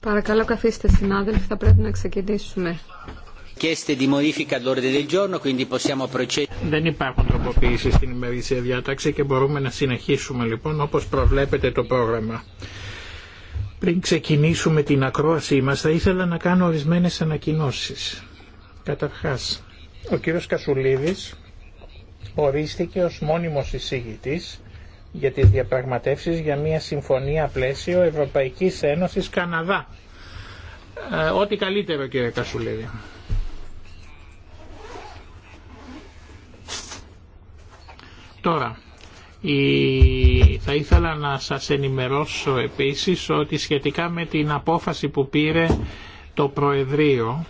Παρακαλώ καθίστε συνάδελφοι, θα πρέπει να ξεκινήσουμε. Δεν υπάρχουν τροποποιήσεις στην ημερήσια διάταξη και μπορούμε να συνεχίσουμε λοιπόν όπως προβλέπετε το πρόγραμμα. Πριν ξεκινήσουμε την ακρόασή μα, θα ήθελα να κάνω ορισμένες ανακοινώσεις. Καταρχάς, ο κύριος Κασουλίδης ορίστηκε ως μόνιμος εισήγητης για τις διαπραγματεύσεις για μια συμφωνία πλαίσιο Ευρωπαϊκής Ένωσης Καναδά. Ε, ό,τι καλύτερο κύριε Κασουλίδη. Τώρα, η... θα ήθελα να σας ενημερώσω επίσης ότι σχετικά με την απόφαση που πήρε το Προεδρείο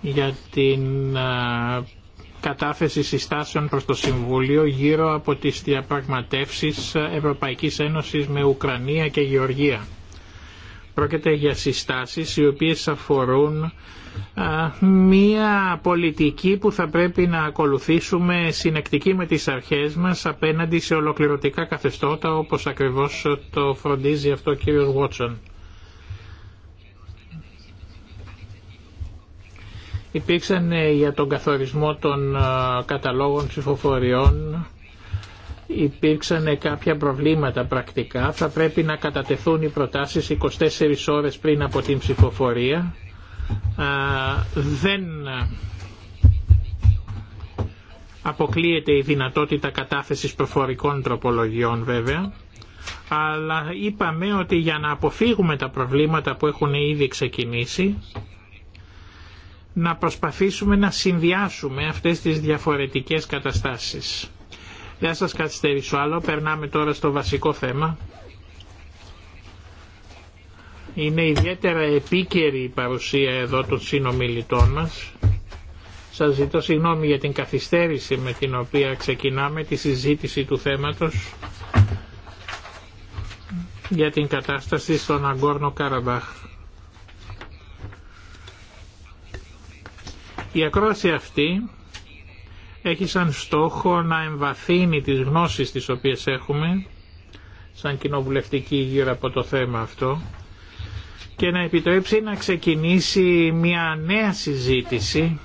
για την ε, κατάθεση συστάσεων προς το Συμβούλιο γύρω από τις διαπραγματεύσεις Ευρωπαϊκής Ένωσης με Ουκρανία και Γεωργία. Πρόκειται για συστάσεις οι οποίες αφορούν μία πολιτική που θα πρέπει να ακολουθήσουμε συνεκτική με τις αρχές μας απέναντι σε ολοκληρωτικά καθεστώτα όπως ακριβώς το φροντίζει αυτό ο κ. Βότσον. υπήρξαν ε, για τον καθορισμό των ε, καταλόγων ψηφοφοριών υπήρξαν ε, κάποια προβλήματα πρακτικά. Θα πρέπει να κατατεθούν οι προτάσεις 24 ώρες πριν από την ψηφοφορία. δεν αποκλείεται η δυνατότητα κατάθεσης προφορικών τροπολογιών βέβαια αλλά είπαμε ότι για να αποφύγουμε τα προβλήματα που έχουν ήδη ξεκινήσει να προσπαθήσουμε να συνδυάσουμε αυτές τις διαφορετικές καταστάσεις. Δεν σας καθυστερήσω άλλο, περνάμε τώρα στο βασικό θέμα. Είναι ιδιαίτερα επίκαιρη η παρουσία εδώ των συνομιλητών μας. Σας ζητώ συγγνώμη για την καθυστέρηση με την οποία ξεκινάμε τη συζήτηση του θέματος για την κατάσταση στον Αγκόρνο Καραμπάχ. Η ακρόαση αυτή έχει σαν στόχο να εμβαθύνει τις γνώσεις τις οποίες έχουμε σαν κοινοβουλευτική γύρω από το θέμα αυτό και να επιτρέψει να ξεκινήσει μια νέα συζήτηση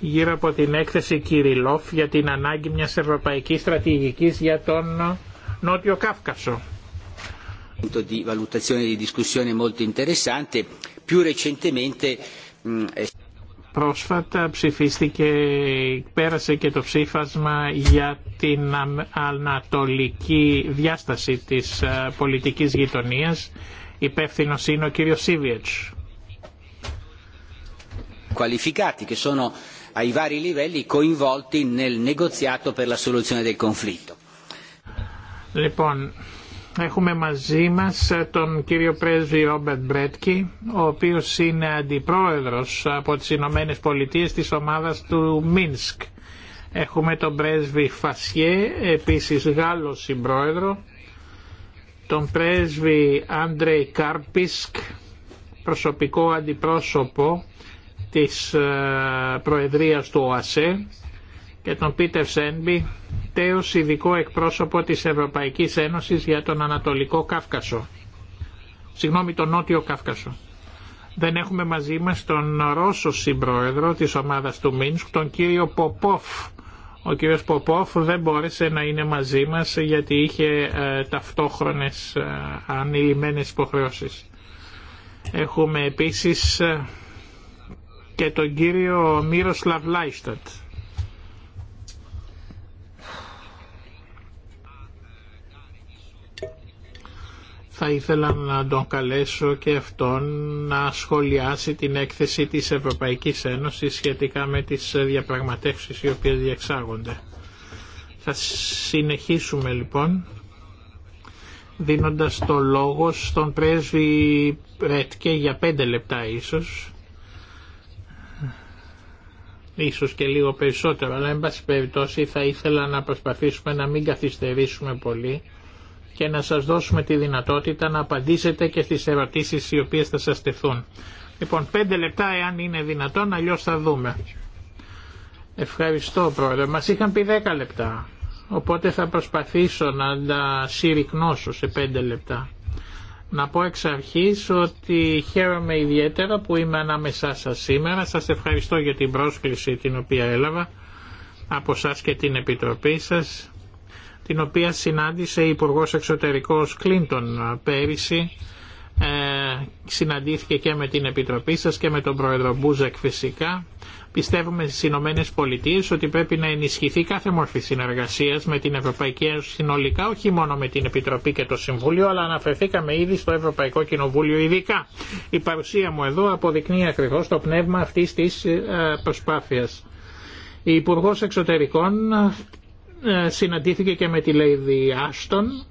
γύρω από την έκθεση Κυριλόφ για την ανάγκη μιας ευρωπαϊκής στρατηγικής για τον Νότιο Κάφκασο. Di valutazione di discussione molto interessante, recentemente Πρόσφατα ψηφίστηκε, πέρασε και το ψήφασμα για την ανατολική διάσταση της ε, πολιτικής γειτονίας. Υπεύθυνο είναι ο κύριος Σίβιετς. Qualificati che sono ai vari livelli coinvolti nel negoziato per la soluzione del conflitto. Λοιπόν, Έχουμε μαζί μας τον κύριο πρέσβη Ρόμπερτ Μπρέτκι, ο οποίος είναι αντιπρόεδρος από τις Ηνωμένε Πολιτείες της ομάδας του Μίνσκ. Έχουμε τον πρέσβη Φασιέ, επίσης Γάλλος συμπρόεδρο, τον πρέσβη Άντρεϊ Κάρπισκ, προσωπικό αντιπρόσωπο της ε, Προεδρίας του ΟΑΣΕ, και τον Πίτερ Σένμπι, τέος ειδικό εκπρόσωπο της Ευρωπαϊκής Ένωσης για τον Ανατολικό Κάυκασο. Συγγνώμη, τον Νότιο Κάυκασο. Δεν έχουμε μαζί μας τον Ρώσο συμπρόεδρο της ομάδας του Μίνσκ, τον κύριο Ποπόφ. Ο κύριος Ποπόφ δεν μπόρεσε να είναι μαζί μας γιατί είχε ε, ταυτόχρονες ε, ανηλυμένες υποχρεώσεις. Έχουμε επίσης ε, και τον κύριο Μύρος Λαβλάιστατ θα ήθελα να τον καλέσω και αυτόν να σχολιάσει την έκθεση της Ευρωπαϊκής Ένωσης σχετικά με τις διαπραγματεύσεις οι οποίες διεξάγονται. Θα συνεχίσουμε λοιπόν δίνοντας το λόγο στον πρέσβη Ρέτκε για πέντε λεπτά ίσως ίσως και λίγο περισσότερο αλλά εν πάση περιπτώσει θα ήθελα να προσπαθήσουμε να μην καθυστερήσουμε πολύ και να σας δώσουμε τη δυνατότητα να απαντήσετε και στις ερωτήσεις οι οποίες θα σας τεθούν. Λοιπόν, πέντε λεπτά εάν είναι δυνατόν, αλλιώς θα δούμε. Ευχαριστώ πρόεδρε. Μας είχαν πει δέκα λεπτά, οπότε θα προσπαθήσω να τα συρρυκνώσω σε πέντε λεπτά. Να πω εξ αρχής ότι χαίρομαι ιδιαίτερα που είμαι ανάμεσά σας σήμερα. Σας ευχαριστώ για την πρόσκληση την οποία έλαβα από σας και την Επιτροπή σας την οποία συνάντησε η Υπουργός Εξωτερικός Κλίντον πέρυσι. Ε, συναντήθηκε και με την Επιτροπή σας και με τον Πρόεδρο Μπούζεκ φυσικά. Πιστεύουμε στις Ηνωμένε Πολιτείε ότι πρέπει να ενισχυθεί κάθε μορφή συνεργασίας με την Ευρωπαϊκή Ένωση συνολικά, όχι μόνο με την Επιτροπή και το Συμβούλιο, αλλά αναφερθήκαμε ήδη στο Ευρωπαϊκό Κοινοβούλιο ειδικά. Η παρουσία μου εδώ αποδεικνύει ακριβώς το πνεύμα αυτής της ε, προσπάθειας. Η Υπουργό Εξωτερικών ε, συναντήθηκε και με τη Λέιδη Άστον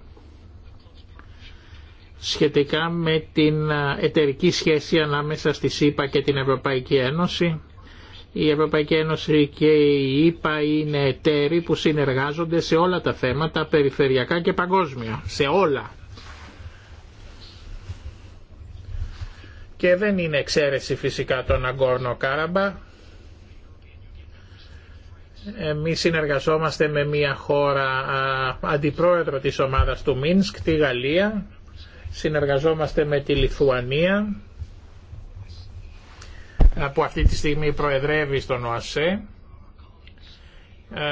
σχετικά με την ε, εταιρική σχέση ανάμεσα στη ΣΥΠΑ και την Ευρωπαϊκή Ένωση. Η Ευρωπαϊκή Ένωση και η ΕΠΑ ΕΕ είναι εταίροι που συνεργάζονται σε όλα τα θέματα, περιφερειακά και παγκόσμια, σε όλα. Και δεν είναι εξαίρεση φυσικά τον Αγκόρνο Κάραμπα, εμείς συνεργαζόμαστε με μια χώρα αντιπρόεδρο της ομάδας του Μίνσκ, τη Γαλλία. Συνεργαζόμαστε με τη Λιθουανία που αυτή τη στιγμή προεδρεύει στον ΟΑΣΕ.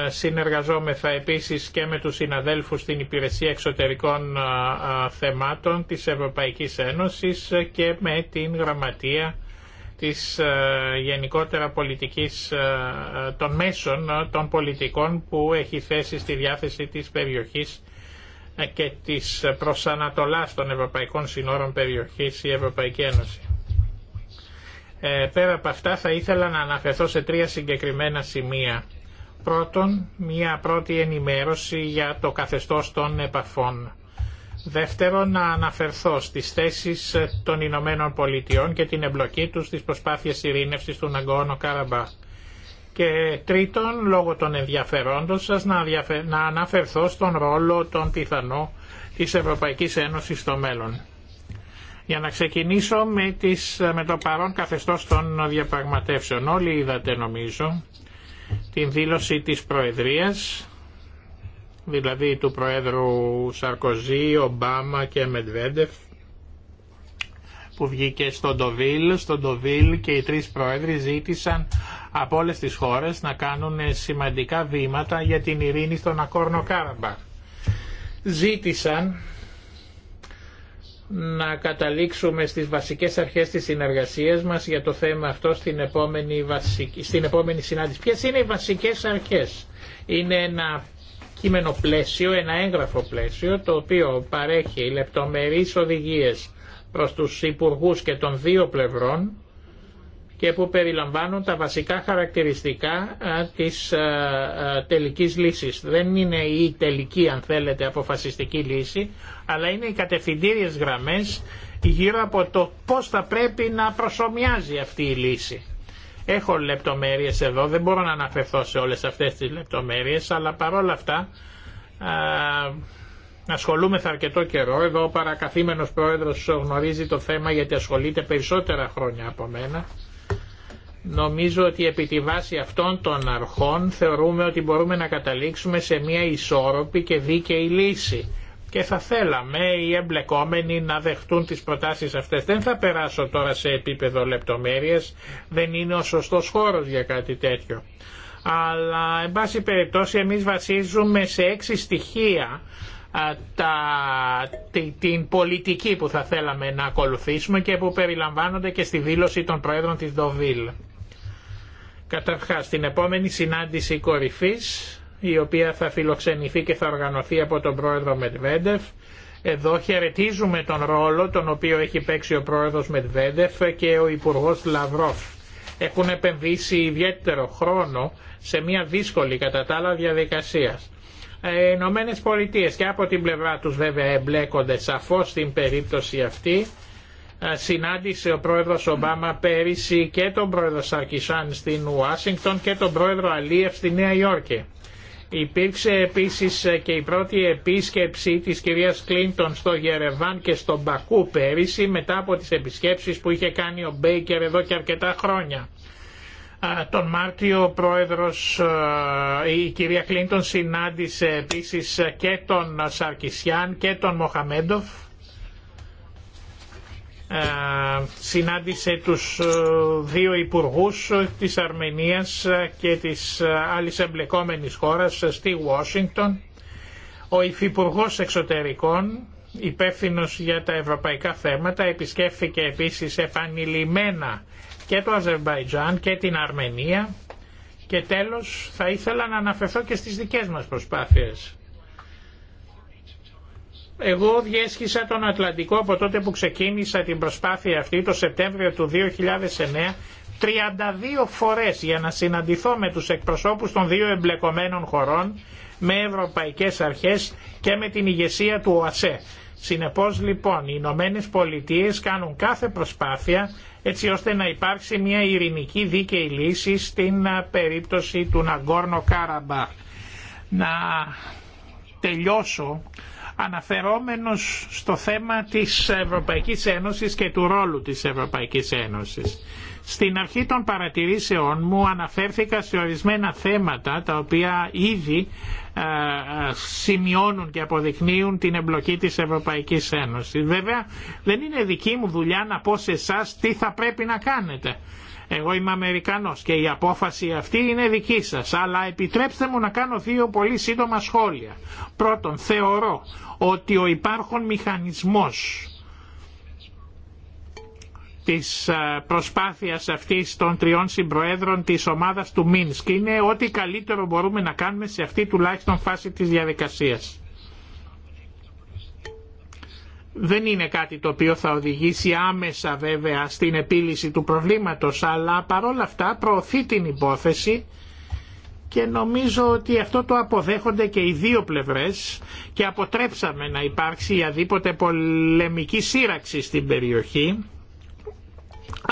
Συνεργαζόμεθα επίσης και με τους συναδέλφους στην Υπηρεσία Εξωτερικών Θεμάτων της Ευρωπαϊκής Ένωσης και με την Γραμματεία της ε, γενικότερα πολιτικής ε, των μέσων ε, των πολιτικών που έχει θέσει στη διάθεση της περιοχής και της προσανατολάς των Ευρωπαϊκών Συνόρων Περιοχής η Ευρωπαϊκή Ένωση. πέρα από αυτά θα ήθελα να αναφερθώ σε τρία συγκεκριμένα σημεία. Πρώτον, μια πρώτη ενημέρωση για το καθεστώς των επαφών. Δεύτερον, να αναφερθώ στις θέσεις ε, των Ηνωμένων Πολιτειών και την εμπλοκή τους στις προσπάθειες ειρήνευσης του Ναγκόνο Καραμπά. Και τρίτον, λόγω των ενδιαφερόντων σας, να αναφερθώ στον ρόλο των πιθανό της Ευρωπαϊκής Ένωσης στο μέλλον. Για να ξεκινήσω με, τις, ε, με το παρόν καθεστώς των διαπραγματεύσεων. Όλοι είδατε νομίζω την δήλωση της Προεδρίας δηλαδή του Προέδρου Σαρκοζή, Ομπάμα και Μετβέντεφ που βγήκε στο Ντοβίλ. Στον Ντοβίλ και οι τρεις πρόεδροι ζήτησαν από όλες τις χώρες να κάνουν σημαντικά βήματα για την ειρήνη στον Ακόρνο Κάραμπα. Ζήτησαν να καταλήξουμε στις βασικές αρχές της συνεργασίας μας για το θέμα αυτό στην επόμενη, επόμενη συνάντηση. Ποιες είναι οι βασικές αρχές. Είναι κείμενο πλαίσιο, ένα έγγραφο πλαίσιο, το οποίο παρέχει λεπτομερείς οδηγίες προς τους υπουργούς και των δύο πλευρών και που περιλαμβάνουν τα βασικά χαρακτηριστικά ε, της ε, ε, τελικής λύσης. Δεν είναι η τελική, αν θέλετε, αποφασιστική λύση, αλλά είναι οι κατευθυντήριες γραμμές γύρω από το πώς θα πρέπει να προσωμιάζει αυτή η λύση. Έχω λεπτομέρειες εδώ, δεν μπορώ να αναφερθώ σε όλες αυτές τις λεπτομέρειες, αλλά παρόλα αυτά α, ασχολούμεθα αρκετό καιρό. Εδώ ο παρακαθήμενος πρόεδρος γνωρίζει το θέμα γιατί ασχολείται περισσότερα χρόνια από μένα. Νομίζω ότι επί τη βάση αυτών των αρχών θεωρούμε ότι μπορούμε να καταλήξουμε σε μια ισόρροπη και δίκαιη λύση και θα θέλαμε οι εμπλεκόμενοι να δεχτούν τις προτάσεις αυτές. Δεν θα περάσω τώρα σε επίπεδο λεπτομέρειες, δεν είναι ο σωστός χώρος για κάτι τέτοιο. Αλλά, εν πάση περιπτώσει, εμείς βασίζουμε σε έξι στοιχεία τα, την πολιτική που θα θέλαμε να ακολουθήσουμε και που περιλαμβάνονται και στη δήλωση των Προέδρων της Δοβίλ. Καταρχάς, την επόμενη συνάντηση κορυφής η οποία θα φιλοξενηθεί και θα οργανωθεί από τον πρόεδρο Μετβέντεφ. Εδώ χαιρετίζουμε τον ρόλο τον οποίο έχει παίξει ο πρόεδρος Μετβέντεφ και ο υπουργός Λαυρόφ. Έχουν επενδύσει ιδιαίτερο χρόνο σε μια δύσκολη κατά τα άλλα διαδικασία. Οι ε, Ηνωμένε Πολιτείε και από την πλευρά τους βέβαια εμπλέκονται σαφώς στην περίπτωση αυτή. Ε, συνάντησε ο πρόεδρος Ομπάμα πέρυσι και τον πρόεδρο Σαρκισάν στην Ουάσιγκτον και τον πρόεδρο Αλίεφ στη Νέα Υόρκη Υπήρξε επίσης και η πρώτη επίσκεψη της κυρίας Κλίντον στο Γερεβάν και στο Μπακού πέρυσι μετά από τις επισκέψεις που είχε κάνει ο Μπέικερ εδώ και αρκετά χρόνια. Τον Μάρτιο ο πρόεδρος, η κυρία Κλίντον συνάντησε επίσης και τον Σαρκισιάν και τον Μοχαμέντοφ ε, συνάντησε τους ε, δύο υπουργούς της Αρμενίας και της ε, άλλης εμπλεκόμενης χώρας στη Ουάσιγκτον. Ο υφυπουργό Εξωτερικών, υπεύθυνο για τα ευρωπαϊκά θέματα, επισκέφθηκε επίσης επανειλημμένα και το Αζερβαϊτζάν και την Αρμενία και τέλος θα ήθελα να αναφερθώ και στις δικές μας προσπάθειες εγώ διέσχισα τον Ατλαντικό από τότε που ξεκίνησα την προσπάθεια αυτή το Σεπτέμβριο του 2009 32 φορές για να συναντηθώ με τους εκπροσώπους των δύο εμπλεκομένων χωρών, με ευρωπαϊκές αρχές και με την ηγεσία του ΟΑΣΕ. Συνεπώς λοιπόν οι Ηνωμένε Πολιτείε κάνουν κάθε προσπάθεια έτσι ώστε να υπάρξει μια ειρηνική δίκαιη λύση στην περίπτωση του Ναγκόρνο Κάραμπα. Να τελειώσω αναφερόμενος στο θέμα της Ευρωπαϊκής Ένωσης και του ρόλου της Ευρωπαϊκής Ένωσης. Στην αρχή των παρατηρήσεων μου αναφέρθηκα σε ορισμένα θέματα τα οποία ήδη ε, σημειώνουν και αποδεικνύουν την εμπλοκή της Ευρωπαϊκής Ένωσης. Βέβαια δεν είναι δική μου δουλειά να πω σε εσά τι θα πρέπει να κάνετε. Εγώ είμαι Αμερικανός και η απόφαση αυτή είναι δική σας, αλλά επιτρέψτε μου να κάνω δύο πολύ σύντομα σχόλια. Πρώτον, θεωρώ ότι ο υπάρχον μηχανισμός της ε, προσπάθειας αυτής των τριών συμπροέδρων της ομάδας του Μίνσκ είναι ότι καλύτερο μπορούμε να κάνουμε σε αυτή τουλάχιστον φάση της διαδικασίας δεν είναι κάτι το οποίο θα οδηγήσει άμεσα βέβαια στην επίλυση του προβλήματος αλλά παρόλα αυτά προωθεί την υπόθεση και νομίζω ότι αυτό το αποδέχονται και οι δύο πλευρές και αποτρέψαμε να υπάρξει αδίποτε πολεμική σύραξη στην περιοχή.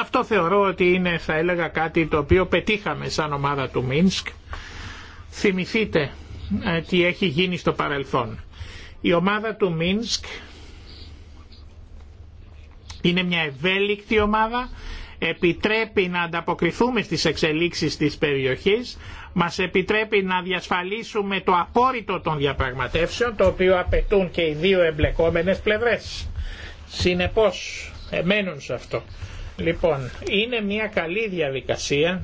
Αυτό θεωρώ ότι είναι θα έλεγα κάτι το οποίο πετύχαμε σαν ομάδα του Μίνσκ. Θυμηθείτε ε, τι έχει γίνει στο παρελθόν. Η ομάδα του Μίνσκ είναι μια ευέλικτη ομάδα, επιτρέπει να ανταποκριθούμε στις εξελίξεις της περιοχής, μας επιτρέπει να διασφαλίσουμε το απόρριτο των διαπραγματεύσεων, το οποίο απαιτούν και οι δύο εμπλεκόμενες πλευρές. Συνεπώς, εμένουν σε αυτό. Λοιπόν, είναι μια καλή διαδικασία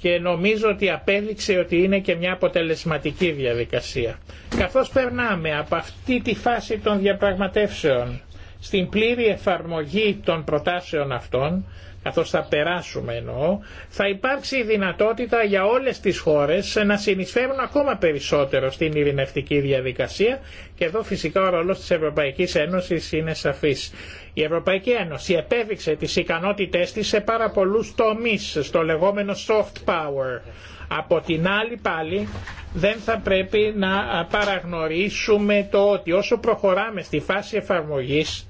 και νομίζω ότι απέδειξε ότι είναι και μια αποτελεσματική διαδικασία. Καθώς περνάμε από αυτή τη φάση των διαπραγματεύσεων στην πλήρη εφαρμογή των προτάσεων αυτών, καθώς θα περάσουμε εννοώ, θα υπάρξει η δυνατότητα για όλες τις χώρες να συνεισφέρουν ακόμα περισσότερο στην ειρηνευτική διαδικασία και εδώ φυσικά ο ρόλος της Ευρωπαϊκής Ένωσης είναι σαφής. Η Ευρωπαϊκή Ένωση επέδειξε τις ικανότητές της σε πάρα πολλούς τομείς, στο λεγόμενο soft power. Από την άλλη πάλι δεν θα πρέπει να παραγνωρίσουμε το ότι όσο προχωράμε στη φάση εφαρμογής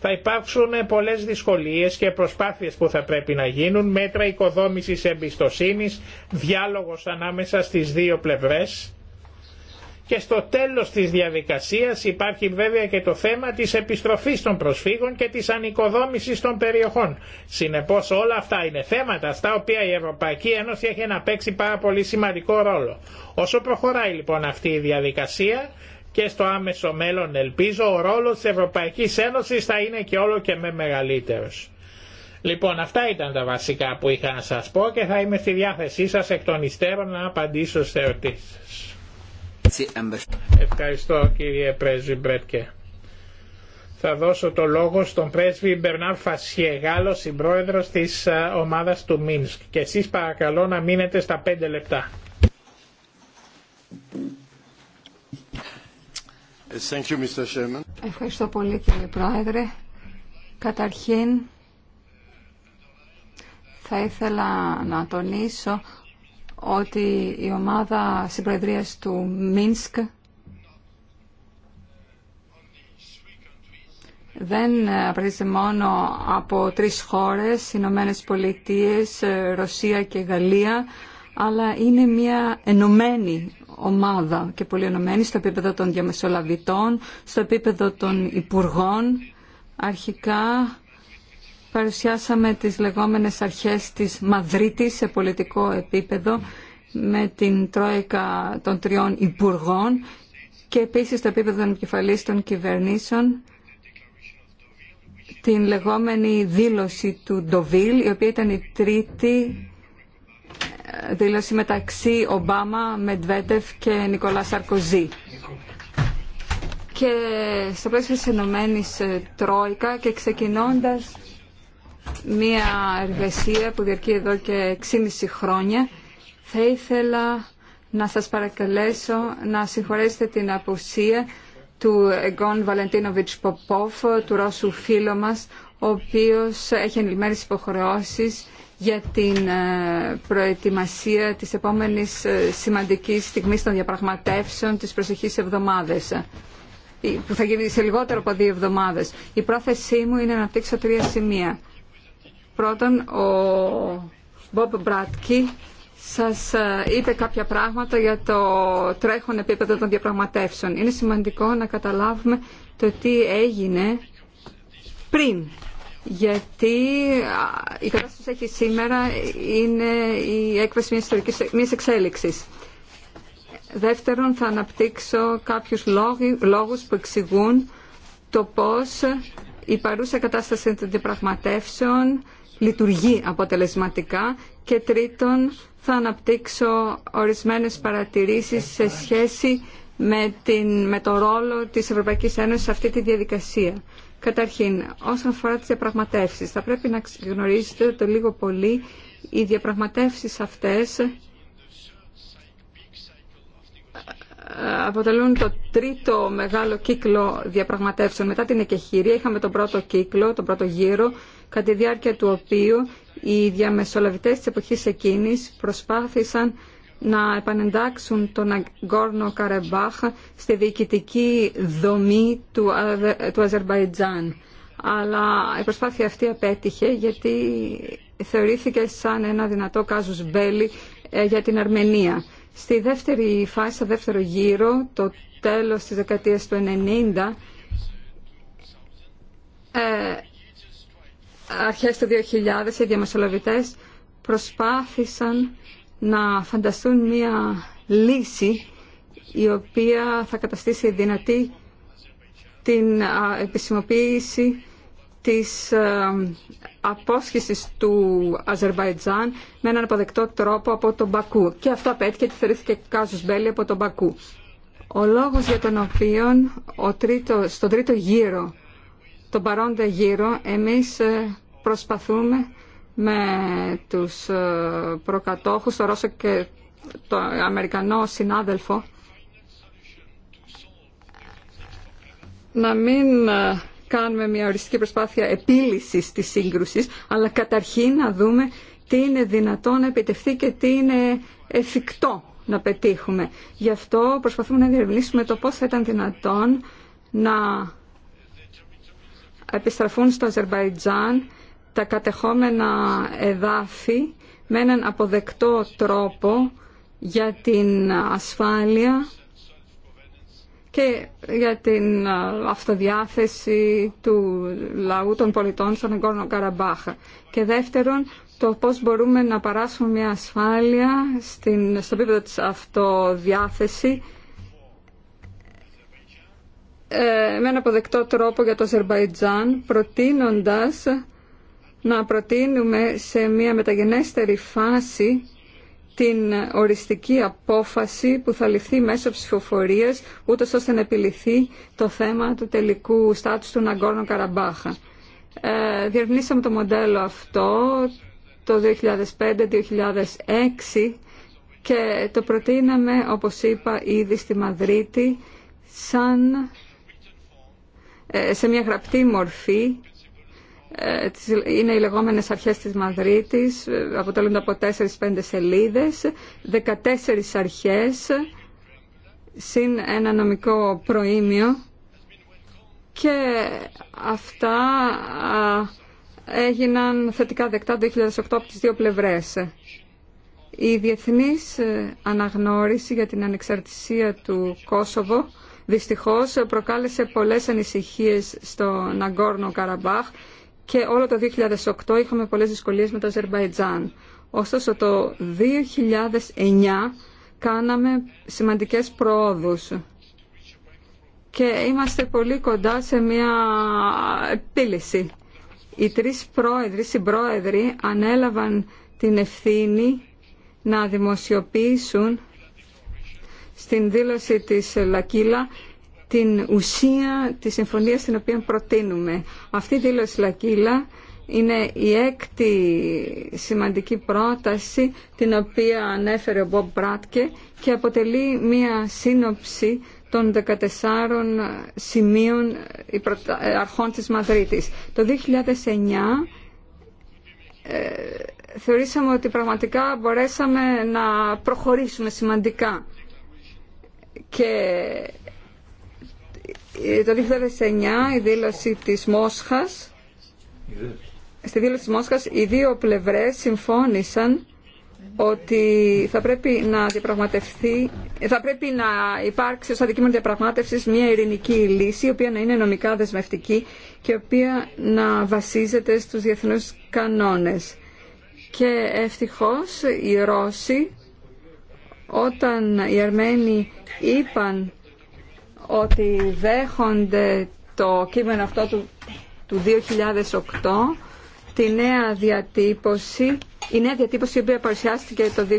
θα υπάρξουν πολλές δυσκολίες και προσπάθειες που θα πρέπει να γίνουν, μέτρα οικοδόμησης εμπιστοσύνης, διάλογος ανάμεσα στις δύο πλευρές. Και στο τέλος της διαδικασίας υπάρχει βέβαια και το θέμα της επιστροφής των προσφύγων και της ανοικοδόμησης των περιοχών. Συνεπώς όλα αυτά είναι θέματα στα οποία η Ευρωπαϊκή Ένωση έχει να παίξει πάρα πολύ σημαντικό ρόλο. Όσο προχωράει λοιπόν αυτή η διαδικασία και στο άμεσο μέλλον ελπίζω ο ρόλος της Ευρωπαϊκής Ένωσης θα είναι και όλο και με μεγαλύτερος. Λοιπόν αυτά ήταν τα βασικά που είχα να σας πω και θα είμαι στη διάθεσή σας εκ των υστέρων να απαντήσω σε ερωτήσεις. Ευχαριστώ κύριε Πρέσβη Μπρέτκε. Θα δώσω το λόγο στον πρέσβη Μπερνάρ Φασιέ, Γάλλο συμπρόεδρος της ομάδας του Μίνσκ. Και εσείς παρακαλώ να μείνετε στα πέντε λεπτά. Ευχαριστώ πολύ κύριε Πρόεδρε. Καταρχήν θα ήθελα να τονίσω ότι η ομάδα συμπροεδρίας του Μίνσκ δεν απαρτίζεται μόνο από τρεις χώρες, Ηνωμένε Πολιτείες, Ρωσία και Γαλλία, αλλά είναι μια ενωμένη ομάδα και πολύ ενωμένη στο επίπεδο των διαμεσολαβητών, στο επίπεδο των υπουργών. Αρχικά παρουσιάσαμε τις λεγόμενες αρχές της Μαδρίτης σε πολιτικό επίπεδο με την τρόικα των τριών υπουργών και επίσης στο επίπεδο των επικεφαλής των κυβερνήσεων την λεγόμενη δήλωση του Ντοβίλ, η οποία ήταν η τρίτη δήλωση μεταξύ Ομπάμα, Μετβέτεφ και Νικολά Σαρκοζή. Και στο πλαίσιο της Ενωμένης ε, Τρόικα και ξεκινώντας μία εργασία που διαρκεί εδώ και 6,5 χρόνια, θα ήθελα να σας παρακαλέσω να συγχωρέσετε την απουσία του Εγκόν Βαλεντίνοβιτς Ποπόφ, του Ρώσου φίλου μας, ο οποίος έχει ενημέρωση υποχρεώσεις για την ε, προετοιμασία της επόμενης ε, σημαντικής στιγμής των διαπραγματεύσεων της προσεχής εβδομάδες ε, που θα γίνει σε λιγότερο από δύο εβδομάδες. Η πρόθεσή μου είναι να δείξω τρία σημεία. Πρώτον, ο Μπομπ Μπράτκι σας είπε κάποια πράγματα για το τρέχον επίπεδο των διαπραγματεύσεων. Είναι σημαντικό να καταλάβουμε το τι έγινε πριν γιατί η κατάσταση που έχει σήμερα είναι η έκβαση μιας, ιστορικής, μιας εξέλιξης. Δεύτερον, θα αναπτύξω κάποιους λόγους που εξηγούν το πώς η παρούσα κατάσταση των διαπραγματεύσεων λειτουργεί αποτελεσματικά και τρίτον θα αναπτύξω ορισμένες παρατηρήσεις σε σχέση με, την, με το ρόλο της Ευρωπαϊκής Ένωσης σε αυτή τη διαδικασία. Καταρχήν, όσον αφορά τις διαπραγματεύσει, θα πρέπει να γνωρίζετε το λίγο πολύ οι διαπραγματεύσεις αυτές ε, αποτελούν το τρίτο μεγάλο κύκλο διαπραγματεύσεων. Μετά την εκεχηρία είχαμε τον πρώτο κύκλο, τον πρώτο γύρο, κατά τη διάρκεια του οποίου οι διαμεσολαβητές της εποχής εκείνης προσπάθησαν να επανεντάξουν τον Αγκόρνο Καρεμπάχ στη διοικητική δομή του, του Αζερβαϊτζάν. Αλλά η προσπάθεια αυτή απέτυχε γιατί θεωρήθηκε σαν ένα δυνατό κάζους μπέλι ε, για την Αρμενία. Στη δεύτερη φάση, στο δεύτερο γύρο, το τέλος της δεκαετίας του 1990, ε, αρχές του 2000, οι διαμεσολαβητές προσπάθησαν να φανταστούν μια λύση η οποία θα καταστήσει δυνατή την επισημοποίηση της ε, απόσχησης του Αζερβαϊτζάν με έναν αποδεκτό τρόπο από τον Μπακού. Και αυτό απέτυχε και θεωρήθηκε κάζους μπέλη από τον Μπακού. Ο λόγος για τον οποίο ο τρίτο, στον τρίτο γύρο, τον παρόντα γύρο, εμείς ε, προσπαθούμε με τους ε, προκατόχους, το Ρώσο και το Αμερικανό συνάδελφο, να μην ε, κάνουμε μια οριστική προσπάθεια επίλυσης της σύγκρουσης, αλλά καταρχήν να δούμε τι είναι δυνατό να επιτευχθεί και τι είναι εφικτό να πετύχουμε. Γι' αυτό προσπαθούμε να διερευνήσουμε το πώς θα ήταν δυνατόν να επιστραφούν στο Αζερβαϊτζάν τα κατεχόμενα εδάφη με έναν αποδεκτό τρόπο για την ασφάλεια και για την αυτοδιάθεση του λαού των πολιτών στον εγκόρνο Καραμπάχα. Και δεύτερον, το πώς μπορούμε να παράσουμε μια ασφάλεια στην, στο επίπεδο της αυτοδιάθεση ε, με έναν αποδεκτό τρόπο για το Αζερβαϊτζάν, προτείνοντας να προτείνουμε σε μια μεταγενέστερη φάση την οριστική απόφαση που θα ληφθεί μέσω ψηφοφορίας ούτω ώστε να επιληθεί το θέμα του τελικού στάτους του Ναγκόρνο Καραμπάχα. Ε, το μοντέλο αυτό το 2005-2006 και το προτείναμε όπως είπα ήδη στη Μαδρίτη σαν ε, σε μια γραπτή μορφή ε, είναι οι λεγόμενες αρχές της Μαδρίτης, ε, αποτελούνται από 4-5 σελίδες, 14 αρχές, συν ένα νομικό προήμιο και αυτά έγιναν θετικά δεκτά το 2008 από τις δύο πλευρές. Η διεθνής ε, αναγνώριση για την ανεξαρτησία του Κόσοβο δυστυχώς προκάλεσε πολλές ανησυχίες στο Ναγκόρνο Καραμπάχ και όλο το 2008 είχαμε πολλές δυσκολίες με το Αζερβαϊτζάν. Ωστόσο το 2009 κάναμε σημαντικές προόδους και είμαστε πολύ κοντά σε μια επίλυση. Οι τρεις πρόεδροι, συμπρόεδροι ανέλαβαν την ευθύνη να δημοσιοποιήσουν στην δήλωση της Λακίλα την ουσία της συμφωνίας την οποία προτείνουμε. Αυτή η δήλωση Λακίλα είναι η έκτη σημαντική πρόταση την οποία ανέφερε ο Μπομπ Μπράτκε και αποτελεί μία σύνοψη των 14 σημείων ε, αρχών της Μαδρίτης. Το 2009 ε, θεωρήσαμε ότι πραγματικά μπορέσαμε να προχωρήσουμε σημαντικά και το 2009 η δήλωση της Μόσχας στη δήλωση της Μόσχας οι δύο πλευρές συμφώνησαν ότι θα πρέπει να θα πρέπει να υπάρξει ως αντικείμενο διαπραγμάτευσης μια ειρηνική λύση, η οποία να είναι νομικά δεσμευτική και η οποία να βασίζεται στους διεθνούς κανόνες. Και ευτυχώς οι Ρώσοι, όταν οι Αρμένοι είπαν ότι δέχονται το κείμενο αυτό του, του 2008 τη νέα διατύπωση η νέα διατύπωση η οποία παρουσιάστηκε το 2010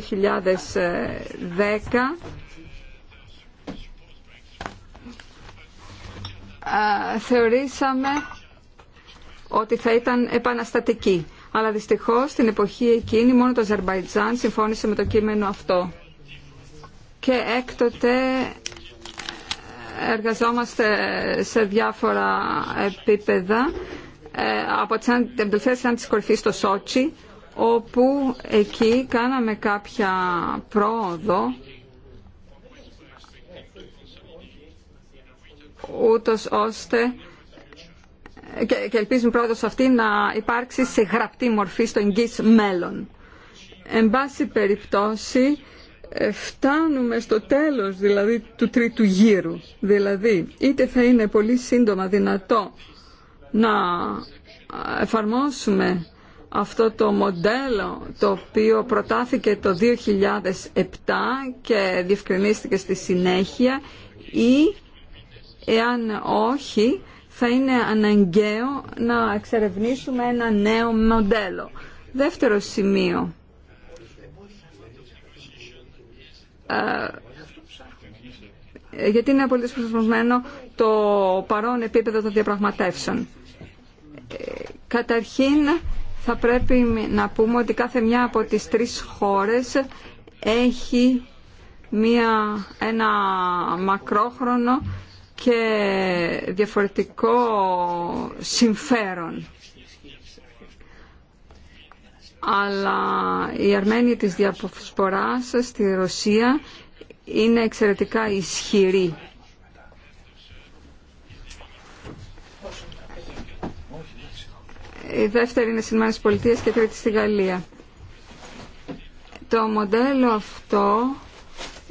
θεωρήσαμε ότι θα ήταν επαναστατική. Αλλά δυστυχώς την εποχή εκείνη μόνο το Αζερβαϊτζάν συμφώνησε με το κείμενο αυτό. Και έκτοτε εργαζόμαστε σε διάφορα επίπεδα ε, από την σαν της κορυφή στο Σότσι όπου εκεί κάναμε κάποια πρόοδο ούτως ώστε και ελπίζουμε πρόοδος αυτή να υπάρξει σε γραπτή μορφή στο εγγύς μέλλον. Εν πάση περιπτώσει ε, φτάνουμε στο τέλος δηλαδή του τρίτου γύρου. Δηλαδή είτε θα είναι πολύ σύντομα δυνατό να εφαρμόσουμε αυτό το μοντέλο το οποίο προτάθηκε το 2007 και διευκρινίστηκε στη συνέχεια ή εάν όχι θα είναι αναγκαίο να εξερευνήσουμε ένα νέο μοντέλο. Δεύτερο σημείο γιατί είναι πολύ προσαρμοσμένο το παρόν επίπεδο των διαπραγματεύσεων. Ε, καταρχήν θα πρέπει να πούμε ότι κάθε μια από τις τρεις χώρες έχει μια, ένα μακρόχρονο και διαφορετικό συμφέρον αλλά η αρμένη της Διαποσποράς στη Ρωσία είναι εξαιρετικά ισχυρή. Η δεύτερη είναι στις Ηνωμένες Πολιτείες και τρίτη στη Γαλλία. Το μοντέλο αυτό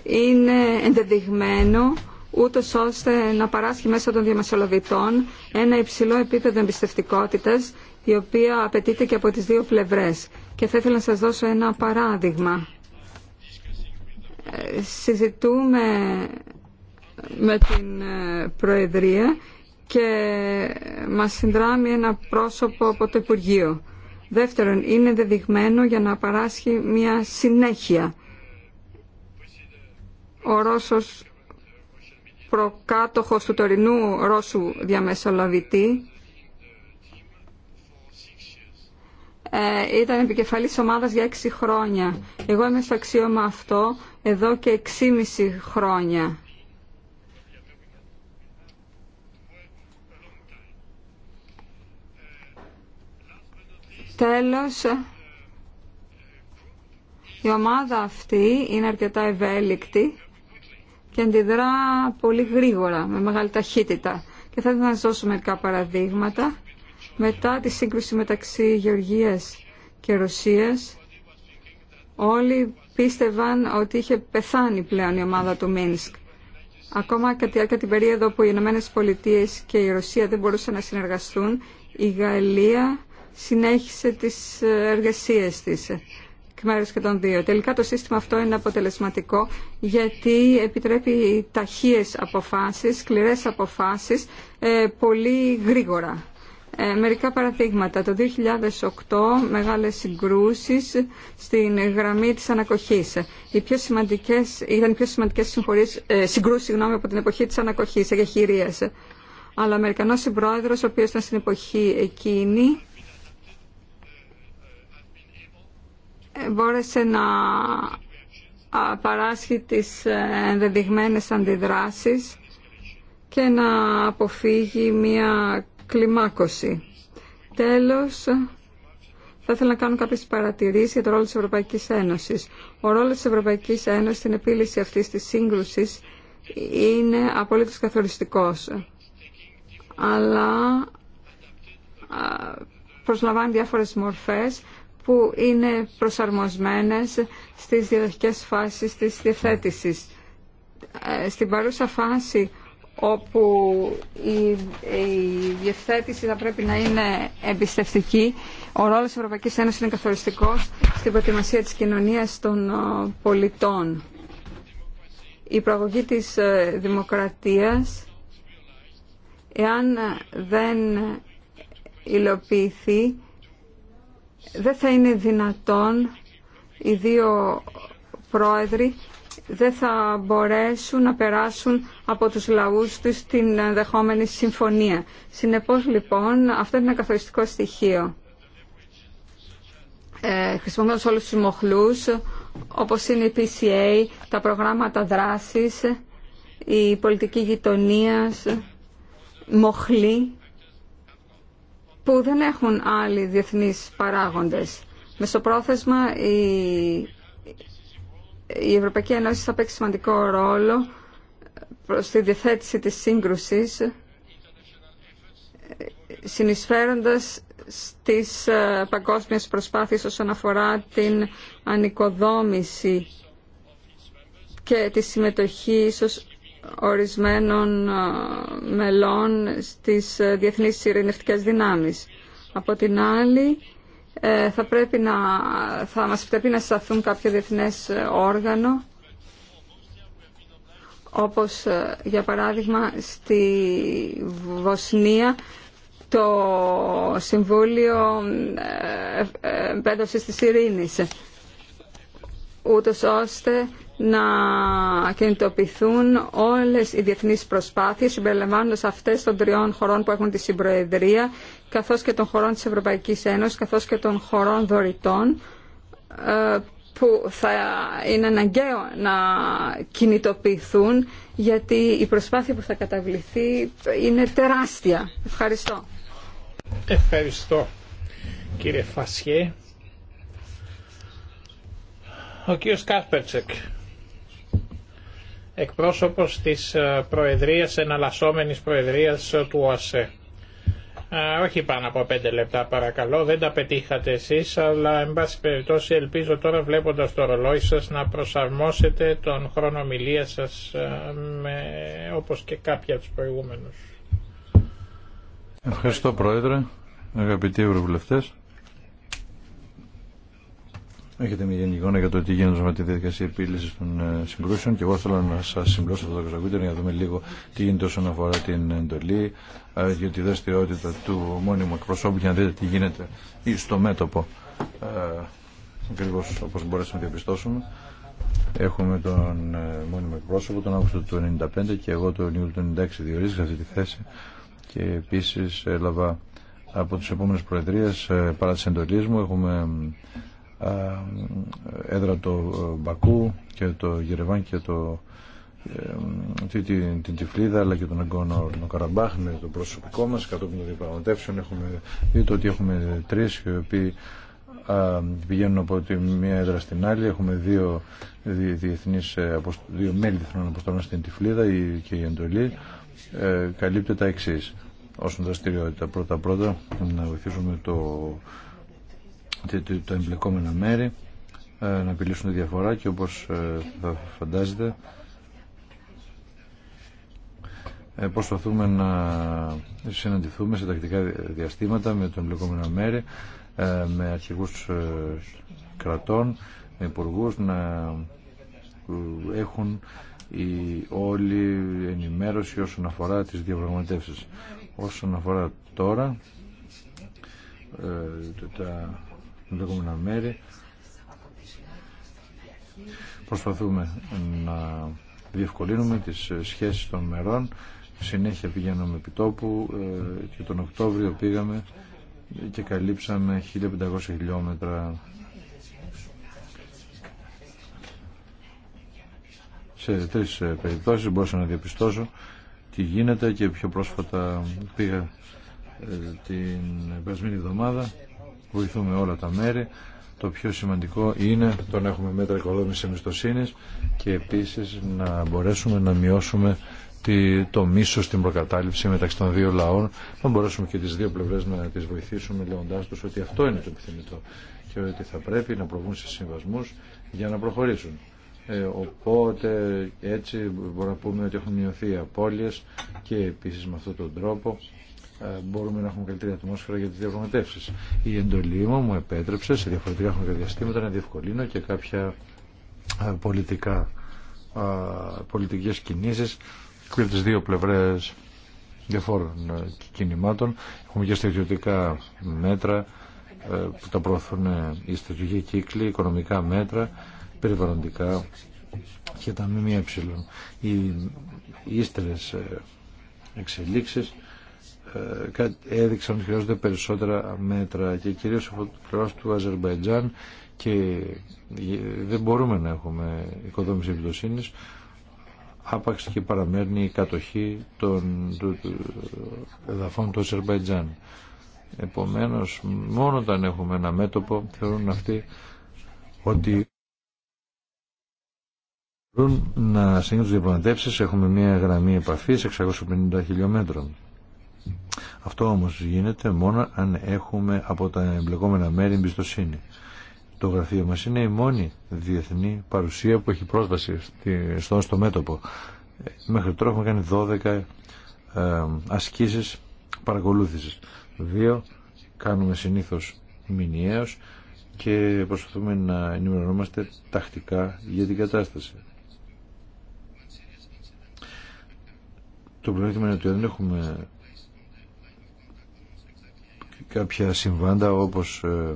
είναι ενδεδειγμένο ούτω ώστε να παράσχει μέσα των διαμεσολαβητών ένα υψηλό επίπεδο εμπιστευτικότητας η οποία απαιτείται και από τις δύο πλευρές. Και θα ήθελα να σας δώσω ένα παράδειγμα. Ε, συζητούμε με την ε, Προεδρία και μας συνδράμει ένα πρόσωπο από το Υπουργείο. Δεύτερον, είναι δεδειγμένο για να παράσχει μια συνέχεια. Ο Ρώσος προκάτοχος του τωρινού Ρώσου διαμεσολαβητή Ε, ήταν επικεφαλής ομάδας για 6 χρόνια. Εγώ είμαι στο αξίωμα αυτό εδώ και 6,5 χρόνια. Τέλος, η ομάδα αυτή είναι αρκετά ευέλικτη και αντιδρά πολύ γρήγορα, με μεγάλη ταχύτητα. Και θα ήθελα να σας δώσω μερικά παραδείγματα μετά τη σύγκρουση μεταξύ Γεωργίας και Ρωσίας, όλοι πίστευαν ότι είχε πεθάνει πλέον η ομάδα του Μίνσκ. Ακόμα κατά την περίοδο που οι Ηνωμένε Πολιτείε και η Ρωσία δεν μπορούσαν να συνεργαστούν, η Γαλλία συνέχισε τις εργασίες της εκ και των δύο. Τελικά το σύστημα αυτό είναι αποτελεσματικό γιατί επιτρέπει ταχείες αποφάσεις, σκληρές αποφάσεις, ε, πολύ γρήγορα. Ε, μερικά παραδείγματα. Το 2008 μεγάλες συγκρούσεις στην γραμμή της ανακοχής. πιο σημαντικές, ήταν οι πιο σημαντικές ε, συγκρούσεις συγγνώμη, από την εποχή της ανακοχής, εγχειρίας. Αλλά ο Αμερικανός συμπρόεδρος, ο οποίος ήταν στην εποχή εκείνη, ε, μπόρεσε να παράσχει τις ε, ενδεδειγμένες αντιδράσεις και να αποφύγει μια κλιμάκωση. Τέλος, θα ήθελα να κάνω κάποιες παρατηρήσεις για το ρόλο της Ευρωπαϊκής Ένωσης. Ο ρόλος της Ευρωπαϊκής Ένωσης στην επίλυση αυτής της σύγκρουσης είναι απολύτως καθοριστικός. Αλλά προσλαμβάνει διάφορες μορφές που είναι προσαρμοσμένες στις διαδοχικές φάσεις της διαθέτησης. Ε, στην παρούσα φάση όπου η, η διευθέτηση θα πρέπει να είναι εμπιστευτική. Ο ρόλος της Ευρωπαϊκής Ένωσης είναι καθοριστικός στην προετοιμασία της κοινωνίας των ε, πολιτών. Η προαγωγή της ε, δημοκρατίας, εάν δεν υλοποιηθεί, δεν θα είναι δυνατόν οι δύο πρόεδροι δεν θα μπορέσουν να περάσουν από τους λαούς τους την ενδεχόμενη συμφωνία. Συνεπώς λοιπόν αυτό είναι ένα καθοριστικό στοιχείο. Ε, χρησιμοποιώντας όλους τους μοχλούς, όπως είναι η PCA, τα προγράμματα δράσης, η πολιτική γειτονία, μοχλή, που δεν έχουν άλλοι διεθνείς παράγοντες. Μεσοπρόθεσμα η η Ευρωπαϊκή Ένωση θα παίξει σημαντικό ρόλο προς τη διαθέτηση της σύγκρουσης συνεισφέροντας στις ε, παγκόσμιες προσπάθειες όσον αφορά την ανοικοδόμηση και τη συμμετοχή ίσως ορισμένων ε, μελών στις ε, διεθνείς ειρηνευτικές δυνάμεις. Από την άλλη, ε, θα, πρέπει να, θα μας πρέπει να συσταθούν κάποιο διεθνές ε, όργανο όπως ε, για παράδειγμα στη Βοσνία το Συμβούλιο Επέντρωσης της Ειρήνης ούτως ώστε να κινητοποιηθούν όλες οι διεθνείς προσπάθειες συμπεριλαμβάνοντας αυτές των τριών χωρών που έχουν τη συμπροεδρία καθώς και των χωρών της Ευρωπαϊκής Ένωσης, καθώς και των χωρών δωρητών, ε, που θα είναι αναγκαίο να κινητοποιηθούν, γιατί η προσπάθεια που θα καταβληθεί είναι τεράστια. Ευχαριστώ. Ευχαριστώ, κύριε Φασιέ. Ο κύριος Κάσπερτσεκ, εκπρόσωπος της ε, Προεδρίας, εναλλασσόμενης Προεδρίας του ΟΑΣΕ όχι πάνω από πέντε λεπτά παρακαλώ, δεν τα πετύχατε εσείς, αλλά εν πάση περιπτώσει ελπίζω τώρα βλέποντας το ρολόι σας να προσαρμόσετε τον χρόνο μιλία σας με, όπως και κάποια τους προηγούμενους. Ευχαριστώ Πρόεδρε, αγαπητοί Ευρωβουλευτές. Έχετε μια γενική εικόνα για το τι γίνεται με τη διαδικασία επίλυση των ε, συγκρούσεων και εγώ θέλω να σα συμπλώσω αυτό το κατακούτελο για να δούμε λίγο τι γίνεται όσον αφορά την εντολή ε, για τη δραστηριότητα του μόνιμου εκπροσώπου για να δείτε τι γίνεται ή στο μέτωπο. Ε, Ακριβώ όπω μπορέσαμε να διαπιστώσουμε. Έχουμε τον μόνιμο εκπρόσωπο τον Αύγουστο του 1995 και εγώ τον Ιούλιο του 1996 διορίστηκα αυτή τη θέση και επίση έλαβα από τι επόμενε Προεδρίε, παρά τι εντολίε μου έχουμε ε, έδρα το ε, Μπακού και το Γερεβάν και το την, ε, την, την Τυφλίδα αλλά και τον Αγγόνο Καραμπάχ με το προσωπικό μας κατόπιν των διαπραγματεύσεων έχουμε δει το ότι έχουμε τρεις οι οποίοι πηγαίνουν από τη μία έδρα στην άλλη έχουμε δύο, διεθνείς, δύο μέλη διεθνών αποστολών στην Τυφλίδα η, και η εντολή ε, καλύπτεται τα εξής όσον δραστηριότητα πρώτα πρώτα να βοηθήσουμε το τα εμπλεκόμενα μέρη ε, να απειλήσουν τη διαφορά και όπως ε, θα φαντάζετε ε, προσπαθούμε να συναντηθούμε σε τακτικά διαστήματα με το εμπλεκόμενα μέρη με αρχηγούς κρατών, με υπουργούς να έχουν η όλη ενημέρωση όσον αφορά τις διαπραγματεύσεις. Όσον αφορά τώρα τα λεγόμενα μέρη. Προσπαθούμε να διευκολύνουμε τις σχέσεις των μερών. Συνέχεια πηγαίνουμε επί τόπου ε, και τον Οκτώβριο πήγαμε και καλύψαμε 1500 χιλιόμετρα σε τρεις ε, περιπτώσεις μπορούσα να διαπιστώσω τι γίνεται και πιο πρόσφατα πήγα ε, την περασμένη εβδομάδα βοηθούμε όλα τα μέρη. Το πιο σημαντικό είναι το να έχουμε μέτρα οικοδόμησης εμπιστοσύνη και επίσης να μπορέσουμε να μειώσουμε το μίσο στην προκατάληψη μεταξύ των δύο λαών, να μπορέσουμε και τις δύο πλευρές να τις βοηθήσουμε λέοντάς του ότι αυτό είναι το επιθυμητό και ότι θα πρέπει να προβούν σε συμβασμού για να προχωρήσουν. Ε, οπότε έτσι μπορούμε να πούμε ότι έχουν μειωθεί οι απώλειες και επίσης με αυτόν τον τρόπο ε, μπορούμε να έχουμε καλύτερη ατμόσφαιρα για τι διαπραγματεύσει. Η εντολή μου μου επέτρεψε σε διαφορετικά διαστήματα να διευκολύνω και κάποια ε, πολιτικά ε, πολιτικές κινήσεις και τις δύο πλευρές διαφόρων κινημάτων. Έχουμε και στρατιωτικά μέτρα που τα προωθούν οι στρατιωτικοί κύκλοι, οικονομικά μέτρα, περιβαλλοντικά και τα ΜΜΕ. Οι ύστερες εξελίξεις ε, έδειξαν ότι χρειάζονται περισσότερα μέτρα και κυρίως από το πλευρά του Αζερμπαϊτζάν και δεν μπορούμε να έχουμε οικοδόμηση εμπιστοσύνη άπαξ και παραμένει η κατοχή των του, του, εδαφών του Αζερμπαϊτζάν. Επομένως, μόνο όταν έχουμε ένα μέτωπο θεωρούν αυτοί ότι μπορούν να συνεχίσουν τι διαπραγματεύσεις. Έχουμε μια γραμμή επαφής 650 χιλιόμετρων. Αυτό όμως γίνεται μόνο αν έχουμε από τα εμπλεκόμενα μέρη εμπιστοσύνη. Το γραφείο μας είναι η μόνη διεθνή παρουσία που έχει πρόσβαση στο, στο μέτωπο. Μέχρι τώρα έχουμε κάνει 12 ε, ασκήσεις παρακολούθησης. Δύο κάνουμε συνήθως μηνιαίως και προσπαθούμε να ενημερωνόμαστε τακτικά για την κατάσταση. Το πρόβλημα είναι ότι δεν έχουμε κάποια συμβάντα όπως ε,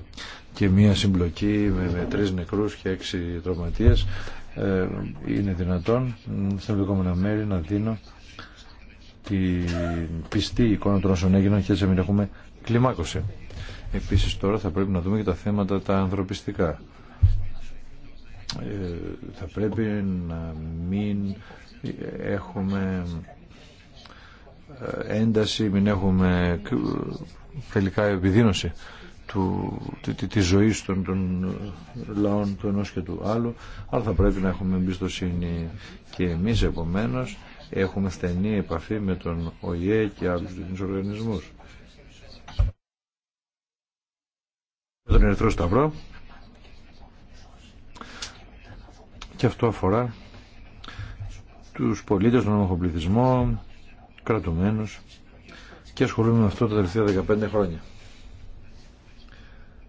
και μία συμπλοκή με, με τρεις νεκρούς και έξι τραυματίες ε, είναι δυνατόν στα εμπλεκόμενα μέρη να δίνω τη πιστή εικόνα των όσων έγιναν και έτσι μην έχουμε κλιμάκωση. Επίσης τώρα θα πρέπει να δούμε και τα θέματα τα ανθρωπιστικά. Ε, θα πρέπει να μην έχουμε ένταση, μην έχουμε τελικά επιδείνωση του, τη, της ζωής των, των ε, λαών του ενός και του άλλου αλλά θα πρέπει να έχουμε εμπιστοσύνη και εμείς επομένως έχουμε στενή επαφή με τον ΟΗΕ και άλλους διεθνείς οργανισμούς. Με τον Ερυθρό Σταυρό και αυτό αφορά τους πολίτες, τον ομοχοπληθισμό, κρατουμένους και ασχολούμαι με αυτό τα τελευταία 15 χρόνια.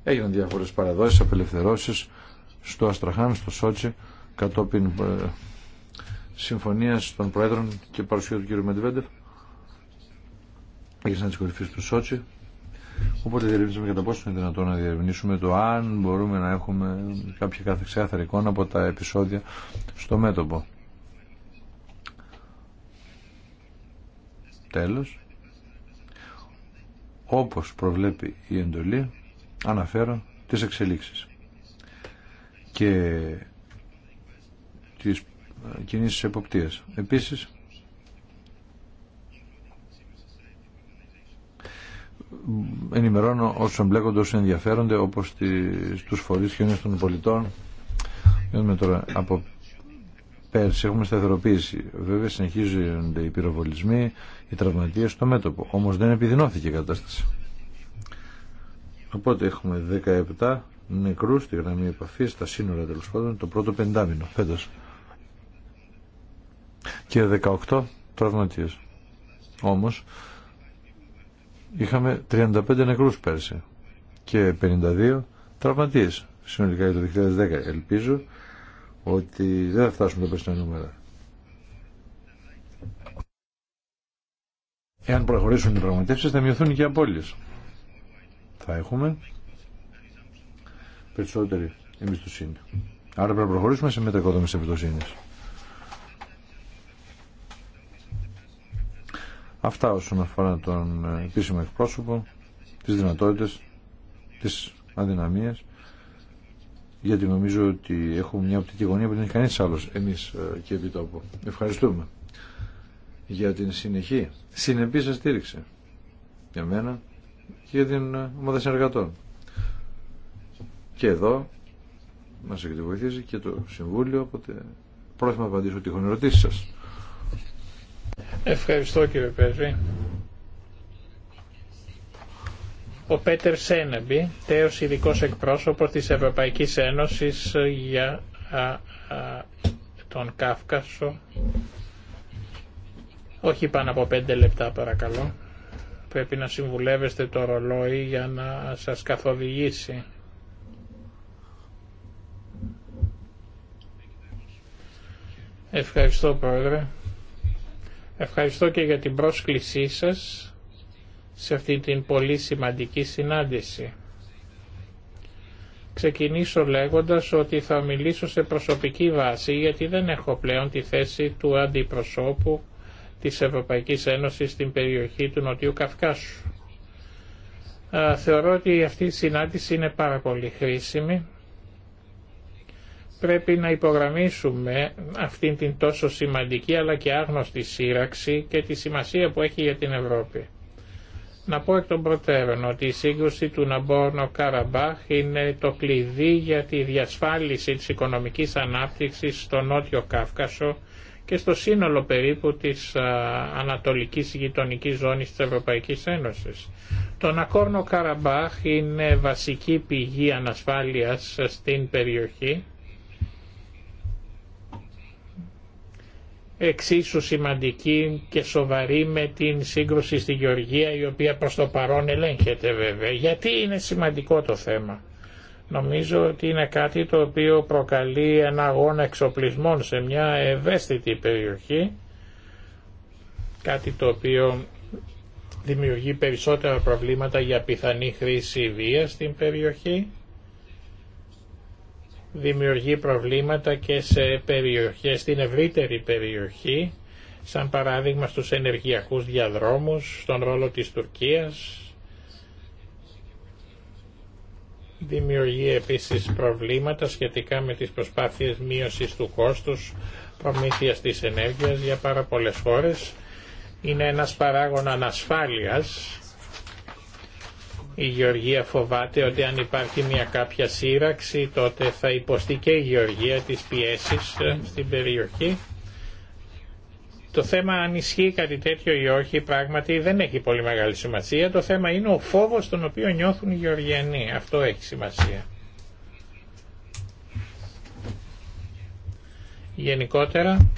Έγιναν διάφορες παραδόσεις, απελευθερώσεις στο Αστραχάν, στο Σότσι, κατόπιν ε, συμφωνίας των Πρόεδρων και παρουσία του κ. Μεντβέντεφ. Έγιναν τις κορυφές του Σότσι. Οπότε διερευνήσαμε κατά πόσο είναι δυνατόν να διερευνήσουμε το αν μπορούμε να έχουμε κάποια κάθε εικόνα από τα επεισόδια στο μέτωπο. Τέλος όπως προβλέπει η εντολή αναφέρω τις εξελίξεις και τις κινήσεις εποπτείας. Επίσης ενημερώνω όσους εμπλέκονται όσους ενδιαφέρονται όπως τις, τους φορείς κοινωνίας των πολιτών. τώρα από Πέρσι έχουμε σταθεροποίηση. Βέβαια συνεχίζονται οι πυροβολισμοί, οι τραυματίες στο μέτωπο. Όμως δεν επιδεινώθηκε η κατάσταση. Οπότε έχουμε 17 νεκρούς στη γραμμή επαφή, στα σύνορα τέλο πάντων, το πρώτο πεντάμινο φέτο. Και 18 τραυματίες. Όμως είχαμε 35 νεκρούς πέρσι και 52 τραυματίε συνολικά για το 2010. Ελπίζω ότι δεν θα φτάσουμε τα περισσότερα νούμερα. Εάν προχωρήσουν οι πραγματεύσεις θα μειωθούν και οι απώλειες. Θα έχουμε περισσότερη εμπιστοσύνη. Άρα πρέπει να προχωρήσουμε σε μετακόδομες εμπιστοσύνη. Αυτά όσον αφορά τον ε, επίσημο εκπρόσωπο, τις δυνατότητες, τις αδυναμίες γιατί νομίζω ότι έχουμε μια οπτική γωνία που δεν έχει κανείς άλλος εμείς ε, και επί τόπου. Ευχαριστούμε για την συνεχή, συνεπή σα στήριξη για μένα και για την ε, ομάδα συνεργατών. Και εδώ μας έχετε βοηθήσει και το Συμβούλιο, οπότε πρόθυμα απαντήσω τυχόν ερωτήσεις σας. Ευχαριστώ κύριε Πέτρη. Ο Πέτερ Σένεμπι, τέος ειδικό εκπρόσωπος της Ευρωπαϊκής Ένωσης για τον Κάφκασο. Όχι πάνω από πέντε λεπτά παρακαλώ. Πρέπει να συμβουλεύεστε το ρολόι για να σας καθοδηγήσει. Ευχαριστώ Πρόεδρε. Ευχαριστώ και για την πρόσκλησή σας σε αυτή την πολύ σημαντική συνάντηση. Ξεκινήσω λέγοντας ότι θα μιλήσω σε προσωπική βάση γιατί δεν έχω πλέον τη θέση του αντιπροσώπου της Ευρωπαϊκής Ένωσης στην περιοχή του Νοτιού Καυκάσου. Θεωρώ ότι αυτή η συνάντηση είναι πάρα πολύ χρήσιμη. Πρέπει να υπογραμμίσουμε αυτήν την τόσο σημαντική αλλά και άγνωστη σύραξη και τη σημασία που έχει για την Ευρώπη. Να πω εκ των προτέρων ότι η σύγκρουση του Ναμπόρνο Καραμπάχ είναι το κλειδί για τη διασφάλιση της οικονομικής ανάπτυξης στο Νότιο Κάυκασο και στο σύνολο περίπου της ανατολικής γειτονική ζώνης της Ευρωπαϊκής Ένωσης. Το Νακόρνο Καραμπάχ είναι βασική πηγή ανασφάλειας στην περιοχή εξίσου σημαντική και σοβαρή με την σύγκρουση στη Γεωργία η οποία προς το παρόν ελέγχεται βέβαια. Γιατί είναι σημαντικό το θέμα. Νομίζω ότι είναι κάτι το οποίο προκαλεί ένα αγώνα εξοπλισμών σε μια ευαίσθητη περιοχή, κάτι το οποίο δημιουργεί περισσότερα προβλήματα για πιθανή χρήση βίας στην περιοχή δημιουργεί προβλήματα και σε περιοχές, στην ευρύτερη περιοχή, σαν παράδειγμα στους ενεργειακούς διαδρόμους, στον ρόλο της Τουρκίας. Δημιουργεί επίσης προβλήματα σχετικά με τις προσπάθειες μείωσης του κόστους προμήθειας της ενέργειας για πάρα πολλές χώρες. Είναι ένας παράγων ανασφάλειας η Γεωργία φοβάται ότι αν υπάρχει μια κάποια σύραξη τότε θα υποστεί και η Γεωργία τις πιέσεις ε, στην περιοχή. Το θέμα αν ισχύει κάτι τέτοιο ή όχι πράγματι δεν έχει πολύ μεγάλη σημασία. Το θέμα είναι ο φόβος τον οποίο νιώθουν οι Γεωργιανοί. Αυτό έχει σημασία. Γενικότερα,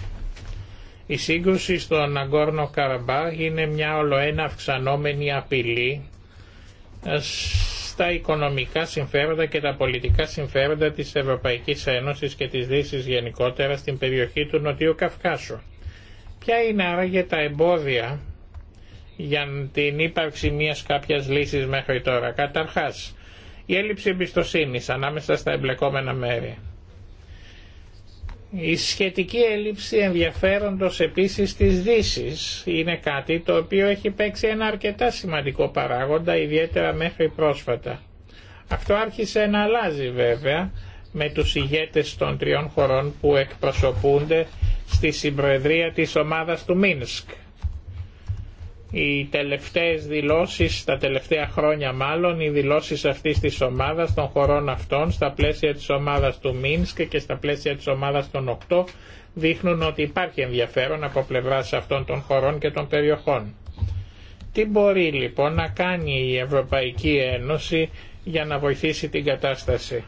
η σύγκρουση στον Αγκόρνο Καραμπά είναι μια ολοένα αυξανόμενη απειλή ε, στα οικονομικά συμφέροντα και τα πολιτικά συμφέροντα της Ευρωπαϊκής Ένωσης και της Δύσης γενικότερα στην περιοχή του Νοτιού Καυκάσου. Ποια είναι άραγε τα εμπόδια για την ύπαρξη μιας κάποιας λύσης μέχρι τώρα. Καταρχάς, η έλλειψη εμπιστοσύνης ανάμεσα στα εμπλεκόμενα μέρη. Η σχετική έλλειψη ενδιαφέροντος επίσης της δύση είναι κάτι το οποίο έχει παίξει ένα αρκετά σημαντικό παράγοντα, ιδιαίτερα μέχρι πρόσφατα. Αυτό άρχισε να αλλάζει βέβαια με τους ηγέτες των τριών χωρών που εκπροσωπούνται στη συμπροεδρία της ομάδας του Μίνσκ οι τελευταίες δηλώσεις, τα τελευταία χρόνια μάλλον, οι δηλώσεις αυτής της ομάδας, των χωρών αυτών, στα πλαίσια της ομάδας του Μίνσκ και στα πλαίσια της ομάδας των 8, δείχνουν ότι υπάρχει ενδιαφέρον από πλευράς αυτών των χωρών και των περιοχών. Τι μπορεί λοιπόν να κάνει η Ευρωπαϊκή Ένωση για να βοηθήσει την κατάσταση.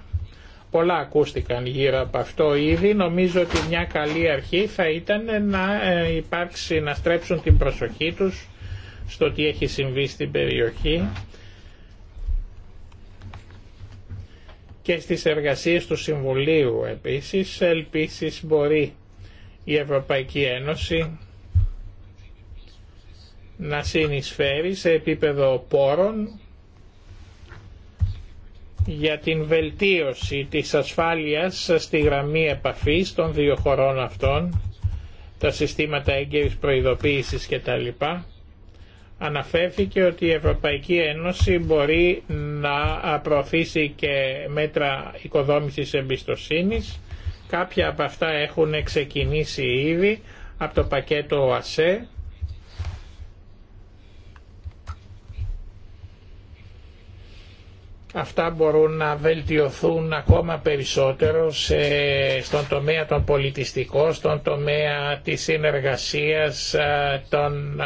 Πολλά ακούστηκαν γύρω από αυτό ήδη. Νομίζω ότι μια καλή αρχή θα ήταν να ε, υπάρξει, να στρέψουν την προσοχή τους στο τι έχει συμβεί στην περιοχή και στις εργασίες του Συμβουλίου επίσης. Ελπίσεις μπορεί η Ευρωπαϊκή Ένωση να συνεισφέρει σε επίπεδο πόρων για την βελτίωση της ασφάλειας στη γραμμή επαφής των δύο χωρών αυτών, τα συστήματα έγκαιρης προειδοποίησης κτλ αναφέρθηκε ότι η Ευρωπαϊκή Ένωση μπορεί να προωθήσει και μέτρα οικοδόμησης εμπιστοσύνης. Κάποια από αυτά έχουν ξεκινήσει ήδη από το πακέτο ΟΑΣΕ Αυτά μπορούν να βελτιωθούν ακόμα περισσότερο σε, στον τομέα των πολιτιστικών, στον τομέα της συνεργασίας των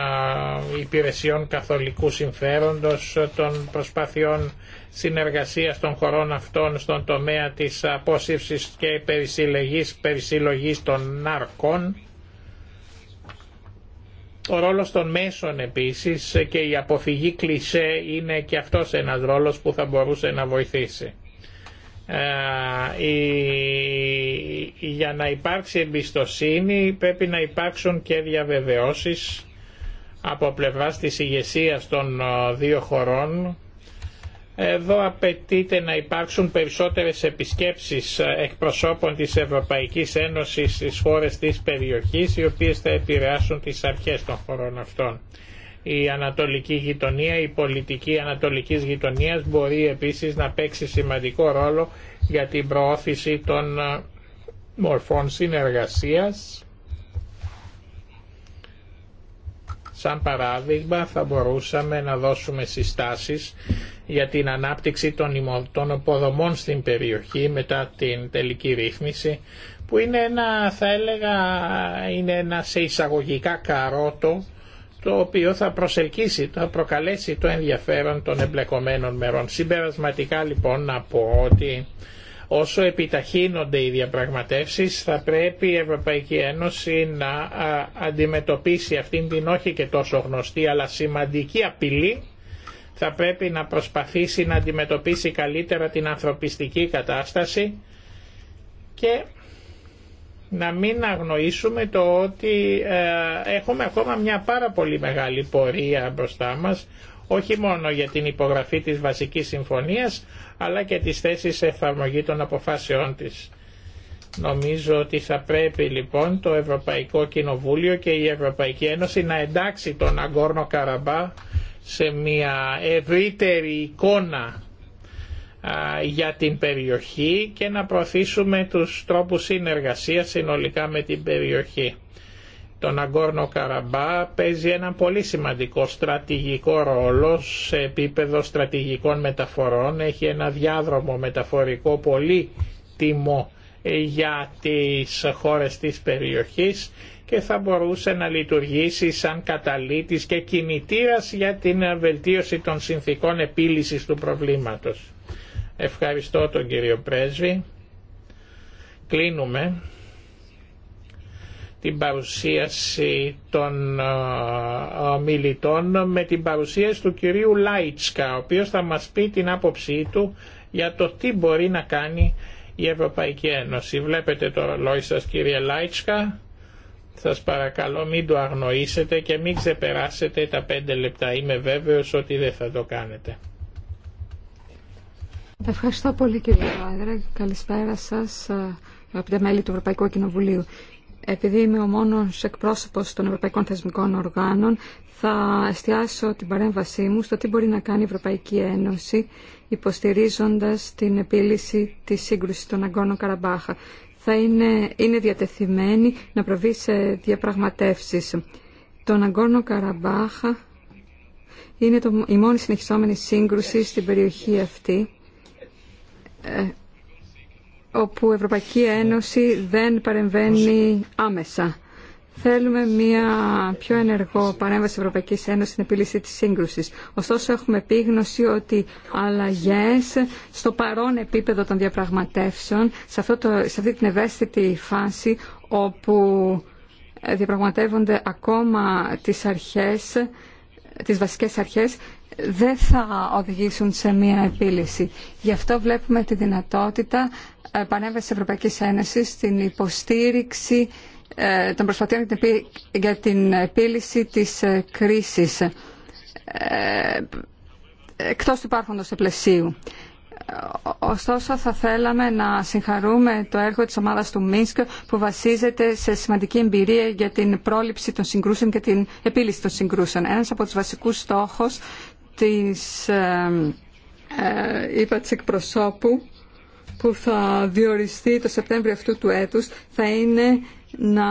υπηρεσιών καθολικού συμφέροντος, των προσπαθειών συνεργασίας των χωρών αυτών στον τομέα της απόσύψης και περισυλλογής, περισυλλογής των ναρκών ο ρόλος των μέσων επίσης και η αποφυγή κλισέ είναι και αυτός ένας ρόλος που θα μπορούσε να βοηθήσει. Ε, για να υπάρξει εμπιστοσύνη πρέπει να υπάρξουν και διαβεβαιώσεις από πλευράς της ηγεσία των ε, δύο χωρών εδώ απαιτείται να υπάρξουν περισσότερες επισκέψεις ε, εκπροσώπων της Ευρωπαϊκής Ένωσης στις χώρες της περιοχής, οι οποίες θα επηρεάσουν τις αρχές των χωρών αυτών. Η ανατολική γειτονία, η πολιτική ανατολικής γειτονίας μπορεί επίσης να παίξει σημαντικό ρόλο για την προώθηση των ε, μορφών συνεργασίας Σαν παράδειγμα θα μπορούσαμε να δώσουμε συστάσεις για την ανάπτυξη των υποδομών στην περιοχή μετά την τελική ρύθμιση που είναι ένα θα έλεγα είναι ένα σε εισαγωγικά καρότο το οποίο θα προσελκύσει, θα προκαλέσει το ενδιαφέρον των εμπλεκομένων μερών. Συμπερασματικά λοιπόν να πω ότι Όσο επιταχύνονται οι διαπραγματεύσεις θα πρέπει η Ευρωπαϊκή Ένωση να αντιμετωπίσει αυτήν την όχι και τόσο γνωστή αλλά σημαντική απειλή θα πρέπει να προσπαθήσει να αντιμετωπίσει καλύτερα την ανθρωπιστική κατάσταση και να μην αγνοήσουμε το ότι ε, έχουμε ακόμα μια πάρα πολύ μεγάλη πορεία μπροστά μας όχι μόνο για την υπογραφή της βασικής συμφωνίας αλλά και τις θέσεις εφαρμογή των αποφάσεών της. Νομίζω ότι θα πρέπει λοιπόν το Ευρωπαϊκό Κοινοβούλιο και η Ευρωπαϊκή Ένωση να εντάξει τον Αγκόρνο Καραμπά σε μια ευρύτερη εικόνα για την περιοχή και να προωθήσουμε τους τρόπους συνεργασίας συνολικά με την περιοχή. Το Ναγκόρνο Καραμπά παίζει ένα πολύ σημαντικό στρατηγικό ρόλο σε επίπεδο στρατηγικών μεταφορών. Έχει ένα διάδρομο μεταφορικό πολύ τιμό ε, για τις χώρες της περιοχής και θα μπορούσε να λειτουργήσει σαν καταλήτης και κινητήρας για την βελτίωση των συνθήκων επίλυσης του προβλήματος. Ευχαριστώ τον κύριο Πρέσβη. Κλείνουμε την παρουσίαση των ε, ε, μιλητών με την παρουσίαση του κυρίου Λάιτσκα, ο οποίος θα μας πει την άποψή του για το τι μπορεί να κάνει η Ευρωπαϊκή Ένωση. Βλέπετε το ρολόι σας κύριε Λάιτσκα. Σας παρακαλώ μην το αγνοήσετε και μην ξεπεράσετε τα πέντε λεπτά. Είμαι βέβαιος ότι δεν θα το κάνετε. Ευχαριστώ πολύ κύριε Πρόεδρε. Καλησπέρα σας, τα μέλη του Ευρωπαϊκού Κοινοβουλίου επειδή είμαι ο μόνος εκπρόσωπος των Ευρωπαϊκών Θεσμικών Οργάνων, θα εστιάσω την παρέμβασή μου στο τι μπορεί να κάνει η Ευρωπαϊκή Ένωση υποστηρίζοντας την επίλυση της σύγκρουσης των Αγκώνων Καραμπάχα. Θα είναι, είναι διατεθειμένη να προβεί σε διαπραγματεύσεις. Τον Αγκώνο Καραμπάχα είναι το, η μόνη συνεχιζόμενη σύγκρουση στην περιοχή αυτή ε, όπου η Ευρωπαϊκή Ένωση δεν παρεμβαίνει άμεσα. Θέλουμε μια πιο ενεργό παρέμβαση Ευρωπαϊκής Ένωσης στην επίλυση της σύγκρουση. Ωστόσο έχουμε επίγνωση ότι αλλαγέ στο παρόν επίπεδο των διαπραγματεύσεων, σε, αυτό σε αυτή την ευαίσθητη φάση όπου ε, διαπραγματεύονται ακόμα τις αρχές τις βασικές αρχές δεν θα οδηγήσουν σε μία επίλυση. Γι' αυτό βλέπουμε τη δυνατότητα επανέμβαση τη Ευρωπαϊκής Ένωσης στην υποστήριξη ε, των προσπαθειών για την επίλυση της ε, κρίσης ε, εκτός του υπάρχοντος πλαισίου. Ωστόσο θα θέλαμε να συγχαρούμε το έργο της ομάδας του Μίνσκ που βασίζεται σε σημαντική εμπειρία για την πρόληψη των συγκρούσεων και την επίλυση των συγκρούσεων. Ένας από τους βασικούς στόχους της ε, ε, είπα εκπροσώπου που θα διοριστεί το Σεπτέμβριο αυτού του έτους θα είναι να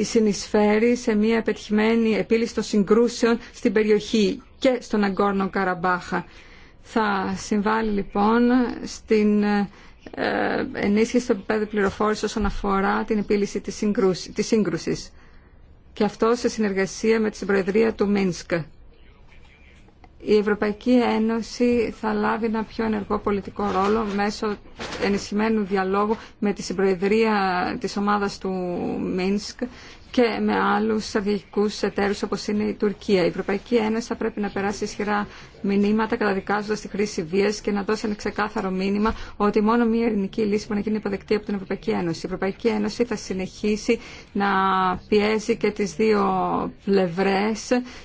συνεισφέρει σε μια πετυχημένη επίλυση των συγκρούσεων στην περιοχή και στον Αγκόρνο Καραμπάχα. Θα συμβάλλει λοιπόν στην ε, ενίσχυση του επίπεδου πληροφόρηση όσον αφορά την επίλυση της, σύγκρουσης. Και αυτό σε συνεργασία με την Προεδρία του Μίνσκ η Ευρωπαϊκή Ένωση θα λάβει ένα πιο ενεργό πολιτικό ρόλο μέσω ενισχυμένου διαλόγου με τη συμπροεδρία της ομάδας του Μίνσκ και με άλλου αδικού εταίρου όπω είναι η Τουρκία. Η Ευρωπαϊκή Ένωση θα πρέπει να περάσει ισχυρά μηνύματα καταδικάζοντα τη χρήση βία και να δώσει ένα ξεκάθαρο μήνυμα ότι μόνο μια ειρηνική λύση μπορεί να γίνει υποδεκτή από την Ευρωπαϊκή Ένωση. Η Ευρωπαϊκή Ένωση θα συνεχίσει να πιέζει και τι δύο πλευρέ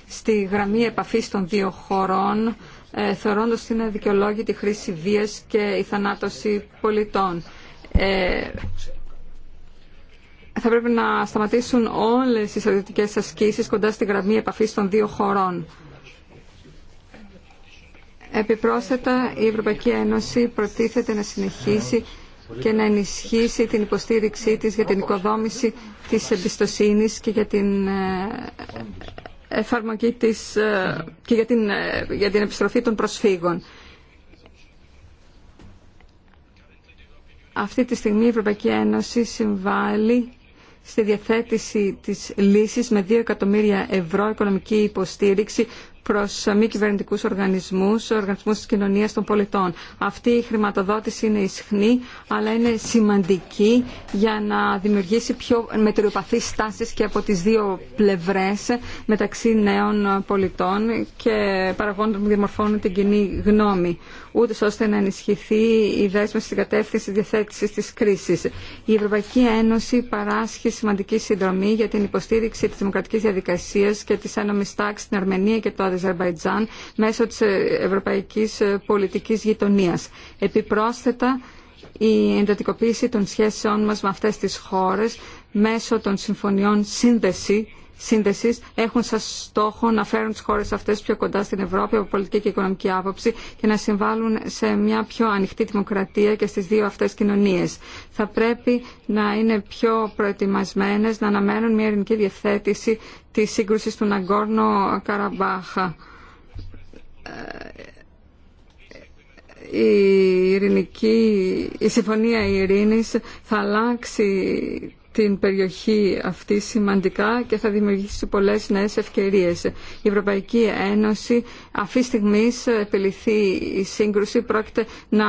στη γραμμή επαφή των δύο χωρών, ε, θεωρώντα την είναι δικαιολόγητη χρήση βία και η θανάτωση πολιτών. Ε, θα πρέπει να σταματήσουν όλες οι στρατιωτικές ασκήσεις κοντά στη γραμμή επαφής των δύο χωρών. Επιπρόσθετα, η Ευρωπαϊκή Ένωση προτίθεται να συνεχίσει και να ενισχύσει την υποστήριξή της για την οικοδόμηση της εμπιστοσύνης και για την ε, εφαρμογή της ε, και για την, ε, για την επιστροφή των προσφύγων. Αυτή τη στιγμή η Ευρωπαϊκή Ένωση συμβάλλει στη διαθέτηση της λύσης με 2 εκατομμύρια ευρώ οικονομική υποστήριξη προς μη κυβερνητικού οργανισμούς, οργανισμούς της κοινωνίας των πολιτών. Αυτή η χρηματοδότηση είναι ισχνή, αλλά είναι σημαντική για να δημιουργήσει πιο μετριοπαθείς στάσεις και από τις δύο πλευρές μεταξύ νέων πολιτών και παραγόντων που διαμορφώνουν την κοινή γνώμη ούτως ώστε να ενισχυθεί η δέσμευση στην κατεύθυνση διαθέτηση της κρίσης. Η Ευρωπαϊκή Ένωση παράσχει σημαντική συνδρομή για την υποστήριξη της δημοκρατική διαδικασία και της ένωμης τάξη στην Αρμενία και το Αζερβαϊτζάν μέσω της ευρωπαϊκής πολιτικής γειτονία. Επιπρόσθετα, η εντατικοποίηση των σχέσεών μα με αυτέ τι χώρε μέσω των συμφωνιών σύνδεση έχουν σαν στόχο να φέρουν τι χώρε αυτές πιο κοντά στην Ευρώπη από πολιτική και οικονομική άποψη και να συμβάλλουν σε μια πιο ανοιχτή δημοκρατία και στις δύο αυτές κοινωνίες. Θα πρέπει να είναι πιο προετοιμασμένε, να αναμένουν μια ειρηνική διευθέτηση τη σύγκρουση του Ναγκόρνο Καραμπάχα ε, η, ειρηνική, η συμφωνία ειρήνης θα αλλάξει την περιοχή αυτή σημαντικά και θα δημιουργήσει πολλές νέες ευκαιρίες. Η Ευρωπαϊκή Ένωση αυτή τη στιγμή επιληθεί η σύγκρουση πρόκειται να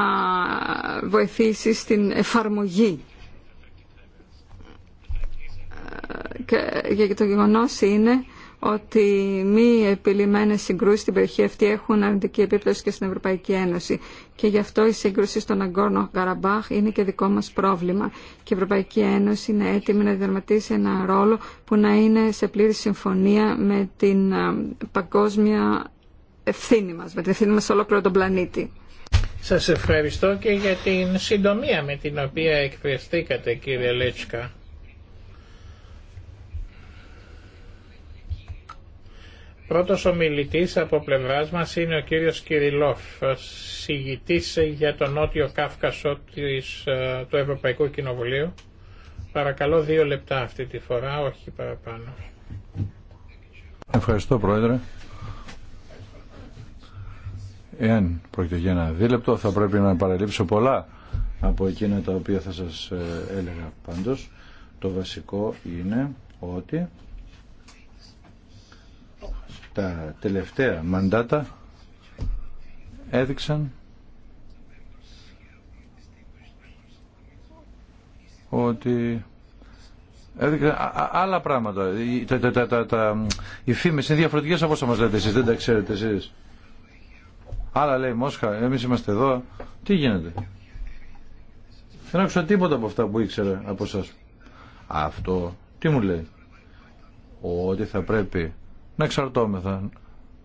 βοηθήσει στην εφαρμογή. Ε, και, το γεγονός είναι ότι μη επιλημμένες συγκρούσεις στην περιοχή αυτή έχουν αρνητική επίπτωση και στην Ευρωπαϊκή Ένωση. Και γι' αυτό η σύγκρουση στον Αγκόρνο Καραμπάχ είναι και δικό μας πρόβλημα. Και η Ευρωπαϊκή Ένωση είναι έτοιμη να διαδραματίσει ένα ρόλο που να είναι σε πλήρη συμφωνία με την παγκόσμια ευθύνη μας, με την ευθύνη μας σε ολόκληρο τον πλανήτη. Σας ευχαριστώ και για την συντομία με την οποία εκφραστήκατε κύριε Λέτσκα. Πρώτος ομιλητής από πλευράς μας είναι ο κύριος Κυριλόφ, συγητής για τον Νότιο Κάφκασο της, ε, του Ευρωπαϊκού Κοινοβουλίου. Παρακαλώ δύο λεπτά αυτή τη φορά, όχι παραπάνω. Ευχαριστώ Πρόεδρε. Εάν πρόκειται για ένα δίλεπτο θα πρέπει να παραλείψω πολλά από εκείνα τα οποία θα σας ε, έλεγα πάντως. Το βασικό είναι ότι τα τελευταία μαντάτα έδειξαν ότι έδειξαν άλλα πράγματα. Τα, τα, τα, τα, τα, οι φήμες είναι διαφορετικές από όσα μας λέτε εσείς, δεν τα ξέρετε εσείς. Άλλα λέει Μόσχα, εμείς είμαστε εδώ. Τι γίνεται. Δεν άκουσα τίποτα από αυτά που ήξερα από εσά. Αυτό τι μου λέει. Ότι θα πρέπει να εξαρτώμεθα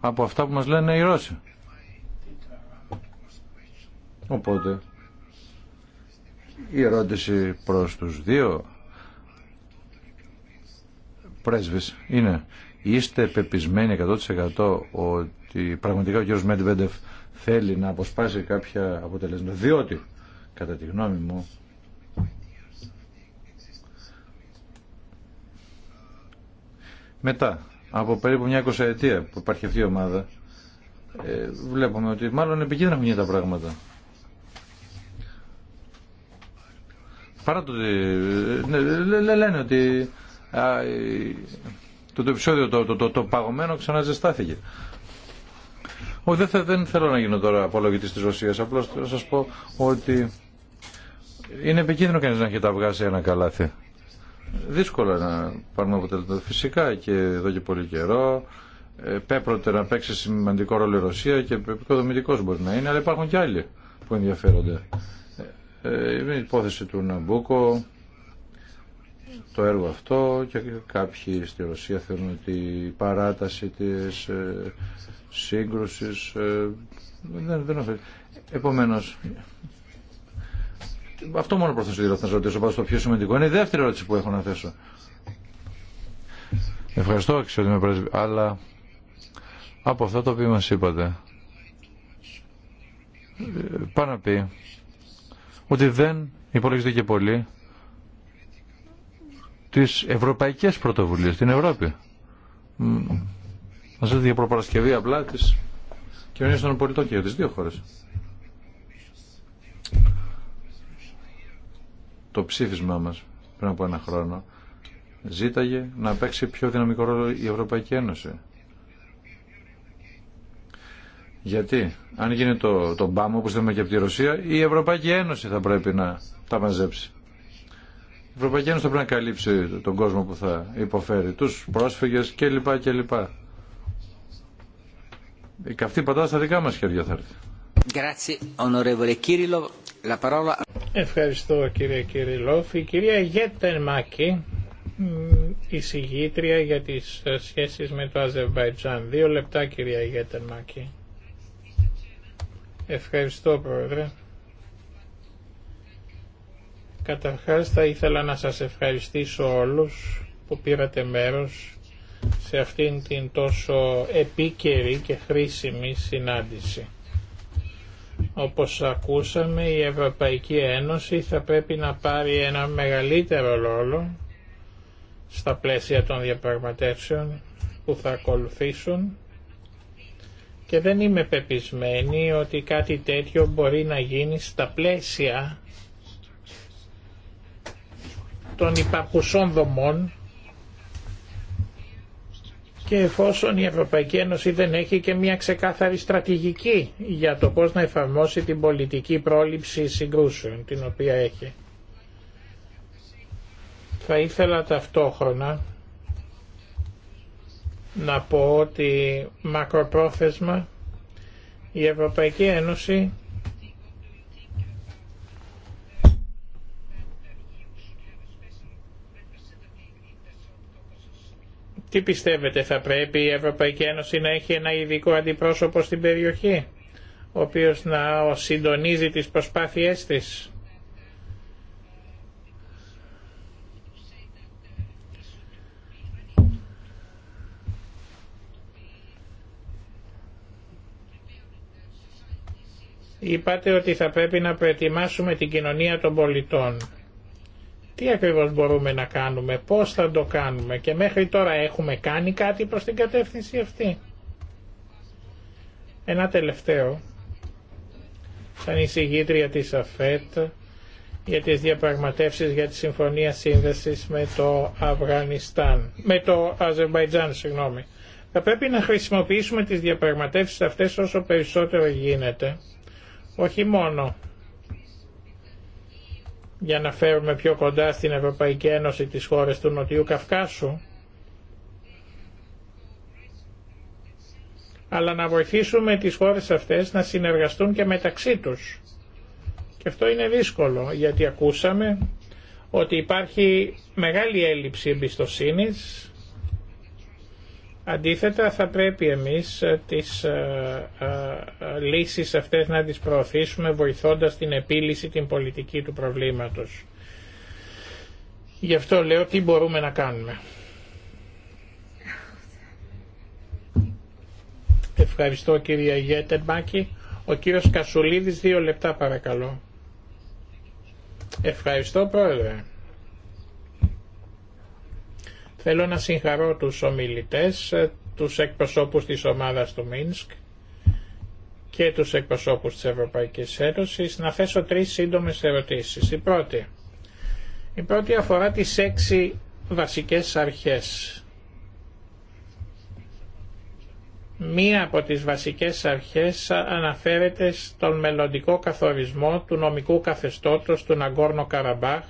από αυτά που μας λένε οι Ρώσοι. Οπότε, η ερώτηση προς τους δύο πρέσβες είναι είστε πεπισμένοι 100% ότι πραγματικά ο κ. Μέντβεντεφ θέλει να αποσπάσει κάποια αποτελέσματα διότι κατά τη γνώμη μου μετά από περίπου μια εικοσαετία που υπάρχει αυτή η ομάδα ε, βλέπουμε ότι μάλλον επικίνδυνα έχουν γίνει τα πράγματα. Παρά το ότι ε, ναι, λένε ότι το, το επεισόδιο το, το, το, το παγωμένο ξαναζεστάθηκε. Ο, δεν, δεν θέλω να γίνω τώρα απολογητής της Ρωσίας, απλώς θα σας πω ότι είναι επικίνδυνο κανείς να έχει τα βγάσει ένα καλάθι δύσκολα να πάρουμε αποτελέσματα. Φυσικά και εδώ και πολύ καιρό ε, πέπρωτε να παίξει σημαντικό ρόλο η Ρωσία και επικοδομητικό μπορεί να είναι, αλλά υπάρχουν και άλλοι που ενδιαφέρονται. Ε, ε, η υπόθεση του Ναμπούκο, το έργο αυτό και κάποιοι στη Ρωσία θεωρούν ότι η παράταση της σύγκρουσης δεν, δεν Επομένω. Αυτό μόνο προθέσω θα σα ρωτήσω. πάνω στο πιο σημαντικό είναι η δεύτερη ερώτηση που έχω να θέσω. Ευχαριστώ, ξέρω με πρέσβη. Αλλά από αυτό το οποίο μα είπατε, πάνω να πει ότι δεν υπολογίζεται και πολύ τις ευρωπαϊκές πρωτοβουλίες την Ευρώπη. Μα λέτε για προπαρασκευή απλά της κοινωνίας των πολιτών και για τις δύο χώρες. το ψήφισμά μας πριν από ένα χρόνο ζήταγε να παίξει πιο δυναμικό ρόλο η Ευρωπαϊκή Ένωση. Γιατί, αν γίνει το, το μπάμ όπως θέλουμε και από τη Ρωσία, η Ευρωπαϊκή Ένωση θα πρέπει να τα μαζέψει. Η Ευρωπαϊκή Ένωση θα πρέπει να καλύψει τον κόσμο που θα υποφέρει, τους πρόσφυγες κλπ. κλπ. Η καυτή πατάτα στα δικά μας χέρια θα έρθει. Ευχαριστώ κύριε Κυριλόφ. Η κυρία Γέτεν Μάκη, η συγγήτρια για τις ε, σχέσεις με το Αζερβαϊτζάν. Δύο λεπτά κυρία Γέτεν Μάκη. Ευχαριστώ πρόεδρε. Καταρχάς θα ήθελα να σας ευχαριστήσω όλους που πήρατε μέρος σε αυτήν την τόσο επίκαιρη και χρήσιμη συνάντηση. Όπως ακούσαμε η Ευρωπαϊκή Ένωση θα πρέπει να πάρει ένα μεγαλύτερο ρόλο στα πλαίσια των διαπραγματεύσεων που θα ακολουθήσουν και δεν είμαι πεπισμένη ότι κάτι τέτοιο μπορεί να γίνει στα πλαίσια των υπαρχουσών δομών και εφόσον η Ευρωπαϊκή Ένωση δεν έχει και μια ξεκάθαρη στρατηγική για το πώς να εφαρμόσει την πολιτική πρόληψη συγκρούσεων την οποία έχει. Θα ήθελα ταυτόχρονα να πω ότι μακροπρόθεσμα η Ευρωπαϊκή Ένωση Τι πιστεύετε, θα πρέπει η Ευρωπαϊκή Ένωση να έχει ένα ειδικό αντιπρόσωπο στην περιοχή, ο οποίος να συντονίζει τις προσπάθειές της. Είπατε ότι θα πρέπει να προετοιμάσουμε την κοινωνία των πολιτών. Τι ακριβώς μπορούμε να κάνουμε, πώς θα το κάνουμε και μέχρι τώρα έχουμε κάνει κάτι προς την κατεύθυνση αυτή. Ένα τελευταίο, σαν εισηγήτρια της ΑΦΕΤ για τις διαπραγματεύσεις για τη Συμφωνία Σύνδεσης με το Αφγανιστάν, με το Αζερμπαϊτζάν, συγγνώμη. Θα πρέπει να χρησιμοποιήσουμε τις διαπραγματεύσεις αυτές όσο περισσότερο γίνεται, όχι μόνο για να φέρουμε πιο κοντά στην Ευρωπαϊκή Ένωση τις χώρες του Νοτιού Καυκάσου αλλά να βοηθήσουμε τις χώρες αυτές να συνεργαστούν και μεταξύ τους. Και αυτό είναι δύσκολο γιατί ακούσαμε ότι υπάρχει μεγάλη έλλειψη εμπιστοσύνης Αντίθετα θα πρέπει εμείς ε, τις ε, ε, λύσεις αυτές να τις προωθήσουμε βοηθώντας την επίλυση την πολιτική του προβλήματος. Γι' αυτό λέω τι μπορούμε να κάνουμε. Ευχαριστώ κύριε Γέτεμπάκη. Ο κύριος Κασουλίδης δύο λεπτά παρακαλώ. Ευχαριστώ πρόεδρε. Θέλω να συγχαρώ τους ομιλητές, τους εκπροσώπους της ομάδας του Μίνσκ και τους εκπροσώπους της Ευρωπαϊκής Ένωσης να θέσω τρεις σύντομες ερωτήσεις. Η πρώτη. Η πρώτη αφορά τις έξι βασικές αρχές. Μία από τις βασικές αρχές αναφέρεται στον μελλοντικό καθορισμό του νομικού καθεστώτος του Ναγκόρνο Καραμπάχ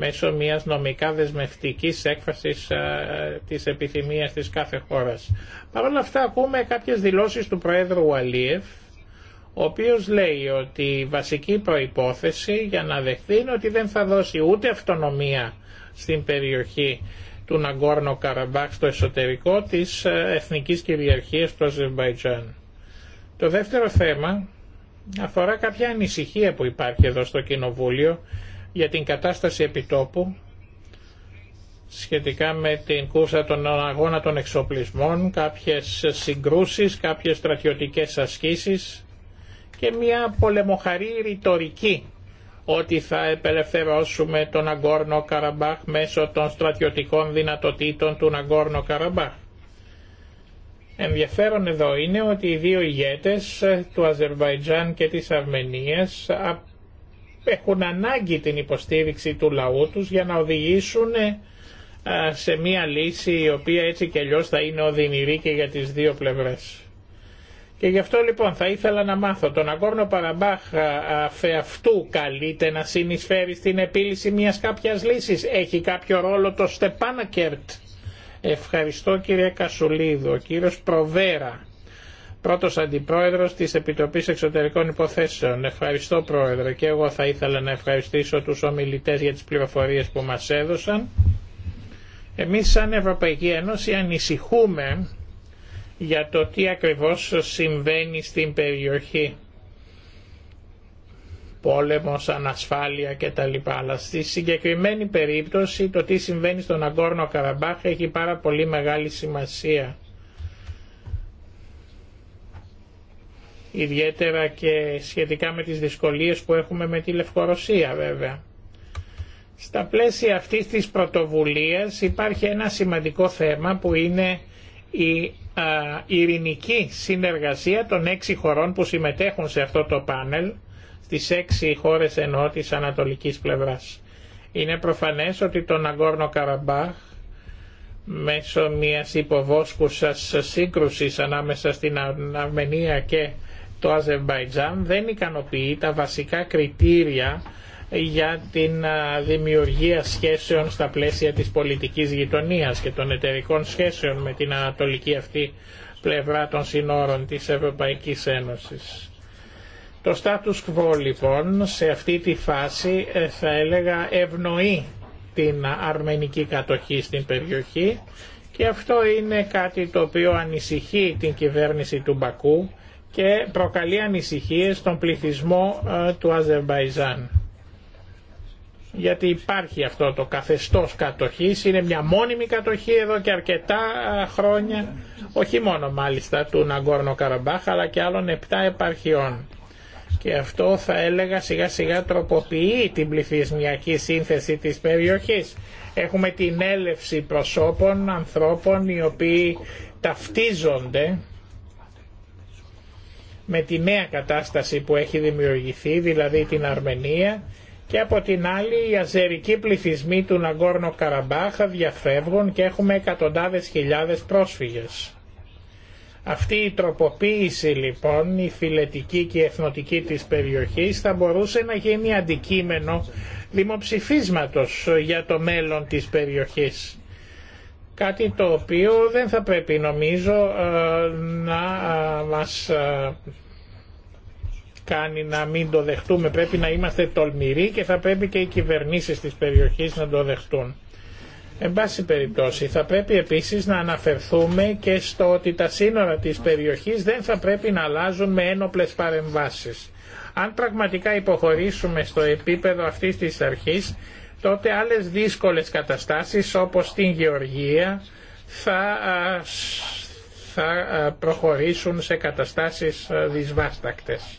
μέσω μιας νομικά δεσμευτικής έκφρασης ε, της επιθυμίας της κάθε χώρας. Παρ' όλα αυτά ακούμε κάποιες δηλώσεις του Προέδρου Αλίεφ, ο οποίος λέει ότι η βασική προϋπόθεση για να δεχθεί είναι ότι δεν θα δώσει ούτε αυτονομία στην περιοχή του Ναγκόρνο Καραμπάκ στο εσωτερικό της ε, εθνικής κυριαρχίας του Αζερβαϊτζάν. Το δεύτερο θέμα αφορά κάποια ανησυχία που υπάρχει εδώ στο Κοινοβούλιο για την κατάσταση επιτόπου σχετικά με την κούρσα των αγώνα των εξοπλισμών, κάποιες συγκρούσεις, κάποιες στρατιωτικές ασκήσεις και μια πολεμοχαρή ρητορική ότι θα επελευθερώσουμε τον Αγκόρνο Καραμπάχ μέσω των στρατιωτικών δυνατοτήτων του Αγκόρνο Καραμπάχ. Ενδιαφέρον εδώ είναι ότι οι δύο ηγέτες του Αζερβαϊτζάν και της Αρμενίας έχουν ανάγκη την υποστήριξη του λαού τους για να οδηγήσουν ε, σε μία λύση η οποία έτσι και αλλιώς θα είναι οδυνηρή και για τις δύο πλευρές. Και γι' αυτό λοιπόν θα ήθελα να μάθω τον Αγκόρνο Παραμπάχ ε, ε, αυτού καλείται να συνεισφέρει στην επίλυση μιας κάποιας λύσης. Έχει κάποιο ρόλο το Στεπάνακερτ. Ευχαριστώ κύριε Κασουλίδο. Κύριος Προβέρα πρώτος αντιπρόεδρος της Επιτροπής Εξωτερικών Υποθέσεων. Ευχαριστώ πρόεδρε και εγώ θα ήθελα να ευχαριστήσω τους ομιλητές για τις πληροφορίες που μας έδωσαν. Εμείς σαν Ευρωπαϊκή Ένωση ανησυχούμε για το τι ακριβώς συμβαίνει στην περιοχή. Πόλεμος, ανασφάλεια κτλ. Αλλά στη συγκεκριμένη περίπτωση το τι συμβαίνει στον Αγκόρνο Καραμπάχ έχει πάρα πολύ μεγάλη σημασία ιδιαίτερα και σχετικά με τις δυσκολίες που έχουμε με τη Λευκορωσία βέβαια. Στα πλαίσια αυτής της πρωτοβουλίας υπάρχει ένα σημαντικό θέμα που είναι η ειρηνική συνεργασία των έξι χωρών που συμμετέχουν σε αυτό το πάνελ, στις έξι χώρες ενώ της ανατολικής πλευράς. Είναι προφανές ότι τον Ναγκόρνο Καραμπάχ μέσω μιας υποβόσκουσας σύγκρουσης ανάμεσα στην Αρμενία και το Αζερμπαϊτζάν δεν ικανοποιεί τα βασικά κριτήρια για την δημιουργία σχέσεων στα πλαίσια της πολιτικής γειτονίας και των εταιρικών σχέσεων με την ανατολική αυτή πλευρά των συνόρων της Ευρωπαϊκής Ένωσης. Το status quo λοιπόν σε αυτή τη φάση ε, θα έλεγα ευνοεί την αρμενική κατοχή στην περιοχή και αυτό είναι κάτι το οποίο ανησυχεί την κυβέρνηση του Μπακού και προκαλεί ανησυχίες στον πληθυσμό ε, του Αζερβαϊζάν Γιατί υπάρχει αυτό το καθεστώς κατοχής, είναι μια μόνιμη κατοχή εδώ και αρκετά ε, χρόνια, όχι μόνο μάλιστα του Ναγκόρνο Καραμπάχ, αλλά και άλλων επτά επαρχιών. Και αυτό θα έλεγα σιγά σιγά τροποποιεί την πληθυσμιακή σύνθεση της περιοχής. Έχουμε την έλευση προσώπων, ανθρώπων οι οποίοι ταυτίζονται με τη νέα κατάσταση που έχει δημιουργηθεί, δηλαδή την Αρμενία, και από την άλλη οι αζερικοί πληθυσμοί του Ναγκόρνο Καραμπάχα διαφεύγουν και έχουμε εκατοντάδες χιλιάδες πρόσφυγες. Αυτή η τροποποίηση λοιπόν, η φιλετική και η εθνοτική της περιοχής θα μπορούσε να γίνει αντικείμενο δημοψηφίσματος για το μέλλον της περιοχής κάτι το οποίο δεν θα πρέπει νομίζω ε, να ε, μας ε, κάνει να μην το δεχτούμε. Πρέπει να είμαστε τολμηροί και θα πρέπει και οι κυβερνήσεις της περιοχής να το δεχτούν. Εν πάση περιπτώσει θα πρέπει επίσης να αναφερθούμε και στο ότι τα σύνορα της περιοχής δεν θα πρέπει να αλλάζουν με ένοπλες παρεμβάσεις. Αν πραγματικά υποχωρήσουμε στο επίπεδο αυτής της αρχής τότε άλλες δύσκολες καταστάσεις όπως στην Γεωργία θα, θα προχωρήσουν σε καταστάσεις δυσβάστακτες.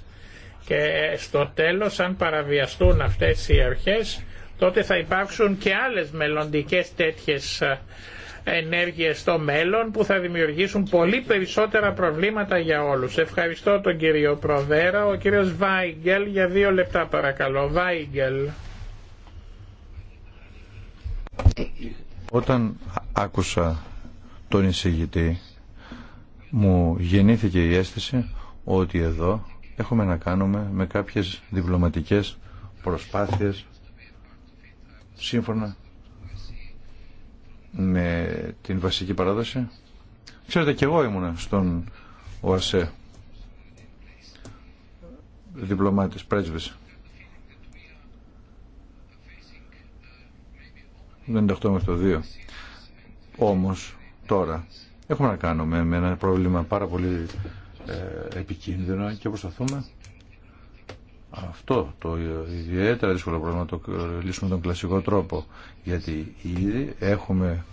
Και ε, στο τέλος αν παραβιαστούν αυτές οι αρχές τότε θα υπάρξουν και άλλες μελλοντικές τέτοιες ενέργειες στο μέλλον που θα δημιουργήσουν πολύ περισσότερα προβλήματα για όλους. Ευχαριστώ τον κύριο Προδέρα. Ο κύριος Βάιγκελ για δύο λεπτά παρακαλώ. Όταν άκουσα τον εισηγητή μου γεννήθηκε η αίσθηση ότι εδώ έχουμε να κάνουμε με κάποιες διπλωματικές προσπάθειες σύμφωνα με την βασική παράδοση. Ξέρετε και εγώ ήμουνα στον ΟΑΣΕ διπλωμάτης πρέσβης 98 με το 2. Όμως τώρα έχουμε να κάνουμε με ένα πρόβλημα πάρα πολύ ε, επικίνδυνο και προσπαθούμε αυτό το ιδιαίτερα δύσκολο πρόβλημα το λύσουμε τον κλασικό τρόπο γιατί ήδη έχουμε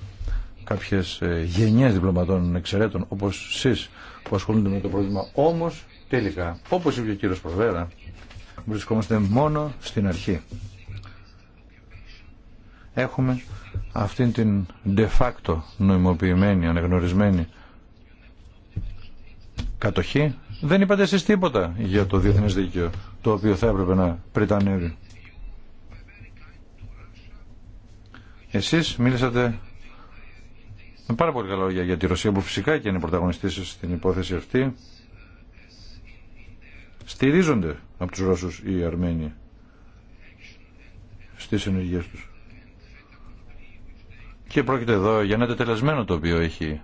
κάποιες ε, γενιές διπλωματών εξαιρέτων όπως εσείς που ασχολούνται με το πρόβλημα όμως τελικά όπως είπε ο κύριος Προβέρα βρισκόμαστε μόνο στην αρχή έχουμε αυτήν την de facto νοημοποιημένη, αναγνωρισμένη κατοχή. Δεν είπατε εσείς τίποτα για το διεθνές δίκαιο, το οποίο θα έπρεπε να πριτανεύει. Εσείς μίλησατε με πάρα πολύ καλά λόγια για τη Ρωσία που φυσικά και είναι πρωταγωνιστής στην υπόθεση αυτή. Στηρίζονται από τους Ρώσους οι Αρμένοι στις ενεργείες τους. Και πρόκειται εδώ για ένα τελεσμένο το οποίο έχει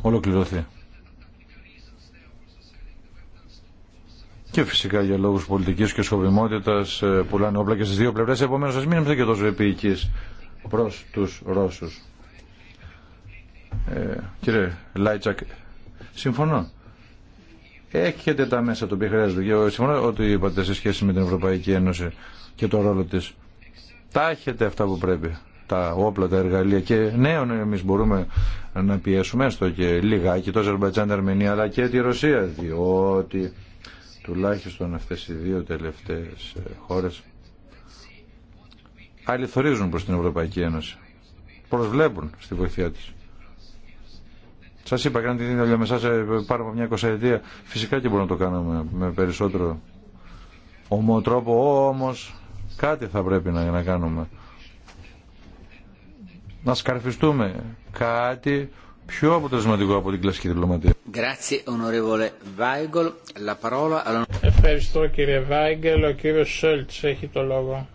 ολοκληρωθεί. Και φυσικά για λόγους πολιτικής και σκοπιμότητας ε, πουλάνε όπλα και στις δύο πλευρές. Επομένως, ας μην είμαστε και τόσο επίοικείς προς τους Ρώσους. Ε, κύριε Λάιτσακ, συμφωνώ. Έχετε τα μέσα το οποία χρειάζεται. Και συμφωνώ ότι είπατε σε σχέση με την Ευρωπαϊκή Ένωση και το ρόλο της. Τα έχετε αυτά που πρέπει τα όπλα, τα εργαλεία και ναι, εμεί μπορούμε να πιέσουμε έστω και λιγάκι το Αζερμπαϊτζάν, την Αρμενία αλλά και τη Ρωσία διότι τουλάχιστον αυτές οι δύο τελευταίες χώρες αληθορίζουν προς την Ευρωπαϊκή Ένωση προσβλέπουν στη βοηθειά της Σα είπα, κάνετε την δουλειά με εσά ε, πάνω από μια εικοσαετία. Φυσικά και μπορούμε να το κάνουμε με περισσότερο ομοτρόπο όμως Όμω κάτι θα πρέπει να, να κάνουμε να σκαρφιστούμε κάτι πιο αποτελεσματικό από την κλασική διπλωματία. Ευχαριστώ κύριε Βάιγκελ. Ο κύριος Σόλτς έχει το λόγο.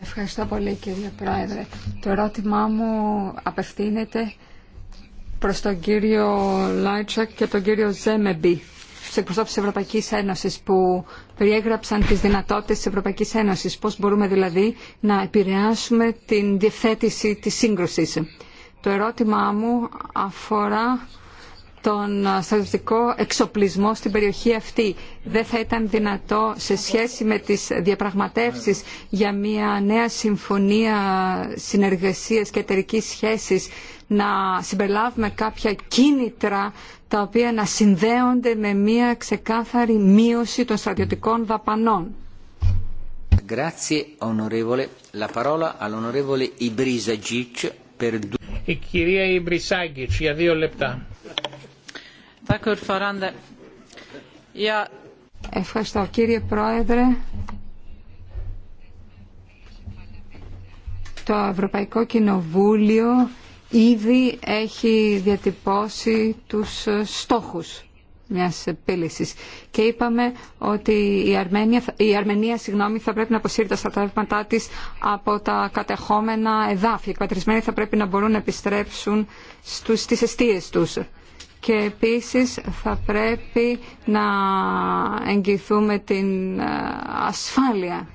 Ευχαριστώ πολύ κύριε Πρόεδρε. Το ερώτημά μου απευθύνεται προς τον κύριο Λάιτσακ και τον κύριο Ζέμεμπι, στους εκπροσώπους της Ευρωπαϊκής Ένωσης που περιέγραψαν τις δυνατότητες της Ευρωπαϊκής Ένωσης, πώς μπορούμε δηλαδή να επηρεάσουμε την διευθέτηση της σύγκρουσης. Το ερώτημά μου αφορά τον στρατιωτικό εξοπλισμό στην περιοχή αυτή. Δεν θα ήταν δυνατό σε σχέση με τις διαπραγματεύσεις για μια νέα συμφωνία συνεργασίας και εταιρικής σχέσης να συμπεριλάβουμε κάποια κίνητρα τα οποία να συνδέονται με μια ξεκάθαρη μείωση των στρατιωτικών δαπανών. Η κυρία Ιμπρισάγκητς για δύο λεπτά. Ευχαριστώ κύριε Πρόεδρε. Το Ευρωπαϊκό Κοινοβούλιο ήδη έχει διατυπώσει τους στόχους μιας επίλυσης. Και είπαμε ότι η Αρμενία, η Αρμενία συγγνώμη, θα πρέπει να αποσύρει τα στρατεύματά της από τα κατεχόμενα εδάφη. Οι εκπατρισμένοι θα πρέπει να μπορούν να επιστρέψουν στους, στις αιστείες τους. Και επίσης θα πρέπει να εγγυηθούμε την ε, ασφάλεια,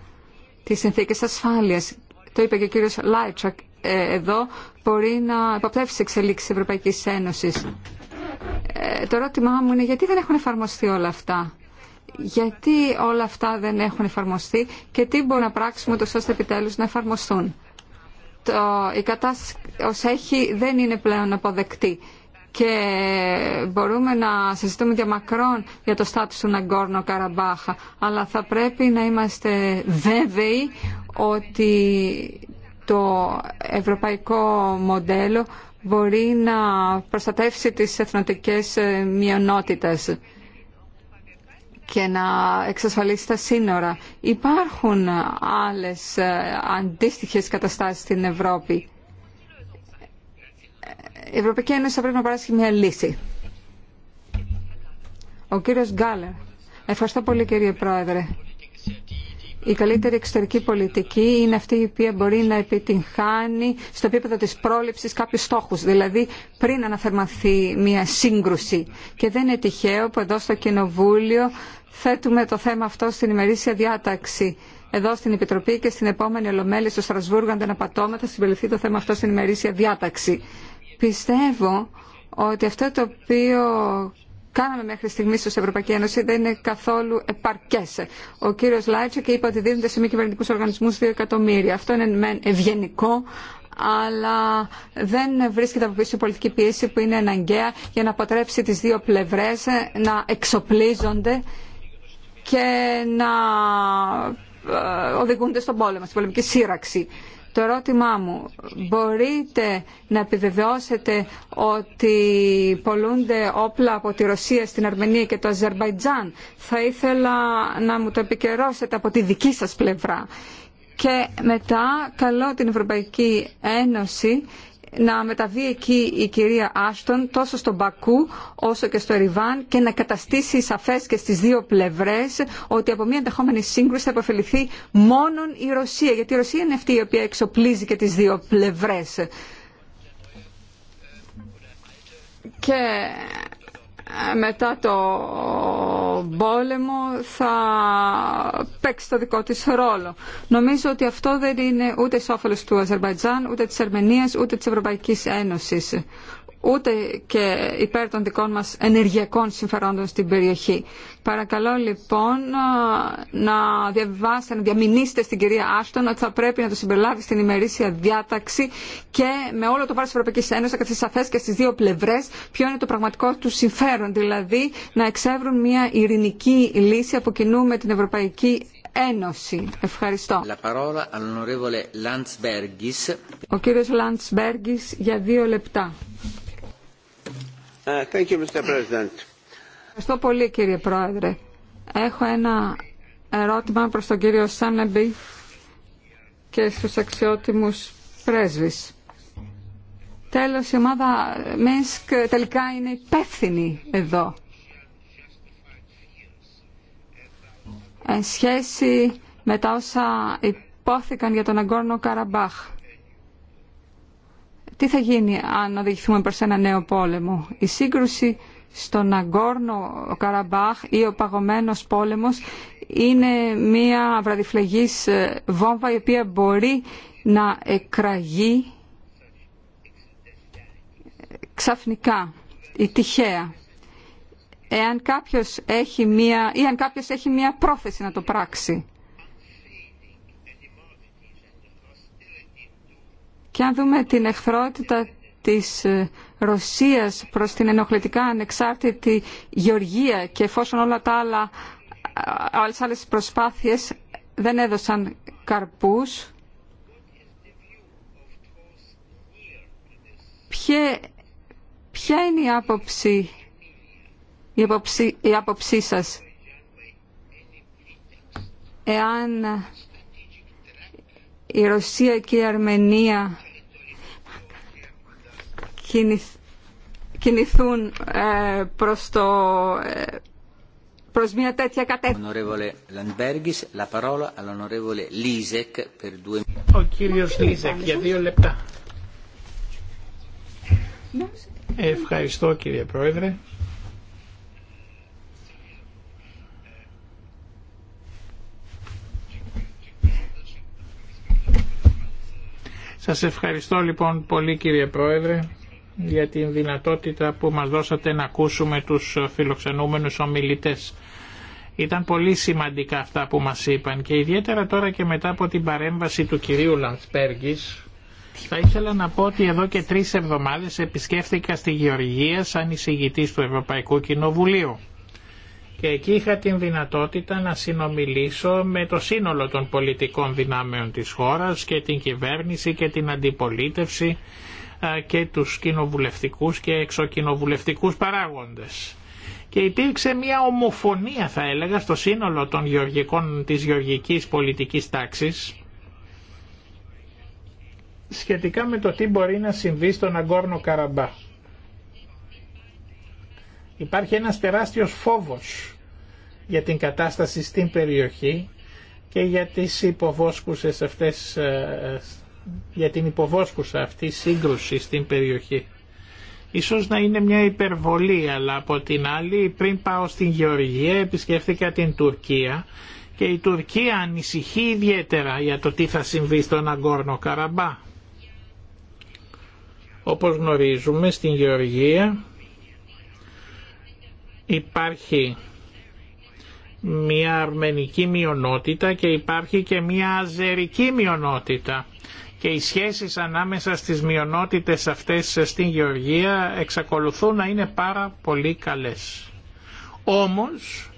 τις συνθήκες ασφάλειας. Το είπε και ο κύριος Λάιτσακ ε, εδώ μπορεί να υποπτεύσει εξελίξεις της Ευρωπαϊκής Ένωσης. Ε, το ερώτημά μου είναι γιατί δεν έχουν εφαρμοστεί όλα αυτά. Γιατί όλα αυτά δεν έχουν εφαρμοστεί και τι μπορούμε να πράξουμε το ώστε επιτέλους να εφαρμοστούν. Το, η κατάσταση ως έχει δεν είναι πλέον αποδεκτή και μπορούμε να συζητούμε Μακρόν για το στάτους του Ναγκόρνο Καραμπάχα αλλά θα πρέπει να είμαστε βέβαιοι ότι το ευρωπαϊκό μοντέλο μπορεί να προστατεύσει τις εθνοτικές ε, μειονότητες και να εξασφαλίσει τα σύνορα. Υπάρχουν άλλες ε, αντίστοιχες καταστάσεις στην Ευρώπη. Η Ευρωπαϊκή Ένωση θα πρέπει να παράσχει μια λύση. Ο κύριος Γκάλερ. Ευχαριστώ πολύ κύριε Πρόεδρε η καλύτερη εξωτερική πολιτική είναι αυτή η οποία μπορεί να επιτυγχάνει στο επίπεδο της πρόληψης κάποιους στόχους, δηλαδή πριν αναθερμανθεί μια σύγκρουση. Και δεν είναι τυχαίο που εδώ στο Κοινοβούλιο θέτουμε το θέμα αυτό στην ημερήσια διάταξη. Εδώ στην Επιτροπή και στην επόμενη Ολομέλη στο Στρασβούργο, αν δεν απατώμε, θα συμπεριληφθεί το θέμα αυτό στην ημερήσια διάταξη. Πιστεύω ότι αυτό το οποίο κάναμε μέχρι στιγμή ω Ευρωπαϊκή Ένωση δεν είναι καθόλου επαρκέ. Ο κύριο Λάιτσεκ είπε ότι δίνονται σε μη κυβερνητικού οργανισμού 2 εκατομμύρια. Αυτό είναι ευγενικό, αλλά δεν βρίσκεται από πίσω η πολιτική πίεση που είναι αναγκαία για να αποτρέψει τις δύο πλευρές να εξοπλίζονται και να ε, οδηγούνται στον πόλεμο, στην πολεμική σύραξη. Το ερώτημά μου, μπορείτε να επιβεβαιώσετε ότι πολλούνται όπλα από τη Ρωσία στην Αρμενία και το Αζερβαϊτζάν. Θα ήθελα να μου το επικαιρώσετε από τη δική σας πλευρά. Και μετά καλώ την Ευρωπαϊκή Ένωση να μεταβεί εκεί η κυρία Άστον τόσο στον Μπακού όσο και στο Ριβάν και να καταστήσει σαφές και στις δύο πλευρές ότι από μια ενδεχόμενη σύγκρουση θα υποφεληθεί μόνον η Ρωσία γιατί η Ρωσία είναι αυτή η οποία εξοπλίζει και τις δύο πλευρές. Και μετά το πόλεμο θα παίξει το δικό της ρόλο. Νομίζω ότι αυτό δεν είναι ούτε σόφελος του Αζερβαϊτζάν, ούτε της Αρμενίας, ούτε της Ευρωπαϊκής Ένωσης ούτε και υπέρ των δικών μας ενεργειακών συμφερόντων στην περιοχή. Παρακαλώ λοιπόν να διαβάσετε, να διαμηνήσετε στην κυρία Άστον ότι θα πρέπει να το συμπεριλάβει στην ημερήσια διάταξη και με όλο το βάρος της Ευρωπαϊκής Ένωσης να καθίσει σαφές και στις δύο πλευρές ποιο είναι το πραγματικό του συμφέρον, δηλαδή να εξεύρουν μια ειρηνική λύση από κοινού με την Ευρωπαϊκή Ένωση. Ευχαριστώ. Ο κύριος Λαντσμπέργκης για δύο λεπτά. Ευχαριστώ πολύ κύριε Πρόεδρε. Έχω ένα ερώτημα προς τον κύριο Σάνεμπι και στους αξιότιμους πρέσβεις. Τέλος, η ομάδα Μίνσκ τελικά είναι υπεύθυνη εδώ. Εν σχέση με τα όσα υπόθηκαν για τον Αγκόρνο Καραμπάχ τι θα γίνει αν οδηγηθούμε προς ένα νέο πόλεμο. Η σύγκρουση στον Αγκόρνο ο Καραμπάχ ή ο παγωμένος πόλεμος είναι μια βραδιφλεγής ε, βόμβα η οποία μπορεί να εκραγεί ε, ξαφνικά ή τυχαία. Εάν κάποιος έχει μια, ή αν κάποιος έχει μια πρόθεση να το πράξει. Και αν δούμε την εχθρότητα της ε, Ρωσίας προς την ενοχλητικά ανεξάρτητη Γεωργία και εφόσον όλα τα άλλα άλλες προσπάθειες δεν έδωσαν καρπούς ποια, είναι η άποψη η άποψή, η άποψή σας εάν η Ρωσία και η Αρμενία κινηθούν ε, προς, το, ε, προς μια τέτοια κατεύθυνση. Ο κύριος Λίζεκ για δύο λεπτά. Ναι. Ευχαριστώ κύριε Πρόεδρε. Σας ευχαριστώ λοιπόν πολύ κύριε Πρόεδρε για την δυνατότητα που μας δώσατε να ακούσουμε τους φιλοξενούμενους ομιλητές. Ήταν πολύ σημαντικά αυτά που μας είπαν και ιδιαίτερα τώρα και μετά από την παρέμβαση του κυρίου Λανσπέργης θα ήθελα να πω ότι εδώ και τρεις εβδομάδες επισκέφθηκα στη Γεωργία σαν εισηγητής του Ευρωπαϊκού Κοινοβουλίου και εκεί είχα την δυνατότητα να συνομιλήσω με το σύνολο των πολιτικών δυνάμεων της χώρας και την κυβέρνηση και την αντιπολίτευση και τους κοινοβουλευτικούς και εξοκοινοβουλευτικούς παράγοντες. Και υπήρξε μια ομοφωνία θα έλεγα στο σύνολο των γεωργικών, της γεωργικής πολιτικής τάξης σχετικά με το τι μπορεί να συμβεί στον Αγκόρνο Καραμπά. Υπάρχει ένας τεράστιος φόβος για την κατάσταση στην περιοχή και για τις υποβόσκουσες αυτές, ε, ε, για την υποβόσκουσα αυτή σύγκρουση στην περιοχή. Ίσως να είναι μια υπερβολή, αλλά από την άλλη πριν πάω στην Γεωργία επισκέφθηκα την Τουρκία και η Τουρκία ανησυχεί ιδιαίτερα για το τι θα συμβεί στον Αγκόρνο Καραμπά. Όπως γνωρίζουμε στην Γεωργία υπάρχει μια αρμενική μειονότητα και υπάρχει και μια αζερική μειονότητα και οι σχέσεις ανάμεσα στις μειονότητες αυτές στην Γεωργία εξακολουθούν να είναι πάρα πολύ καλές. Όμως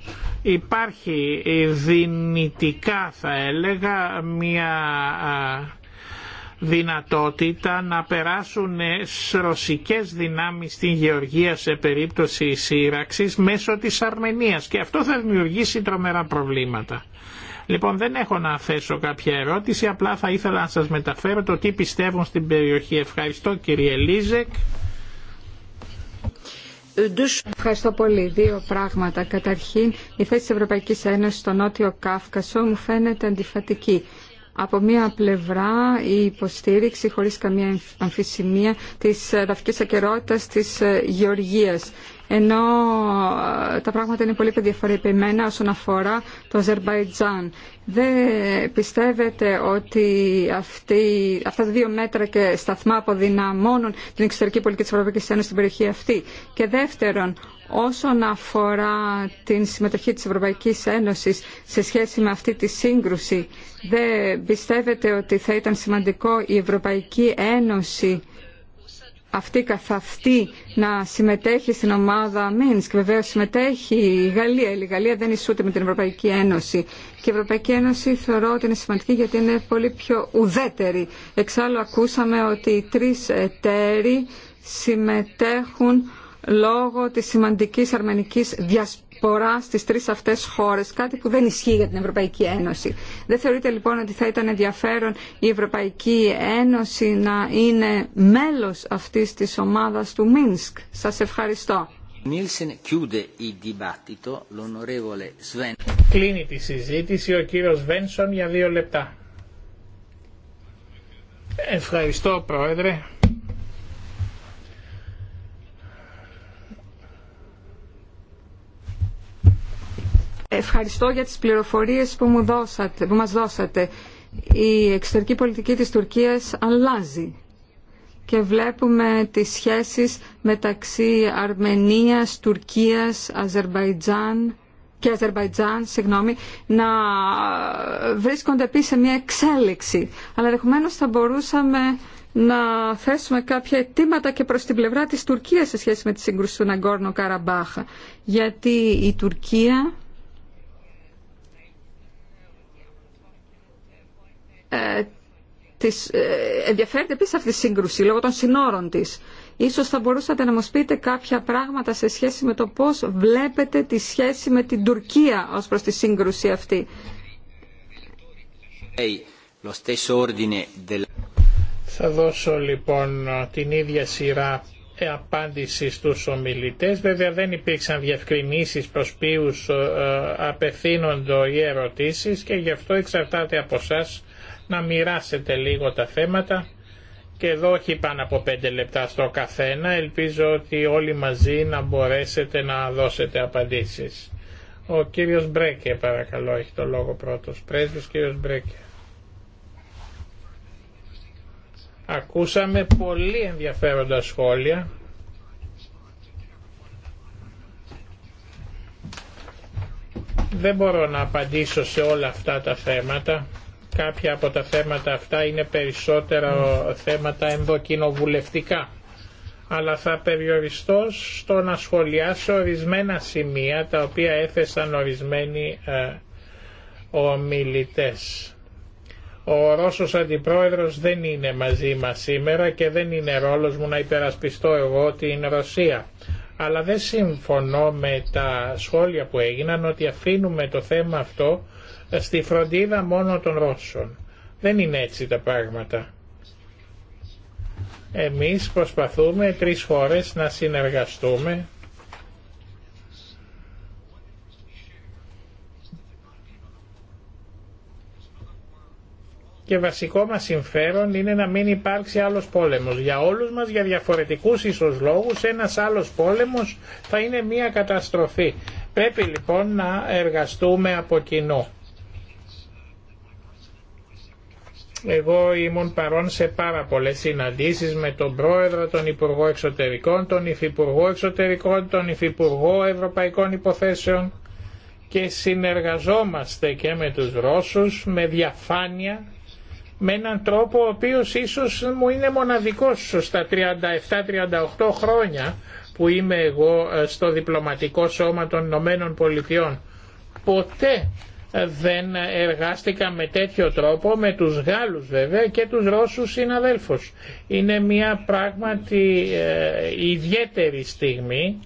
υπάρχει δυνητικά θα έλεγα μια δυνατότητα να περάσουν ρωσικές δυνάμεις στην Γεωργία σε περίπτωση σύραξης μέσω της Αρμενίας και αυτό θα δημιουργήσει τρομερά προβλήματα. Λοιπόν δεν έχω να θέσω κάποια ερώτηση, απλά θα ήθελα να σας μεταφέρω το τι πιστεύουν στην περιοχή. Ευχαριστώ κύριε Λίζεκ. Ευχαριστώ πολύ. Δύο πράγματα. Καταρχήν, η θέση της Ευρωπαϊκής Ένωσης στο Νότιο Κάφκασο μου φαίνεται αντιφατική. Από μία πλευρά η υποστήριξη χωρίς καμία αμφισημία της ραφικής ακερότητας της ε, Γεωργίας ενώ ε, τα πράγματα είναι πολύ διαφορετικά όσον αφορά το Αζερβαϊτζάν. Δεν πιστεύετε ότι αυτή αυτά τα δύο μέτρα και σταθμά αποδυναμώνουν την εξωτερική πολιτική της Ευρωπαϊκής Ένωσης στην περιοχή αυτή. Και δεύτερον, όσον αφορά την συμμετοχή της Ευρωπαϊκής Ένωσης σε σχέση με αυτή τη σύγκρουση, δεν πιστεύετε ότι θα ήταν σημαντικό η Ευρωπαϊκή Ένωση αυτή καθ' αυτή να συμμετέχει στην ομάδα Μίνσκ. Βεβαίω συμμετέχει η Γαλλία. Η Γαλλία δεν ισούται με την Ευρωπαϊκή Ένωση. Και η Ευρωπαϊκή Ένωση θεωρώ ότι είναι σημαντική γιατί είναι πολύ πιο ουδέτερη. Εξάλλου ακούσαμε ότι οι τρεις εταίροι συμμετέχουν λόγω της σημαντικής αρμενικής διασποράς στις τρεις αυτές χώρες, κάτι που δεν ισχύει για την Ευρωπαϊκή Ένωση. Δεν θεωρείτε λοιπόν ότι θα ήταν ενδιαφέρον η Ευρωπαϊκή Ένωση να είναι μέλος αυτής της ομάδας του Μίνσκ. Σας ευχαριστώ. Κλείνει τη συζήτηση ο κύριος Βένσον για δύο λεπτά. Ευχαριστώ Πρόεδρε. Ευχαριστώ για τις πληροφορίες που, μου δώσατε, που μας δώσατε. Η εξωτερική πολιτική της Τουρκίας αλλάζει και βλέπουμε τις σχέσεις μεταξύ Αρμενίας, Τουρκίας, Αζερβαϊτζάν και Αζερβαϊτζάν, συγγνώμη, να βρίσκονται επίσης σε μια εξέλιξη. Αλλά ενδεχομένω θα μπορούσαμε να θέσουμε κάποια αιτήματα και προς την πλευρά της Τουρκίας σε σχέση με τη σύγκρουση του Ναγκόρνο Καραμπάχα. Γιατί η Τουρκία ε, της, ε, ενδιαφέρεται επίση αυτή η σύγκρουση λόγω των συνόρων της. Ίσως θα μπορούσατε να μας πείτε κάποια πράγματα σε σχέση με το πώς βλέπετε τη σχέση με την Τουρκία ως προς τη σύγκρουση αυτή. Θα δώσω λοιπόν την ίδια σειρά ε, απάντηση στους ομιλητές. Βέβαια δεν υπήρξαν διευκρινήσεις προς ποιους ε, απευθύνονται οι ερωτήσεις και γι' αυτό εξαρτάται από εσά να μοιράσετε λίγο τα θέματα και εδώ όχι πάνω από 5 λεπτά στο καθένα. Ελπίζω ότι όλοι μαζί να μπορέσετε να δώσετε απαντήσεις. Ο κύριος Μπρέκε παρακαλώ έχει το λόγο πρώτος. Πρέσβης κύριος Μπρέκε. Ακούσαμε πολύ ενδιαφέροντα σχόλια. Δεν μπορώ να απαντήσω σε όλα αυτά τα θέματα κάποια από τα θέματα αυτά είναι περισσότερα θέματα ενδοκοινοβουλευτικά αλλά θα περιοριστώ στο να σχολιάσω ορισμένα σημεία τα οποία έθεσαν ορισμένοι ε, ομιλητές. Ο Ρώσος Αντιπρόεδρος δεν είναι μαζί μας σήμερα και δεν είναι ρόλος μου να υπερασπιστώ εγώ την Ρωσία. Αλλά δεν συμφωνώ με τα σχόλια που έγιναν ότι αφήνουμε το θέμα αυτό στη φροντίδα μόνο των Ρώσων. Δεν είναι έτσι τα πράγματα. Εμείς προσπαθούμε τρεις χώρες να συνεργαστούμε και βασικό μας συμφέρον είναι να μην υπάρξει άλλος πόλεμος. Για όλους μας, για διαφορετικούς ίσως λόγους, ένας άλλος πόλεμος θα είναι μια καταστροφή. Πρέπει λοιπόν να εργαστούμε από κοινού. Εγώ ήμουν παρόν σε πάρα πολλέ συναντήσει με τον Πρόεδρο, τον Υπουργό Εξωτερικών, τον Υφυπουργό Εξωτερικών, τον Υφυπουργό Ευρωπαϊκών Υποθέσεων και συνεργαζόμαστε και με τους Ρώσους με διαφάνεια, με έναν τρόπο ο οποίος ίσως μου είναι μοναδικός στα 37-38 χρόνια που είμαι εγώ ε, στο διπλωματικό σώμα των Ηνωμένων Πολιτειών. Ποτέ δεν εργάστηκαν με τέτοιο τρόπο με τους Γάλλους βέβαια και τους Ρώσους συναδέλφους. Είναι μια πράγματι ε, ιδιαίτερη στιγμή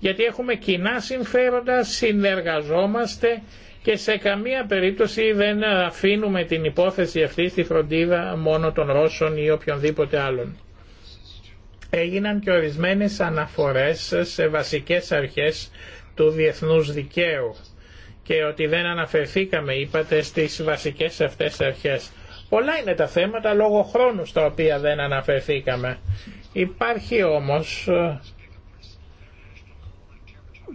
γιατί έχουμε κοινά συμφέροντα, συνεργαζόμαστε και σε καμία περίπτωση δεν αφήνουμε την υπόθεση αυτή στη φροντίδα μόνο των Ρώσων ή οποιονδήποτε άλλον. Έγιναν και ορισμένες αναφορές σε βασικές αρχές του διεθνούς δικαίου και ότι δεν αναφερθήκαμε είπατε στις βασικές αυτές αρχές. Πολλά είναι τα θέματα λόγω χρόνου στα οποία δεν αναφερθήκαμε. Υπάρχει όμως ε,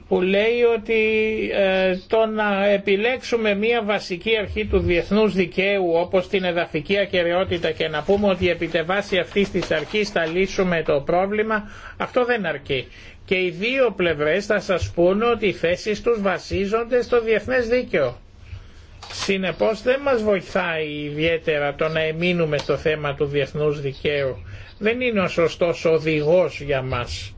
που λέει ότι ε, το να επιλέξουμε μία βασική αρχή του διεθνούς δικαίου όπως την εδαφική ακεραιότητα και να πούμε ότι επί τη βάση αυτής της αρχής θα λύσουμε το πρόβλημα, αυτό δεν αρκεί και οι δύο πλευρές θα σας πούνε ότι οι θέσεις τους βασίζονται στο διεθνές δίκαιο. Συνεπώς δεν μας βοηθάει ιδιαίτερα το να εμείνουμε στο θέμα του διεθνούς δικαίου. Δεν είναι ο σωστός οδηγός για μας.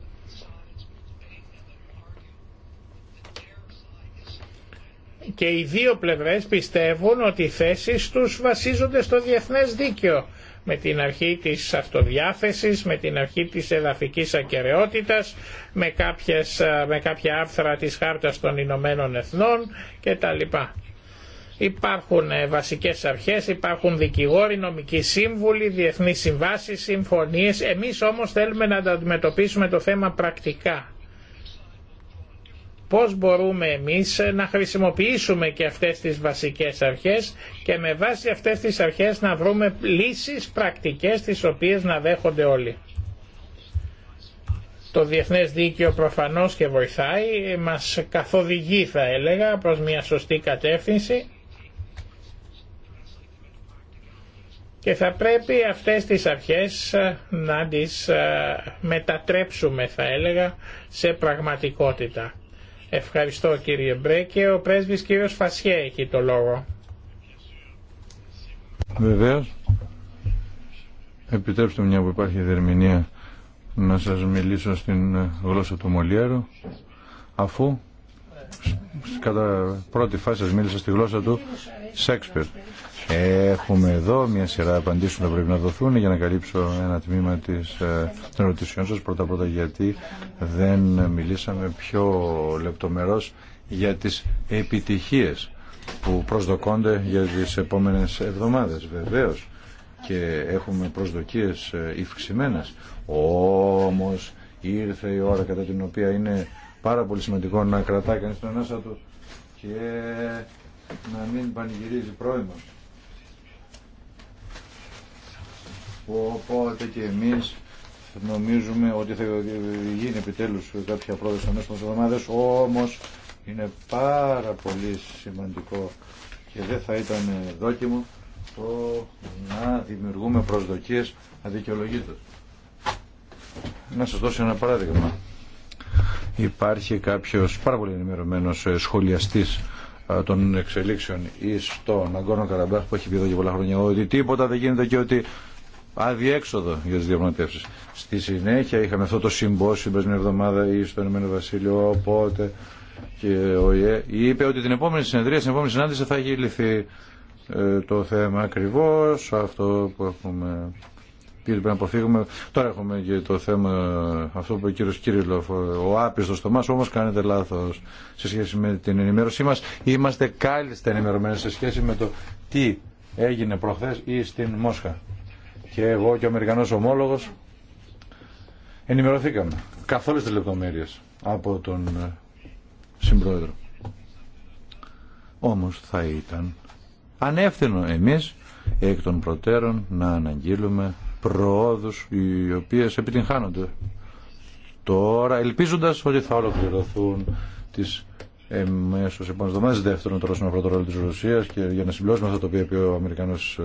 Και οι δύο πλευρές πιστεύουν ότι οι θέσεις τους βασίζονται στο διεθνές δίκαιο με την αρχή της αυτοδιάθεσης, με την αρχή της εδαφικής ακεραιότητας, με, κάποιες, με κάποια άρθρα της Χάρτας των Ηνωμένων Εθνών κτλ. Υπάρχουν ε, βασικές αρχές, υπάρχουν δικηγόροι, νομικοί σύμβουλοι, διεθνείς συμβάσεις, συμφωνίες. Εμείς όμως θέλουμε να αντιμετωπίσουμε το θέμα πρακτικά πώς μπορούμε εμείς να χρησιμοποιήσουμε και αυτές τις βασικές αρχές και με βάση αυτές τις αρχές να βρούμε λύσεις πρακτικές τις οποίες να δέχονται όλοι. Το Διεθνές Δίκαιο προφανώς και βοηθάει, μας καθοδηγεί θα έλεγα προς μια σωστή κατεύθυνση και θα πρέπει αυτές τις αρχές ε, να τις ε, μετατρέψουμε θα έλεγα σε πραγματικότητα. Ευχαριστώ κύριε Μπρέ και ο πρέσβης κύριος Φασιέ έχει το λόγο. Βεβαίως. Επιτρέψτε μια που υπάρχει δερμηνία να σας μιλήσω στην γλώσσα του Μολιέρου αφού κατά πρώτη φάση σας μίλησα στη γλώσσα του Σέξπιρ. Έχουμε εδώ μια σειρά απαντήσεων που πρέπει να δοθούν για να καλύψω ένα τμήμα της, ε, των ερωτησιών σας. Πρώτα-πρώτα γιατί δεν μιλήσαμε πιο λεπτομερώς για τις επιτυχίες που προσδοκώνται για τις επόμενες εβδομάδες βεβαίως και έχουμε προσδοκίες ε, υφηξημένες όμως ήρθε η ώρα κατά την οποία είναι πάρα πολύ σημαντικό να κρατάει κανείς τον ανάσα του και να μην πανηγυρίζει πρόημος Οπότε και εμείς νομίζουμε ότι θα γίνει επιτέλους κάποια πρόοδος μέσα στις εβδομάδες, όμως είναι πάρα πολύ σημαντικό και δεν θα ήταν δόκιμο το να δημιουργούμε προσδοκίες αδικαιολογήτως. Να σας δώσω ένα παράδειγμα. Υπάρχει κάποιος πάρα πολύ ενημερωμένος σχολιαστής των εξελίξεων ή στον Αγκόνο Καραμπάχ που έχει πει εδώ και πολλά χρόνια ότι τίποτα δεν γίνεται και ότι αδιέξοδο για τι διαπραγματεύσει. Στη συνέχεια είχαμε αυτό το συμπόσιο την εβδομάδα ή στον Ηνωμένο Βασίλειο, οπότε και ο ΙΕ είπε ότι την επόμενη συνεδρία, την επόμενη συνάντηση θα έχει λυθεί ε, το θέμα ακριβώ, αυτό που έχουμε πει πρέπει να αποφύγουμε. Τώρα έχουμε και το θέμα αυτό που είπε ο κύριο Κύριλοφ, ο άπιστο Θωμά, όμω κάνετε λάθο σε σχέση με την ενημέρωσή μα. Είμαστε κάλλιστα ενημερωμένοι σε σχέση με το τι έγινε προχθέ ή στην Μόσχα και εγώ και ο Αμερικανός ομόλογος ενημερωθήκαμε καθόλου όλες τις λεπτομέρειες από τον ε, Συμπρόεδρο. Όμως θα ήταν ανεύθυνο εμείς εκ των προτέρων να αναγγείλουμε προόδους οι οποίες επιτυγχάνονται τώρα ελπίζοντας ότι θα ολοκληρωθούν τις μέσω επόμενε εβδομάδε. Δεύτερον, τώρα στον πρώτο ρόλο τη Ρωσία και για να συμπληρώσουμε αυτό το οποίο είπε ο Αμερικανό ε,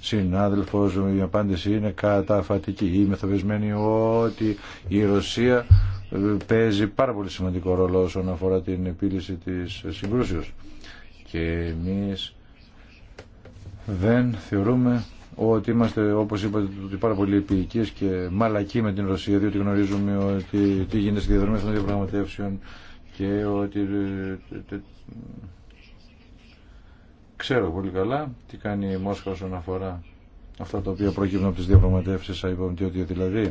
συνάδελφο, η απάντηση είναι καταφατική. Είμαι θαυμασμένη ότι η Ρωσία ε, παίζει πάρα πολύ σημαντικό ρόλο όσον αφορά την επίλυση τη συγκρούσεω. Και εμεί δεν θεωρούμε ότι είμαστε, όπως είπατε, πάρα πολύ επίοικοι και μαλακοί με την Ρωσία, διότι γνωρίζουμε ότι τι γίνεται στη διαδρομή των διαπραγματεύσεων και ότι ε, ε, ε, ξέρω πολύ καλά τι κάνει η Μόσχα όσον αφορά αυτά τα οποία προκύπτουν από τις διαπραγματεύσεις δηλαδή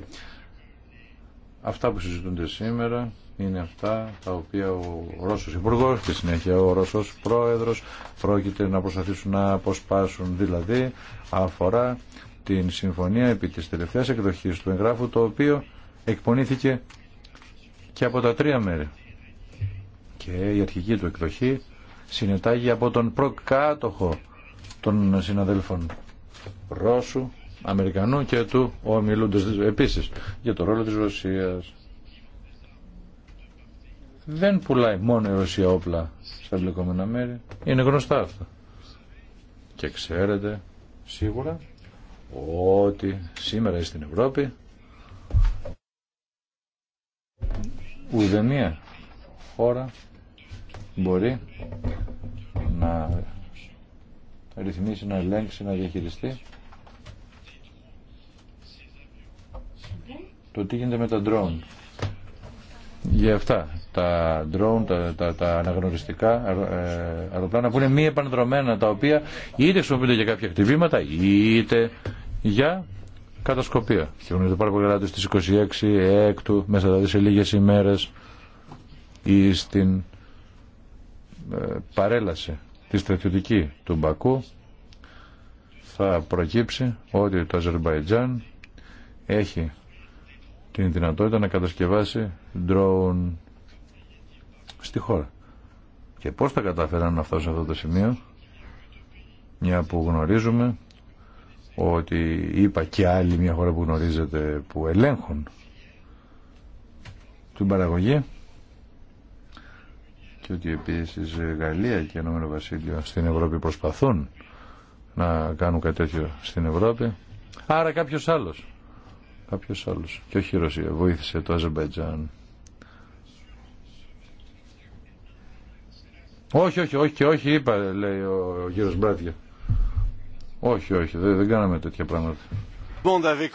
αυτά που συζητούνται σήμερα είναι αυτά τα οποία ο Ρώσος Υπουργό και συνέχεια ο Ρώσος Πρόεδρος πρόκειται να προσπαθήσουν να αποσπάσουν δηλαδή αφορά την συμφωνία επί της τελευταίας εκδοχής του εγγράφου το οποίο εκπονήθηκε και από τα τρία μέρη και η αρχική του εκδοχή συνετάγει από τον προκάτοχο των συναδέλφων Ρώσου, Αμερικανού και του ομιλούντος επίσης για το ρόλο της Ρωσίας. Δεν πουλάει μόνο η Ρωσία όπλα στα εμπλεκόμενα μέρη. Είναι γνωστά αυτά. Και ξέρετε σίγουρα ότι σήμερα στην Ευρώπη ουδέμια χώρα μπορεί να ρυθμίσει, να ελέγξει, να διαχειριστεί το τι γίνεται με τα drone. Για αυτά, τα drone, τα, τα, τα αναγνωριστικά ε, αεροπλάνα που είναι μη επανδρομένα, τα οποία είτε χρησιμοποιούνται για κάποια χτυπήματα, είτε για κατασκοπία. Και γνωρίζετε πάρα πολύ καλά στις 26 έκτου, μέσα δηλαδή σε λίγες ημέρες, ή στην ε, παρέλασε τη στρατιωτική του Μπακού θα προκύψει ότι το Αζερβαϊτζάν έχει την δυνατότητα να κατασκευάσει ντρόουν στη χώρα. Και πώς θα καταφέραν να φτάσουν σε αυτό το σημείο, μια που γνωρίζουμε ότι είπα και άλλη μια χώρα που γνωρίζετε που ελέγχουν την παραγωγή και ότι επίση Γαλλία και Ενωμένο Βασίλειο στην Ευρώπη προσπαθούν να κάνουν κάτι τέτοιο στην Ευρώπη. Άρα κάποιο άλλο. Κάποιο άλλο. Και όχι η Ρωσία. Βοήθησε το Αζερμπαϊτζάν. Όχι, όχι, όχι και όχι είπα, λέει ο, ο κύριος Μπράτια. Όχι, όχι, δεν, δεν κάναμε τέτοια πράγματα. Euh,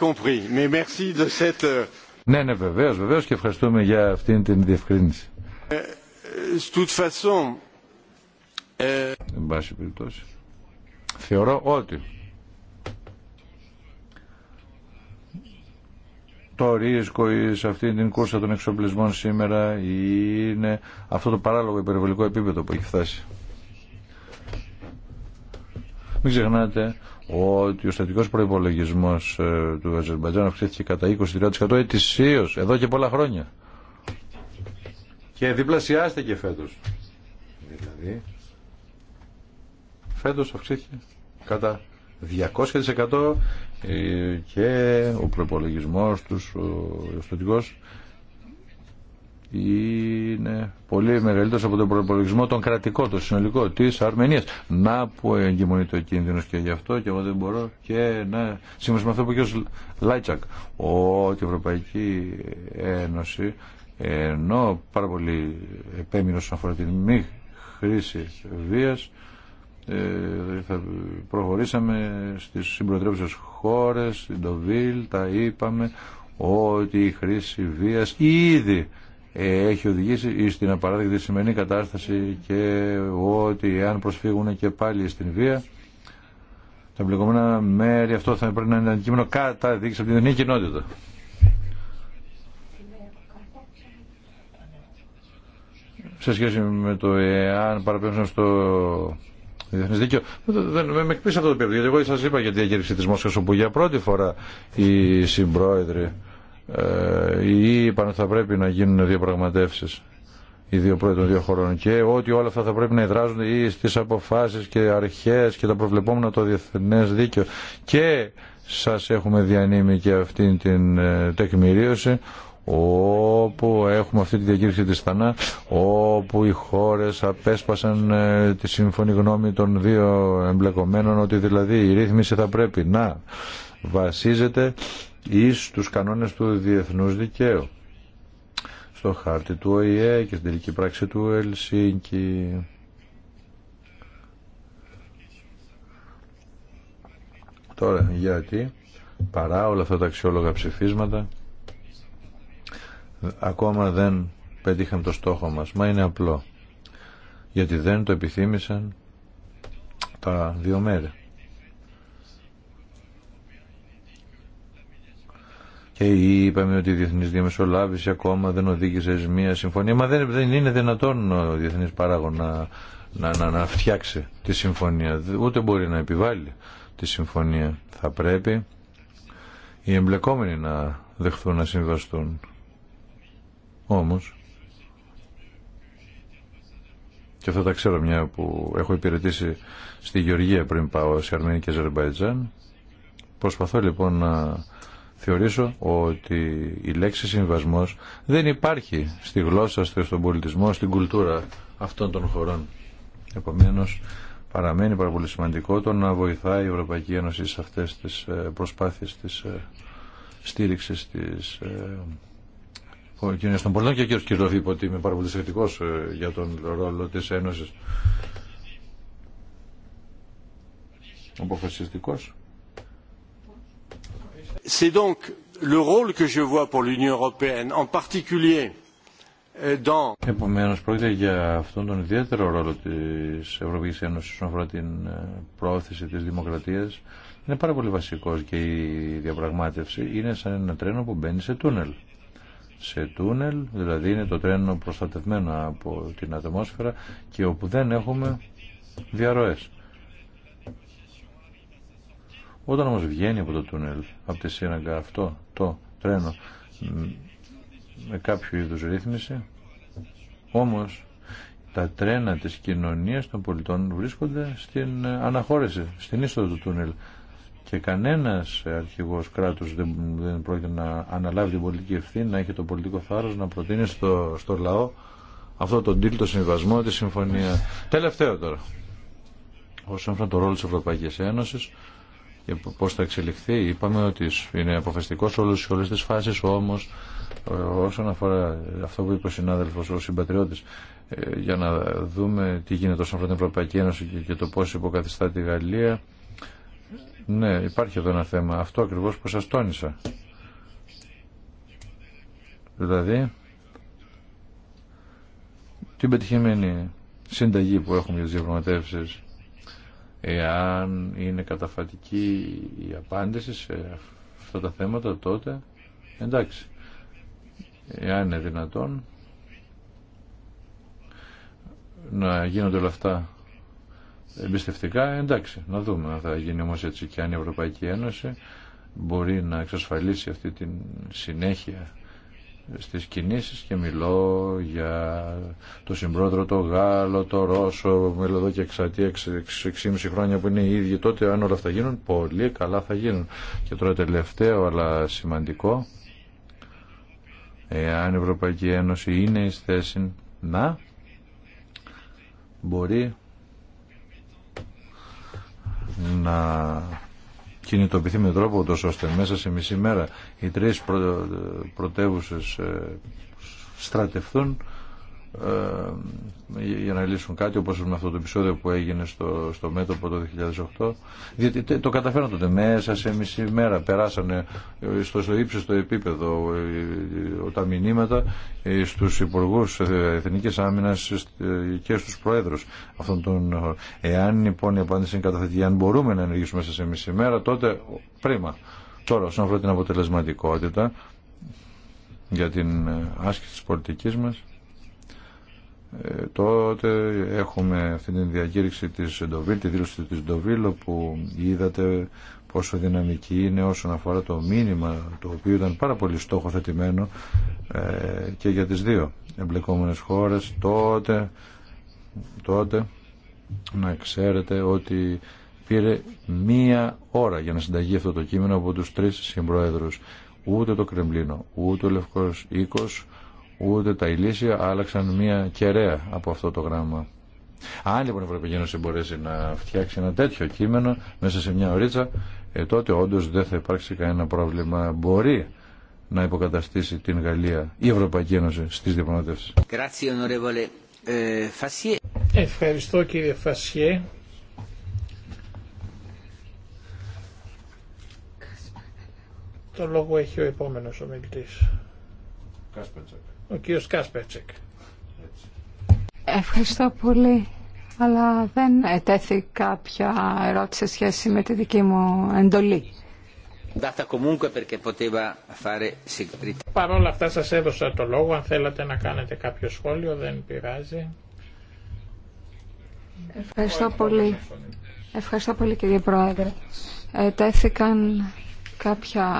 ναι, ναι, βεβαίω, βεβαίω και ευχαριστούμε για αυτήν την διευκρίνηση. Euh, ε, ε, Εν πάση περιπτώσει, θεωρώ ότι το ρίσκο σε αυτή την κούρσα των εξοπλισμών σήμερα είναι αυτό το παράλογο υπερβολικό επίπεδο που έχει φτάσει. Μην ξεχνάτε ότι ο στατικός προϋπολογισμός ε, του Αζερμπαϊτζάν αυξήθηκε κατά 20-30% ετησίως εδώ και πολλά χρόνια. Και διπλασιάστηκε φέτος. Δηλαδή, φέτος αυξήθηκε κατά 200% ε, και ο προπολογισμό τους, ο είναι πολύ μεγαλύτερος από τον προπολογισμό των κρατικών το συνολικό της Αρμενίας. Να που εγκυμονείται το κίνδυνο και γι' αυτό και εγώ δεν μπορώ και να σύμφωνα με αυτό που ο Λάιτσακ ότι η Ευρωπαϊκή Ένωση ενώ πάρα πολύ επέμεινε όσον αφορά την μη χρήση βίας ε, προχωρήσαμε στις συμπροτρέψεις χώρες, στην Ντοβίλ, τα είπαμε ότι η χρήση βίας ήδη έχει οδηγήσει στην απαράδεκτη σημερινή κατάσταση και ότι αν προσφύγουν και πάλι στην βία τα εμπλεκόμενα μέρη αυτό θα πρέπει να είναι αντικείμενο δίκη από την κοινότητα. σε σχέση με το εάν παραπέμψαν στο διεθνέ δίκαιο. Δεν, με εκπίσω αυτό το πίπεδο, γιατί εγώ σα είπα για τη διακήρυξη τη Μόσχα, όπου για πρώτη φορά οι συμπρόεδροι ε, ή είπαν ότι θα πρέπει να γίνουν διαπραγματεύσει οι δύο πρώτοι των δύο χωρών και ότι όλα αυτά θα πρέπει να εδράζονται ή στις αποφάσεις και αρχέ και τα προβλεπόμενα το διεθνέ δίκαιο και σα έχουμε διανύμει και αυτή την ε, τεκμηρίωση όπου έχουμε αυτή τη διακήρυξη της Θανά, όπου οι χώρες απέσπασαν ε, τη σύμφωνη γνώμη των δύο εμπλεκομένων, ότι δηλαδή η ρύθμιση θα πρέπει να βασίζεται εις τους κανόνες του διεθνούς δικαίου στο χάρτη του ΟΗΕ και στην τελική πράξη του Ελσίνκη. Τώρα, γιατί παρά όλα αυτά τα αξιόλογα ψηφίσματα ακόμα δεν πετύχαμε το στόχο μας. Μα είναι απλό. Γιατί δεν το επιθύμησαν τα δύο μέρη. Και είπαμε ότι η διεθνή διαμεσολάβηση ακόμα δεν οδήγησε σε μια συμφωνία. Μα δεν, είναι δυνατόν ο διεθνή παράγων να, να, να, να φτιάξει τη συμφωνία. Ούτε μπορεί να επιβάλλει τη συμφωνία. Θα πρέπει οι εμπλεκόμενοι να δεχθούν να συμβαστούν. Όμως, και αυτό τα ξέρω μια που έχω υπηρετήσει στη Γεωργία πριν πάω σε Αρμενία και Ζερμπαϊτζάν, προσπαθώ λοιπόν να θεωρήσω ότι η λέξη συμβασμός δεν υπάρχει στη γλώσσα, στον πολιτισμό, στην κουλτούρα αυτών των χωρών. Επομένως, παραμένει πάρα πολύ σημαντικό το να βοηθάει η Ευρωπαϊκή Ένωση σε αυτές τις ε, προσπάθειες της ε, στήριξης της ε, ο κ. Στον και ο κ. Κυρδοφή είπε ότι είμαι πάρα πολύ σχετικό ε, για τον ρόλο τη Ένωση. Αποφασιστικό. C'est donc le rôle que je vois pour l'Union européenne, en particulier euh, dans. Επομένω, πρόκειται για αυτόν τον ιδιαίτερο ρόλο τη Ευρωπαϊκή Ένωση όσον αφορά την ε, πρόθεση τη δημοκρατία. Είναι πάρα πολύ βασικό και η διαπραγμάτευση είναι σαν ένα τρένο που μπαίνει σε τούνελ σε τούνελ, δηλαδή είναι το τρένο προστατευμένο από την ατμόσφαιρα και όπου δεν έχουμε διαρροές. Όταν όμως βγαίνει από το τούνελ, από τη σύραγγα αυτό το τρένο με κάποιο είδους ρύθμιση, όμως τα τρένα της κοινωνίας των πολιτών βρίσκονται στην ε, αναχώρηση, στην είσοδο του τούνελ και κανένας αρχηγός κράτους δεν, δεν πρόκειται να αναλάβει την πολιτική ευθύνη, να έχει το πολιτικό θάρρος, να προτείνει στο, στο λαό αυτό το τίτλο το συμβασμό, τη συμφωνία. Τελευταίο τώρα. Όσον αφορά το ρόλο της Ευρωπαϊκής Ένωσης και πώς θα εξελιχθεί, είπαμε ότι είναι αποφασιστικό σε όλες τις φάσεις, όμως ε, όσον αφορά αυτό που είπε ο συνάδελφος, ο συμπατριώτης, ε, για να δούμε τι γίνεται όσον αφορά την Ευρωπαϊκή Ένωση και το πώς υποκαθιστά τη Γαλλία, ναι, υπάρχει εδώ ένα θέμα. Αυτό ακριβώς που σας τόνισα. Δηλαδή, την πετυχημένη συνταγή που έχουμε για τις διαπραγματεύσεις εάν είναι καταφατική η απάντηση σε αυτά τα θέματα τότε εντάξει εάν είναι δυνατόν να γίνονται όλα αυτά εμπιστευτικά, εντάξει, να δούμε αν θα γίνει όμως έτσι και αν η Ευρωπαϊκή Ένωση μπορεί να εξασφαλίσει αυτή τη συνέχεια στις κινήσεις και μιλώ για το συμπρόδρο το Γάλλο, το Ρώσο, μιλώ εδώ και εξατία, 6,5 χρόνια που είναι οι ίδιοι τότε, αν όλα αυτά γίνουν, πολύ καλά θα γίνουν. Και τώρα τελευταίο, αλλά σημαντικό, εάν η Ευρωπαϊκή Ένωση είναι εις θέση να μπορεί να κινητοποιηθεί με τρόπο τόσο ώστε μέσα σε μισή μέρα οι τρεις πρωτεύουσε ε, στρατευθούν ε, ε, για να λύσουν κάτι όπως με αυτό το επεισόδιο που έγινε στο, στο μέτωπο το 2008 γιατί το καταφέραν τότε μέσα σε μισή μέρα περάσανε ε, στο, στο ύψιστο επίπεδο τα μηνύματα στους υπουργούς εθνικής άμυνας και στους προέδρους αυτών των, εάν λοιπόν η απάντηση είναι καταθετική αν μπορούμε να ενεργήσουμε μέσα σε μισή μέρα τότε πρίμα τώρα όσον αφορά την αποτελεσματικότητα για την άσκηση της πολιτικής μας ε, τότε έχουμε αυτή την διακήρυξη της Ντοβίλ, τη δήλωση της Ντοβίλ που είδατε πόσο δυναμική είναι όσον αφορά το μήνυμα το οποίο ήταν πάρα πολύ στόχοθετημένο ε, και για τις δύο εμπλεκόμενες χώρες τότε, τότε να ξέρετε ότι πήρε μία ώρα για να συνταγεί αυτό το κείμενο από τους τρεις συμπροέδρους ούτε το Κρεμλίνο ούτε ο Λευκός Οίκος ούτε τα ηλίσια άλλαξαν μια κεραία από αυτό το γράμμα. Αν λοιπόν η Ευρωπαϊκή Ένωση μπορέσει να φτιάξει ένα τέτοιο κείμενο μέσα σε μια ωρίτσα, ε, τότε όντω δεν θα υπάρξει κανένα πρόβλημα. Μπορεί να υποκαταστήσει την Γαλλία η Ευρωπαϊκή Ένωση στις διαπραγματεύσει. Ε, Ευχαριστώ κύριε Φασιέ. Το λόγο έχει ο επόμενος ομιλητής. Ο κύριος Κάσπερτσεκ. Ευχαριστώ πολύ. Αλλά δεν ετέθη κάποια ερώτηση σε σχέση με τη δική μου εντολή. Παρ' όλα αυτά σας έδωσα το λόγο. Αν θέλατε να κάνετε κάποιο σχόλιο δεν πειράζει. Ευχαριστώ πολύ. Ευχαριστώ πολύ κύριε Πρόεδρε. Ετέθηκαν κάποια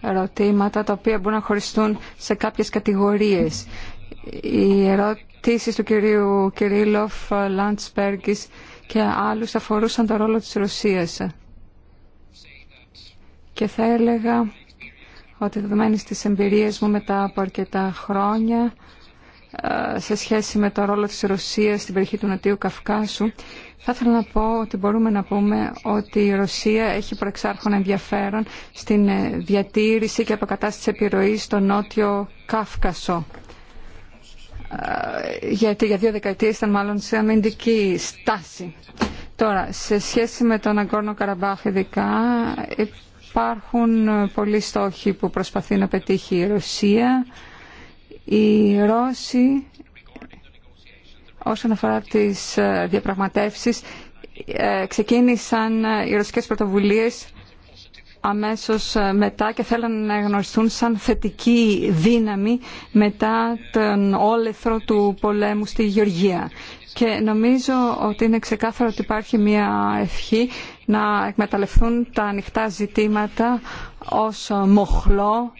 ερωτήματα τα οποία μπορούν να χωριστούν σε κάποιες κατηγορίες. Οι ερωτήσεις του κυρίου Κυρίλοφ, Λαντσπέργκης και άλλους αφορούσαν το ρόλο της Ρωσίας. Και θα έλεγα ότι δεδομένες τις εμπειρίες μου μετά από αρκετά χρόνια ε, σε σχέση με το ρόλο της Ρωσίας στην περιοχή του Νοτιού Καυκάσου θα ήθελα να πω ότι μπορούμε να πούμε ότι η Ρωσία έχει προεξάρχον ενδιαφέρον στην ε, διατήρηση και αποκατάσταση επιρροής στο Νότιο Κάφκασο. Γιατί για δύο δεκαετίες ήταν μάλλον σε αμυντική στάση. Τώρα, σε σχέση με τον Αγκόρνο Καραμπάχ ειδικά, υπάρχουν πολλοί στόχοι που προσπαθεί να πετύχει η Ρωσία. Οι Ρώσοι όσον αφορά τις ε, διαπραγματεύσεις ε, ξεκίνησαν ε, οι ρωσικές πρωτοβουλίες αμέσως μετά και θέλαν να γνωριστούν σαν θετική δύναμη μετά τον όλεθρο του πολέμου στη Γεωργία. Και νομίζω ότι είναι ξεκάθαρο ότι υπάρχει μια ευχή να εκμεταλλευτούν τα ανοιχτά ζητήματα ως μοχλό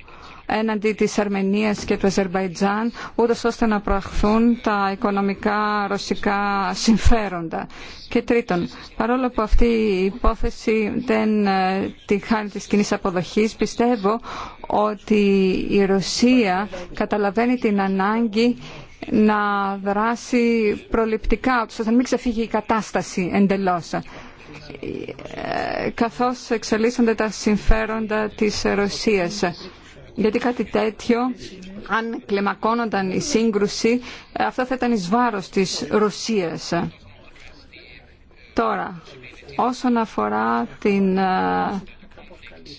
έναντι της Αρμενίας και του Αζερβαϊτζάν, ούτως ώστε να προαχθούν τα οικονομικά ρωσικά συμφέροντα. Και τρίτον, παρόλο που αυτή η υπόθεση δεν ε, τη χάνει της κοινή αποδοχής, πιστεύω ότι η Ρωσία καταλαβαίνει την ανάγκη να δράσει προληπτικά, ώστε να μην ξεφύγει η κατάσταση εντελώς ε, καθώς εξελίσσονται τα συμφέροντα της Ρωσίας γιατί κάτι τέτοιο, αν κλεμακώνονταν η σύγκρουση, αυτό θα ήταν εις βάρος της Ρωσίας. Τώρα, όσον αφορά την ε,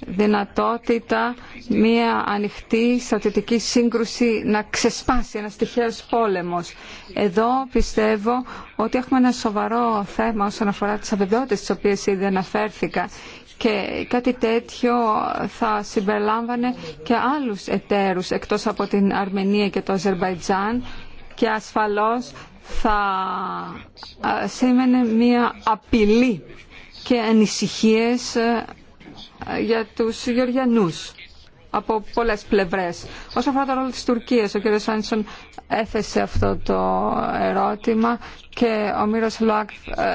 δυνατότητα μια ανοιχτή στρατιωτική σύγκρουση να ξεσπάσει ένας τυχαίος πόλεμος. Εδώ πιστεύω ότι έχουμε ένα σοβαρό θέμα όσον αφορά τις αβεβαιότητες τις οποίες ήδη αναφέρθηκα και κάτι τέτοιο θα συμπεριλάμβανε και άλλους εταίρους εκτός από την Αρμενία και το Αζερβαϊτζάν και ασφαλώς θα σήμαινε μία απειλή και ανησυχίες ε, για τους Γεωργιανούς από πολλέ πλευρέ. Όσον αφορά το ρόλο τη Τουρκία, ο κ. Σάνσον έθεσε αυτό το ερώτημα και ο Μύρο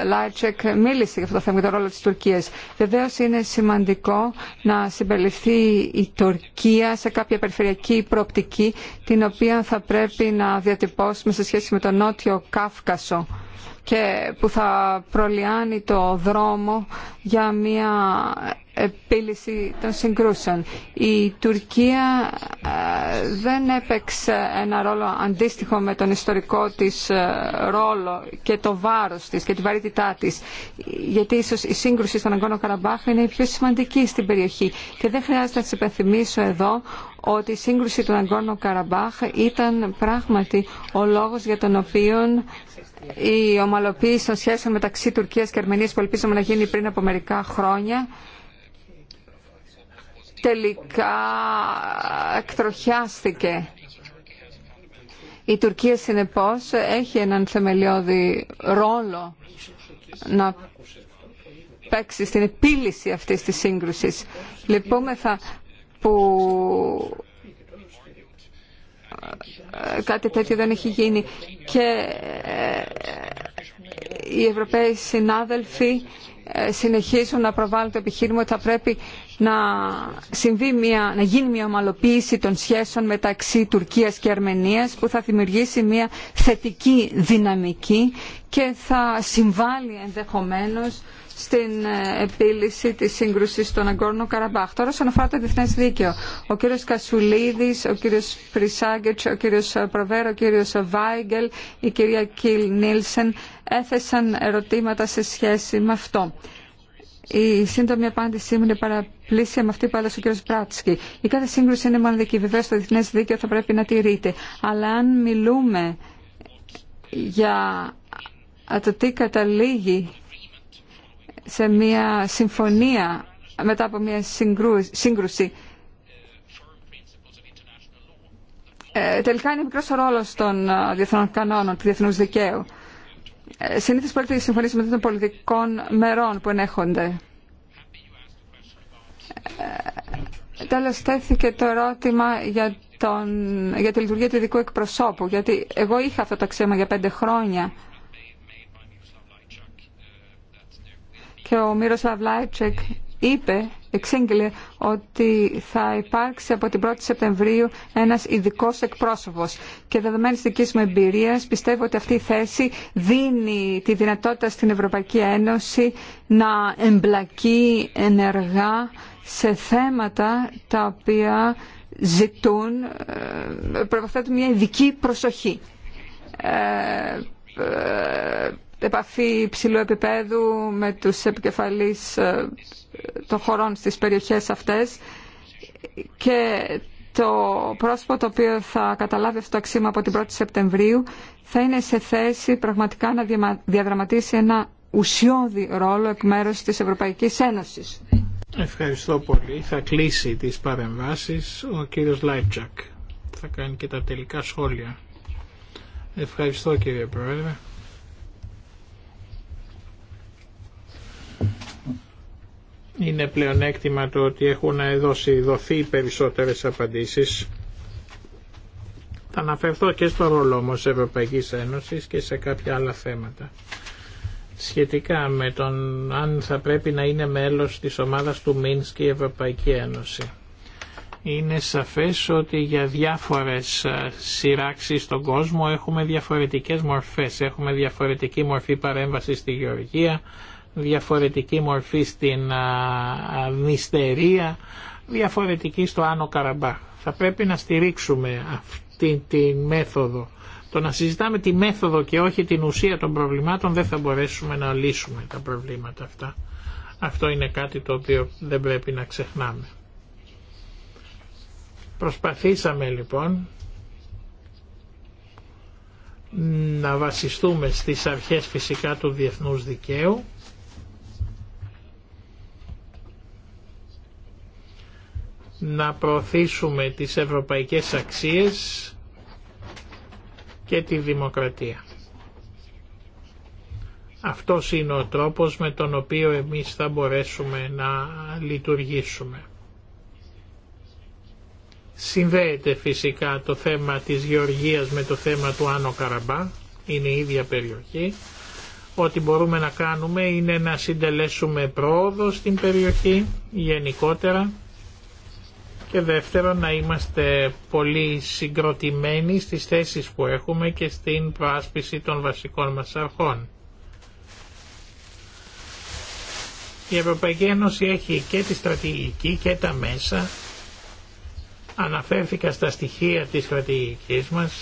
Λάιτσεκ μίλησε για αυτό το θέμα για το ρόλο τη Τουρκία. Βεβαίω είναι σημαντικό να συμπεριληφθεί η Τουρκία σε κάποια περιφερειακή προοπτική την οποία θα πρέπει να διατυπώσουμε σε σχέση με τον Νότιο Κάφκασο και που θα προλυάνει το δρόμο για μια επίλυση των συγκρούσεων. Η Τουρκία ε, δεν έπαιξε ένα ρόλο αντίστοιχο με τον ιστορικό της ε, ρόλο και το βάρος της και τη βαρύτητά της. Γιατί ίσως η σύγκρουση στον Αγκόνο Καραμπάχ είναι η πιο σημαντική στην περιοχή. Και δεν χρειάζεται να σας υπενθυμίσω εδώ ότι η σύγκρουση του Αγγόρνου Καραμπάχ ήταν πράγματι ο λόγος για τον οποίο η ομαλοποίηση των σχέσεων μεταξύ Τουρκίας και Αρμενίας που ελπίζαμε να γίνει πριν από μερικά χρόνια τελικά εκτροχιάστηκε. Η Τουρκία συνεπώς έχει έναν θεμελιώδη ρόλο να παίξει στην επίλυση αυτής της σύγκρουσης. θα που ε, κάτι τέτοιο δεν έχει γίνει και ε, οι Ευρωπαίοι συνάδελφοι ε, συνεχίζουν να προβάλλουν το επιχείρημα ότι θα πρέπει να, συμβεί μια, να γίνει μια ομαλοποίηση των σχέσεων μεταξύ Τουρκίας και Αρμενίας που θα δημιουργήσει μια θετική δυναμική και θα συμβάλλει ενδεχομένως στην ε, επίλυση τη σύγκρουση των Αγκόρνου Καραμπάχ. Τώρα όσον αφορά το διεθνές δίκαιο, ο κύριος Κασουλίδης, ο κύριος Πρισάγκετ, ο κύριος Προβέρο, ο κύριος Βάιγκελ, η κυρία Κιλ Νίλσεν έθεσαν ερωτήματα σε σχέση με αυτό. Η σύντομη απάντησή μου είναι παραπλήσια με αυτή που έδωσε ο κ. Μπράτσκι. Η κάθε σύγκρουση είναι μοναδική. Βεβαίω το διεθνέ δίκαιο θα πρέπει να τηρείται. Αλλά αν μιλούμε για το τι καταλήγει σε μια συμφωνία μετά από μια σύγκρουση. Ε, τελικά είναι μικρός ο ρόλος των ε, διεθνών κανόνων, του διεθνούς δικαίου. Ε, συνήθως πρόκειται για συμφωνίες μεταξύ των πολιτικών μερών που ενέχονται. Ε, τέλος τέθηκε το ερώτημα για, τον, για τη λειτουργία του ειδικού εκπροσώπου, γιατί εγώ είχα αυτό το αξίωμα για πέντε χρόνια και ο Μύρος Λαβλάιτσεκ είπε, εξήγηλε, ότι θα υπάρξει από την 1η Σεπτεμβρίου ένας ειδικό εκπρόσωπος. Και δεδομένης δικής μου εμπειρίας πιστεύω ότι αυτή η σεπτεμβριου ενας ειδικο εκπροσωπος και της δικης μου δίνει τη δυνατότητα στην Ευρωπαϊκή Ένωση να εμπλακεί ενεργά σε θέματα τα οποία ζητούν, ε, προποθέτουν μια ειδική προσοχή. Ε, ε, επαφή υψηλού επίπεδου με τους επικεφαλείς ε, των χωρών στις περιοχές αυτές και το πρόσωπο το οποίο θα καταλάβει αυτό το αξίμα από την 1η Σεπτεμβρίου θα είναι σε θέση πραγματικά να διαδραματίσει ένα ουσιώδη ρόλο εκ μέρους της Ευρωπαϊκής Ένωσης. Ευχαριστώ πολύ. Θα κλείσει τις παρεμβάσεις ο κύριος Λάιτζακ. Θα κάνει και τα τελικά σχόλια. Ευχαριστώ κύριε Πρόεδρε. Είναι πλεονέκτημα το ότι έχουν δώσει, δοθεί περισσότερες απαντήσεις. Θα αναφερθώ και στο ρόλο όμως Ευρωπαϊκής Ένωσης και σε κάποια άλλα θέματα. Σχετικά με τον αν θα πρέπει να είναι μέλος της ομάδας του Μίνσκ η Ευρωπαϊκή Ένωση. Είναι σαφές ότι για διάφορες ε, σειράξεις στον κόσμο έχουμε διαφορετικές μορφές. Έχουμε διαφορετική μορφή παρέμβαση στη γεωργία, διαφορετική μορφή στην νηστερία, διαφορετική στο Άνω Καραμπά Θα πρέπει να στηρίξουμε αυτή τη μέθοδο. Το να συζητάμε τη μέθοδο και όχι την ουσία των προβλημάτων δεν θα μπορέσουμε να λύσουμε τα προβλήματα αυτά. Αυτό είναι κάτι το οποίο δεν πρέπει να ξεχνάμε. Προσπαθήσαμε λοιπόν να βασιστούμε στις αρχές φυσικά του διεθνούς δικαίου να προωθήσουμε τις ευρωπαϊκές αξίες και τη δημοκρατία. Αυτός είναι ο τρόπος με τον οποίο εμείς θα μπορέσουμε να λειτουργήσουμε. Συνδέεται φυσικά το θέμα της Γεωργίας με το θέμα του Άνω Καραμπά, είναι η ίδια περιοχή. Ό,τι μπορούμε να κάνουμε είναι να συντελέσουμε πρόοδο στην περιοχή γενικότερα και δεύτερον να είμαστε πολύ συγκροτημένοι στις θέσεις που έχουμε και στην προάσπιση των βασικών μας αρχών. Η Ευρωπαϊκή Ένωση έχει και τη στρατηγική και τα μέσα. Αναφέρθηκα στα στοιχεία της στρατηγικής μας.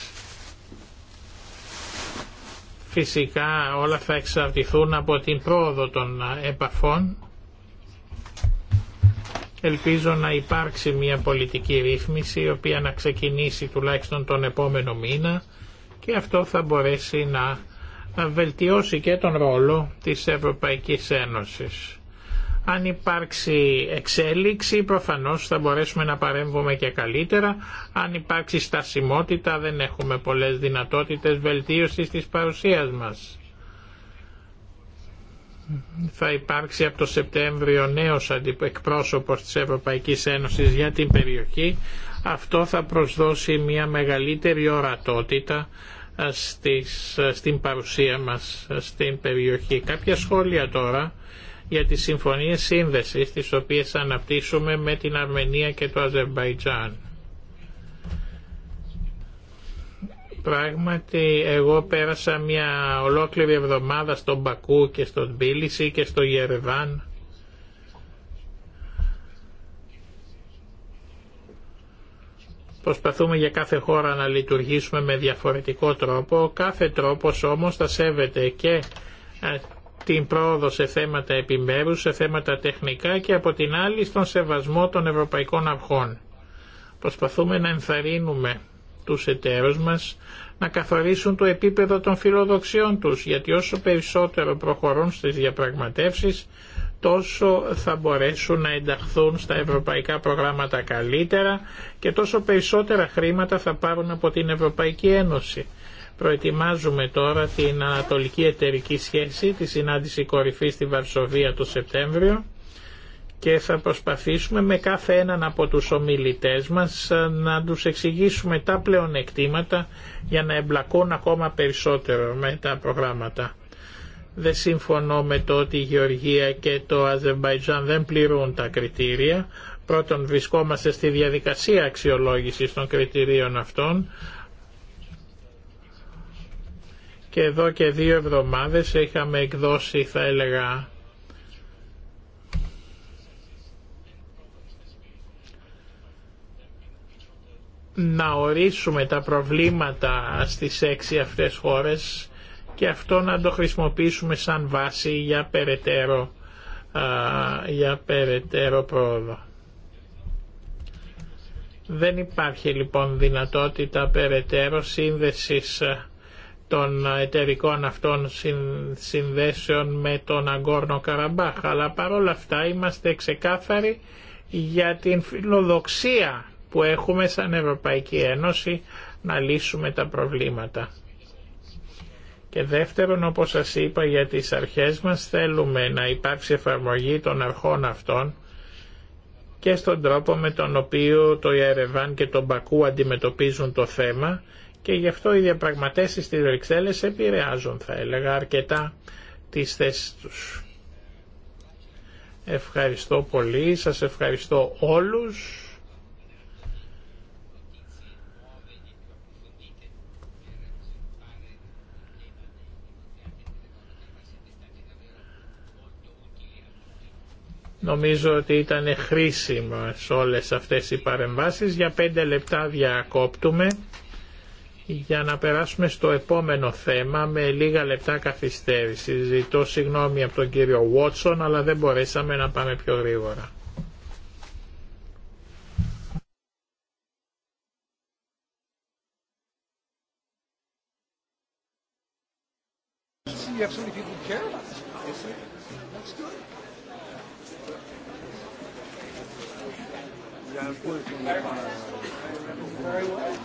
Φυσικά όλα θα εξαρτηθούν από την πρόοδο των επαφών Ελπίζω να υπάρξει μια πολιτική ρύθμιση η οποία να ξεκινήσει τουλάχιστον τον επόμενο μήνα και αυτό θα μπορέσει να βελτιώσει και τον ρόλο της Ευρωπαϊκής Ένωσης. Αν υπάρξει εξέλιξη προφανώς θα μπορέσουμε να παρέμβουμε και καλύτερα. Αν υπάρξει στασιμότητα δεν έχουμε πολλές δυνατότητες βελτίωσης της παρουσίας μας θα υπάρξει από το Σεπτέμβριο νέος εκπρόσωπος της Ευρωπαϊκής Ένωσης για την περιοχή. Αυτό θα προσδώσει μια μεγαλύτερη ορατότητα στην παρουσία μας στην περιοχή. Κάποια σχόλια τώρα για τις συμφωνίες σύνδεσης τις οποίες αναπτύσσουμε με την Αρμενία και το Αζερμπαϊτζάν. Πράγματι εγώ πέρασα μια ολόκληρη εβδομάδα στον Μπακού και στον πίληση και στο Γερεβάν Προσπαθούμε για κάθε χώρα να λειτουργήσουμε με διαφορετικό τρόπο. Κάθε τρόπος όμως θα σέβεται και ε, την πρόοδο σε θέματα επιμέρους, σε θέματα τεχνικά και από την άλλη στον σεβασμό των ευρωπαϊκών αρχών. Προσπαθούμε να ενθαρρύνουμε τους εταίρους μας να καθορίσουν το επίπεδο των φιλοδοξιών τους, γιατί όσο περισσότερο προχωρούν στις διαπραγματεύσεις, τόσο θα μπορέσουν να ενταχθούν στα ευρωπαϊκά προγράμματα καλύτερα και τόσο περισσότερα χρήματα θα πάρουν από την Ευρωπαϊκή Ένωση. Προετοιμάζουμε τώρα την Ανατολική Εταιρική Σχέση, τη συνάντηση κορυφής στη Βαρσοβία το Σεπτέμβριο και θα προσπαθήσουμε με κάθε έναν από τους ομιλητές μας ε, να τους εξηγήσουμε τα πλεονεκτήματα για να εμπλακούν ακόμα περισσότερο με τα προγράμματα. Δεν συμφωνώ με το ότι η Γεωργία και το Αζερμπαϊτζάν δεν πληρούν τα κριτήρια. Πρώτον βρισκόμαστε στη διαδικασία αξιολόγησης των κριτηρίων αυτών και εδώ και δύο εβδομάδες είχαμε εκδώσει θα έλεγα να ορίσουμε τα προβλήματα στις έξι αυτές χώρες και αυτό να το χρησιμοποιήσουμε σαν βάση για περαιτέρω, για περαιτέρω πρόοδο. Δεν υπάρχει λοιπόν δυνατότητα περαιτέρω σύνδεσης ε, των εταιρικών αυτών συνδέσεων με τον Αγκόρνο Καραμπάχ, αλλά παρόλα αυτά είμαστε ξεκάθαροι για την φιλοδοξία που έχουμε σαν Ευρωπαϊκή Ένωση να λύσουμε τα προβλήματα. Και δεύτερον, όπως σας είπα, για τις αρχές μας θέλουμε να υπάρξει εφαρμογή των αρχών αυτών και στον τρόπο με τον οποίο το Ιερεβάν και το Μπακού αντιμετωπίζουν το θέμα και γι' αυτό οι διαπραγματεύσεις στις Βρυξέλλες επηρεάζουν, θα έλεγα, αρκετά τις θέσεις τους. Ευχαριστώ πολύ, σας ευχαριστώ όλους. Νομίζω ότι ήταν χρήσιμο σε όλες αυτές οι παρεμβάσεις. Για πέντε λεπτά διακόπτουμε για να περάσουμε στο επόμενο θέμα με λίγα λεπτά καθυστέρηση. Ζητώ συγγνώμη από τον κύριο Βότσον, αλλά δεν μπορέσαμε να πάμε πιο γρήγορα. I've worked Very well.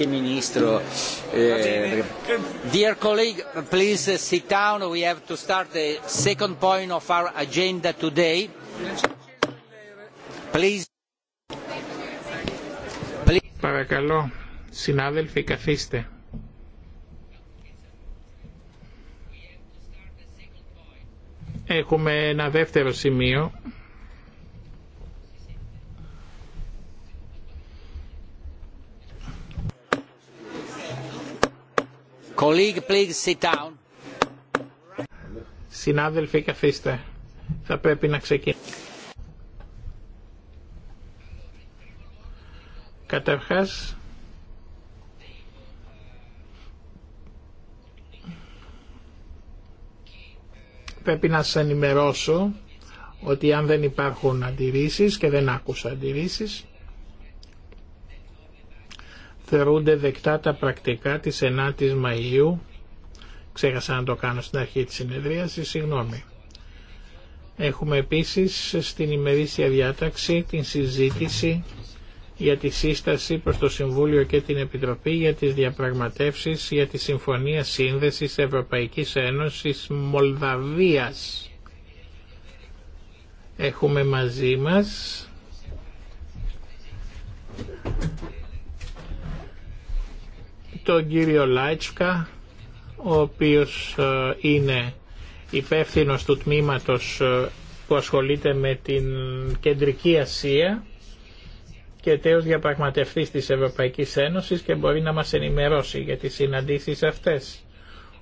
che ministro dear colleague please sit down we have to start the second point of our agenda today please Παρακαλώ, συνάδελφοι, καθίστε. Έχουμε ένα δεύτερο σημείο. Συνάδελφοι, καθίστε. Θα πρέπει να ξεκινήσουμε. Καταρχάς, πρέπει να σας ενημερώσω ότι αν δεν υπάρχουν αντιρρήσεις και δεν άκουσα αντιρρήσεις, θερούνται δεκτά τα πρακτικά της 9ης Μαΐου. Ξέχασα να το κάνω στην αρχή της συνεδρίασης, συγγνώμη. Έχουμε επίσης στην ημερήσια διάταξη την συζήτηση για τη σύσταση προς το Συμβούλιο και την Επιτροπή για τις διαπραγματεύσεις για τη Συμφωνία Σύνδεσης Ευρωπαϊκής Ένωσης Μολδαβίας. Έχουμε μαζί μας τον κύριο Λάιτσκα, ο οποίος ε, είναι υπεύθυνο του τμήματος ε, που ασχολείται με την Κεντρική Ασία και τέος διαπραγματευτής της Ευρωπαϊκής Ένωσης και μπορεί να μας ενημερώσει για τις συναντήσεις αυτές.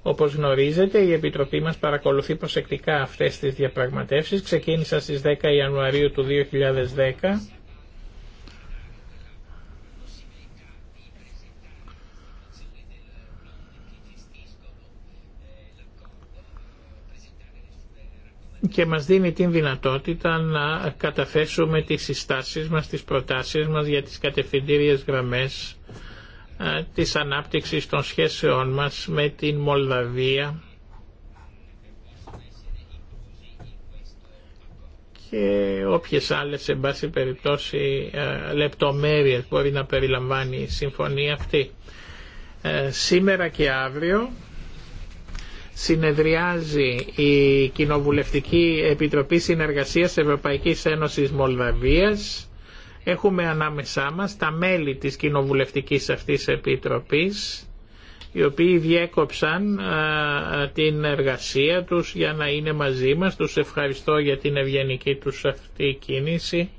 Όπως γνωρίζετε, η Επιτροπή μας παρακολουθεί προσεκτικά αυτές τις διαπραγματεύσεις. ξεκίνησα στις 10 Ιανουαρίου του 2010 και μας δίνει την δυνατότητα να καταθέσουμε τις συστάσεις μας, τις προτάσεις μας για τις κατευθυντήριες γραμμές ε, της ανάπτυξης των σχέσεών μας με την Μολδαβία και όποιες άλλες, σε μπάση περιπτώσει, ε, λεπτομέρειες μπορεί να περιλαμβάνει η συμφωνία αυτή. Ε, σήμερα και αύριο συνεδριάζει η Κοινοβουλευτική Επιτροπή Συνεργασίας Ευρωπαϊκής Ένωσης Μολδαβίας. Έχουμε ανάμεσά μας τα μέλη της Κοινοβουλευτικής αυτής Επιτροπής οι οποίοι διέκοψαν την εργασία τους για να είναι μαζί μας. Τους ευχαριστώ για την ευγενική τους αυτή κίνηση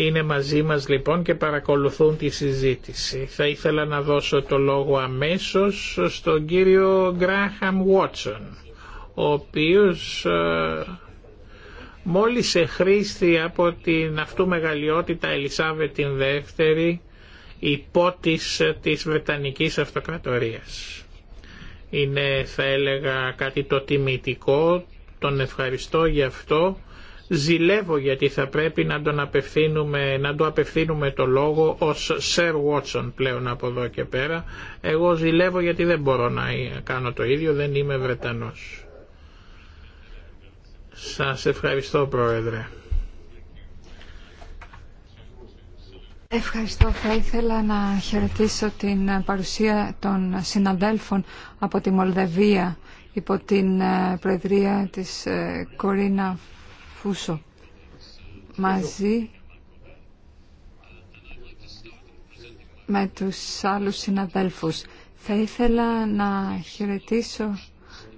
είναι μαζί μας λοιπόν και παρακολουθούν τη συζήτηση. Θα ήθελα να δώσω το λόγο αμέσως στον κύριο Γκράχαμ Βότσον, ο οποίος ε, μόλις εχρήστη από την αυτού μεγαλειότητα Ελισάβε την δεύτερη υπό της Βρετανικής Αυτοκρατορίας. Είναι θα έλεγα κάτι το τιμητικό, τον ευχαριστώ γι' αυτό Ζηλεύω γιατί θα πρέπει να, τον απευθύνουμε, να του απευθύνουμε το λόγο ως Sir Watson πλέον από εδώ και πέρα. Εγώ ζηλεύω γιατί δεν μπορώ να κάνω το ίδιο, δεν είμαι Βρετανός. Σας ευχαριστώ Πρόεδρε. Ευχαριστώ. Θα ήθελα να χαιρετήσω την παρουσία των συναδέλφων από τη Μολδαβία υπό την ε, Προεδρία της ε, Κορίνα Φούσο. Μαζί με τους άλλους συναδέλφους. Θα ήθελα να χαιρετήσω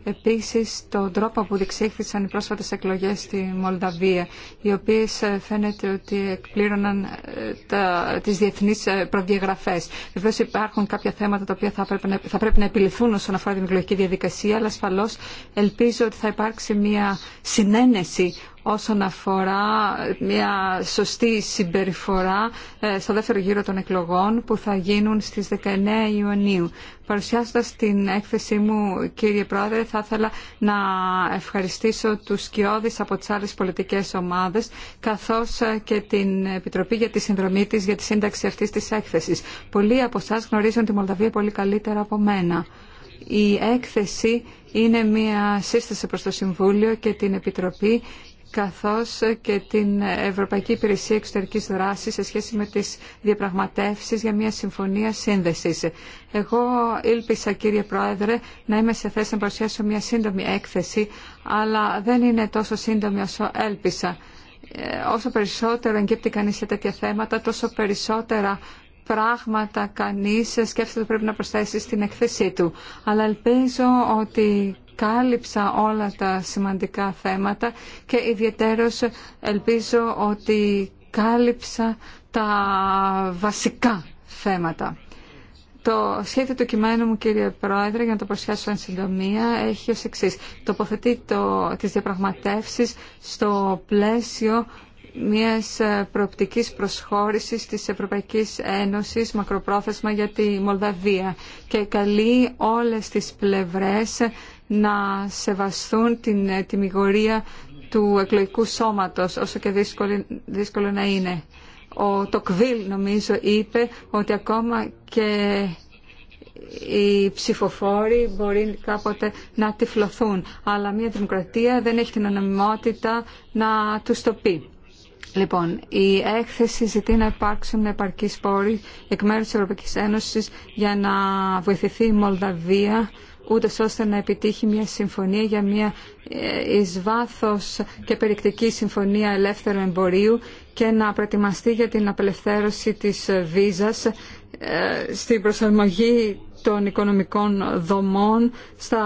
επίσης τον τρόπο που διεξήχθησαν οι πρόσφατες εκλογές στη Μολδαβία, οι οποίες ε, φαίνεται ότι εκπλήρωναν ε, τα, τις διεθνείς ε, προδιαγραφές. Βεβαίως υπάρχουν κάποια θέματα τα οποία θα πρέπει, να, θα πρέπει να επιληθούν όσον αφορά την εκλογική διαδικασία, αλλά ασφαλώς ελπίζω ότι θα υπάρξει μια συνένεση όσον αφορά μια σωστή συμπεριφορά ε, στο δεύτερο γύρο των εκλογών που θα γίνουν στις 19 Ιουνίου. Παρουσιάζοντας την έκθεσή μου, κύριε Πρόεδρε, θα ήθελα να ευχαριστήσω τους σκιώδεις από τις άλλες πολιτικές ομάδες, καθώς ε, και την Επιτροπή για τη συνδρομή της για τη σύνταξη αυτής της έκθεσης. Πολλοί από εσά γνωρίζουν τη Μολδαβία πολύ καλύτερα από μένα. Η έκθεση είναι μια σύσταση προς το Συμβούλιο και την Επιτροπή καθώς και την Ευρωπαϊκή Υπηρεσία Εξωτερικής Δράσης σε σχέση με τις διαπραγματεύσεις για μια συμφωνία σύνδεσης. Εγώ ήλπισα, κύριε Πρόεδρε, να είμαι σε θέση να παρουσιάσω μια σύντομη έκθεση, αλλά δεν είναι τόσο σύντομη όσο έλπισα. Ε, όσο περισσότερο εγκύπτει κανείς σε τέτοια θέματα, τόσο περισσότερα πράγματα κανείς σκέφτεται ότι πρέπει να προσθέσει στην έκθεσή του. Αλλά ελπίζω ότι κάλυψα όλα τα σημαντικά θέματα και ιδιαίτερος ελπίζω ότι κάλυψα τα βασικά θέματα. Το σχέδιο του κειμένου μου, κύριε Πρόεδρε, για να το προσχέσω εν συντομία, έχει ως εξής. Τοποθετεί το, τις διαπραγματεύσεις στο πλαίσιο μιας προοπτικής προσχώρησης της Ευρωπαϊκής Ένωσης μακροπρόθεσμα για τη Μολδαβία και καλεί όλες τις πλευρές να σεβαστούν την ε, τιμιγορία του εκλογικού σώματος, όσο και δύσκολο, δύσκολο να είναι. Ο Τοκβίλ, νομίζω, είπε ότι ακόμα και οι ψηφοφόροι μπορεί κάποτε να τυφλωθούν, αλλά μια δημοκρατία δεν έχει την ανομιμότητα να τους το πει. Λοιπόν, η έκθεση ζητεί να υπάρξουν επαρκή πόροι εκ μέρους της Ευρωπαϊκής Ένωσης για να βοηθηθεί η Μολδαβία ούτε ώστε να επιτύχει μια συμφωνία για μια ε, εις και περιεκτική συμφωνία ελεύθερου εμπορίου και να προετοιμαστεί για την απελευθέρωση της ε, βίζας ε, στην προσαρμογή των οικονομικών δομών στα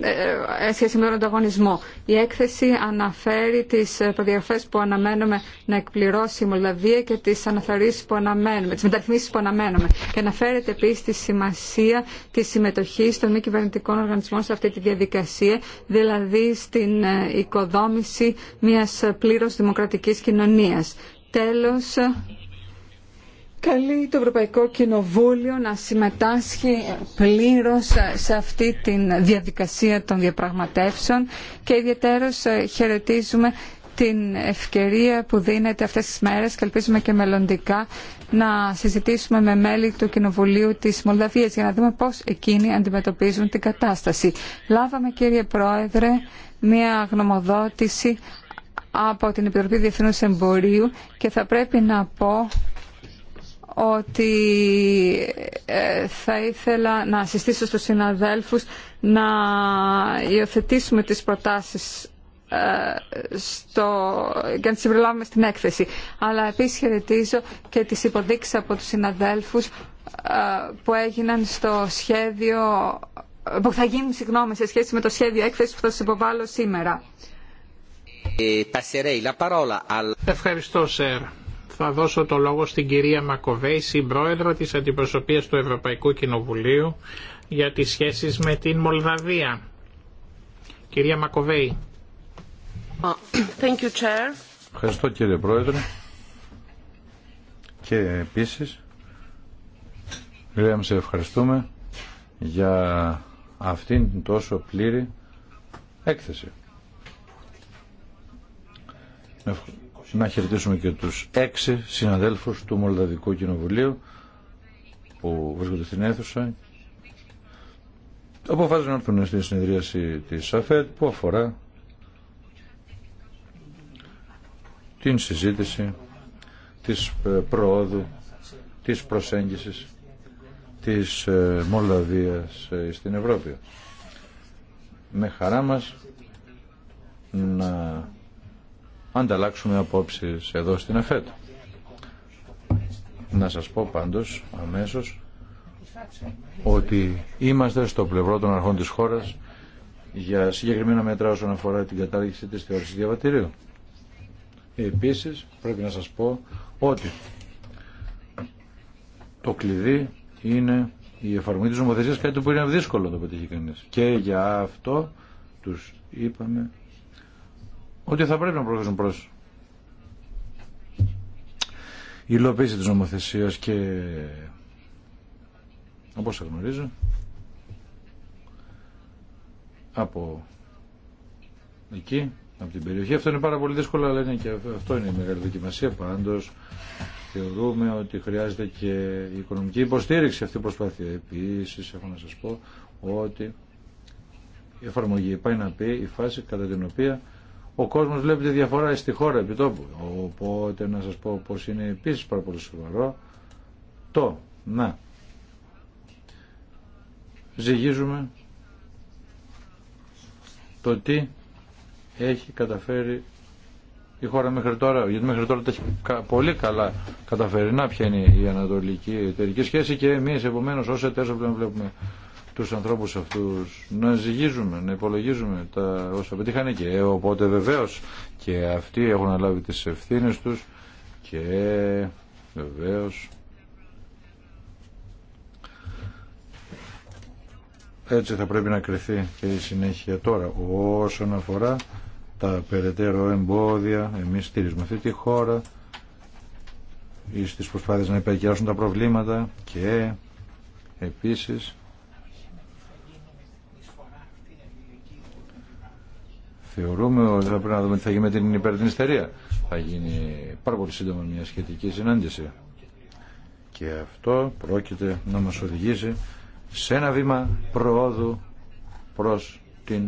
ε, ε σχέση με τον ανταγωνισμό. Η έκθεση αναφέρει τις προδιαγραφές που αναμένουμε να εκπληρώσει η Μολδαβία και τις αναθεωρήσεις που αναμένουμε, τις μεταρρυθμίσεις που αναμένουμε. Και αναφέρεται επίσης τη σημασία της συμμετοχής των μη κυβερνητικών οργανισμών σε αυτή τη διαδικασία, δηλαδή στην ε, οικοδόμηση μιας πλήρως δημοκρατικής κοινωνίας. Τέλος, καλεί το Ευρωπαϊκό Κοινοβούλιο να συμμετάσχει πλήρως σε αυτή τη διαδικασία των διαπραγματεύσεων και ιδιαίτερως ε, χαιρετίζουμε την ευκαιρία που δίνεται αυτές τις μέρες και ελπίζουμε και μελλοντικά να συζητήσουμε με μέλη του Κοινοβουλίου της Μολδαβίας για να δούμε πώς εκείνοι αντιμετωπίζουν την κατάσταση. Λάβαμε κύριε Πρόεδρε μια γνωμοδότηση από την Επιτροπή Διεθνούς Εμπορίου και θα πρέπει να πω ότι ε, θα ήθελα να συστήσω στους συναδέλφους να υιοθετήσουμε τις προτάσεις ε, στο, για να τις συμπεριλάβουμε στην έκθεση. Αλλά επίσης χαιρετίζω και τις υποδείξεις από τους συναδέλφους ε, που έγιναν στο σχέδιο που θα γίνουν συγγνώμη σε σχέση με το σχέδιο έκθεση που θα σας υποβάλω σήμερα. Ευχαριστώ, Σερ θα δώσω το λόγο στην κυρία Μακοβέη, συμπρόεδρο της Αντιπροσωπείας του Ευρωπαϊκού Κοινοβουλίου για τις σχέσεις με την Μολδαβία. Κυρία Μακοβέη. Thank you, Chair. Ευχαριστώ κύριε Πρόεδρε. Και επίσης, Λέμε σε ευχαριστούμε για αυτήν την τόσο πλήρη έκθεση να χαιρετήσουμε και τους έξι συναδέλφους του Μολδαβικού Κοινοβουλίου που βρίσκονται στην αίθουσα. Αποφάσισαν να έρθουν στην συνεδρίαση της ΑΦΕΤ που αφορά την συζήτηση της ε, προόδου, της προσέγγισης της ε, Μολδαβίας ε, στην Ευρώπη. Με χαρά μας να ανταλλάξουμε απόψεις εδώ στην ΕΦΕΤ. Να σας πω πάντως αμέσως ότι είμαστε στο πλευρό των αρχών της χώρας για συγκεκριμένα μέτρα όσον αφορά την κατάργηση της θεώρησης διαβατηρίου. Επίσης πρέπει να σας πω ότι το κλειδί είναι η εφαρμογή της νομοθεσίας κάτι που είναι δύσκολο να το πετύχει κανείς. Και για αυτό τους είπαμε ότι θα πρέπει να προχωρήσουν προς η υλοποίηση της νομοθεσίας και όπως σας γνωρίζω από εκεί, από την περιοχή. Αυτό είναι πάρα πολύ δύσκολο, αλλά είναι και αυτό είναι η μεγάλη δοκιμασία. Πάντως θεωρούμε ότι χρειάζεται και η οικονομική υποστήριξη αυτή η προσπάθεια. Επίσης έχω να σας πω ότι η εφαρμογή πάει να πει η φάση κατά την οποία ο κόσμος βλέπει τη διαφορά στη χώρα επί τόπου. Οπότε να σας πω πως είναι επίση πάρα πολύ σοβαρό το να ζυγίζουμε το τι έχει καταφέρει η χώρα μέχρι τώρα, γιατί μέχρι τώρα τα έχει πολύ καλά καταφέρει. Να είναι η ανατολική εταιρική σχέση και εμεί επομένω ω εταίρου που βλέπουμε τους ανθρώπους αυτούς, να ζυγίζουμε, να υπολογίζουμε τα όσα πετύχανε και οπότε βεβαίως και αυτοί έχουν λάβει τις ευθύνες τους και βεβαίως έτσι θα πρέπει να κρυθεί και η συνέχεια τώρα όσον αφορά τα περαιτέρω εμπόδια εμείς στηρίζουμε αυτή τη χώρα ή στις προσπάθειες να υπερκειάσουν τα προβλήματα και επίσης θεωρούμε ότι θα πρέπει να δούμε τι θα γίνει με την υπερδυνστερία. Θα γίνει πάρα πολύ σύντομα μια σχετική συνάντηση. Και αυτό πρόκειται να μας οδηγήσει σε ένα βήμα προόδου προς την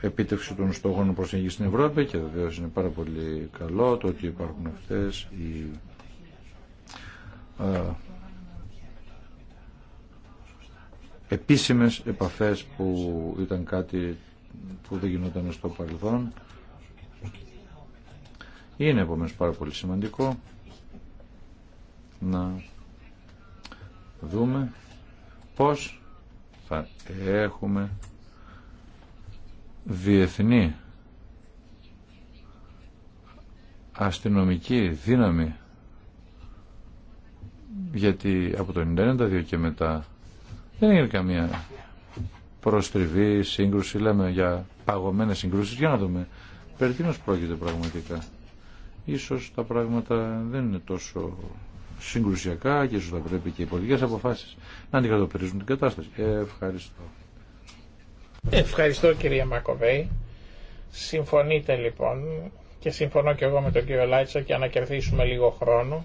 επίτευξη των στόχων προσεγγίσει στην Ευρώπη και βεβαίω είναι πάρα πολύ καλό το ότι υπάρχουν αυτές οι επίσημες επαφές που ήταν κάτι που δεν γινόταν στο παρελθόν. Είναι επομένως πάρα πολύ σημαντικό να δούμε πώς θα έχουμε διεθνή αστυνομική δύναμη γιατί από το 1992 και μετά δεν είναι καμία προστριβή, σύγκρουση, λέμε για παγωμένες συγκρούσεις. Για να δούμε, περί τίνος πρόκειται πραγματικά. Ίσως τα πράγματα δεν είναι τόσο συγκρουσιακά και ίσως θα πρέπει και οι πολιτικές αποφάσεις να αντικατοπτρίζουν την κατάσταση. ευχαριστώ. Ευχαριστώ κυρία Μακοβέη. Συμφωνείτε λοιπόν και συμφωνώ και εγώ με τον κύριο Λάιτσα και να κερδίσουμε λίγο χρόνο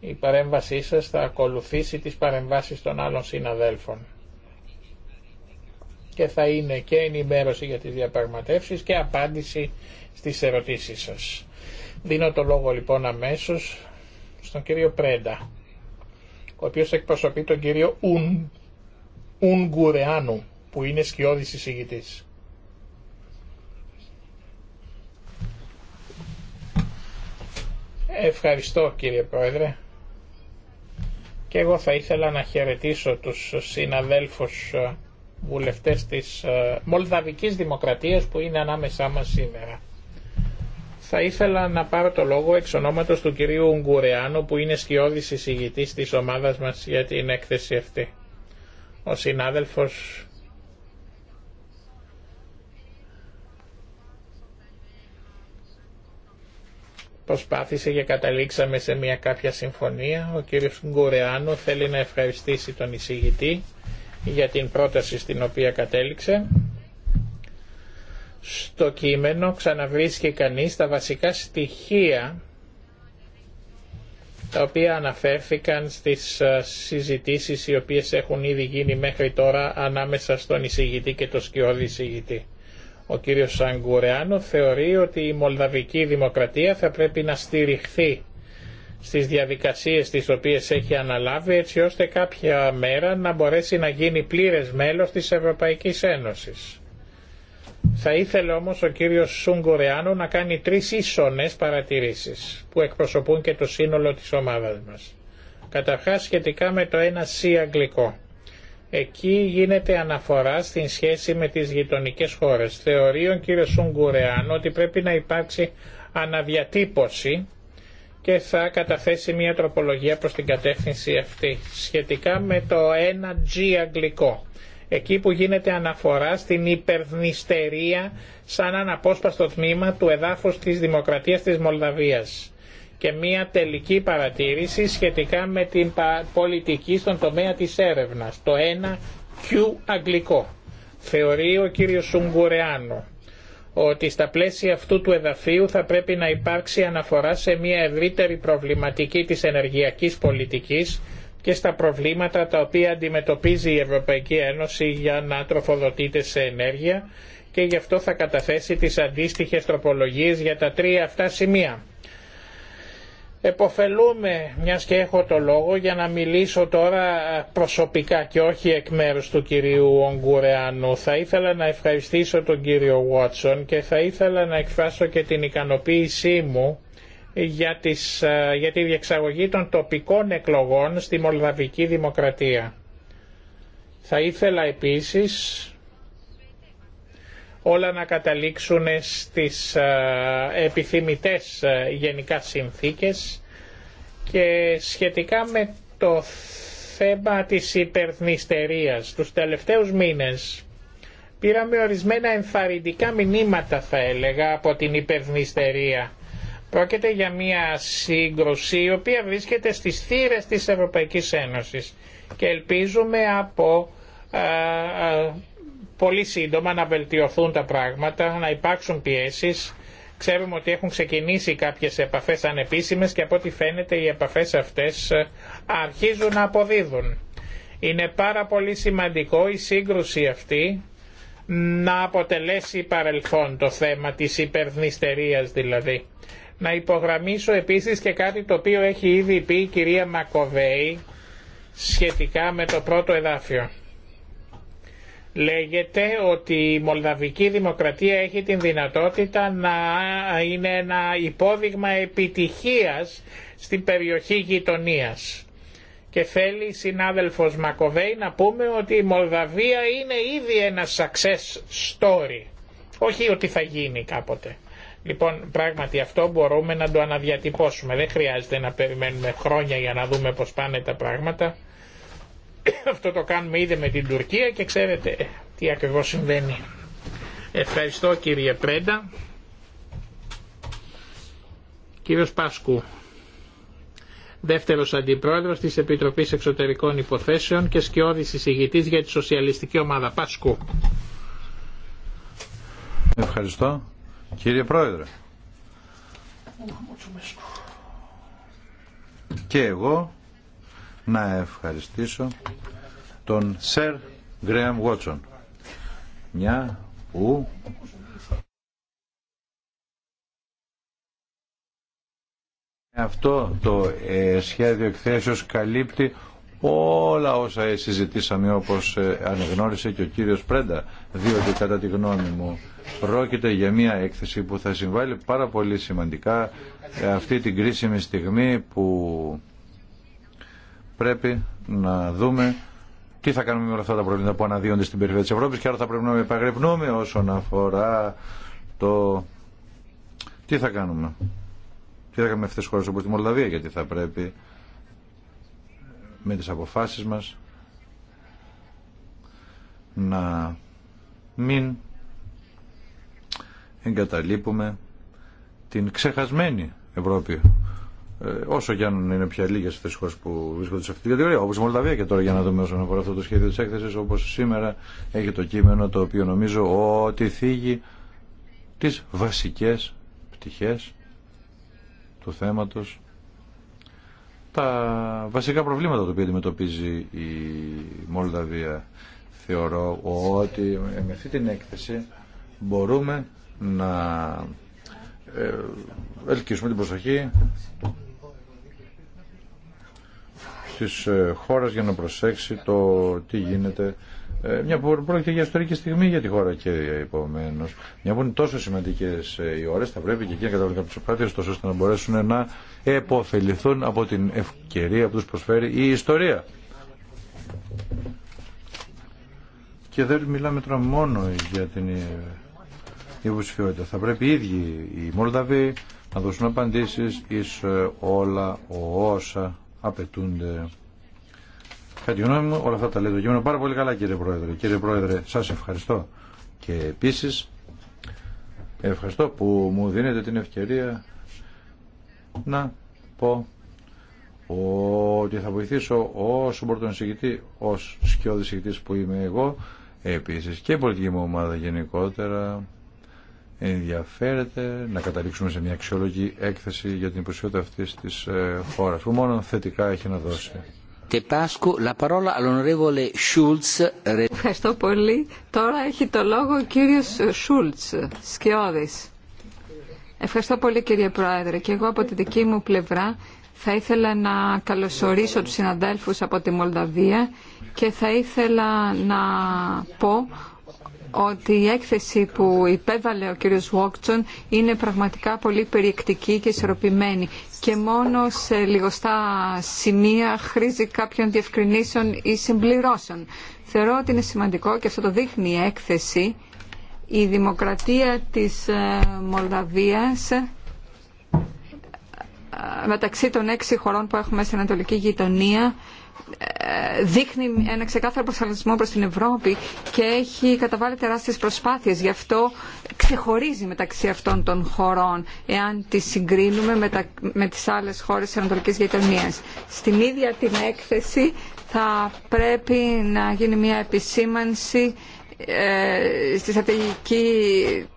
η παρέμβασή σας θα ακολουθήσει τις παρεμβάσεις των άλλων συναδέλφων και θα είναι και ενημέρωση για τις διαπραγματεύσεις και απάντηση στις ερωτήσεις σας. Δίνω το λόγο λοιπόν αμέσως στον κύριο Πρέντα, ο οποίος εκπροσωπεί τον κύριο Ουν, Ουνγκουρεάνου, που είναι σκιώδης εισηγητής. Ευχαριστώ κύριε Πρόεδρε. Και εγώ θα ήθελα να χαιρετήσω τους συναδέλφους ε, βουλευτές της ε, Μολδαβικής Δημοκρατίας που είναι ανάμεσά μας σήμερα. Θα ήθελα να πάρω το λόγο εξ ονόματος του κυρίου Ουγγουρεάνου που είναι σκιώδης εισηγητής της ομάδας μας για την έκθεση αυτή. Ο συνάδελφος προσπάθησε και καταλήξαμε σε μια κάποια συμφωνία. Ο κύριος Γκουρεάνο θέλει να ευχαριστήσει τον εισηγητή για την πρόταση στην οποία κατέληξε. Στο κείμενο ξαναβρίσκει κανείς τα βασικά στοιχεία τα οποία αναφέρθηκαν στις ε, συζητήσεις οι οποίες έχουν ήδη γίνει μέχρι τώρα ανάμεσα στον εισηγητή και τον σκιώδη εισηγητή. Ο κύριος Σαγκουρεάνο θεωρεί ότι η Μολδαβική Δημοκρατία θα πρέπει να στηριχθεί στις διαδικασίες τις οποίες έχει αναλάβει έτσι ώστε κάποια μέρα να μπορέσει να γίνει πλήρες μέλος της Ευρωπαϊκής Ένωσης. Θα ήθελε όμως ο κύριος Σουγκουρεάνο να κάνει τρεις ίσονες παρατηρήσεις που εκπροσωπούν και το σύνολο της ομάδας μας. Καταρχάς σχετικά με το 1C αγγλικό. Εκεί γίνεται αναφορά στην σχέση με τις γειτονικές χώρες. Θεωρεί ο κ. ότι πρέπει να υπάρξει αναδιατύπωση και θα καταθέσει μια τροπολογία προς την κατεύθυνση αυτή σχετικά με το 1G αγγλικό. Εκεί που γίνεται αναφορά στην υπερδνηστερία σαν αναπόσπαστο τμήμα του εδάφους της Δημοκρατίας της Μολδαβίας και μία τελική παρατήρηση σχετικά με την πολιτική στον τομέα της έρευνας. Το ένα Q αγγλικό. Θεωρεί ο κύριος Σουγκουρεάνου ότι στα πλαίσια αυτού του εδαφίου θα πρέπει να υπάρξει αναφορά σε μια ευρύτερη προβληματική της ενεργειακής πολιτικής και στα προβλήματα τα οποία αντιμετωπίζει η Ευρωπαϊκή Ένωση για να τροφοδοτείται σε ενέργεια και γι' αυτό θα καταθέσει τις αντίστοιχες τροπολογίες για τα τρία αυτά σημεία. Εποφελούμε, μιας και έχω το λόγο, για να μιλήσω τώρα ε, προσωπικά και όχι εκ μέρους του κυρίου Ογκουρεάνου. Θα ήθελα να ευχαριστήσω τον κύριο Βότσον και θα ήθελα να εκφράσω και την ικανοποίησή μου για, τις, ε, για τη διεξαγωγή των τοπικών εκλογών στη Μολδαβική Δημοκρατία. Θα ήθελα επίσης όλα να καταλήξουν στις ε, επιθυμητές ε, γενικά συνθήκες και σχετικά με το θέμα της υπερνηστερίας τους τελευταίους μήνες πήραμε ορισμένα ενθαρρυντικά μηνύματα θα έλεγα από την υπερνηστερία. Πρόκειται για μια σύγκρουση η οποία βρίσκεται στις θύρες της Ευρωπαϊκής Ένωσης και ελπίζουμε από ε, πολύ σύντομα να βελτιωθούν τα πράγματα, να υπάρξουν πιέσεις. Ξέρουμε ότι έχουν ξεκινήσει κάποιες επαφές ανεπίσημες και από ό,τι φαίνεται οι επαφές αυτές ε, αρχίζουν να αποδίδουν. Είναι πάρα πολύ σημαντικό η σύγκρουση αυτή να αποτελέσει παρελθόν το θέμα της υπερδνηστερίας δηλαδή. Να υπογραμμίσω επίσης και κάτι το οποίο έχει ήδη πει η κυρία Μακοβέη σχετικά με το πρώτο εδάφιο λέγεται ότι η Μολδαβική Δημοκρατία έχει την δυνατότητα να είναι ένα υπόδειγμα επιτυχίας στην περιοχή γειτονίας. Και θέλει συνάδελφος Μακοβέη να πούμε ότι η Μολδαβία είναι ήδη ένα success story. Όχι ότι θα γίνει κάποτε. Λοιπόν, πράγματι αυτό μπορούμε να το αναδιατυπώσουμε. Δεν χρειάζεται να περιμένουμε χρόνια για να δούμε πώς πάνε τα πράγματα. Αυτό το κάνουμε ήδη με την Τουρκία και ξέρετε τι ακριβώς συμβαίνει. Ευχαριστώ κύριε Πρέντα. Κύριος Πάσκου, δεύτερος αντιπρόεδρος της Επιτροπής Εξωτερικών Υποθέσεων και σκιώδης εισηγητής για τη Σοσιαλιστική Ομάδα Πάσκου. Ευχαριστώ. Κύριε Πρόεδρε. Και εγώ να ευχαριστήσω τον Σερ Γκρέαμ Βότσον. Μια αυτό το ε, σχέδιο εκθέσεως καλύπτει όλα όσα συζητήσαμε όπως ε, αναγνώρισε και ο κύριος Πρέντα διότι κατά τη γνώμη μου πρόκειται για μια έκθεση που θα συμβάλλει πάρα πολύ σημαντικά ε, αυτή την κρίσιμη στιγμή που πρέπει να δούμε τι θα κάνουμε με όλα αυτά τα προβλήματα που αναδύονται στην περιφέρεια της Ευρώπης και άρα θα πρέπει να επαγρυπνούμε όσον αφορά το τι θα κάνουμε. Τι θα κάνουμε με αυτές τις χώρες όπως τη Μολδαβία γιατί θα πρέπει με τις αποφάσεις μας να μην εγκαταλείπουμε την ξεχασμένη Ευρώπη ε, όσο και αν είναι πια λίγε αυτέ που βρίσκονται σε αυτή την κατηγορία, όπω η Μολδαβία και τώρα για να δούμε όσον αφορά αυτό το σχέδιο τη έκθεση, όπω σήμερα έχει το κείμενο το οποίο νομίζω ότι θίγει τι βασικέ πτυχέ του θέματο, τα βασικά προβλήματα τα οποία αντιμετωπίζει η Μολδαβία. Θεωρώ ότι με αυτή την έκθεση μπορούμε να ε, ελκύσουμε την προσοχή της ε, χώρας για να προσέξει το τι γίνεται. Ε, μια που πρόκειται για ιστορική στιγμή για τη χώρα και επομένω, μια που είναι τόσο σημαντικέ ε, οι ώρε, θα πρέπει και εκεί να καταβληθούν προσπάθειε ώστε να μπορέσουν να επωφεληθούν από την ευκαιρία που του προσφέρει η ιστορία. Και δεν μιλάμε τώρα μόνο για την υποψηφιότητα. Θα πρέπει οι ίδιοι οι Μολδαβοί να δώσουν απαντήσεις εις όλα όσα απαιτούνται. Κατά γνώμη μου, όλα αυτά τα λέει το κείμενο πάρα πολύ καλά, κύριε Πρόεδρε. Κύριε Πρόεδρε, σα ευχαριστώ. Και επίση, ευχαριστώ που μου δίνετε την ευκαιρία να πω ότι θα βοηθήσω όσο μπορώ τον συγκητή, ω σκιώδη που είμαι εγώ, επίση και η πολιτική μου ομάδα γενικότερα ενδιαφέρεται να καταλήξουμε σε μια αξιόλογη έκθεση για την υποσχέτα αυτή τη ε, χώρα που μόνο θετικά έχει να δώσει. Ευχαριστώ πολύ. Τώρα έχει το λόγο ο κύριο Σούλτς, Σκιώδη. Ευχαριστώ πολύ κύριε Πρόεδρε και εγώ από τη δική μου πλευρά θα ήθελα να καλωσορίσω τους συναδέλφους από τη Μολδαβία και θα ήθελα να πω ότι η έκθεση που υπέβαλε ο κύριος Βόκτσον είναι πραγματικά πολύ περιεκτική και ισορροπημένη και μόνο σε λιγοστά σημεία χρήζει κάποιων διευκρινήσεων ή συμπληρώσεων. Θεωρώ ότι είναι σημαντικό και αυτό το δείχνει η έκθεση η δημοκρατία της ε, Μολδαβίας ε, μεταξύ των έξι χωρών που έχουμε στην Ανατολική Γειτονία δείχνει ένα ξεκάθαρο προσανατολισμό προς την Ευρώπη και έχει καταβάλει τεράστιες προσπάθειες. Γι' αυτό ξεχωρίζει μεταξύ αυτών των χωρών, εάν τη συγκρίνουμε με, τα, με τις άλλες χώρες της Ανατολικής Γειτονίας. Στην ίδια την έκθεση θα πρέπει να γίνει μια επισήμανση ε, στη στρατηγική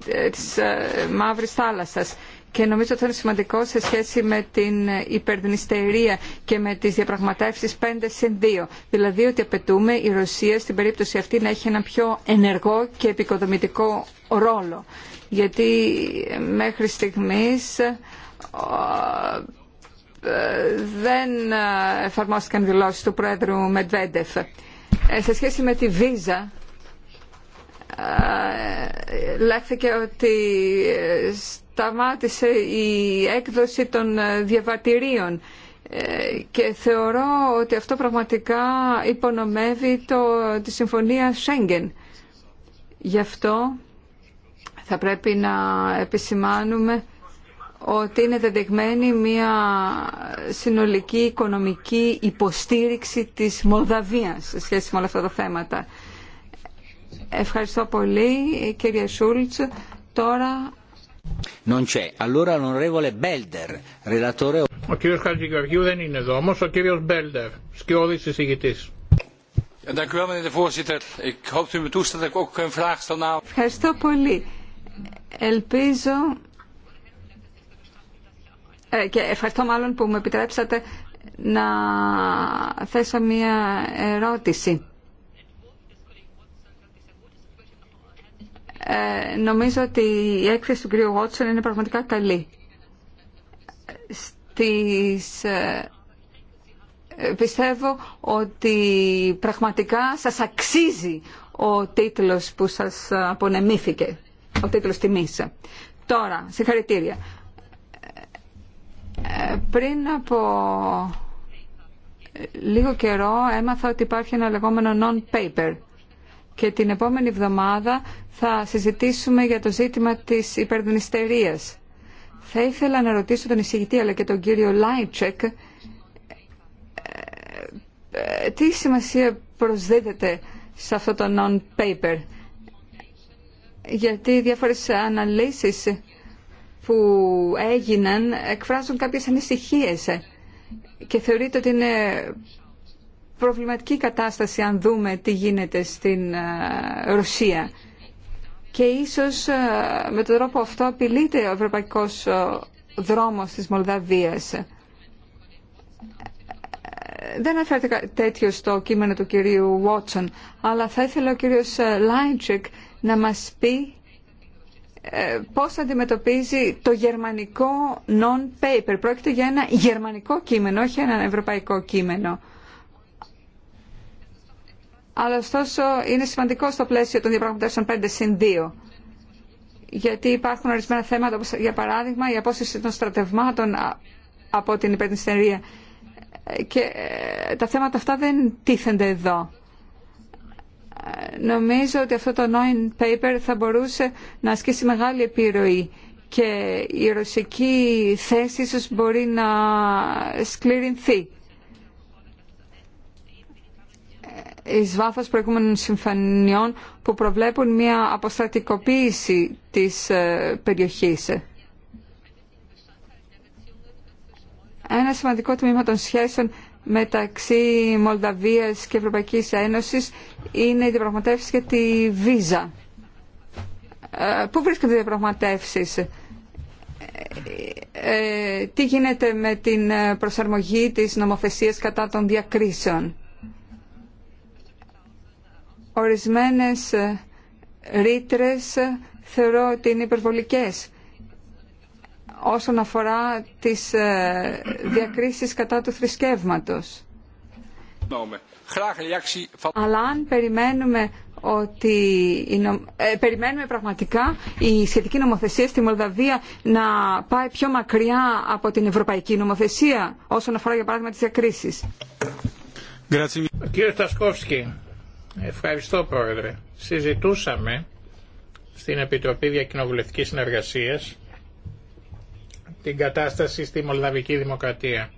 ε, της ε, Μαύρης Θάλασσας και νομίζω ότι είναι σημαντικό σε σχέση με την υπερδνηστερία και με τις διαπραγματεύσεις 5 συν 2. Δηλαδή ότι απαιτούμε η Ρωσία στην περίπτωση αυτή να έχει ένα πιο ενεργό και επικοδομητικό ρόλο. Γιατί μέχρι στιγμής ε, δεν εφαρμόστηκαν δηλώσεις του Πρόεδρου Μετβέντεφ. Ε, σε σχέση με τη Βίζα, λέχθηκε ότι ε, σταμάτησε η έκδοση των ε, διαβατηρίων ε, και θεωρώ ότι αυτό πραγματικά υπονομεύει το, τη Συμφωνία Σέγγεν. Γι' αυτό θα πρέπει να επισημάνουμε ότι είναι δεδειγμένη μια συνολική οικονομική υποστήριξη της Μολδαβίας σε σχέση με όλα αυτά τα θέματα. Ευχαριστώ πολύ, κύριε Σούλτς. Τώρα... Non c'è. Allora l'onorevole Belder, relatore... Ο κύριος Χατζηγεωργίου δεν είναι εδώ, όμως ο κύριος Μπέλτερ, σκιώδης εισηγητής. Ευχαριστώ πολύ. Ελπίζω ε, και ευχαριστώ μάλλον που μου επιτρέψατε να θέσω μία ερώτηση. Ε, νομίζω ότι η έκθεση του κ. Βότσον είναι πραγματικά καλή. Στις, ε, πιστεύω ότι πραγματικά σας αξίζει ο τίτλος που σας απονεμήθηκε, ο τίτλος τιμής. Τώρα, συγχαρητήρια. Ε, πριν από λίγο καιρό έμαθα ότι υπάρχει ένα λεγόμενο non-paper και την επόμενη εβδομάδα θα συζητήσουμε για το ζήτημα της υπερδυνιστερίας. Θα ήθελα να ρωτήσω τον εισηγητή αλλά και τον κύριο Λάιτσεκ ε, ε, τι σημασία προσδίδεται σε αυτό το non-paper γιατί οι διάφορες αναλύσεις που έγιναν εκφράζουν κάποιες ανησυχίες και θεωρείται ότι είναι προβληματική κατάσταση αν δούμε τι γίνεται στην ε, Ρωσία. Και ίσως ε, με τον τρόπο αυτό απειλείται ο ευρωπαϊκός ε, δρόμος της Μολδαβίας. Δεν αναφέρεται τέτοιο στο κείμενο του κυρίου Βότσον, αλλά θα ήθελα ο κύριος Λάιντζεκ να μας πει πώς αντιμετωπίζει το γερμανικό non-paper. Πρόκειται για ένα γερμανικό κείμενο, όχι ένα ευρωπαϊκό κείμενο αλλά ωστόσο είναι σημαντικό στο πλαίσιο των διαπραγματεύσεων 5 συν 2. Γιατί υπάρχουν ορισμένα θέματα, όπως για παράδειγμα η απόσταση των στρατευμάτων από την υπερνηστερία. Και ε, τα θέματα αυτά δεν τίθενται εδώ. Ε, νομίζω ότι αυτό το Noin Paper θα μπορούσε να ασκήσει μεγάλη επιρροή και η ρωσική θέση ίσως μπορεί να σκληρινθεί εις βάθος προηγούμενων συμφωνιών που προβλέπουν μια αποστρατικοποίηση της ε, περιοχής. Ένα σημαντικό τμήμα των σχέσεων μεταξύ Μολδαβίας και Ευρωπαϊκής Ένωσης είναι οι διαπραγματεύσει για τη Βίζα. Ε, πού βρίσκονται οι διαπραγματεύσεις, ε, τι γίνεται με την προσαρμογή της νομοθεσίας κατά των διακρίσεων. Ορισμένες ε, ρήτρε ε, θεωρώ ότι είναι υπερβολικές όσον αφορά τις ε, διακρίσεις κατά του θρησκεύματος. Αλλά αν περιμένουμε ότι περιμένουμε πραγματικά η σχετική νομοθεσία στη Μολδαβία να πάει πιο μακριά από την ευρωπαϊκή νομοθεσία όσον αφορά για παράδειγμα τις διακρίσεις. Κύριε Ευχαριστώ Πρόεδρε. Συζητούσαμε στην Επιτροπή Διακοινοβουλευτικής Συνεργασίας την κατάσταση στη Μολδαβική Δημοκρατία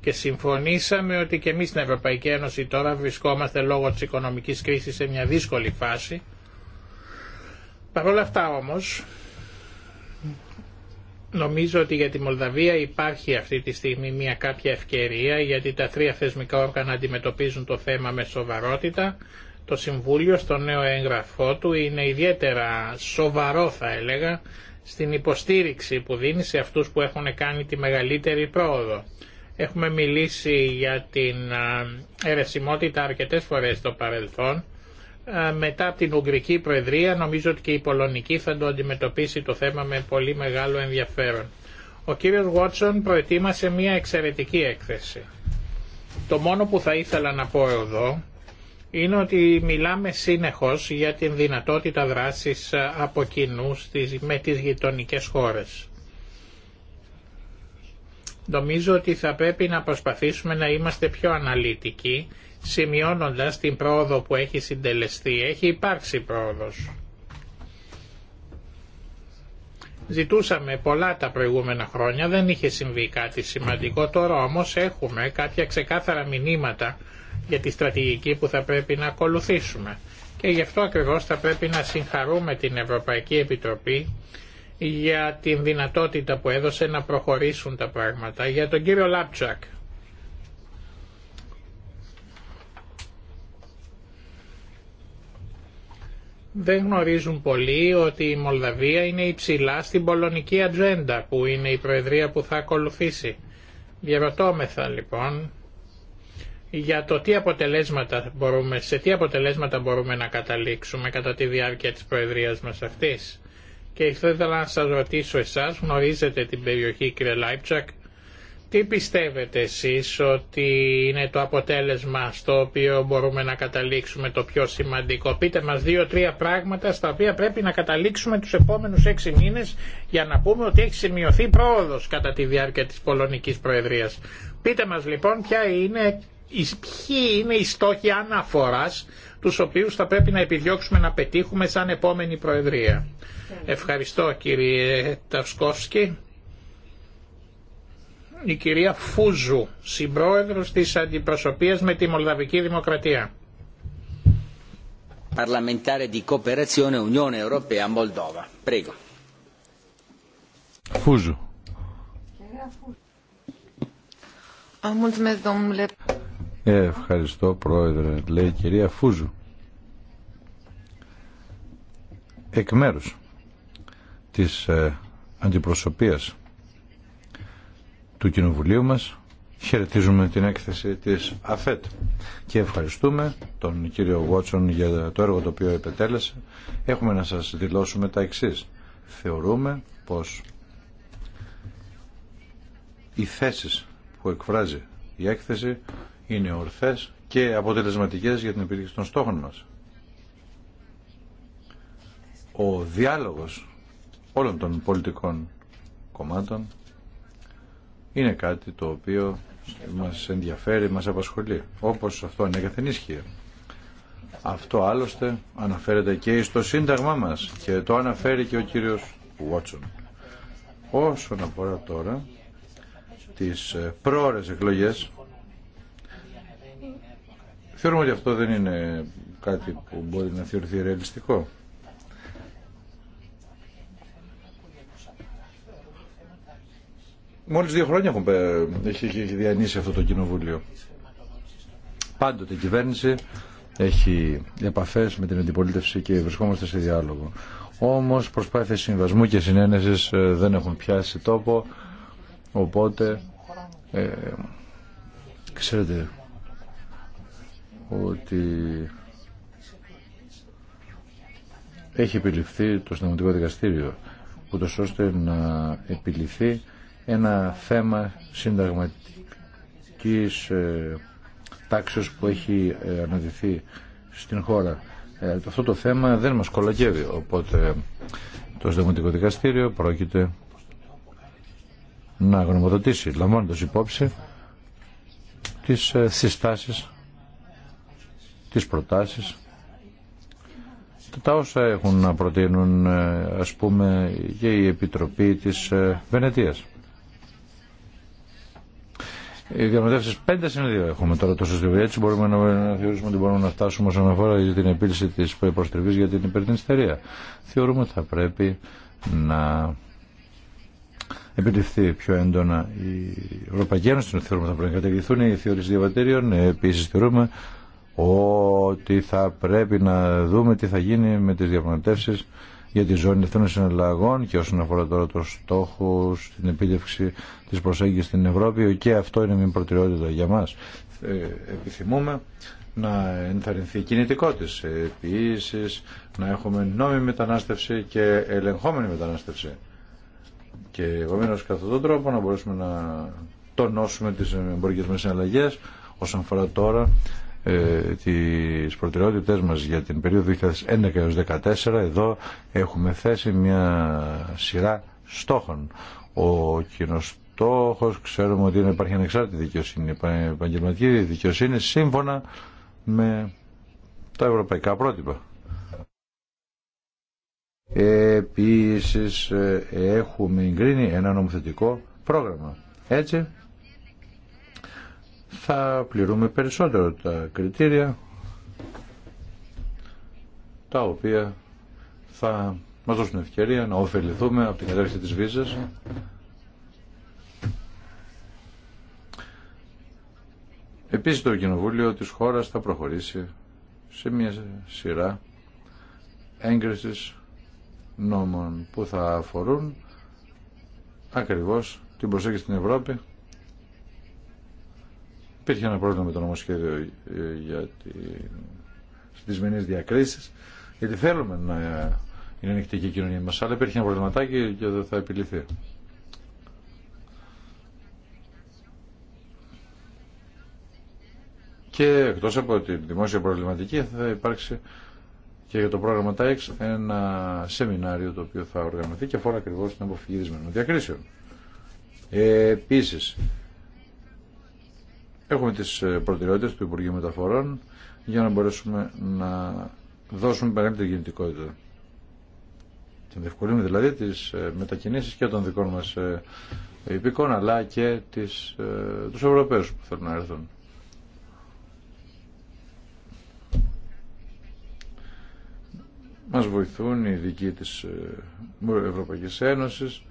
και συμφωνήσαμε ότι και εμείς στην Ευρωπαϊκή Ένωση τώρα βρισκόμαστε λόγω της οικονομικής κρίσης σε μια δύσκολη φάση. Παρ' όλα αυτά όμως νομίζω ότι για τη Μολδαβία υπάρχει αυτή τη στιγμή μια κάποια ευκαιρία γιατί τα τρία θεσμικά όργανα αντιμετωπίζουν το θέμα με σοβαρότητα το Συμβούλιο στο νέο έγγραφό του είναι ιδιαίτερα σοβαρό θα έλεγα στην υποστήριξη που δίνει σε αυτούς που έχουν κάνει τη μεγαλύτερη πρόοδο. Έχουμε μιλήσει για την αιρεσιμότητα αρκετές φορές στο παρελθόν. Μετά από την Ουγγρική Προεδρία νομίζω ότι και η Πολωνική θα το αντιμετωπίσει το θέμα με πολύ μεγάλο ενδιαφέρον. Ο κύριος Βότσον προετοίμασε μια εξαιρετική έκθεση. Το μόνο που θα ήθελα να πω εδώ είναι ότι μιλάμε συνεχώς για την δυνατότητα δράσης ε, από κοινού με τις γειτονικές χώρες. Νομίζω ότι θα πρέπει να προσπαθήσουμε να είμαστε πιο αναλυτικοί, σημειώνοντας την πρόοδο που έχει συντελεστεί. Έχει υπάρξει πρόοδος. Ζητούσαμε πολλά τα προηγούμενα χρόνια, δεν είχε συμβεί κάτι σημαντικό, τώρα όμως έχουμε κάποια ξεκάθαρα μηνύματα για τη στρατηγική που θα πρέπει να ακολουθήσουμε. Και γι' αυτό ακριβώς θα πρέπει να συγχαρούμε την Ευρωπαϊκή Επιτροπή για την δυνατότητα που έδωσε να προχωρήσουν τα πράγματα. Για τον κύριο Λάπτσακ. Δεν γνωρίζουν πολύ ότι η Μολδαβία είναι υψηλά στην πολωνική ατζέντα που είναι η προεδρία που θα ακολουθήσει. Διαρωτώμεθα λοιπόν για το τι αποτελέσματα μπορούμε, σε τι αποτελέσματα μπορούμε να καταλήξουμε κατά τη διάρκεια της προεδρίας μας αυτής. Και θα ήθελα να σας ρωτήσω εσάς, γνωρίζετε την περιοχή κύριε Λάιπτσακ, τι πιστεύετε εσείς ότι είναι το αποτέλεσμα στο οποίο μπορούμε να καταλήξουμε το πιο σημαντικό. Πείτε μας δύο-τρία πράγματα στα οποία πρέπει να καταλήξουμε τους επόμενους έξι μήνες για να πούμε ότι έχει σημειωθεί πρόοδος κατά τη διάρκεια της Πολωνικής Προεδρίας. Πείτε μας λοιπόν ποια είναι ποιοι είναι οι στόχοι αναφοράς τους οποίους θα πρέπει να επιδιώξουμε να πετύχουμε σαν επόμενη Προεδρία. Ευχαριστώ κύριε Ταυσκόφσκι. Η κυρία Φούζου, συμπρόεδρος της Αντιπροσωπείας με τη Μολδαβική Δημοκρατία. Φούζου. Ευχαριστώ πρόεδρε, λέει η κυρία Φούζου. Εκ μέρους της ε, αντιπροσωπείας του Κοινοβουλίου μας χαιρετίζουμε την έκθεση της ΑΦΕΤ και ευχαριστούμε τον κύριο Βότσον για το έργο το οποίο επετέλεσε. Έχουμε να σας δηλώσουμε τα εξής. Θεωρούμε πως οι θέσεις που εκφράζει η έκθεση είναι ορθές και αποτελεσματικές για την επίτευξη των στόχων μας. Ο διάλογος όλων των πολιτικών κομμάτων είναι κάτι το οποίο μας ενδιαφέρει, μας απασχολεί, όπως αυτό ανέκαθεν ίσχυε. Αυτό άλλωστε αναφέρεται και στο σύνταγμά μας και το αναφέρει και ο κύριος Βότσον. Όσον αφορά τώρα τις ε, πρόορες εκλογές Θεωρούμε ότι αυτό δεν είναι κάτι που μπορεί να θεωρηθεί ρεαλιστικό. Μόλις δύο χρόνια έχουν, έχει, διανύσει αυτό το κοινοβούλιο. Πάντοτε η κυβέρνηση έχει επαφές με την αντιπολίτευση και βρισκόμαστε σε διάλογο. Όμως προσπάθειες συμβασμού και συνένεσης ε, δεν έχουν πιάσει τόπο, οπότε ε, ξέρετε ότι έχει επιληφθεί το συνταγματικό δικαστήριο ούτως ώστε να επιληφθεί ένα θέμα συνταγματικής ε, τάξης που έχει ε, αναδειθεί στην χώρα. Ε, αυτό το θέμα δεν μας κολακεύει, οπότε το συνταγματικό δικαστήριο πρόκειται να γνωμοδοτήσει λαμβάνοντας υπόψη τις συστάσεις τις προτάσεις τα όσα έχουν να προτείνουν ε, ας πούμε και η Επιτροπή της ε, Βενετίας. Οι διαμετεύσεις πέντε συν έχουμε τώρα το στιγμή Έτσι μπορούμε να, θεωρήσουμε ότι μπορούμε να φτάσουμε όσον αφορά για την επίλυση της προστριβή για την υπερτινιστερία. Θεωρούμε ότι θα πρέπει να επιτευχθεί πιο έντονα η Ευρωπαϊκή Ένωση. Θεωρούμε ότι θα πρέπει να καταργηθούν οι θεωρίε διαβατήριων. Ε, Επίση θεωρούμε ότι θα πρέπει να δούμε τι θα γίνει με τις διαπραγματεύσει για τη ζώνη ευθύνων συναλλαγών και όσον αφορά τώρα το στόχο στην επίτευξη της προσέγγισης στην Ευρώπη και αυτό είναι μια προτεραιότητα για μας. Ε, επιθυμούμε να ενθαρρυνθεί η κινητικό της επίσης, να έχουμε νόμιμη μετανάστευση και ελεγχόμενη μετανάστευση. Και επομένω κατά τον τρόπο να μπορέσουμε να τονώσουμε τις εμπορικές μας συναλλαγές όσον αφορά τώρα ε, τις προτεραιότητες μας για την περίοδο 2011 2014 εδώ έχουμε θέσει μια σειρά στόχων ο κοινό στόχος ξέρουμε ότι υπάρχει ανεξάρτητη δικαιοσύνη επαγγελματική δικαιοσύνη σύμφωνα με τα ευρωπαϊκά πρότυπα Επίσης ε, έχουμε εγκρίνει ένα νομοθετικό πρόγραμμα έτσι θα πληρούμε περισσότερο τα κριτήρια τα οποία θα μας δώσουν ευκαιρία να ωφεληθούμε από την κατεύθυνση της βίζας Επίσης το Κοινοβούλιο της χώρας θα προχωρήσει σε μια σειρά έγκρισης νόμων που θα αφορούν ακριβώς την προσέγγιση στην Ευρώπη Υπήρχε ένα πρόβλημα με το νομοσχέδιο ε, για τι μηνύες διακρίσεις, γιατί θέλουμε να είναι ανοιχτική η κοινωνία μας, αλλά υπήρχε ένα προβληματάκι και δεν θα επιληθεί. Και εκτός από τη δημόσια προβληματική θα υπάρξει και για το πρόγραμμα TAEX ένα σεμινάριο το οποίο θα οργανωθεί και αφορά ακριβώ την αποφυγή δυσμένων διακρίσεων. Ε, επίσης, Έχουμε τις ε, προτεραιότητες του Υπουργείου Μεταφορών για να μπορέσουμε να δώσουμε μεγαλύτερη κινητικότητα. Να διευκολύνουμε δηλαδή τις ε, μετακινήσεις και των δικών μας ε, υπηκών αλλά και τις, τους Ευρωπαίους που θέλουν να έρθουν. Μας βοηθούν οι ειδικοί της Ευρωπαϊκής Ένωσης.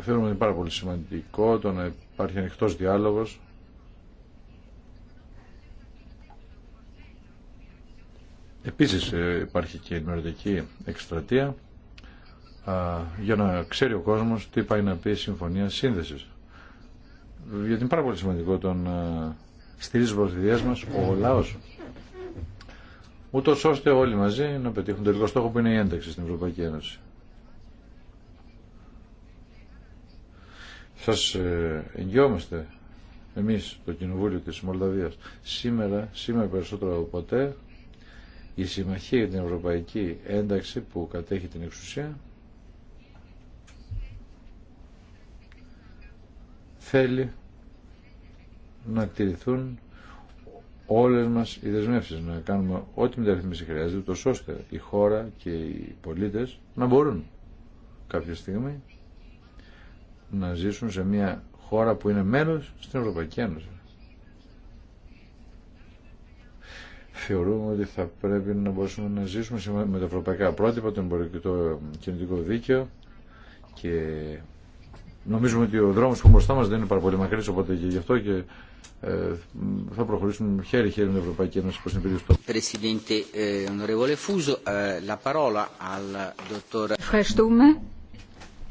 Θεωρούμε ότι είναι πάρα πολύ σημαντικό το να υπάρχει ανοιχτός διάλογος Επίσης ε, υπάρχει και η ενημερωτική εκστρατεία για να ξέρει ο κόσμος τι πάει να πει η Συμφωνία Σύνδεσης. Γιατί είναι πάρα πολύ σημαντικό το να στηρίζει τις μας ο λαός. Ούτως ώστε όλοι μαζί να πετύχουν τελικό στόχο που είναι η ένταξη στην Ευρωπαϊκή Ένωση. Σας ε, εγγυόμαστε εμείς το Κοινοβούλιο της Μολδαβίας σήμερα, σήμερα περισσότερο από ποτέ η συμμαχία για την ευρωπαϊκή ένταξη που κατέχει την εξουσία θέλει να τηρηθούν όλες μας οι δεσμεύσεις, να κάνουμε ό,τι μεταρρυθμίσει χρειάζεται, τόσο ώστε η χώρα και οι πολίτες να μπορούν κάποια στιγμή να ζήσουν σε μια χώρα που είναι μέλος στην Ευρωπαϊκή Ένωση. θεωρούμε ότι θα πρέπει να μπορούμε να ζήσουμε με τα ευρωπαϊκά πρότυπα, το εμπορικό κινητικό δίκαιο και νομίζουμε ότι ο δρόμος που μπροστά μας δεν είναι πάρα πολύ μακρύς, οπότε και γι' αυτό και ε, θα προχωρήσουμε χέρι-χέρι με την Ευρωπαϊκή Ένωση προς την περίπτωση. Eh, eh, Ευχαριστούμε.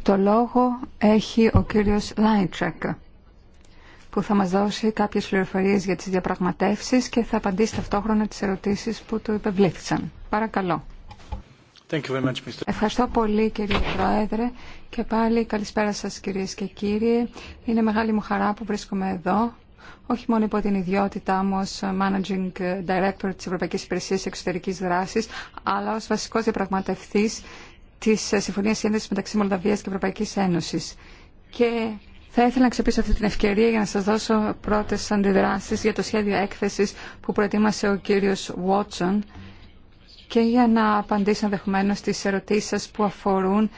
Το λόγο έχει ο κύριος Λάιτσακ που θα μας δώσει κάποιες πληροφορίες για τις διαπραγματεύσεις και θα απαντήσει ταυτόχρονα τις ερωτήσεις που του υπευλήθησαν. Παρακαλώ. Thank you very much, Mr. Ευχαριστώ πολύ κύριε Πρόεδρε και πάλι καλησπέρα σας κυρίες και κύριοι. Είναι μεγάλη μου χαρά που βρίσκομαι εδώ όχι μόνο υπό την ιδιότητά μου ως Managing Director της Ευρωπαϊκής Υπηρεσίας Εξωτερικής Δράσης, αλλά ως βασικός διαπραγματευτής της Συμφωνίας Σύνδεσης μεταξύ Μολδαβίας και Ευρωπαϊκής Ένωσης. Και θα ήθελα να ξεπίσω αυτή την ευκαιρία για να σας δώσω πρώτες αντιδράσεις για το σχέδιο έκθεσης που προετοίμασε ο κύριος Βότσον και για να απαντήσω ενδεχομένω στις ερωτήσεις σας που αφορούν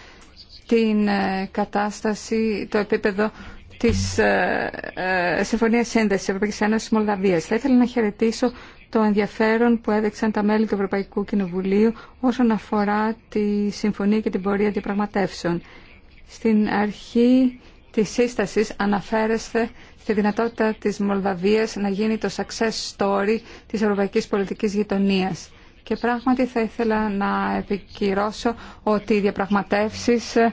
την ε, κατάσταση, το επίπεδο της συμφωνία ε, ε, Συμφωνίας Σύνδεσης Ευρωπαϊκής Ένωσης Μολδαβίας. Θα ήθελα να χαιρετήσω το ενδιαφέρον που έδειξαν τα μέλη του Ευρωπαϊκού Κοινοβουλίου όσον αφορά τη Συμφωνία και την πορεία διαπραγματεύσεων. Στην αρχή Τη σύσταση αναφέρεστε στη δυνατότητα της Μολδαβίας να γίνει το success story της Ευρωπαϊκή πολιτικής γειτονία. Και πράγματι θα ήθελα να επικυρώσω ότι οι διαπραγματεύσεις ε,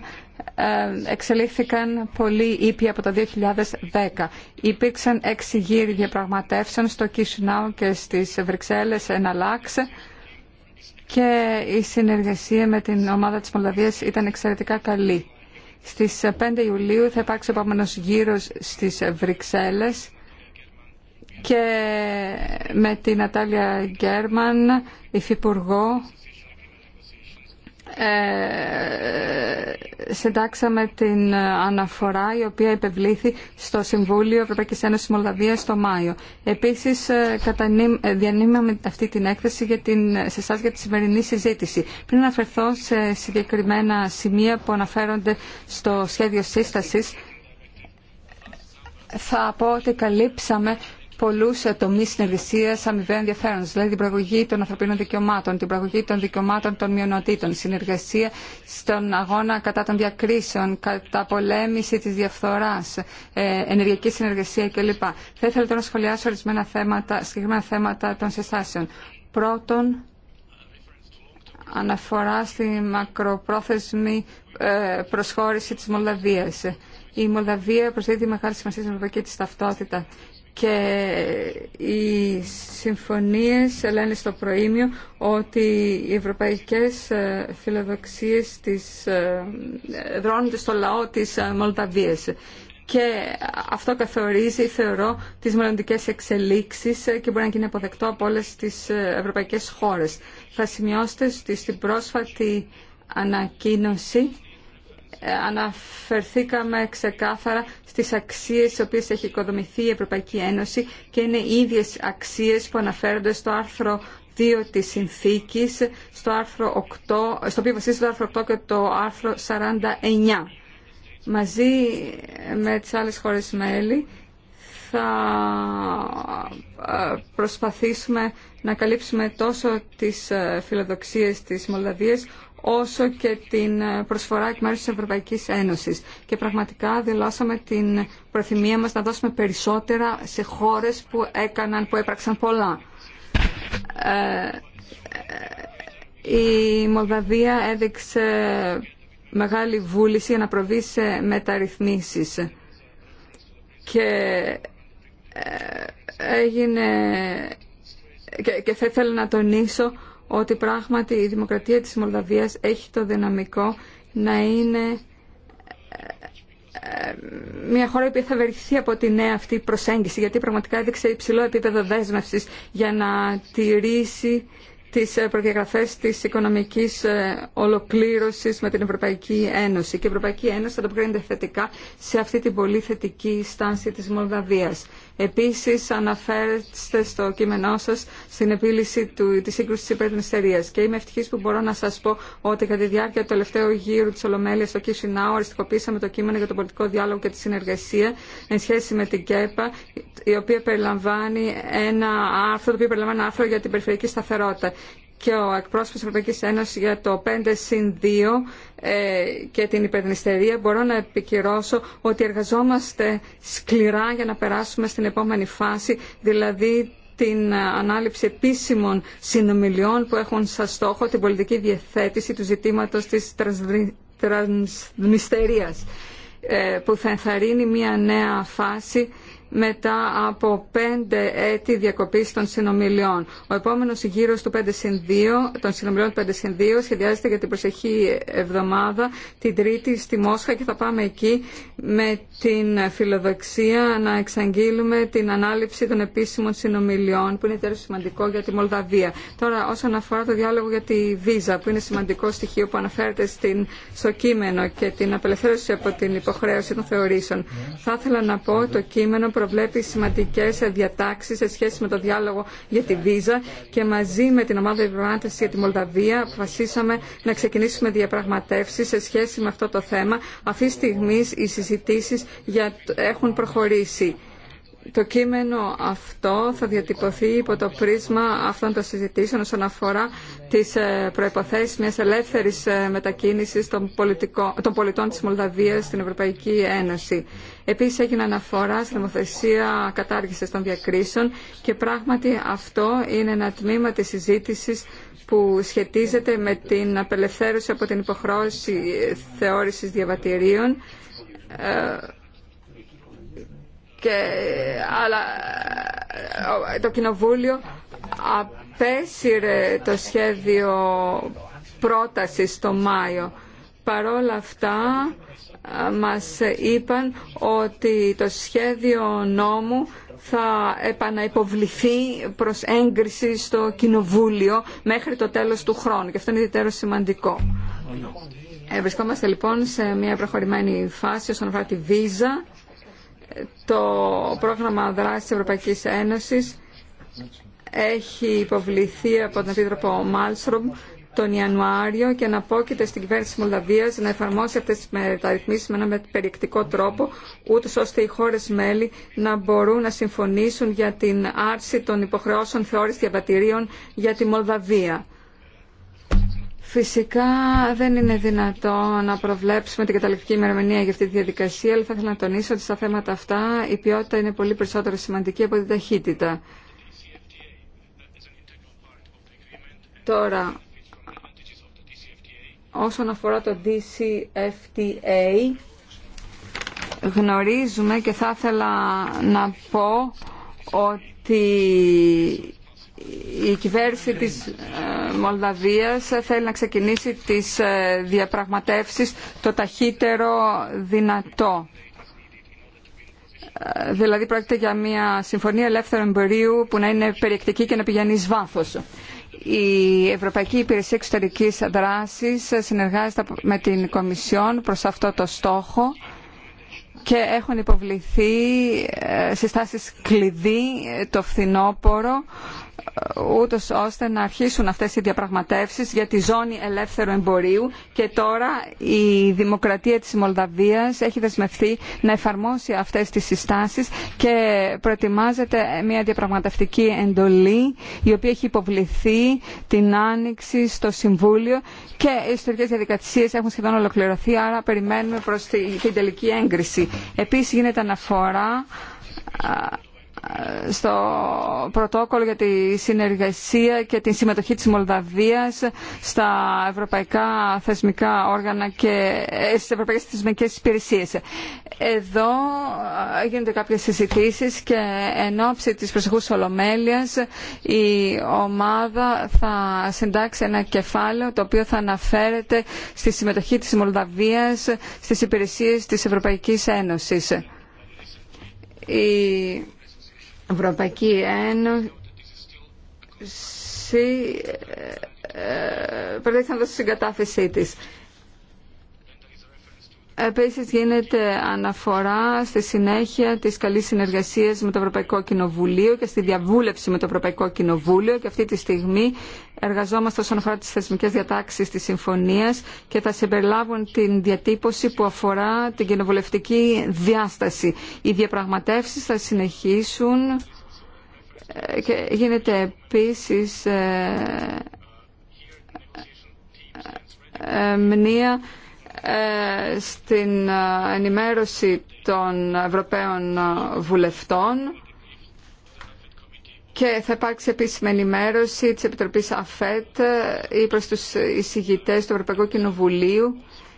εξελίχθηκαν πολύ ήπια από το 2010. Υπήρξαν έξι γύροι διαπραγματεύσεων στο Κισινάου και στις Βρυξέλλες Αλλάξ, και η συνεργασία με την ομάδα της Μολδαβίας ήταν εξαιρετικά καλή. Στις 5 Ιουλίου θα υπάρξει ο επόμενος γύρος στις Βρυξέλλες και με την Ατάλια Γκέρμαν, υφυπουργό ε, συντάξαμε την αναφορά η οποία υπευλήθη στο Συμβούλιο Ευρωπαϊκής Ένωσης Μολδαβίας το Μάιο. Επίσης ε, ε, διανύμαμε αυτή την έκθεση για την, σε εσά για τη σημερινή συζήτηση. Πριν αναφερθώ σε συγκεκριμένα σημεία που αναφέρονται στο σχέδιο σύστασης, θα πω ότι καλύψαμε Πολλού τομεί συνεργασία, αμοιβαία ενδιαφέροντο. δηλαδή την πραγωγή των ανθρωπίνων δικαιωμάτων, την πραγωγή των δικαιωμάτων των μειονοτήτων, συνεργασία στον αγώνα κατά των διακρίσεων, κατά πολέμηση τη διαφθορά, ε, ενεργειακή συνεργασία κλπ. Θα ήθελα τώρα να σχολιάσω ορισμένα θέματα, συγκεκριμένα θέματα των συστάσεων. Πρώτον, αναφορά στη μακροπρόθεσμη ε, προσχώρηση της Μολδαβίας. Η Μολδαβία προσδίδει μεγάλη σημασία στην ευρωπαϊκή τη ταυτότητα και οι συμφωνίες λένε στο προήμιο ότι οι ευρωπαϊκές ε, φιλοδοξίες της, ε, δρώνονται στο λαό της ε, Μολδαβίας και αυτό καθορίζει, θεωρώ, τις μελλοντικέ εξελίξεις και μπορεί να γίνει αποδεκτό από όλες τις ευρωπαϊκές χώρες. Θα σημειώσετε στην πρόσφατη ανακοίνωση ε, αναφερθήκαμε ξεκάθαρα στις αξίες στις οποίες έχει οικοδομηθεί η Ευρωπαϊκή Ένωση και είναι οι ίδιες αξίες που αναφέρονται στο άρθρο 2 της συνθήκης, στο, άρθρο 8, στο οποίο βασίζεται το άρθρο 8 και το άρθρο 49. Μαζί με τις άλλες χώρες μέλη θα ε, προσπαθήσουμε να καλύψουμε τόσο τις ε, φιλοδοξίες της Μολδαβίας όσο και την προσφορά εκ μέρους της Ευρωπαϊκής Ένωσης. Και πραγματικά δηλώσαμε την προθυμία μας να δώσουμε περισσότερα σε χώρες που έκαναν, που έπραξαν πολλά. Ε, ε, η Μολδαβία έδειξε μεγάλη βούληση για να προβεί σε μεταρρυθμίσεις και ε, έγινε και θα ήθελα να τονίσω ότι πράγματι η δημοκρατία της Μολδαβίας έχει το δυναμικό να είναι ε, ε, μια χώρα που θα βερθεί από τη νέα αυτή προσέγγιση γιατί πραγματικά έδειξε υψηλό επίπεδο δέσμευσης για να τηρήσει τις ε, προδιαγραφές της οικονομικής ολοκλήρωσης με την Ευρωπαϊκή Ένωση. Και η Ευρωπαϊκή Ένωση θα το θετικά σε αυτή την πολύ θετική στάση της Μολδαβίας. Επίσης αναφέρεστε στο κείμενό σας στην επίλυση του, της σύγκρουσης υπέρ της Και είμαι ευτυχής που μπορώ να σας πω ότι κατά τη διάρκεια του τελευταίου γύρου της Ολομέλειας στο Κισινάου αριστικοποίησαμε το κείμενο για τον πολιτικό διάλογο και τη συνεργασία εν σχέση με την ΚΕΠΑ, η οποία περιλαμβάνει ένα άρθρο, το οποίο περιλαμβάνει ένα άρθρο για την περιφερειακή σταθερότητα και ο εκπρόσωπος της Ευρωπαϊκής Ένωσης για το 5 συν 2 ε, και την υπερνηστερία μπορώ να επικυρώσω ότι εργαζόμαστε σκληρά για να περάσουμε στην επόμενη φάση, δηλαδή την ανάληψη επίσημων συνομιλιών που έχουν σαν στόχο την πολιτική διαθέτηση του ζητήματος της τρανσμυστερίας ε, που θα ενθαρρύνει μια νέα φάση μετά από πέντε έτη διακοπής των συνομιλιών. Ο επόμενος γύρος του των συνομιλιών του 5 συν 2 σχεδιάζεται για την προσεχή εβδομάδα, την Τρίτη στη Μόσχα και θα πάμε εκεί με την φιλοδοξία να εξαγγείλουμε την ανάληψη των επίσημων συνομιλιών που είναι τέλος σημαντικό για τη Μολδαβία. Τώρα όσον αφορά το διάλογο για τη Βίζα που είναι σημαντικό στοιχείο που αναφέρεται στην, στο κείμενο και την απελευθέρωση από την υποχρέωση των θεωρήσεων. Θα ήθελα να πω το κείμενο προβλέπει σημαντικέ διατάξει σε σχέση με το διάλογο για τη Βίζα και μαζί με την ομάδα διαπραγμάτευση για τη Μολδαβία αποφασίσαμε να ξεκινήσουμε διαπραγματεύσεις σε σχέση με αυτό το θέμα. Αυτή τη στιγμή οι συζητήσει έχουν προχωρήσει το κείμενο αυτό θα διατυπωθεί υπό το πρίσμα αυτών των συζητήσεων όσον αφορά τις ε, προϋποθέσεις μιας ελεύθερης ε, μετακίνησης των, πολιτών της Μολδαβίας στην Ευρωπαϊκή Ένωση. Επίσης έγινε αναφορά στην νομοθεσία κατάργησης των διακρίσεων και πράγματι αυτό είναι ένα τμήμα της συζήτησης που σχετίζεται με την απελευθέρωση από την υποχρέωση θεώρησης διαβατηρίων ε, και, αλλά ε, το Κοινοβούλιο απέσυρε το σχέδιο πρόταση το Μάιο. Παρόλα αυτά ε, μας είπαν ότι το σχέδιο νόμου θα επαναυποβληθεί προς έγκριση στο Κοινοβούλιο μέχρι το τέλος του χρόνου και αυτό είναι ιδιαίτερο σημαντικό. Ε, βρισκόμαστε λοιπόν σε μια προχωρημένη φάση όσον αφορά τη βίζα το πρόγραμμα δράσης της Ευρωπαϊκής Ένωσης έχει υποβληθεί από τον Επίτροπο Μάλστρομ τον Ιανουάριο και αναπόκειται στην κυβέρνηση της Μολδαβίας να εφαρμόσει αυτές τις μεταρρυθμίσεις με ένα περιεκτικό τρόπο, ούτω ώστε οι χώρες μέλη να μπορούν να συμφωνήσουν για την άρση των υποχρεώσεων θεώρησης διαβατηρίων για τη Μολδαβία. Φυσικά δεν είναι δυνατό να προβλέψουμε την καταληκτική ημερομηνία για αυτή τη διαδικασία, αλλά θα ήθελα να τονίσω ότι στα θέματα αυτά η ποιότητα είναι πολύ περισσότερο σημαντική από την ταχύτητα. Τώρα, όσον αφορά το DCFTA, γνωρίζουμε και θα ήθελα να πω ότι η κυβέρνηση της ε, Μολδαβίας θέλει να ξεκινήσει τις ε, διαπραγματεύσεις το ταχύτερο δυνατό. Ε, δηλαδή πρόκειται για μια συμφωνία ελεύθερου εμπορίου που να είναι περιεκτική και να πηγαίνει εις Η Ευρωπαϊκή Υπηρεσία Εξωτερικής Δράσης συνεργάζεται με την Κομισιόν προς αυτό το στόχο και έχουν υποβληθεί συστάσεις κλειδί το φθινόπωρο ούτως ώστε να αρχίσουν αυτές οι διαπραγματεύσεις για τη ζώνη ελεύθερου εμπορίου και τώρα η Δημοκρατία της Μολδαβίας έχει δεσμευθεί να εφαρμόσει αυτές τις συστάσεις και προετοιμάζεται μια διαπραγματευτική εντολή η οποία έχει υποβληθεί την Άνοιξη στο Συμβούλιο και οι ιστορικές διαδικασίες έχουν σχεδόν ολοκληρωθεί άρα περιμένουμε προ την τελική έγκριση. Επίσης γίνεται αναφορά στο πρωτόκολλο για τη συνεργασία και τη συμμετοχή της Μολδαβίας στα ευρωπαϊκά θεσμικά όργανα και ε, στις ευρωπαϊκές θεσμικές υπηρεσίες. Εδώ ε, γίνονται κάποιες συζητήσεις και εν ώψη της προσεχούς ολομέλειας η ομάδα θα συντάξει ένα κεφάλαιο το οποίο θα αναφέρεται στη συμμετοχή της Μολδαβίας στις υπηρεσίες της Ευρωπαϊκής Ένωσης. Ευρωπαϊκή Ένωση ε, ε, προέρχεται στην κατάθεσή της. Επίσης γίνεται αναφορά στη συνέχεια της καλής συνεργασίας με το Ευρωπαϊκό Κοινοβουλίο και στη διαβούλευση με το Ευρωπαϊκό Κοινοβούλιο και αυτή τη στιγμή εργαζόμαστε όσον αφορά τις θεσμικές διατάξεις της συμφωνίας και θα συμπεριλάβουν την διατύπωση που αφορά την κοινοβουλευτική διάσταση. Οι διαπραγματεύσεις θα συνεχίσουν ε, και γίνεται επίσης ε, ε, μνήμα ε, στην ε, ενημέρωση των Ευρωπαίων Βουλευτών και θα υπάρξει επίσημη ενημέρωση της Επιτροπής ΑΦΕΤ ε, ή προς τους εισηγητές του Ευρωπαϊκού Κοινοβουλίου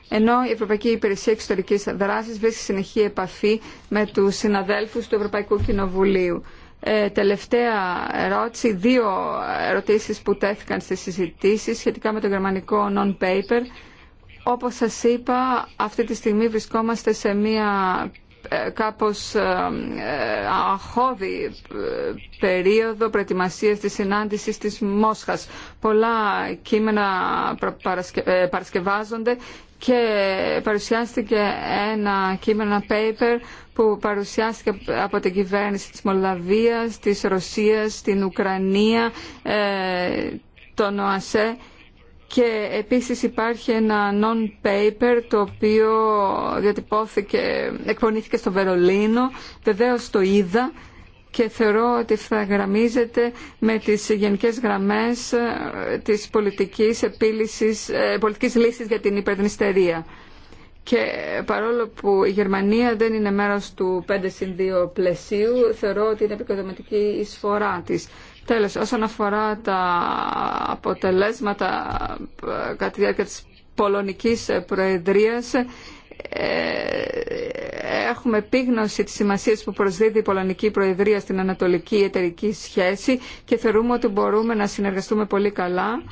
ενώ η Ευρωπαϊκή Υπηρεσία Εξωτερικής Δράσης βρίσκει συνεχή επαφή με τους συναδέλφους του Ευρωπαϊκού Κοινοβουλίου. τελευταία ερώτηση, δύο ερωτήσεις που τέθηκαν στις συζητήσεις σχετικά με το γερμανικό non-paper όπως σας είπα, αυτή τη στιγμή βρισκόμαστε σε μία ε, κάπως ε, ε, αχώδη περίοδο προετοιμασίας της συνάντησης της Μόσχας. Πολλά κείμενα παρασκευάζονται και παρουσιάστηκε ένα κείμενο, ένα paper που παρουσιάστηκε από την κυβέρνηση της Μολδαβίας, της Ρωσίας, την Ουκρανία, τον ΟΑΣΕ και επίσης υπάρχει ένα non-paper το οποίο διατυπώθηκε, εκπονήθηκε στο Βερολίνο, βεβαίω το είδα και θεωρώ ότι θα γραμμίζεται με τις γενικές γραμμές ε, της πολιτικής, επίλυσης, ε, πολιτικής λύσης για την υπερδνηστερία. Και παρόλο που η Γερμανία δεν είναι μέρος του 5 2 πλαισίου, θεωρώ ότι είναι επικοδομητική εισφορά της. Τέλος, όσον αφορά τα αποτελέσματα ε, κατά τη διάρκεια της Πολωνικής ε, Προεδρίας, ε, έχουμε επίγνωση της σημασίας που προσδίδει η Πολωνική Προεδρία στην Ανατολική Εταιρική Σχέση και θεωρούμε ότι μπορούμε να συνεργαστούμε πολύ καλά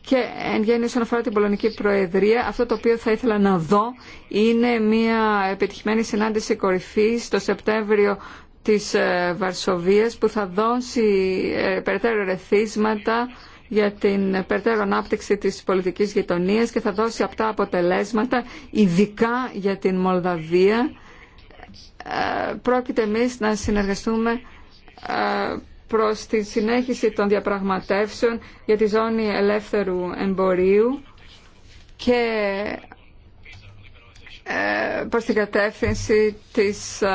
και εν γέννη όσον αφορά την Πολωνική Προεδρία, αυτό το οποίο θα ήθελα να δω είναι μια επιτυχημένη συνάντηση κορυφής το Σεπτέμβριο της ε, Βαρσοβίας που θα δώσει ε, περαιτέρω ρεθίσματα για την περαιτέρω ανάπτυξη της πολιτικής γειτονίας και θα δώσει αυτά αποτελέσματα ειδικά για την Μολδαβία. Ε, πρόκειται εμεί να συνεργαστούμε προς τη συνέχιση των διαπραγματεύσεων για τη ζώνη ελεύθερου εμπορίου και ε, προς την κατεύθυνση της, ε,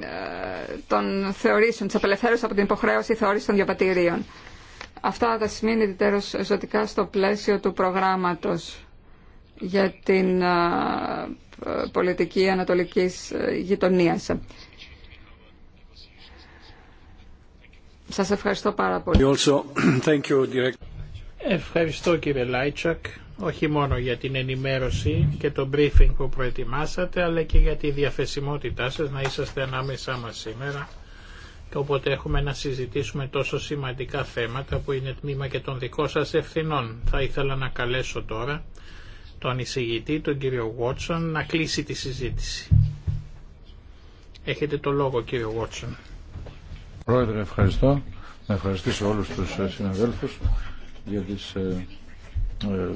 ε, των θεωρήσεων, της απελευθέρωσης από την υποχρέωση θεώρηση των διαπατηρίων. Αυτά θα σημεία είναι ιδιαίτερως ζωτικά στο πλαίσιο του προγράμματος για την πολιτική ανατολικής γειτονίας. Σας ευχαριστώ πάρα πολύ. Ευχαριστώ κύριε Λάιτσακ όχι μόνο για την ενημέρωση και το briefing που προετοιμάσατε, αλλά και για τη διαθεσιμότητά σας να είσαστε ανάμεσά μας σήμερα και οπότε έχουμε να συζητήσουμε τόσο σημαντικά θέματα που είναι τμήμα και των δικών σας ευθυνών. Θα ήθελα να καλέσω τώρα τον εισηγητή, τον κύριο Βότσον, να κλείσει τη συζήτηση. Έχετε το λόγο κύριο Βότσον. Πρόεδρε, ευχαριστώ. Να ευχαριστήσω όλους τους συναδέλφους για τις ε, ε, ε,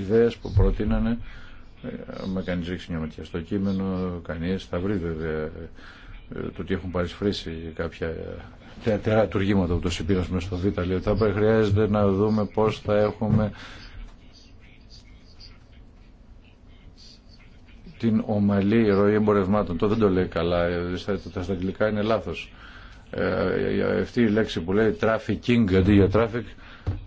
ιδέες που προτείνανε με κανείς ρίξει μια ματιά στο κείμενο κανείς θα βρει βέβαια ε, το ότι έχουν παρισφρήσει κάποια τεράτουργήματα τουργήματα που το συμπήρασμε στο Β' θα χρειάζεται να δούμε πώς θα έχουμε την ομαλή ροή εμπορευμάτων. Το δεν το λέει καλά, τα στα αγγλικά είναι λάθος. Ε, αυτή η λέξη που λέει trafficking αντί για traffic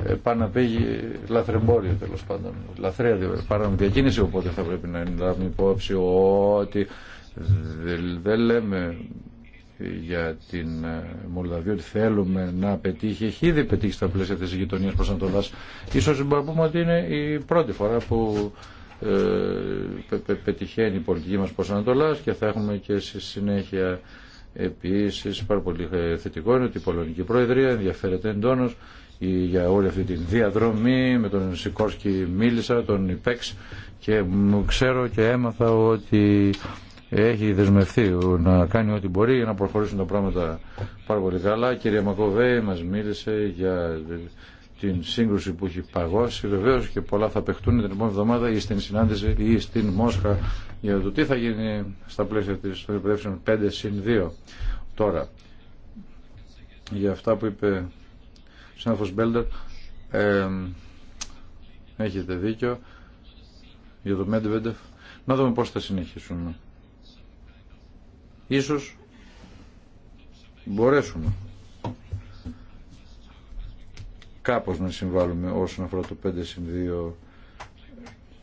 ε, πάνε να πήγει λαθρεμπόριο τέλο πάντων. Λαθρέα παράνομη διακίνηση. Οπότε θα πρέπει να λάβουμε υπόψη ότι δεν λέμε για την ε, Μολδαβία ότι θέλουμε να πετύχει. Έχει ήδη πετύχει στα πλαίσια τη γειτονία προ Ανατολά. σω μπορούμε να πούμε ότι είναι η πρώτη φορά που ε, πετυχαίνει η πολιτική μας προς Ανατολάς και θα έχουμε και στη συνέχεια επίσης πάρα πολύ θετικό είναι ότι η Πολωνική Προεδρία ενδιαφέρεται εντόνως για όλη αυτή τη διαδρομή με τον Σικόρσκι μίλησα, τον Ιπέξ και μου ξέρω και έμαθα ότι έχει δεσμευθεί να κάνει ό,τι μπορεί για να προχωρήσουν τα πράγματα πάρα πολύ καλά. Κυρία Μακοβέη μας μίλησε για την σύγκρουση που έχει παγώσει βεβαίως και πολλά θα παιχτούν την επόμενη εβδομάδα ή στην συνάντηση ή στην Μόσχα για το τι θα γίνει στα πλαίσια της των 5 συν 2 τώρα για αυτά που είπε Συνάδελφος Μπέλντερ, ε, έχετε δίκιο για το Μέντεβεντεφ. Να δούμε πώς θα συνεχίσουμε. Ίσως μπορέσουμε κάπως να συμβάλλουμε όσον αφορά το 5 2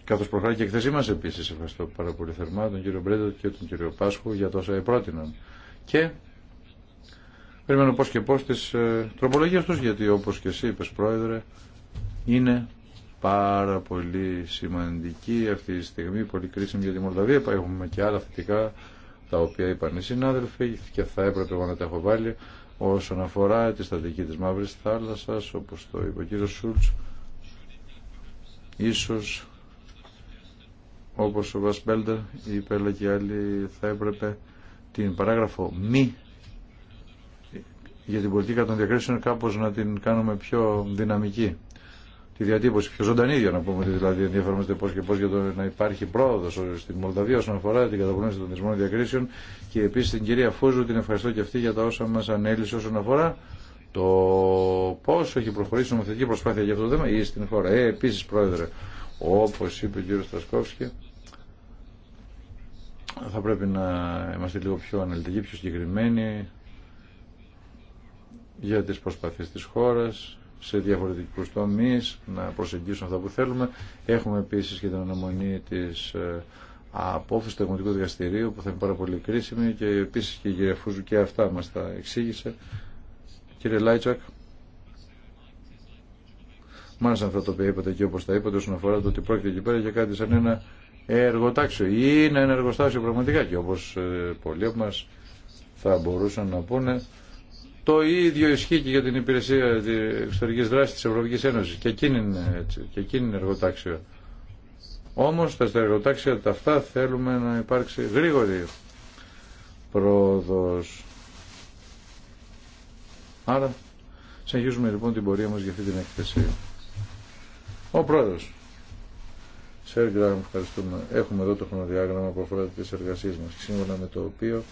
καθώς προχωράει και η εκθεσή μας επίσης. Ευχαριστώ πάρα πολύ θερμά τον κύριο Μπρέντερ και τον κύριο Πάσχου για τόσα επρότειναν. Και Περιμένω πώς και πώς τις ε, τροπολογίες τους, γιατί όπως και εσύ είπες πρόεδρε, είναι πάρα πολύ σημαντική αυτή τη στιγμή, πολύ κρίσιμη για τη Μολδαβία. Έχουμε και άλλα θετικά τα οποία είπαν οι συνάδελφοι και θα έπρεπε εγώ να τα έχω βάλει όσον αφορά τη στατική της Μαύρης Θάλασσας, όπως το είπε ο κύριος Σούλτς, ίσως όπως ο Βασμπέλτερ είπε αλλά και άλλοι θα έπρεπε την παράγραφο μη για την πολιτική των διακρίσεων κάπως να την κάνουμε πιο δυναμική. Τη διατύπωση πιο ζωντανή για να πούμε ότι δηλαδή ενδιαφέρομαστε πώ και πώ για το να υπάρχει πρόοδο στην Μολδαβία όσον αφορά την καταπολέμηση των δεσμών διακρίσεων και επίση την κυρία Φούζου την ευχαριστώ και αυτή για τα όσα μα ανέλησε όσον αφορά το πώς έχει προχωρήσει η νομοθετική προσπάθεια για αυτό το θέμα ή στην χώρα. Ε, επίση, Πρόεδρε, όπω είπε ο κύριο Στασκόφσκι, θα πρέπει να είμαστε λίγο πιο αναλυτικοί, πιο συγκεκριμένοι, για τις προσπαθίες της χώρας σε διαφορετικούς τομείς να προσεγγίσουν αυτά που θέλουμε. Έχουμε επίσης και την αναμονή της ε, απόφαση του Εγγοντικού Δικαστηρίου που θα είναι πάρα πολύ κρίσιμη και επίσης και η κυρία Φούζου και αυτά μας τα εξήγησε. Κύριε Λάιτσακ, μάλιστα αυτό αυτά τα οποία είπατε και όπως τα είπατε όσον αφορά το ότι πρόκειται εκεί πέρα για κάτι σαν ένα εργοτάξιο ή είναι ένα εργοστάσιο πραγματικά και όπως ε, πολλοί από μας θα μπορούσαν να πούνε το ίδιο ισχύει και για την υπηρεσία τη εξωτερική δράση τη Ευρωπαϊκή Ένωση. Και εκείνη είναι έτσι, και εκείνη είναι εργοτάξιο. Όμω τα εργοτάξια τα αυτά θέλουμε να υπάρξει γρήγορη πρόοδο. Άρα, συνεχίζουμε λοιπόν την πορεία μα για αυτή την εκθεσία. Ο πρόεδρο. Σερ Γκράμ, ευχαριστούμε. Έχουμε εδώ το χρονοδιάγραμμα που αφορά τι εργασίε μα, σύμφωνα με το οποίο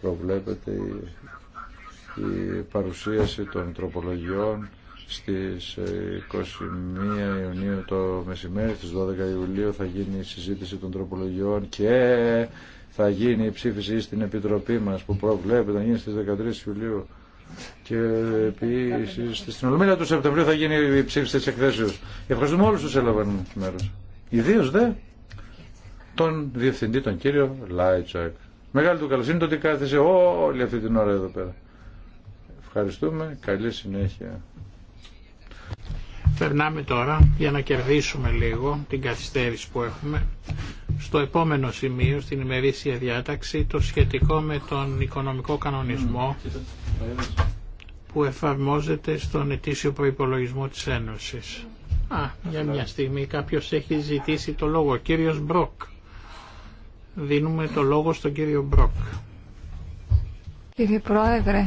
προβλέπεται η παρουσίαση των τροπολογιών στις 21 ε, Ιουνίου το μεσημέρι, στις 12 Ιουλίου θα γίνει η συζήτηση των τροπολογιών και θα γίνει η ψήφιση στην Επιτροπή μας που προβλέπεται να γίνει στις 13 Ιουλίου και επίση στην Ολομέλεια του Σεπτεμβρίου θα γίνει η ψήφιση της εκθέσεως. Ευχαριστούμε όλους τους έλαβαν μέρος. Ιδίως δε τον διευθυντή, τον κύριο Λάιτσακ. Μεγάλη του καλοσύνη το ότι κάθεσε όλη αυτή την ώρα εδώ πέρα. Ευχαριστούμε. Καλή συνέχεια. Περνάμε τώρα για να κερδίσουμε λίγο την καθυστέρηση που έχουμε στο επόμενο σημείο στην ημερήσια διάταξη το σχετικό με τον οικονομικό κανονισμό που εφαρμόζεται στον ετήσιο προϋπολογισμό της Ένωσης. Α, για μια στιγμή κάποιος έχει ζητήσει το λόγο. Ο κύριος Μπροκ. Δίνουμε το λόγο στον κύριο Μπροκ. Κύριε Πρόεδρε,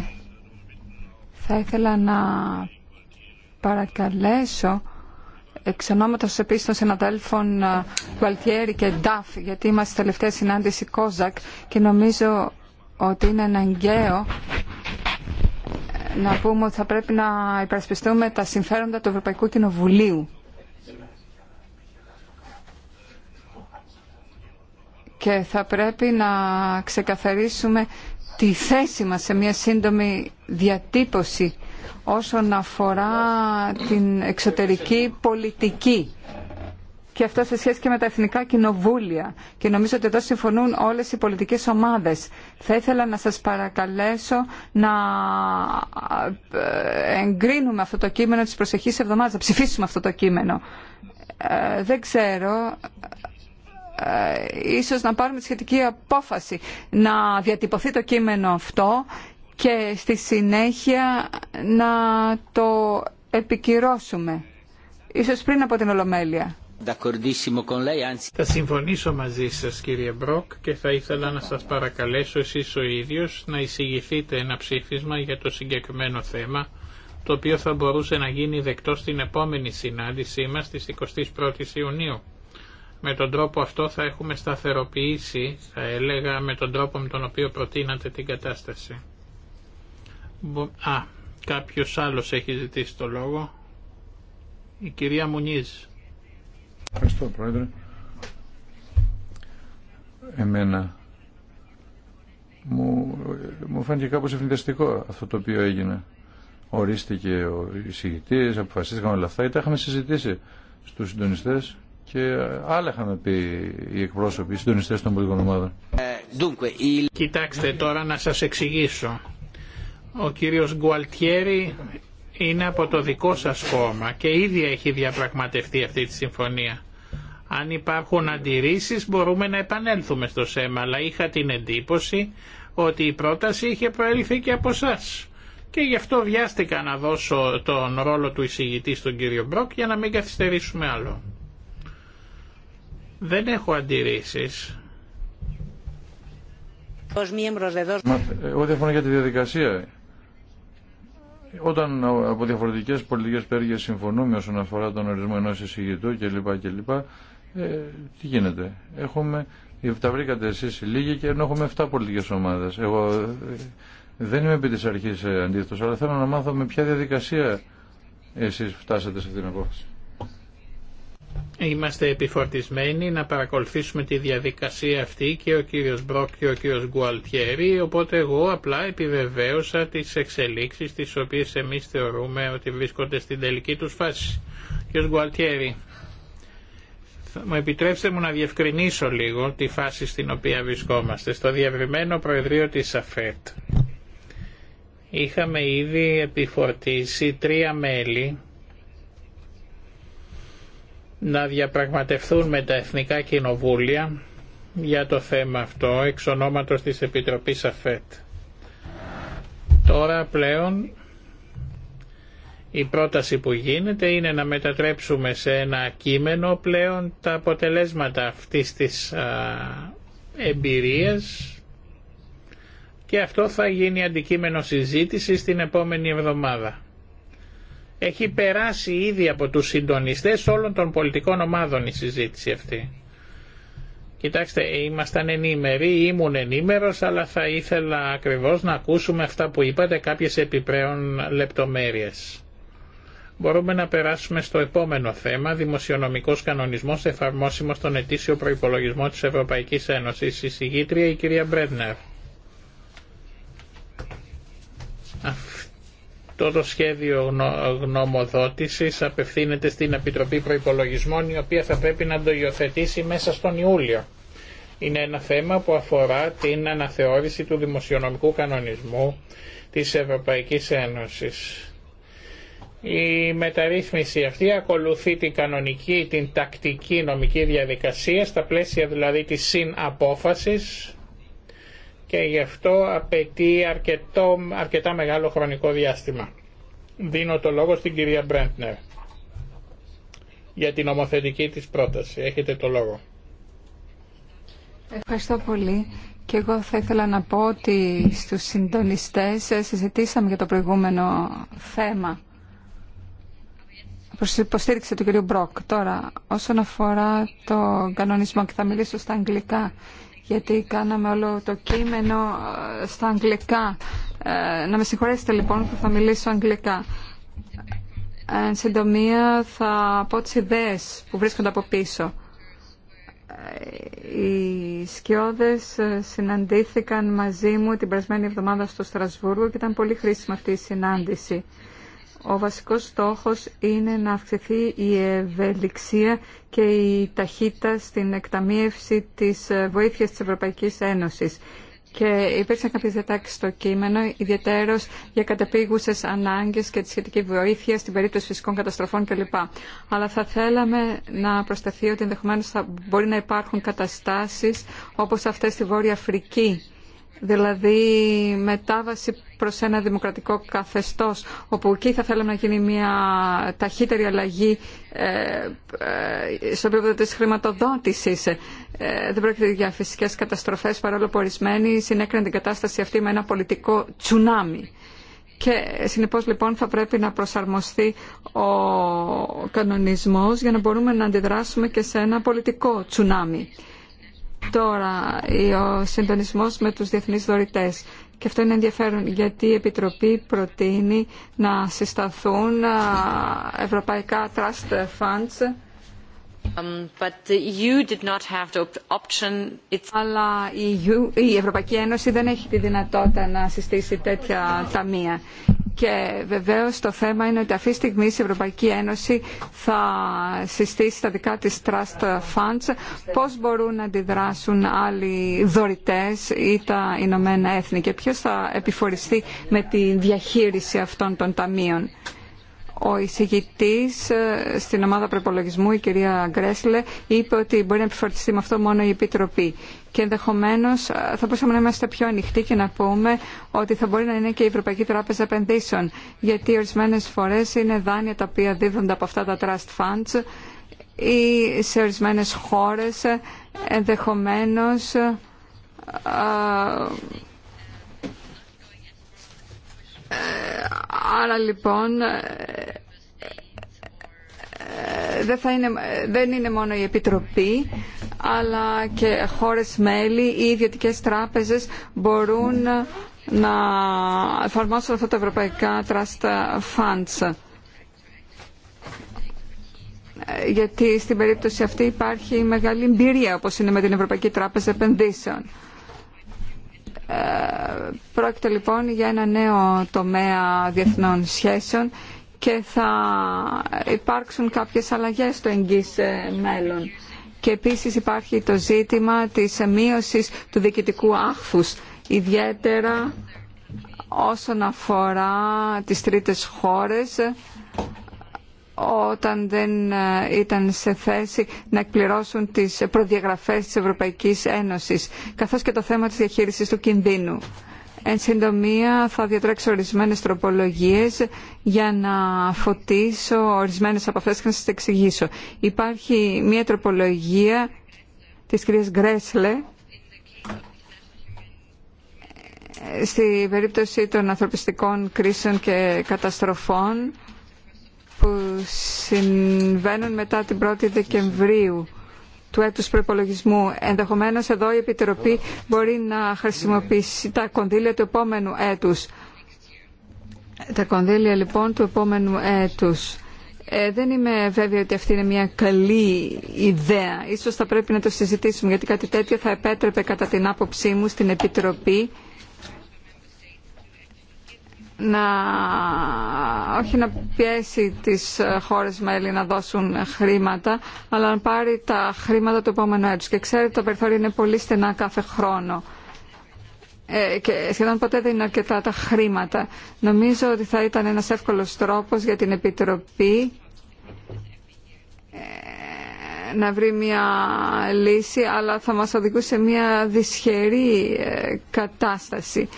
θα ήθελα να παρακαλέσω εξ ονόματος επίσης των συναδέλφων ε, Γουαλτιέρη και Νταφ γιατί είμαστε τελευταία συνάντηση Κόζακ και νομίζω ότι είναι αναγκαίο ε, να πούμε ότι θα πρέπει να υπερασπιστούμε τα συμφέροντα του Ευρωπαϊκού Κοινοβουλίου. Και θα πρέπει να ξεκαθαρίσουμε τη θέση μας σε μια σύντομη διατύπωση όσον αφορά την εξωτερική πολιτική και αυτό σε σχέση και με τα εθνικά κοινοβούλια και νομίζω ότι εδώ συμφωνούν όλες οι πολιτικές ομάδες. Θα ήθελα να σας παρακαλέσω να ε, εγκρίνουμε αυτό το κείμενο της προσεχής εβδομάδας, να ψηφίσουμε αυτό το κείμενο. Ε, δεν ξέρω ε, ίσως να πάρουμε σχετική απόφαση να διατυπωθεί το κείμενο αυτό και στη συνέχεια να το επικυρώσουμε, ίσως πριν από την Ολομέλεια. Θα συμφωνήσω μαζί σας κύριε Μπροκ και θα ήθελα να σας παρακαλέσω εσείς ο ίδιος να εισηγηθείτε ένα ψήφισμα για το συγκεκριμένο θέμα το οποίο θα μπορούσε να γίνει δεκτό στην επόμενη συνάντησή μας στις 21 Ιουνίου. Με τον τρόπο αυτό θα έχουμε σταθεροποιήσει, θα έλεγα, με τον τρόπο με τον οποίο προτείνατε την κατάσταση. Α, κάποιος άλλος έχει ζητήσει το λόγο. Η κυρία Μουνίζ. Ευχαριστώ, Πρόεδρε. Εμένα μου, μου φάνηκε κάπως ευνηδιαστικό αυτό το οποίο έγινε. Ορίστηκε ο εισηγητής, αποφασίστηκαν όλα αυτά τα είχαμε συζητήσει στους συντονιστές και άλλα είχαμε πει οι εκπρόσωποι, οι συντονιστέ των πολιτικών ομάδων. Ε, Κοιτάξτε τώρα να σα εξηγήσω. Ο κύριο Γκουαλτιέρη είναι από το δικό σα κόμμα και ήδη έχει διαπραγματευτεί αυτή τη συμφωνία. Αν υπάρχουν αντιρρήσει μπορούμε να επανέλθουμε στο ΣΕΜΑ, αλλά είχα την εντύπωση ότι η πρόταση είχε προέλθει και από εσά. Και γι' αυτό βιάστηκα να δώσω τον ρόλο του εισηγητή στον κύριο Μπρόκ για να μην καθυστερήσουμε άλλο. Δεν έχω αντιρρήσεις. Εγώ διαφωνώ για τη διαδικασία. Όταν από διαφορετικέ πολιτικέ πέργε συμφωνούμε όσον αφορά τον ορισμό ενό εισηγητού κλπ. κλπ ε, τι γίνεται. Έχουμε, τα βρήκατε εσεί λίγοι και ενώ έχουμε 7 πολιτικέ ομάδε. Εγώ ε, δεν είμαι επί τη αρχή ε, αντίθετο, αλλά θέλω να μάθω με ποια διαδικασία εσεί φτάσατε σε αυτήν την απόφαση. Είμαστε επιφορτισμένοι να παρακολουθήσουμε τη διαδικασία αυτή και ο κύριος Μπρόκ και ο κύριος Γκουαλτιέρη, οπότε εγώ απλά επιβεβαίωσα τις εξελίξεις τις οποίες εμείς θεωρούμε ότι βρίσκονται στην τελική τους φάση. Κύριος Γκουαλτιέρη, θα μου επιτρέψτε μου να διευκρινίσω λίγο τη φάση στην οποία βρισκόμαστε. Στο διαβριμένο Προεδρείο της ΑΦΕΤ είχαμε ήδη επιφορτήσει τρία μέλη να διαπραγματευθούν με τα Εθνικά Κοινοβούλια για το θέμα αυτό εξ ονόματος της Επιτροπής ΑΦΕΤ. Τώρα πλέον η πρόταση που γίνεται είναι να μετατρέψουμε σε ένα κείμενο πλέον τα αποτελέσματα αυτής της α, εμπειρίας και αυτό θα γίνει αντικείμενο συζήτηση την επόμενη εβδομάδα. Έχει περάσει ήδη από τους συντονιστές όλων των πολιτικών ομάδων η συζήτηση αυτή. Κοιτάξτε, ήμασταν ενήμεροι, ήμουν ενήμερος, αλλά θα ήθελα ακριβώς να ακούσουμε αυτά που είπατε, κάποιες επιπλέον λεπτομέρειες. Μπορούμε να περάσουμε στο επόμενο θέμα, δημοσιονομικός κανονισμός εφαρμόσιμος στον ετήσιο προϋπολογισμό της Ευρωπαϊκής Ένωσης. Η συγγήτρια η κυρία Μπρέντνερ το σχέδιο γνωμοδότησης απευθύνεται στην Επιτροπή Προϋπολογισμών η οποία θα πρέπει να το υιοθετήσει μέσα στον Ιούλιο. Είναι ένα θέμα που αφορά την αναθεώρηση του δημοσιονομικού κανονισμού της Ευρωπαϊκής Ένωσης. Η μεταρρύθμιση αυτή ακολουθεί την κανονική, την τακτική νομική διαδικασία στα πλαίσια δηλαδή της συναπόφασης και γι' αυτό απαιτεί αρκετό, αρκετά μεγάλο χρονικό διάστημα. Δίνω το λόγο στην κυρία Μπρέντνερ για την ομοθετική της πρόταση. Έχετε το λόγο. Ευχαριστώ πολύ. Και εγώ θα ήθελα να πω ότι στους συντονιστές συζητήσαμε για το προηγούμενο θέμα προς υποστήριξη του κ. Μπροκ. Τώρα, όσον αφορά το κανονισμό, και θα μιλήσω στα αγγλικά, γιατί κάναμε όλο το κείμενο ε, στα αγγλικά. Ε, να με συγχωρέσετε λοιπόν που θα μιλήσω αγγλικά. Εν συντομία θα πω τις ιδέες που βρίσκονται από πίσω. Ε, οι σκιώδες συναντήθηκαν μαζί μου την περασμένη εβδομάδα στο Στρασβούργο και ήταν πολύ χρήσιμη αυτή η συνάντηση. Ο βασικός στόχος είναι να αυξηθεί η ευελιξία και η ταχύτητα στην εκταμίευση της ε, βοήθειας της Ευρωπαϊκής Ένωσης. Και υπήρξαν κάποιες διατάξεις στο κείμενο, ιδιαίτερως για κατεπήγουσες ανάγκες και τη σχετική βοήθεια στην περίπτωση φυσικών καταστροφών κλπ. Αλλά θα θέλαμε να προσταθεί ότι ενδεχομένως θα μπορεί να υπάρχουν καταστάσεις όπως αυτές στη Βόρεια Αφρική δηλαδή μετάβαση προς ένα δημοκρατικό καθεστώς, όπου εκεί θα θέλαμε να γίνει μια ταχύτερη αλλαγή ε, ε, στο επίπεδο της χρηματοδότησης. Ε, δεν πρόκειται για φυσικές καταστροφές, παρόλο που ορισμένοι συνέκριναν την κατάσταση αυτή με ένα πολιτικό τσουνάμι. Και συνεπώς λοιπόν θα πρέπει να προσαρμοστεί ο κανονισμός για να μπορούμε να αντιδράσουμε και σε ένα πολιτικό τσουνάμι τώρα ο συντονισμός με τους διεθνείς δωρητές. Και αυτό είναι ενδιαφέρον γιατί η Επιτροπή προτείνει να συσταθούν ευρωπαϊκά trust funds αλλά η Ευρωπαϊκή Ένωση δεν έχει τη δυνατότητα να συστήσει τέτοια ταμεία. Και βεβαίως το θέμα είναι ότι αυτή τη στιγμή η Ευρωπαϊκή Ένωση θα συστήσει τα δικά της Trust Funds. Πώς μπορούν να αντιδράσουν άλλοι δωρητές ή τα Ηνωμένα Έθνη και ποιος θα επιφοριστεί με τη διαχείριση αυτών των ταμείων. Ο εισηγητής ε, στην ομάδα προπολογισμού, η κυρία Γκρέσλε, είπε ότι μπορεί να επιφορτιστεί με αυτό μόνο η Επιτροπή και ενδεχομένω, ε, θα μπορούσαμε να είμαστε πιο ανοιχτοί και να πούμε ότι θα μπορεί να είναι και η Ευρωπαϊκή Τράπεζα Επενδύσεων γιατί ορισμένε φορέ είναι δάνεια τα οποία δίδονται από αυτά τα trust funds ή σε ορισμένε χώρε ενδεχομένω. Ε, ε, άρα λοιπόν ε, δεν, θα είναι, δεν είναι μόνο η Επιτροπή, αλλά και χώρες μέλη ή ιδιωτικές τράπεζες μπορούν να εφαρμόσουν αυτά τα ευρωπαϊκά trust funds. Ε, γιατί στην περίπτωση αυτή υπάρχει μεγάλη εμπειρία, όπως είναι με την Ευρωπαϊκή Τράπεζα Επενδύσεων. Ε, πρόκειται λοιπόν για ένα νέο τομέα διεθνών σχέσεων και θα υπάρξουν κάποιες αλλαγές στο εγγύς ε, μέλλον. Και επίσης υπάρχει το ζήτημα της μείωσης του διοικητικού άχθους, ιδιαίτερα όσον αφορά τις τρίτες χώρες όταν δεν ε, ήταν σε θέση να εκπληρώσουν τις προδιαγραφές της Ευρωπαϊκής Ένωσης, καθώς και το θέμα της διαχείρισης του κινδύνου. Εν συντομία θα διατρέξω ορισμένες τροπολογίες για να φωτίσω ορισμένες από αυτές και να σας εξηγήσω. Υπάρχει μια τροπολογία της κυρίας Γκρέσλε στη περίπτωση των ανθρωπιστικών κρίσεων και καταστροφών που συμβαίνουν μετά την 1η Δεκεμβρίου του έτους προπολογισμού. Ενδεχομένως εδώ η Επιτροπή μπορεί να χρησιμοποιήσει τα κονδύλια του επόμενου έτους τα κονδύλια λοιπόν του επόμενου έτους. Ε, δεν είμαι βέβαιη ότι αυτή είναι μια καλή ιδέα. Ίσως θα πρέπει να το συζητήσουμε γιατί κάτι τέτοιο θα επέτρεπε κατά την άποψή μου στην Επιτροπή να, όχι να πιέσει τις χώρες μέλη να δώσουν χρήματα, αλλά να πάρει τα χρήματα του επόμενου έτους. Και ξέρετε, το περιθώρια είναι πολύ στενά κάθε χρόνο. Ε, και σχεδόν ποτέ δεν είναι αρκετά τα χρήματα. Νομίζω ότι θα ήταν ένας εύκολος τρόπος για την Επιτροπή ε, να βρει μια λύση, αλλά θα μας οδηγούσε μια δυσχερή ε, κατάσταση.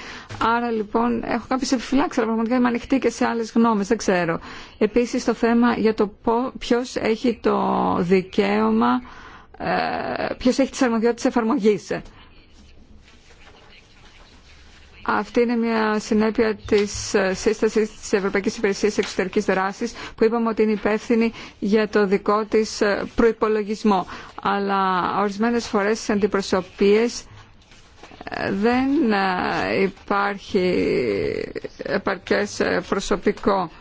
Άρα λοιπόν έχω κάποιες επιφυλάξεις, αλλά πραγματικά είμαι ανοιχτή και σε άλλες γνώμες, δεν ξέρω. Επίσης το θέμα για το ποιος έχει το δικαίωμα, ποιος έχει τις αρμοδιότητες εφαρμογής. Αυτή είναι μια συνέπεια τη ε, σύσταση τη Ευρωπαϊκή Υπηρεσία Εξωτερική Δράση, που είπαμε ότι είναι υπεύθυνη για το δικό τη ε, προπολογισμό. Αλλά ορισμένε φορέ στι αντιπροσωπείε ε, δεν υπάρχει επαρκές προσωπικό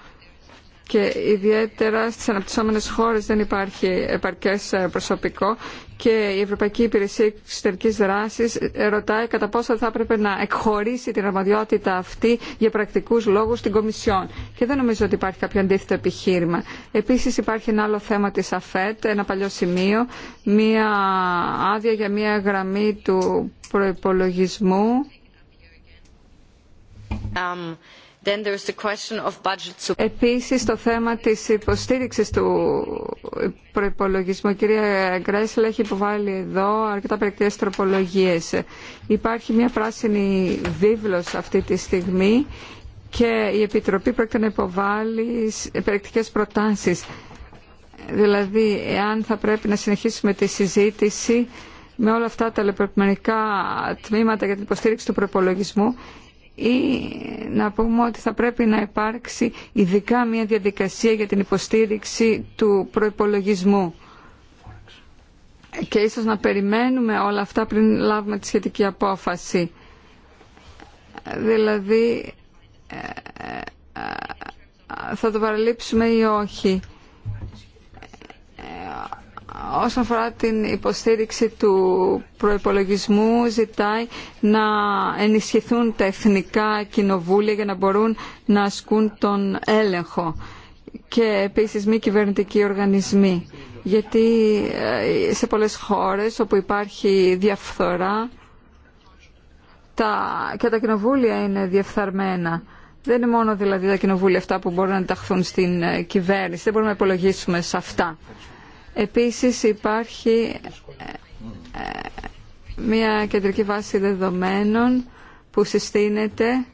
και ιδιαίτερα στις αναπτυσσόμενες χώρες δεν υπάρχει επαρκές ε, προσωπικό και η Ευρωπαϊκή Υπηρεσία Εξωτερική Δράση ε, ρωτάει κατά πόσο θα έπρεπε να εκχωρήσει την αρμοδιότητα αυτή για πρακτικού λόγου στην Κομισιόν. Και δεν νομίζω ότι υπάρχει κάποιο αντίθετο επιχείρημα. Επίση, υπάρχει ένα άλλο θέμα τη ΑΦΕΤ, ένα παλιό σημείο, μία άδεια για μία γραμμή του προπολογισμού. Um, Επίση, το θέμα τη υποστήριξη του προπολογισμού. Η κυρία Γκρέσλε έχει υποβάλει εδώ αρκετά περιεκτικέ τροπολογίε. Υπάρχει μια πράσινη βίβλο αυτή τη στιγμή και η Επιτροπή πρόκειται να υποβάλει περιεκτικέ προτάσεις. Δηλαδή, εάν θα πρέπει να συνεχίσουμε τη συζήτηση με όλα αυτά τα λεπτομερικά τμήματα για την υποστήριξη του προπολογισμού ή να πούμε ότι θα πρέπει να υπάρξει ειδικά μια διαδικασία για την υποστήριξη του προϋπολογισμού και ίσως να περιμένουμε όλα αυτά πριν λάβουμε τη σχετική απόφαση. Δηλαδή ε, ε, ε, θα το παραλείψουμε ή όχι όσον αφορά την υποστήριξη του προϋπολογισμού ζητάει να ενισχυθούν τα εθνικά κοινοβούλια για να μπορούν να ασκούν τον έλεγχο και επίσης μη κυβερνητικοί οργανισμοί γιατί ε, σε πολλές χώρες όπου υπάρχει διαφθορά τα, και τα κοινοβούλια είναι διεφθαρμένα. Δεν είναι μόνο δηλαδή τα κοινοβούλια αυτά που μπορούν να ενταχθούν στην ε, κυβέρνηση. Δεν μπορούμε να υπολογίσουμε σε αυτά. Επίσης υπάρχει ε, ε, μια κεντρική βάση δεδομένων που συστήνεται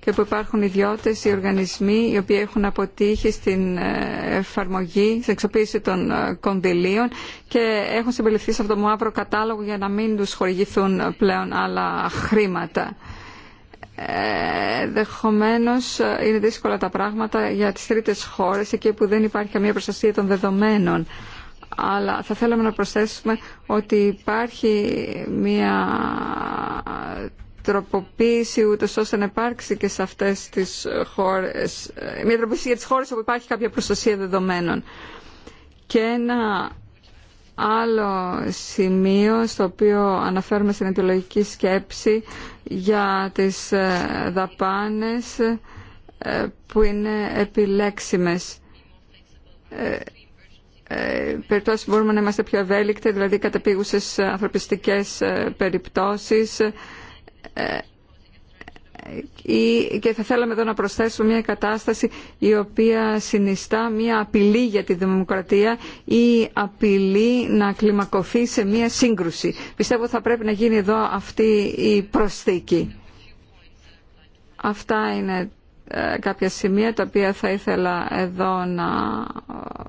και που υπάρχουν ιδιώτες, ή οργανισμοί οι οποίοι έχουν αποτύχει στην ε, εφαρμογή, στην εξοποίηση των κονδυλίων και έχουν συμπεριληφθεί σε αυτό το μαύρο κατάλογο για να μην τους χορηγηθούν πλέον άλλα χρήματα. Ενδεχομένω είναι δύσκολα τα πράγματα για τις τρίτες χώρες εκεί που δεν υπάρχει καμία προστασία των δεδομένων αλλά θα θέλαμε να προσθέσουμε ότι υπάρχει μια τροποποίηση ούτως ώστε να υπάρξει και σε αυτές τις χώρες, μια τροποποίηση για τις χώρες όπου υπάρχει κάποια προστασία δεδομένων. Και ένα άλλο σημείο στο οποίο αναφέρουμε στην αιτιολογική σκέψη για τις ε, δαπάνες ε, που είναι επιλέξιμες ε, ε, περιπτώσεις που μπορούμε να είμαστε πιο ευέλικτοι, δηλαδή καταπήγουσες ανθρωπιστικές ε, περιπτώσεις ε, και θα θέλαμε εδώ να προσθέσουμε μια κατάσταση η οποία συνιστά μια απειλή για τη δημοκρατία ή απειλή να κλιμακωθεί σε μια σύγκρουση. Πιστεύω θα πρέπει να γίνει εδώ αυτή η προσθήκη. Αυτά είναι κάποια σημεία τα οποία θα ήθελα εδώ να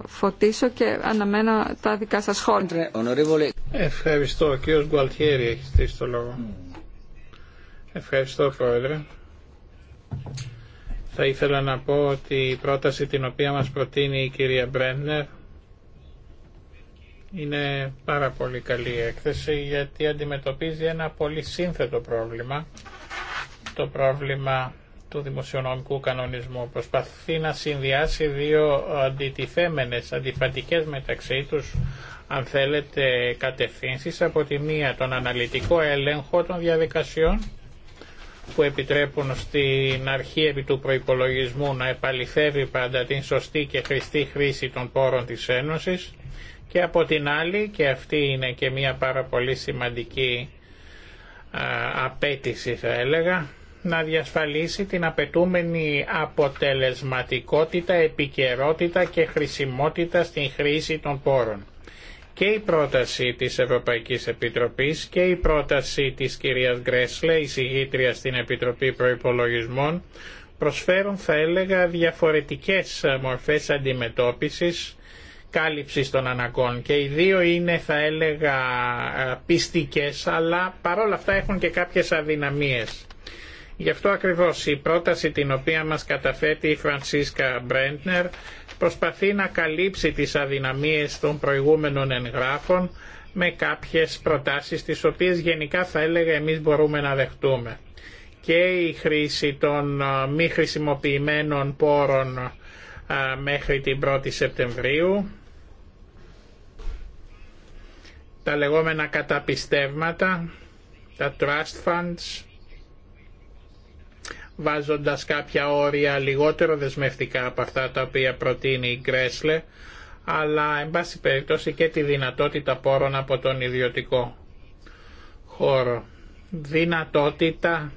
φωτίσω και αναμένω τα δικά σας σχόλια. Ευχαριστώ. Ο κύριος Γκουαλτιέρη έχει στήσει το λόγο. Ευχαριστώ Πρόεδρε. Θα ήθελα να πω ότι η πρόταση την οποία μας προτείνει η κυρία Μπρέντνερ είναι πάρα πολύ καλή έκθεση γιατί αντιμετωπίζει ένα πολύ σύνθετο πρόβλημα το πρόβλημα του δημοσιονομικού κανονισμού. Προσπαθεί να συνδυάσει δύο αντιτιθέμενες, αντιφατικές μεταξύ τους, αν θέλετε, κατευθύνσεις. Από τη μία τον αναλυτικό έλεγχο των διαδικασιών που επιτρέπουν στην αρχή επί του προϋπολογισμού να επαληθεύει πάντα την σωστή και χρηστή χρήση των πόρων της Ένωσης και από την άλλη, και αυτή είναι και μια πάρα πολύ σημαντική απέτηση θα έλεγα, να διασφαλίσει την απαιτούμενη αποτελεσματικότητα, επικαιρότητα και χρησιμότητα στην χρήση των πόρων. Και η πρόταση της Ευρωπαϊκής Επιτροπής και η πρόταση της κυρίας Γκρέσλε, εισηγήτρια στην Επιτροπή Προϋπολογισμών, προσφέρουν θα έλεγα διαφορετικές μορφές αντιμετώπισης, κάλυψης των αναγκών και οι δύο είναι θα έλεγα πιστικές αλλά παρόλα αυτά έχουν και κάποιες αδυναμίες. Γι' αυτό ακριβώς η πρόταση την οποία μας καταθέτει η Φρανσίσκα Μπρέντνερ προσπαθεί να καλύψει τις αδυναμίες των προηγούμενων εγγράφων με κάποιες προτάσεις τις οποίες γενικά θα έλεγα εμείς μπορούμε να δεχτούμε. Και η χρήση των μη χρησιμοποιημένων πόρων μέχρι την 1η Σεπτεμβρίου, τα λεγόμενα καταπιστεύματα, τα trust funds, βάζοντας κάποια όρια λιγότερο δεσμευτικά από αυτά τα οποία προτείνει η Γκρέσλε, αλλά εν πάση περιπτώσει και τη δυνατότητα πόρων από τον ιδιωτικό χώρο. Δυνατότητα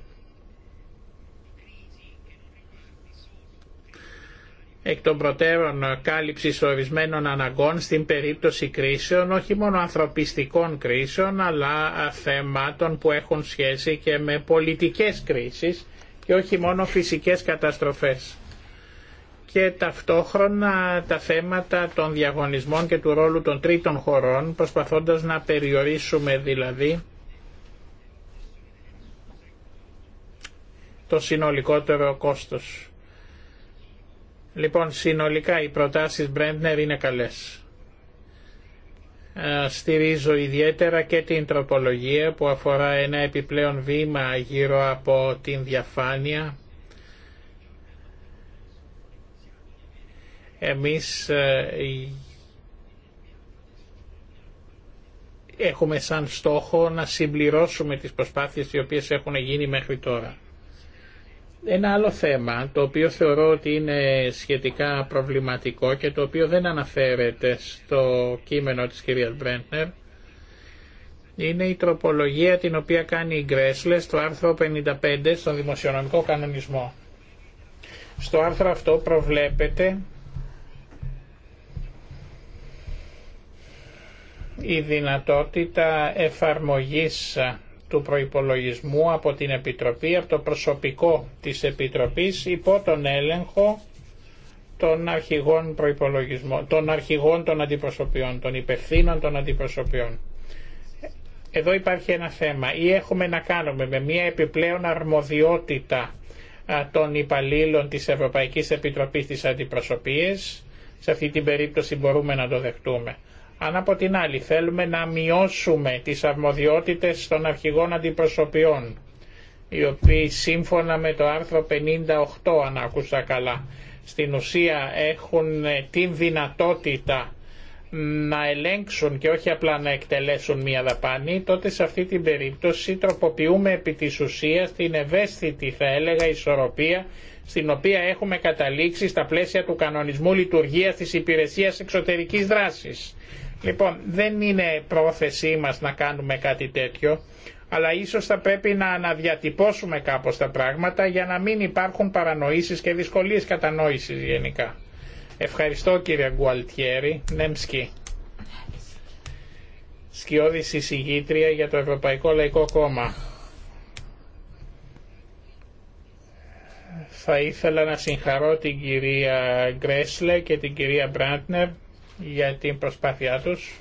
εκ των προτέρων κάλυψης ορισμένων αναγκών στην περίπτωση κρίσεων, όχι μόνο ανθρωπιστικών κρίσεων, αλλά θεμάτων που έχουν σχέση και με πολιτικές κρίσεις, και όχι μόνο φυσικές καταστροφές και ταυτόχρονα τα θέματα των διαγωνισμών και του ρόλου των τρίτων χωρών προσπαθώντας να περιορίσουμε δηλαδή το συνολικότερο κόστος. Λοιπόν, συνολικά οι προτάσεις Μπρέντνερ είναι καλές. Ε, στηρίζω ιδιαίτερα και την τροπολογία που αφορά ένα επιπλέον βήμα γύρω από την διαφάνεια. Εμείς ε, έχουμε σαν στόχο να συμπληρώσουμε τις προσπάθειες οι οποίες έχουν γίνει μέχρι τώρα. Ένα άλλο θέμα το οποίο θεωρώ ότι είναι σχετικά προβληματικό και το οποίο δεν αναφέρεται στο κείμενο της κυρίας Μπρέντνερ είναι η τροπολογία την οποία κάνει η Γκρέσλε στο άρθρο 55 στον δημοσιονομικό κανονισμό. Στο άρθρο αυτό προβλέπεται η δυνατότητα εφαρμογής του προϋπολογισμού από την Επιτροπή, από το προσωπικό της Επιτροπής υπό τον έλεγχο των αρχηγών προϋπολογισμών, των αρχηγών των αντιπροσωπιών, των υπευθύνων των αντιπροσωπιών. Εδώ υπάρχει ένα θέμα ή έχουμε να κάνουμε με μια επιπλέον αρμοδιότητα των υπαλλήλων της Ευρωπαϊκής Επιτροπής της Αντιπροσωπείας. Σε αυτή την περίπτωση μπορούμε να το δεχτούμε. Αν από την άλλη θέλουμε να μειώσουμε τις αρμοδιότητες των αρχηγών αντιπροσωπιών, οι οποίοι σύμφωνα με το άρθρο 58, αν άκουσα καλά, στην ουσία έχουν ε, την δυνατότητα να ελέγξουν και όχι απλά να εκτελέσουν μία δαπάνη, τότε σε αυτή την περίπτωση τροποποιούμε επί της ουσίας την ευαίσθητη θα έλεγα ισορροπία στην οποία έχουμε καταλήξει στα πλαίσια του κανονισμού λειτουργίας της υπηρεσίας εξωτερικής δράσης. Λοιπόν, δεν είναι πρόθεσή μας να κάνουμε κάτι τέτοιο, αλλά ίσως θα πρέπει να αναδιατυπώσουμε κάπως τα πράγματα για να μην υπάρχουν παρανοήσεις και δυσκολίες κατανόησης γενικά. Ευχαριστώ κύριε Γκουαλτιέρη. Νέμσκι. Σκιώδη εισηγήτρια για το Ευρωπαϊκό Λαϊκό Κόμμα. Θα ήθελα να συγχαρώ την κυρία Γκρέσλε και την κυρία Μπράντνερ για την προσπάθειά τους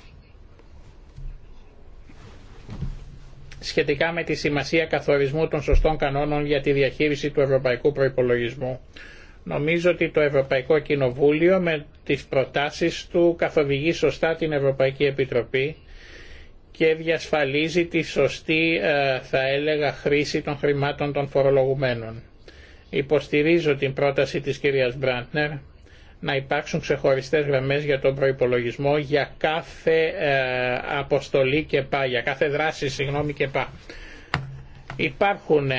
σχετικά με τη σημασία καθορισμού των σωστών κανόνων για τη διαχείριση του ευρωπαϊκού προϋπολογισμού. Νομίζω ότι το Ευρωπαϊκό Κοινοβούλιο με τις προτάσεις του καθοδηγεί σωστά την Ευρωπαϊκή Επιτροπή και διασφαλίζει τη σωστή, ε, θα έλεγα, χρήση των χρημάτων των φορολογουμένων. Υποστηρίζω την πρόταση της κυρίας Μπραντνερ να υπάρξουν ξεχωριστές γραμμές για τον προϋπολογισμό για κάθε ε, αποστολή και πά, για κάθε δράση συγγνώμη και πά. Υπάρχουν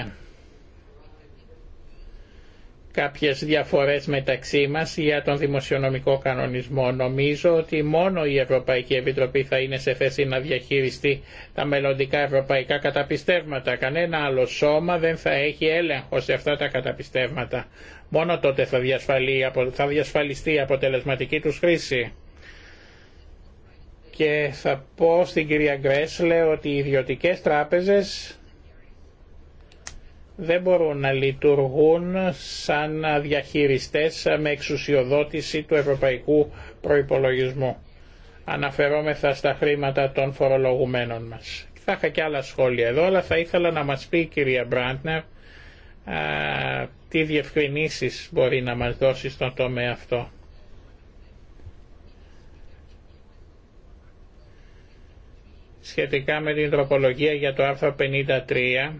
κάποιες διαφορές μεταξύ μας για τον δημοσιονομικό κανονισμό. Νομίζω ότι μόνο η Ευρωπαϊκή Επιτροπή θα είναι σε θέση να διαχειριστεί τα μελλοντικά ευρωπαϊκά καταπιστεύματα. Κανένα άλλο σώμα δεν θα έχει έλεγχο σε αυτά τα καταπιστεύματα. Μόνο τότε θα, θα διασφαλιστεί η αποτελεσματική τους χρήση. Και θα πω στην κυρία Γκρέσλε ότι οι ιδιωτικές τράπεζες δεν μπορούν να λειτουργούν σαν διαχειριστές με εξουσιοδότηση του ευρωπαϊκού προϋπολογισμού. Αναφερόμεθα στα χρήματα των φορολογουμένων μας. Θα είχα και άλλα σχόλια εδώ, αλλά θα ήθελα να μας πει η κυρία Μπραντνερ τι διευκρινήσεις μπορεί να μας δώσει στον τομέα αυτό. Σχετικά με την τροπολογία για το άρθρο 53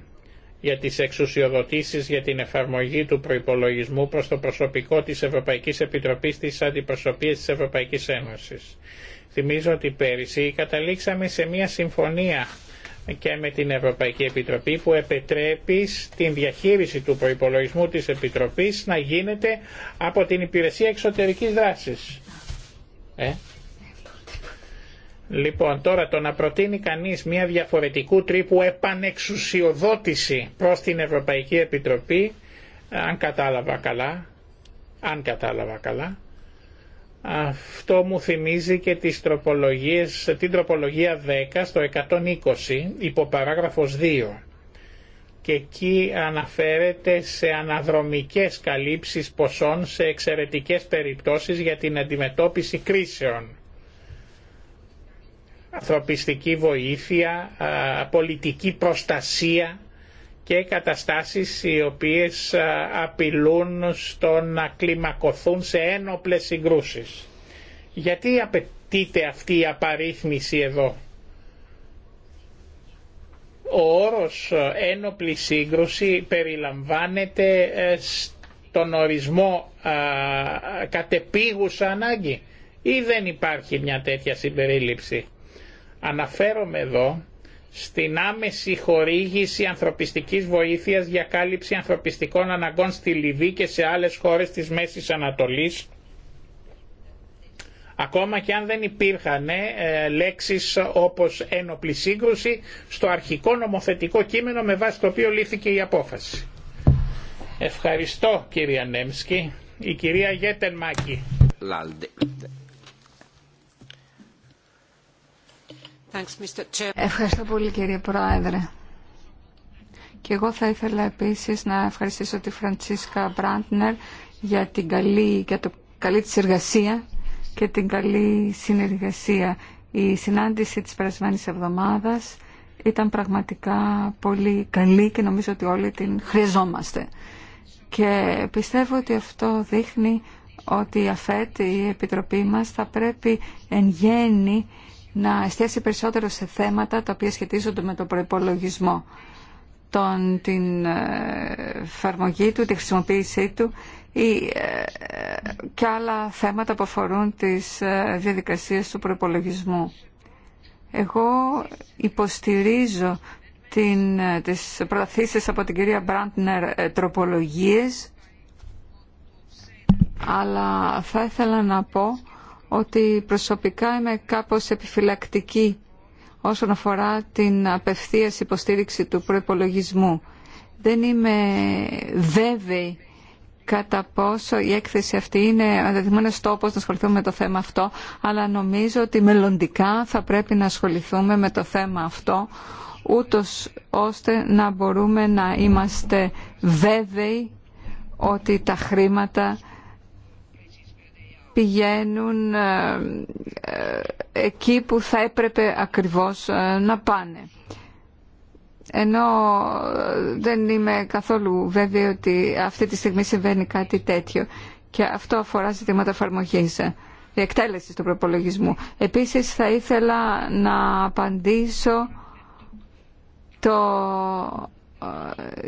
για τις εξουσιοδοτήσεις για την εφαρμογή του προϋπολογισμού προς το προσωπικό της Ευρωπαϊκής Επιτροπής τη Αντιπροσωπείας της Ευρωπαϊκής Ένωσης. Θυμίζω ότι πέρυσι καταλήξαμε σε μια συμφωνία και με την Ευρωπαϊκή Επιτροπή που επιτρέπει την διαχείριση του προϋπολογισμού της Επιτροπής να γίνεται από την Υπηρεσία Εξωτερικής Δράσης. Ε, Λοιπόν, τώρα το να προτείνει κανείς μια διαφορετικού τρύπου επανεξουσιοδότηση προς την Ευρωπαϊκή Επιτροπή, αν κατάλαβα καλά, αν κατάλαβα καλά, αυτό μου θυμίζει και τις την τροπολογία 10 στο 120, υπό παράγραφος 2 και εκεί αναφέρεται σε αναδρομικές καλύψεις ποσών σε εξαιρετικές περιπτώσεις για την αντιμετώπιση κρίσεων ανθρωπιστική βοήθεια, πολιτική προστασία και καταστάσεις οι οποίες απειλούν στο να κλιμακωθούν σε ένοπλες συγκρούσεις. Γιατί απαιτείται αυτή η απαρίθμηση εδώ. Ο όρος ένοπλη σύγκρουση περιλαμβάνεται ε, στον ορισμό κατεπήγουσα ανάγκη ή δεν υπάρχει μια τέτοια συμπερίληψη. Αναφέρομαι εδώ στην άμεση χορήγηση ανθρωπιστικής βοήθειας για κάλυψη ανθρωπιστικών αναγκών στη Λιβύη και σε άλλες χώρες της Μέσης Ανατολής, ακόμα και αν δεν υπήρχαν ε, λέξεις όπως ένοπλη σύγκρουση στο αρχικό νομοθετικό κείμενο με βάση το οποίο λήφθηκε η απόφαση. Ευχαριστώ κυρία Νέμσκι. Η κυρία Γέτεν Μάκη. Ευχαριστώ πολύ κύριε Πρόεδρε. Και εγώ θα ήθελα επίσης να ευχαριστήσω τη Φραντσίσκα Μπραντνερ για την καλή, για το καλή της εργασία και την καλή συνεργασία. Η συνάντηση της περασμένης εβδομάδας ήταν πραγματικά πολύ καλή και νομίζω ότι όλοι την χρειαζόμαστε. Και πιστεύω ότι αυτό δείχνει ότι η ΑΦΕΤ, η Επιτροπή μας, θα πρέπει εν γέννη να εστιάσει περισσότερο σε θέματα τα οποία σχετίζονται με τον προϋπολογισμό, τον, την ε, εφαρμογή του, τη χρησιμοποίησή του ή ε, και άλλα θέματα που αφορούν τις ε, διαδικασίες του προϋπολογισμού. Εγώ υποστηρίζω την, τις προαθήσεις από την κυρία Μπραντνερ τροπολογίες αλλά θα ήθελα να πω ότι προσωπικά είμαι κάπως επιφυλακτική όσον αφορά την απευθείας υποστήριξη του προϋπολογισμού. Δεν είμαι βέβαιη κατά πόσο η έκθεση αυτή είναι δεδομένο τόπος να ασχοληθούμε με το θέμα αυτό, αλλά νομίζω ότι μελλοντικά θα πρέπει να ασχοληθούμε με το θέμα αυτό, ούτως ώστε να μπορούμε να είμαστε βέβαιοι ότι τα χρήματα πηγαίνουν ε, ε, εκεί που θα έπρεπε ακριβώς ε, να πάνε. Ενώ δεν είμαι καθόλου βέβαιη ότι αυτή τη στιγμή συμβαίνει κάτι τέτοιο. Και αυτό αφορά ζητήματα εφαρμογή εκτέλεση του προπολογισμού. Επίσης θα ήθελα να απαντήσω το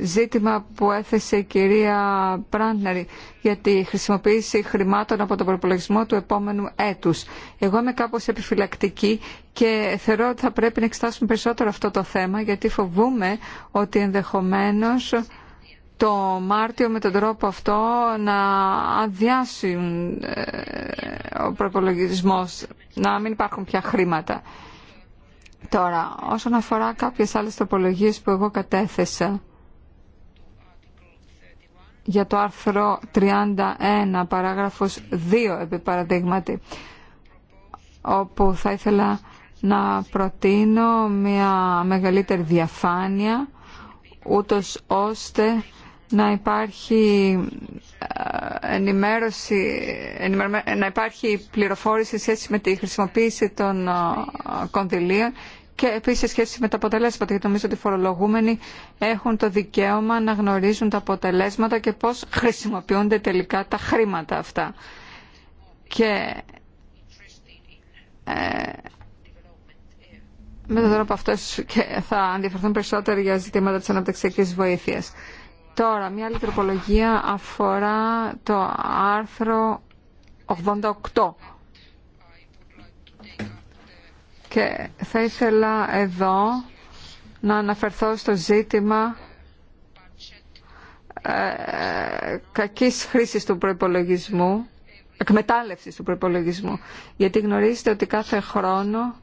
ζήτημα που έθεσε η κυρία Πράντνερ για τη χρησιμοποίηση χρημάτων από τον προπολογισμό του επόμενου έτους. Εγώ είμαι κάπως επιφυλακτική και θεωρώ ότι θα πρέπει να εξετάσουμε περισσότερο αυτό το θέμα γιατί φοβούμε ότι ενδεχομένως το Μάρτιο με τον τρόπο αυτό να αδειάσει ε, ο προπολογισμός, να μην υπάρχουν πια χρήματα. Τώρα, όσον αφορά κάποιες άλλες τοπολογίες που εγώ κατέθεσα για το άρθρο 31, παράγραφος 2, επί παραδείγματι, όπου θα ήθελα να προτείνω μια μεγαλύτερη διαφάνεια, ούτως ώστε να υπάρχει ε, ενημέρωση, να υπάρχει πληροφόρηση σχέση με τη χρησιμοποίηση των ε, κονδυλίων και επίσης σε σχέση με τα αποτελέσματα, γιατί νομίζω ότι οι φορολογούμενοι έχουν το δικαίωμα να γνωρίζουν τα αποτελέσματα και πώς χρησιμοποιούνται τελικά τα χρήματα αυτά. Και ε, με τον τρόπο αυτό και θα αντιφερθούν περισσότερο για ζητήματα της αναπτυξιακής βοήθειας. Τώρα, μια άλλη τροπολογία αφορά το άρθρο 88. Και θα ήθελα εδώ να αναφερθώ στο ζήτημα ε, κακής χρήσης του προϋπολογισμού, εκμετάλλευσης του προπολογισμού, Γιατί γνωρίζετε ότι κάθε χρόνο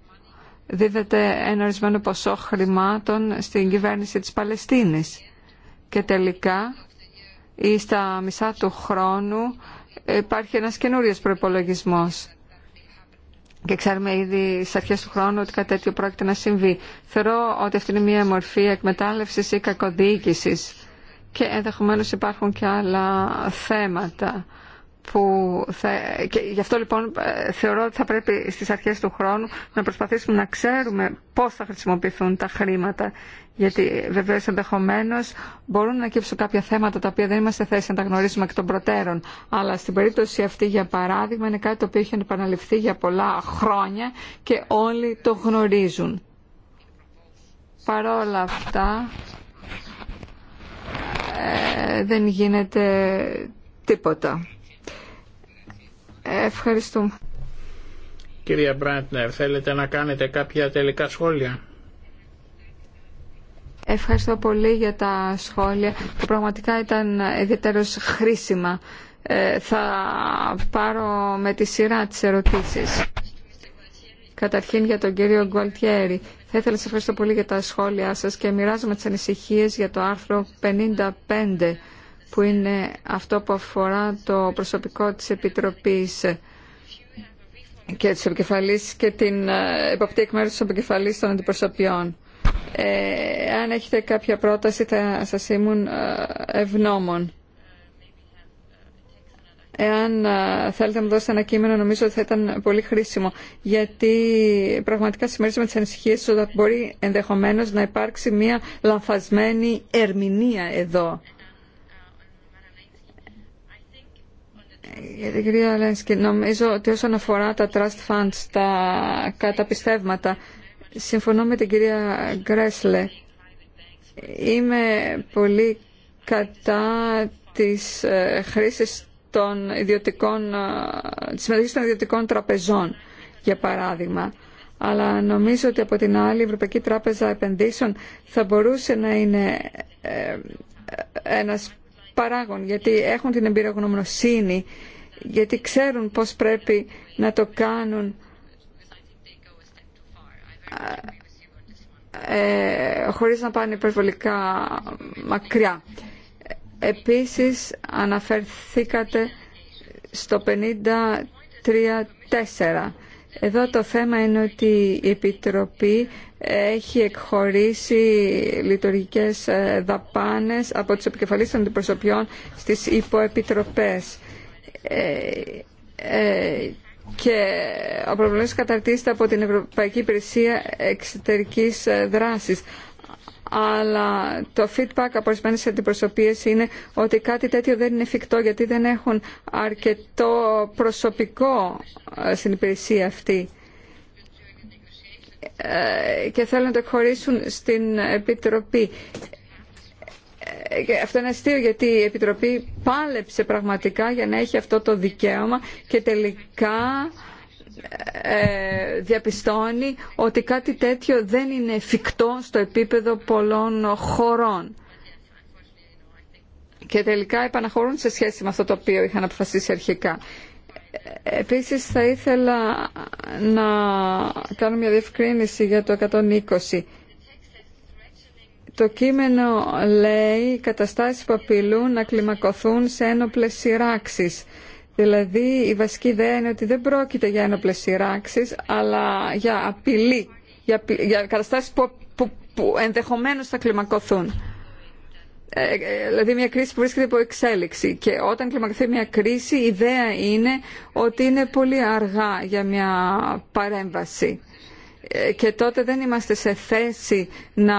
δίδεται ένα ορισμένο ποσό χρημάτων στην κυβέρνηση της Παλαιστίνης και τελικά ή στα μισά του χρόνου υπάρχει ένας καινούριος προϋπολογισμός. Και ξέρουμε ήδη στι αρχέ του χρόνου ότι κάτι τέτοιο πρόκειται να συμβεί. Θεωρώ ότι αυτή είναι μια μορφή εκμετάλλευση ή κακοδιοίκηση. Και ενδεχομένω υπάρχουν και άλλα θέματα. Που γι' αυτό λοιπόν θεωρώ ότι θα πρέπει στις αρχέ του χρόνου να προσπαθήσουμε να ξέρουμε πώ θα χρησιμοποιηθούν τα χρήματα γιατί βεβαίω ενδεχομένω μπορούν να κύψουν κάποια θέματα τα οποία δεν είμαστε θέσει να τα γνωρίσουμε εκ των προτέρων. Αλλά στην περίπτωση αυτή, για παράδειγμα, είναι κάτι το οποίο έχει επαναληφθεί για πολλά χρόνια και όλοι το γνωρίζουν. Παρόλα αυτά, ε, δεν γίνεται τίποτα. Ευχαριστούμε. Κυρία Μπραντνερ, θέλετε να κάνετε κάποια τελικά σχόλια. Ευχαριστώ πολύ για τα σχόλια που πραγματικά ήταν ιδιαίτερα χρήσιμα. Ε, θα πάρω με τη σειρά τις ερωτήσεις. Καταρχήν για τον κύριο Γκουαλτιέρη. Θα ήθελα να σας ευχαριστώ πολύ για τα σχόλια σας και μοιράζομαι τις ανησυχίες για το άρθρο 55 που είναι αυτό που αφορά το προσωπικό της Επιτροπής και της και την ε, υποπτή εκ μέρους της επικεφαλής των αντιπροσωπιών. Ε, αν έχετε κάποια πρόταση θα σας ήμουν ε, ευγνώμων. Εάν ε, θέλετε να μου δώσετε ένα κείμενο, νομίζω ότι θα ήταν πολύ χρήσιμο. Γιατί πραγματικά συμμερίζομαι τι ανησυχίε ότι μπορεί ενδεχομένως να υπάρξει μια λαμφασμένη ερμηνεία εδώ. Κύριε κυρία νομίζω ότι όσον αφορά τα trust funds, τα καταπιστεύματα, Συμφωνώ με την κυρία Γκρέσλε. Είμαι πολύ κατά της ε, χρήσης των ιδιωτικών, ε, της των ιδιωτικών τραπεζών, για παράδειγμα. Αλλά νομίζω ότι από την άλλη η Ευρωπαϊκή Τράπεζα Επενδύσεων θα μπορούσε να είναι ε, ένας παράγων, γιατί έχουν την εμπειρογνωμοσύνη, γιατί ξέρουν πώς πρέπει να το κάνουν ε, χωρίς να πάνε υπερβολικά μακριά. Επίσης αναφερθήκατε στο 53-4. Εδώ το θέμα είναι ότι η Επιτροπή έχει εκχωρήσει λειτουργικές ε, δαπάνες από τις επικεφαλής των αντιπροσωπιών στις υποεπιτροπές. Ε, ε και ο προβληματισμός καταρτίζεται από την Ευρωπαϊκή Υπηρεσία Εξωτερικής Δράσης. Αλλά το feedback από ορισμένε αντιπροσωπείε είναι ότι κάτι τέτοιο δεν είναι εφικτό γιατί δεν έχουν αρκετό προσωπικό ε, στην υπηρεσία αυτή ε, και θέλουν να το εκχωρήσουν στην Επιτροπή. Ε, ε, αυτό είναι αστείο γιατί η Επιτροπή πάλεψε πραγματικά για να έχει αυτό το δικαίωμα και τελικά ε, διαπιστώνει ότι κάτι τέτοιο δεν είναι εφικτό στο επίπεδο πολλών χωρών. Και τελικά επαναχωρούν σε σχέση με αυτό το οποίο είχαν αποφασίσει αρχικά. Επίσης θα ήθελα να κάνω μια διευκρίνηση για το 120 το κείμενο λέει καταστάσεις που απειλούν να κλιμακωθούν σε ένοπλες σειράξεις. Δηλαδή η βασική ιδέα είναι ότι δεν πρόκειται για ένοπλες σειράξεις, αλλά για απειλή, για, για καταστάσεις που, που, που ενδεχομένως θα κλιμακωθούν. Ε, ε, δηλαδή μια κρίση που βρίσκεται υπό εξέλιξη και όταν κλιμακωθεί μια κρίση η ιδέα είναι ότι είναι πολύ αργά για μια παρέμβαση. Ε, και τότε δεν είμαστε σε θέση να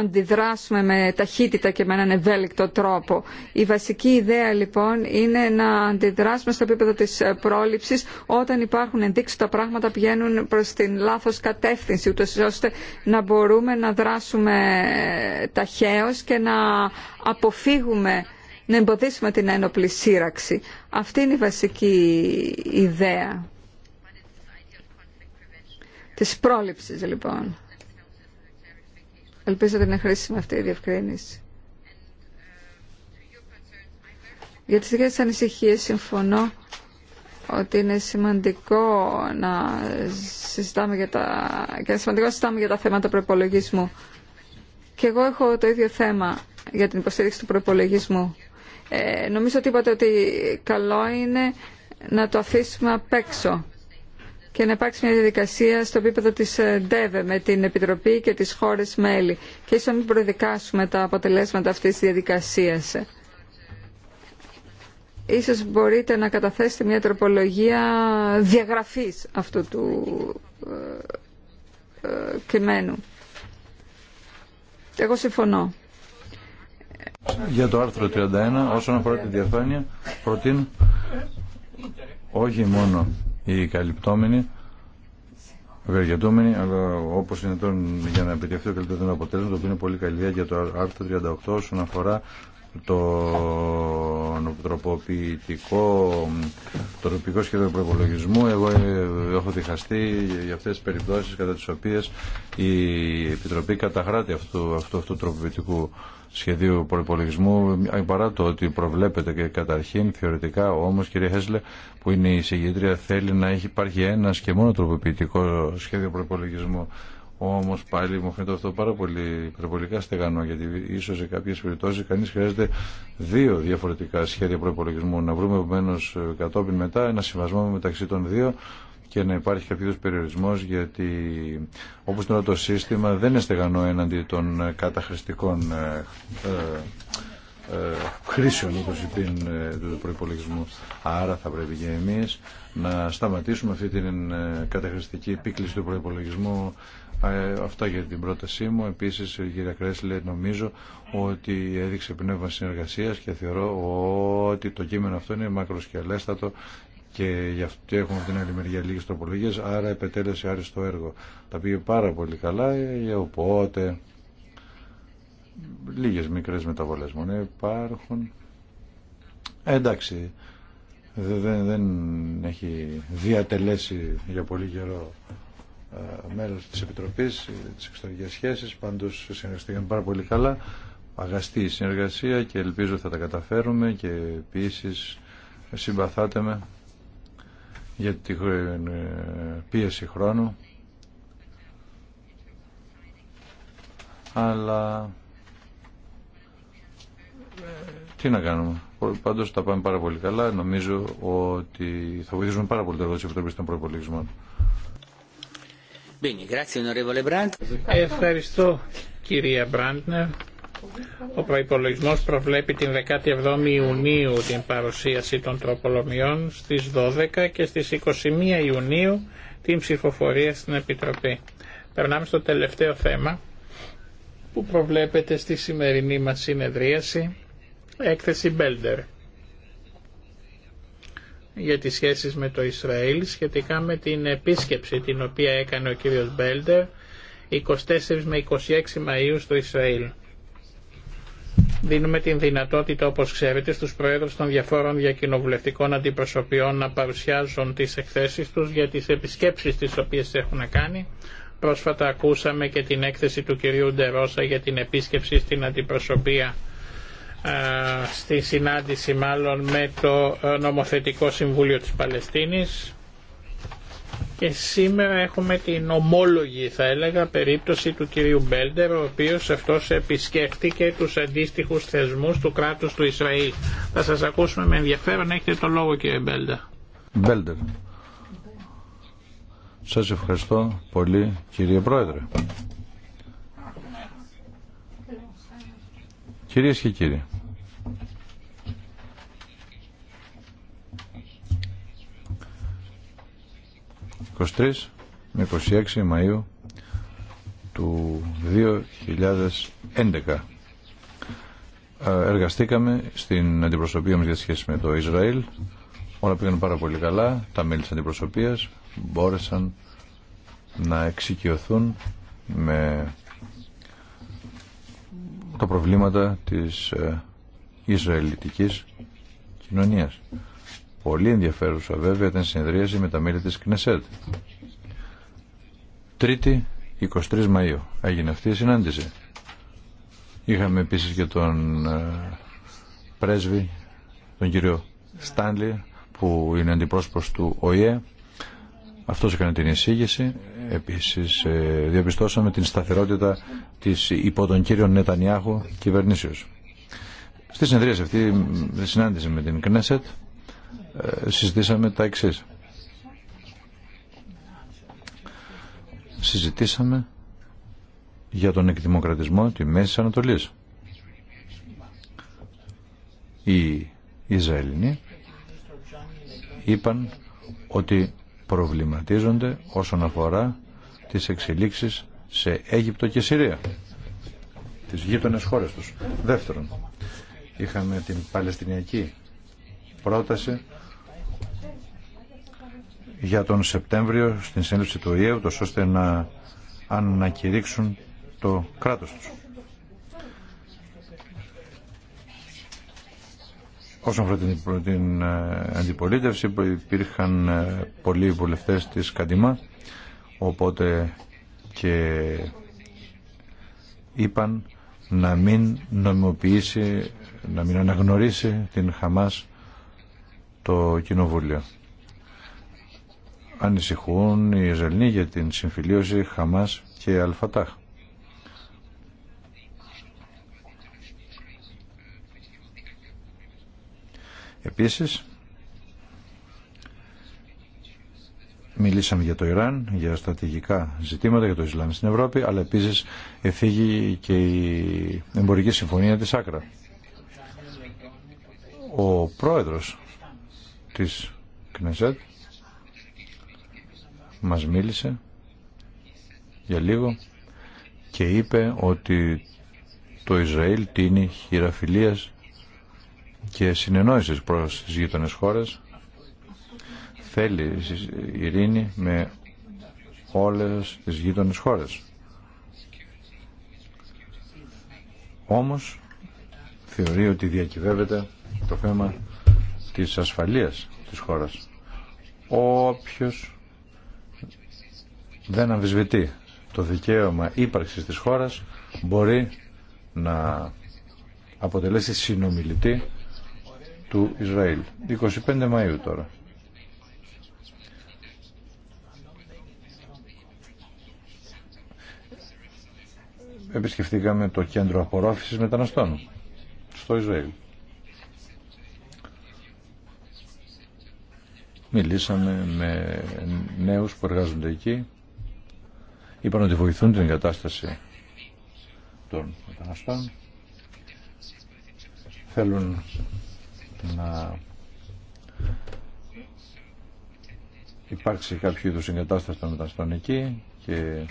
αντιδράσουμε με ταχύτητα και με έναν ευέλικτο τρόπο. Η βασική ιδέα λοιπόν είναι να αντιδράσουμε στο επίπεδο της ε, πρόληψης όταν υπάρχουν ενδείξεις τα πράγματα πηγαίνουν προς την λάθος κατεύθυνση ούτως ώστε να μπορούμε να δράσουμε ε, ταχαίως και να αποφύγουμε να εμποδίσουμε την ένοπλη σύραξη. Αυτή είναι η βασική ιδέα της πρόληψης λοιπόν. Ελπίζω ότι είναι χρήσιμη αυτή η διευκρίνηση. Για τις δικές ανησυχίες συμφωνώ ότι είναι σημαντικό να συζητάμε για τα, και σημαντικό συζητάμε για τα θέματα προπολογισμού. Και εγώ έχω το ίδιο θέμα για την υποστήριξη του προπολογισμού. Ε, νομίζω ότι είπατε ότι καλό είναι να το αφήσουμε απ' έξω και να υπάρξει μια διαδικασία στο επίπεδο της ε, ΔΕΒΕ με την Επιτροπή και τις χώρες μέλη και ίσως να μην προδικάσουμε τα αποτελέσματα αυτής της διαδικασίας. Ίσως μπορείτε να καταθέσετε μια τροπολογία διαγραφής αυτού του ε, ε, κειμένου. Εγώ συμφωνώ. Για το άρθρο 31, όσον αφορά τη διαφάνεια, προτείνω όχι μόνο οι καλυπτόμενοι, ευεργετούμενοι, αλλά όπω είναι τώρα για να επιτευχθεί το καλύτερο αποτέλεσμα, το οποίο είναι πολύ καλή για το άρθρο 38 όσον αφορά το τροποποιητικό, το τοπικό σχέδιο προπολογισμού. Εγώ ε, έχω διχαστεί για αυτές τις περιπτώσεις κατά τις οποίες η Επιτροπή καταγράφει αυτού, αυτού του τροποποιητικού σχεδίου προπολογισμού, παρά το ότι προβλέπεται και καταρχήν θεωρητικά όμω, κύριε Χέσλε που είναι η συγγεντρία, θέλει να έχει υπάρχει ένα και μόνο τροποποιητικό σχέδιο προπολογισμού. Όμω πάλι μου φαίνεται αυτό πάρα πολύ υπερβολικά στεγανό, γιατί ίσω σε κάποιε περιπτώσει κανεί χρειάζεται δύο διαφορετικά σχέδια προπολογισμού. Να βρούμε επομένω κατόπιν μετά ένα συμβασμό μεταξύ των δύο, και να υπάρχει κάποιο περιορισμό γιατί όπως τώρα το σύστημα δεν είναι στεγανό έναντι των καταχρηστικών ε, ε, ε, χρήσεων όπως είπε του προπολογισμού. Άρα θα πρέπει και εμείς να σταματήσουμε αυτή την καταχρηστική επίκληση του προπολογισμού αυτά για την πρότασή μου. Επίσης, η κυρία Κρέσλε, νομίζω ότι έδειξε πνεύμα συνεργασίας και θεωρώ ότι το κείμενο αυτό είναι μακροσκελέστατο και γι' αυτό έχουμε την άλλη μεριά λίγες τροπολογίες άρα επετέλεσε άριστο έργο τα πήγε πάρα πολύ καλά ε, οπότε λίγες μικρές μεταβολές μόνο υπάρχουν εντάξει δεν, δεν έχει διατελέσει για πολύ καιρό ε, μέλος της Επιτροπής ε, της Εξωτερικής Σχέσης πάντως συνεργαστήκαμε πάρα πολύ καλά αγαστή συνεργασία και ελπίζω θα τα καταφέρουμε και επίσης συμπαθάτε με για την πίεση χρόνου αλλά ε, τι να κάνουμε. Πάντω τα πάμε πάρα πολύ καλά. Νομίζω ότι θα βοηθήσουμε πάρα πολύ το έργο τη Επιτροπή των Προπολογισμών. Ευχαριστώ κυρία Μπράντνερ. Ο προπολογισμό προβλέπει την 17η Ιουνίου την παρουσίαση των τροπολομιών στις 12 και στις 21 Ιουνίου την ψηφοφορία στην Επιτροπή. Περνάμε στο τελευταίο θέμα που προβλέπεται στη σημερινή μας συνεδρίαση, έκθεση Μπέλντερ για τις σχέσεις με το Ισραήλ σχετικά με την επίσκεψη την οποία έκανε ο κύριος Μπέλντερ 24 με 26 Μαΐου στο Ισραήλ. Δίνουμε την δυνατότητα, όπως ξέρετε, στους Προέδρους των διαφόρων διακοινοβουλευτικών αντιπροσωπιών να παρουσιάζουν τις εκθέσεις τους για τις επισκέψεις τις οποίες έχουν κάνει. Πρόσφατα ακούσαμε και την έκθεση του κυρίου Ντερόσα για την επίσκεψη στην αντιπροσωπεία στη συνάντηση μάλλον με το νομοθετικό συμβούλιο της Παλαιστίνης και σήμερα έχουμε την ομόλογη θα έλεγα περίπτωση του κυρίου Μπέλντερ ο οποίος αυτός επισκέφτηκε τους αντίστοιχους θεσμούς του κράτους του Ισραήλ. Θα σας ακούσουμε με ενδιαφέρον. Έχετε το λόγο κύριε Μπέλντερ. Μπέλντερ. Σας ευχαριστώ πολύ κύριε Πρόεδρε. Κυρίες και κύριοι. 23 με 26 Μαΐου του 2011. Ε, εργαστήκαμε στην αντιπροσωπεία μας για σχέση με το Ισραήλ. Όλα πήγαν πάρα πολύ καλά. Τα μέλη της αντιπροσωπείας μπόρεσαν να εξοικειωθούν με τα προβλήματα της ε, Ισραηλιτικής κοινωνίας. Πολύ ενδιαφέρουσα βέβαια ήταν συνεδρίαση με τα μέλη της Κνεσέτ. Τρίτη, 23 Μαΐου, έγινε αυτή η συνάντηση. Είχαμε επίσης και τον ε, πρέσβη, τον κύριο Στάνλι, που είναι αντιπρόσωπος του ΟΗΕ. Αυτός έκανε την εισήγηση. Επίσης ε, διαπιστώσαμε την σταθερότητα της υπό τον κύριο Νετανιάχου κυβερνήσεως. Στη συνεδρίαση αυτή, συνάντηση με την Κνέσετ, ε, συζητήσαμε τα εξή. Συζητήσαμε για τον εκδημοκρατισμό τη Μέση Ανατολής. Οι Ισραηλινοί είπαν ότι προβληματίζονται όσον αφορά τις εξελίξεις σε Αίγυπτο και Συρία τις γείτονες χώρες τους. Δεύτερον, είχαμε την Παλαιστινιακή πρόταση για τον Σεπτέμβριο στην σύλληψη του ΙΕΒ, ώστε να ανακηρύξουν το κράτος τους. Όσον αφορά την, ε, αντιπολίτευση, υπήρχαν ε, πολλοί βουλευτές της Καντιμά, οπότε και είπαν να μην νομιμοποιήσει, να μην αναγνωρίσει την Χαμάς το Κοινοβούλιο. Ανησυχούν οι Ισραηλοί για την συμφιλίωση Χαμάς και Αλφατάχ. Επίσης, μιλήσαμε για το Ιράν, για στρατηγικά ζητήματα, για το Ισλάμ στην Ευρώπη, αλλά επίσης εφήγει και η εμπορική συμφωνία της Άκρα. Ο πρόεδρος της μας μίλησε για λίγο και είπε ότι το Ισραήλ τίνει χειραφιλίας και συνεννόησης προς τις γείτονες χώρες θέλει ειρήνη με όλες τις γείτονες χώρες όμως θεωρεί ότι διακυβεύεται το θέμα της ασφαλείας της χώρας. Όποιος δεν αμφισβητεί το δικαίωμα ύπαρξης της χώρας μπορεί να αποτελέσει συνομιλητή του Ισραήλ. 25 Μαΐου τώρα. Επισκεφτήκαμε το κέντρο απορρόφησης μεταναστών στο Ισραήλ. Μιλήσαμε με νέους που εργάζονται εκεί. Είπαν ότι βοηθούν την εγκατάσταση των μεταναστών. Θέλουν να υπάρξει κάποιο είδους εγκατάσταση των μεταναστών εκεί και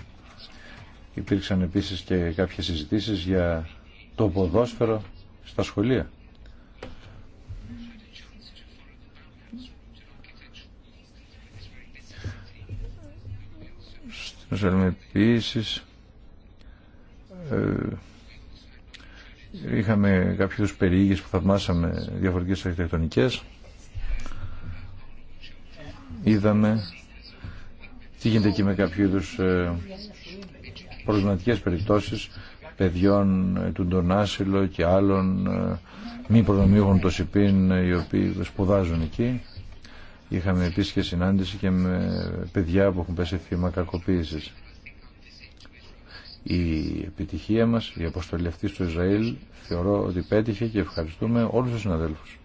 υπήρξαν επίσης και κάποιες συζητήσεις για το ποδόσφαιρο στα σχολεία. να ε, είχαμε κάποιους περιήγες που θαυμάσαμε διαφορετικές αρχιτεκτονικές. Είδαμε τι γίνεται εκεί με κάποιου είδου ε, περιπτώσεις παιδιών ε, του Ντονάσιλο και άλλων ε, μη προνομιούχων το ΣΥΠΗΝ οι οποίοι σπουδάζουν εκεί. Είχαμε επίσης και συνάντηση και με παιδιά που έχουν πέσει θύμα κακοποίησης. Η επιτυχία μας, η αποστολή αυτή στο Ισραήλ, θεωρώ ότι πέτυχε και ευχαριστούμε όλους τους συναδέλφους.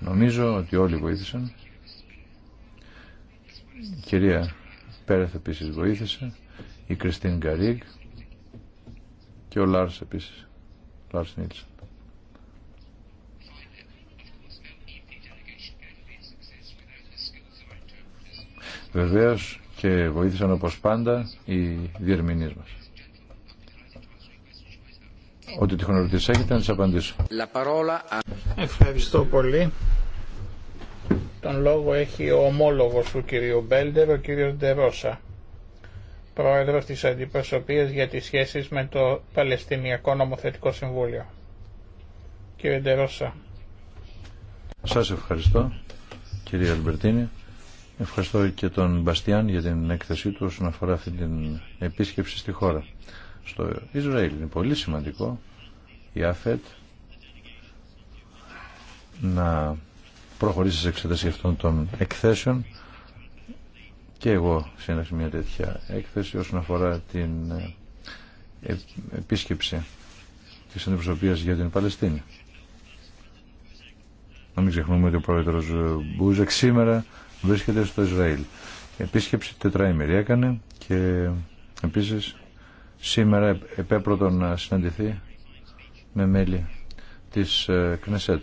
Νομίζω ότι όλοι βοήθησαν. Η κυρία Πέρεθ επίσης βοήθησε, η Κριστίν Γκαρίγκ και ο Λάρς επίσης, Λάρς Βεβαίως και βοήθησαν όπως πάντα οι διερμηνείς μας. Ό,τι τυχόν ερωτήσει έχετε να τις απαντήσω. Ευχαριστώ πολύ. Τον λόγο έχει ο ομόλογος του κυρίου Μπέλντερ, ο κύριος Ντερόσα, πρόεδρος της Αντιπροσωπείας για τις σχέσεις με το Παλαιστινιακό Νομοθετικό Συμβούλιο. Κύριε Ντερόσα. Σας ευχαριστώ, κύριε Αλμπερτίνη. Ευχαριστώ και τον Μπαστιάν για την έκθεσή του όσον αφορά αυτή την επίσκεψη στη χώρα. Στο Ισραήλ είναι πολύ σημαντικό η ΑΦΕΤ να προχωρήσει σε εξέταση αυτών των εκθέσεων και εγώ σύνταξα μια τέτοια έκθεση όσον αφορά την ε, επίσκεψη της αντιπροσωπείας για την Παλαιστίνη. Να μην ξεχνούμε ότι ο πρόεδρος Μπούζεκ σήμερα βρίσκεται στο Ισραήλ. Επίσκεψη τετραήμερη έκανε και επίσης σήμερα επέπρωτο να συναντηθεί με μέλη της ε, Κνεσέτ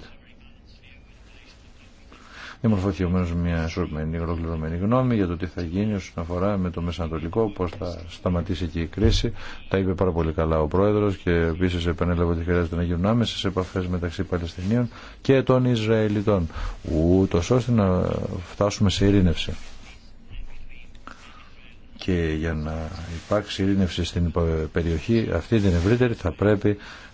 διαμορφωθεί με μια ισορροπημένη ολοκληρωμένη γνώμη για το τι θα γίνει όσον αφορά με το Μεσανατολικό, πώς θα σταματήσει εκεί η κρίση. Τα είπε πάρα πολύ καλά ο Πρόεδρος και επίσης επανέλαβε ότι χρειάζεται να γίνουν άμεσες επαφές μεταξύ Παλαιστινίων και των Ισραηλιτών, ούτω ώστε να φτάσουμε σε ειρήνευση και για να υπάρξει ειρήνευση στην περιοχή αυτή την ευρύτερη θα πρέπει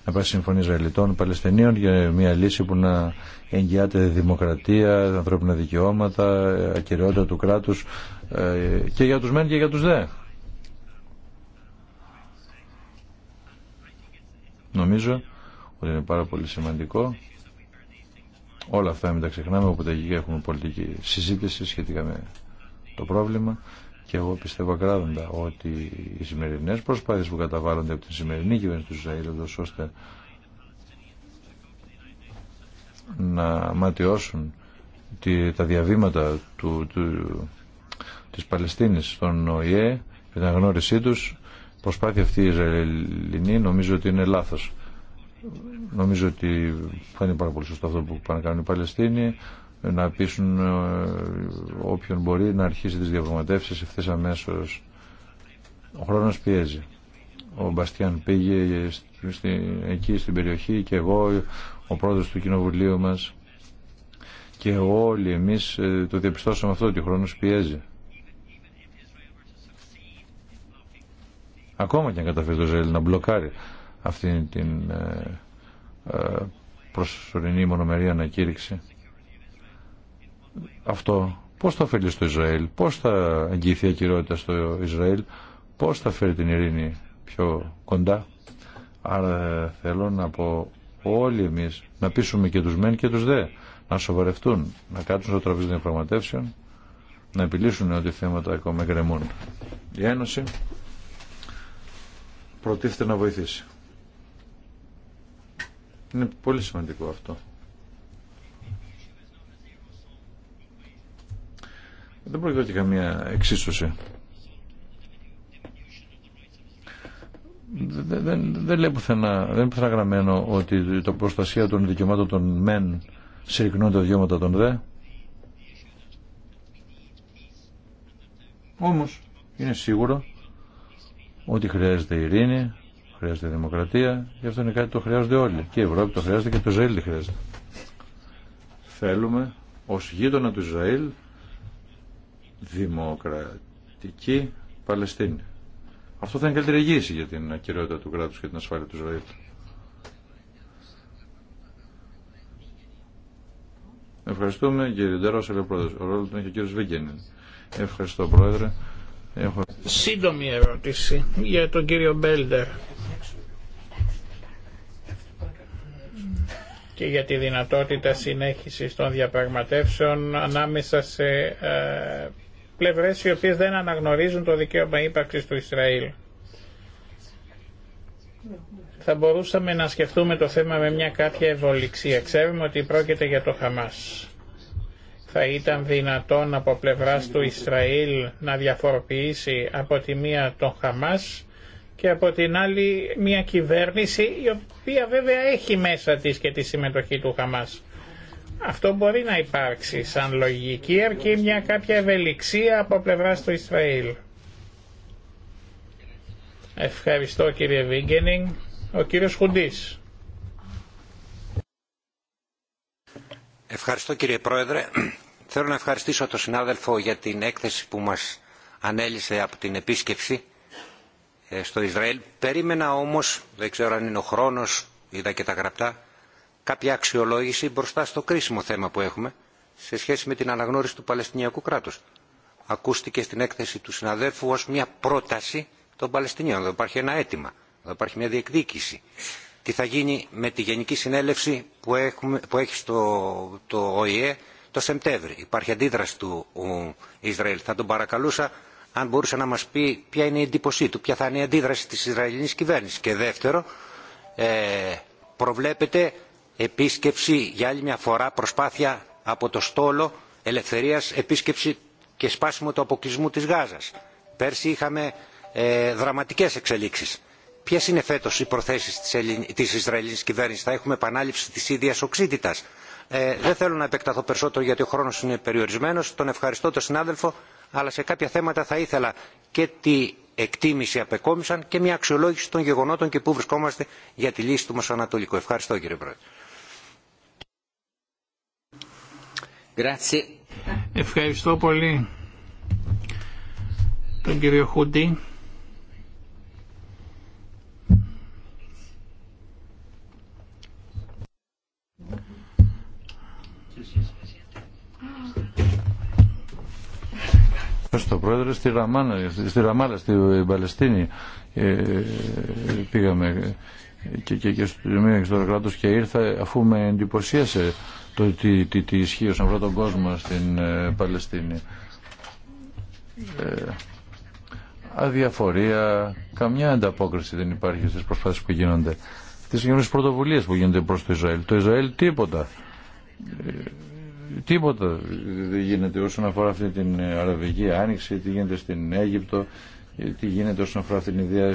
να υπάρχει συμφωνία Ισραηλιτών Παλαιστινίων για μια λύση που να εγγυάται δημοκρατία, ανθρώπινα δικαιώματα, ακυριότητα του κράτους ε, και για τους μεν και για τους δε. Νομίζω ότι είναι πάρα πολύ σημαντικό. Όλα αυτά μην τα ξεχνάμε, τα τα έχουμε πολιτική συζήτηση σχετικά με το πρόβλημα και εγώ πιστεύω ακράδοντα ότι οι σημερινές προσπάθειες που καταβάλλονται από την σημερινή κυβέρνηση του Ισραήλ ώστε να ματιώσουν τη, τα διαβήματα του, του, της Παλαιστίνης στον ΟΗΕ και την αγνώρισή τους προσπάθεια αυτή η Ισραηλινή νομίζω ότι είναι λάθος νομίζω ότι θα είναι πάρα πολύ σωστό αυτό που πάνε να κάνουν οι Παλαιστίνοι να πείσουν ε, όποιον μπορεί να αρχίσει τις διαπραγματεύσεις ευθύς αμέσως ο χρόνος πιέζει ο Μπαστιάν πήγε εκεί στην περιοχή και εγώ ο πρόεδρος του κοινοβουλίου μας και όλοι εμείς ε, το διαπιστώσαμε αυτό ότι ο χρόνος πιέζει. Ακόμα και αν καταφέρει το Ισραήλ να μπλοκάρει αυτή την ε, ε, προσωρινή μονομερή ανακήρυξη αυτό πώς θα ωφελεί στο Ισραήλ, πώς θα αγγίθει η ακυρότητα στο Ισραήλ, πώς θα φέρει την ειρήνη πιο κοντά. Άρα θέλω να πω όλοι εμεί να πείσουμε και τους μεν και τους δε να σοβαρευτούν, να κάτσουν στο τραπέζι των διαπραγματεύσεων, να επιλύσουν ό,τι θέματα ακόμα εγκρεμούν. Η Ένωση προτίθεται να βοηθήσει. Είναι πολύ σημαντικό αυτό. Δεν πρόκειται καμία εξίσωση. δεν, δεν, λέει πουθενά, δεν πουθενά γραμμένο ότι το προστασία των δικαιωμάτων των μεν συρρυκνώνται τα δικαιώματα των δε. Όμως είναι σίγουρο ότι χρειάζεται ειρήνη, χρειάζεται δημοκρατία, και αυτό είναι κάτι το χρειάζονται όλοι. Και η Ευρώπη το χρειάζεται και το Ισραήλ το χρειάζεται. Θέλουμε ως γείτονα του Ισραήλ δημοκρατική Παλαιστίνη. Αυτό θα είναι καλύτερη εγγύηση για την κυριότητα του κράτους και την ασφάλεια του του. Ευχαριστούμε κύριε Ντέρο, πρόεδρος. Ο ρόλος του έχει ο κύριος Βίγκενιν. Ευχαριστώ πρόεδρε. Έχω... Σύντομη ερώτηση για τον κύριο Μπέλντερ. και για τη δυνατότητα συνέχισης των διαπραγματεύσεων ανάμεσα σε ε, πλευρές οι οποίες δεν αναγνωρίζουν το δικαίωμα ύπαρξης του Ισραήλ. Θα μπορούσαμε να σκεφτούμε το θέμα με μια κάποια ευολιξία. Ξέρουμε ότι πρόκειται για το Χαμάς. Θα ήταν δυνατόν από πλευράς του Ισραήλ να διαφοροποιήσει από τη μία τον Χαμάς και από την άλλη μια κυβέρνηση η οποία βέβαια έχει μέσα της και τη συμμετοχή του Χαμάς. Αυτό μπορεί να υπάρξει σαν λογική αρκεί μια κάποια ευελιξία από πλευράς του Ισραήλ. Ευχαριστώ κύριε Βίγκενινγκ. Ο κύριος Χουντής. Ευχαριστώ κύριε Πρόεδρε. Θέλω να ευχαριστήσω τον συνάδελφο για την έκθεση που μας ανέλησε από την επίσκεψη ε, στο Ισραήλ. Περίμενα όμως, δεν ξέρω αν είναι ο χρόνος, είδα και τα γραπτά, κάποια αξιολόγηση μπροστά στο κρίσιμο θέμα που έχουμε σε σχέση με την αναγνώριση του Παλαιστινιακού κράτους. Ακούστηκε στην έκθεση του συναδέλφου ως μια πρόταση των Παλαιστινίων. Δεν υπάρχει ένα αίτημα, δεν υπάρχει μια διεκδίκηση. Τι θα γίνει με τη Γενική Συνέλευση που, έχουμε, που έχει στο το ΟΗΕ το Σεπτέμβρη. Υπάρχει αντίδραση του ο, Ισραήλ. Θα τον παρακαλούσα αν μπορούσε να μας πει ποια είναι η εντύπωσή του, ποια θα είναι η αντίδραση τη Ισραηλινής κυβέρνηση Και δεύτερο, ε, προβλέπεται επίσκεψη για άλλη μια φορά προσπάθεια από το στόλο ελευθερίας επίσκεψη και σπάσιμο του αποκλεισμού της Γάζας. Πέρσι είχαμε ε, δραματικές εξελίξεις. Ποιες είναι φέτο οι προθέσεις της, Ελλην... της Ισραηλινής Θα έχουμε επανάληψη τη ίδια οξύτητα. Ε, δεν θέλω να επεκταθώ περισσότερο γιατί ο χρόνος είναι περιορισμένο. Τον ευχαριστώ τον συνάδελφο αλλά σε κάποια θέματα θα ήθελα και τη εκτίμηση απεκόμισαν και μια αξιολόγηση των γεγονότων και πού βρισκόμαστε για τη λύση του Μεσοανατολικού. Ευχαριστώ κύριε Πρόεδρε. Ευχαριστώ πολύ τον κύριο Χούντι. Στο πρόεδρε. Στη, στη Ραμάλα, στη Παλαιστίνη ε, πήγαμε και, και, και στο κράτος και ήρθα αφού με εντυπωσίασε το τι, τι, τι ισχύει τον κόσμο στην ε, Παλαιστίνη. Ε, αδιαφορία, καμιά ανταπόκριση δεν υπάρχει στις προσπάθειες που γίνονται. Τις συγκεκριμένες πρωτοβουλίες που γίνονται προς το Ισραήλ. Το Ισραήλ τίποτα. Ε, τίποτα δεν γίνεται όσον αφορά αυτή την Αραβική Άνοιξη, τι γίνεται στην Αίγυπτο, τι γίνεται όσον αφορά την ιδέα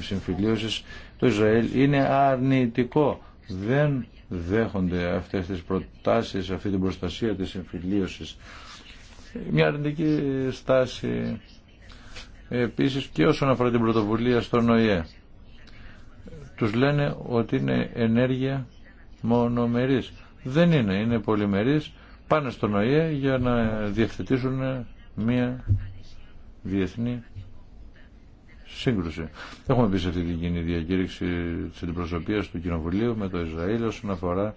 συμφιλίωσης. Το Ισραήλ είναι αρνητικό. Δεν δέχονται αυτές τις προτάσεις, αυτή την προστασία της συμφιλίωσης. Μια αρνητική στάση επίσης και όσον αφορά την πρωτοβουλία στον ΟΗΕ. Τους λένε ότι είναι ενέργεια μονομερής. Δεν είναι, είναι πολυμερείς. Πάνε στον ΟΗΕ για να διευθετήσουν μια διεθνή σύγκρουση. Έχουμε πει σε αυτή την κοινή διακήρυξη της αντιπροσωπείας του Κοινοβουλίου με το Ισραήλ όσον αφορά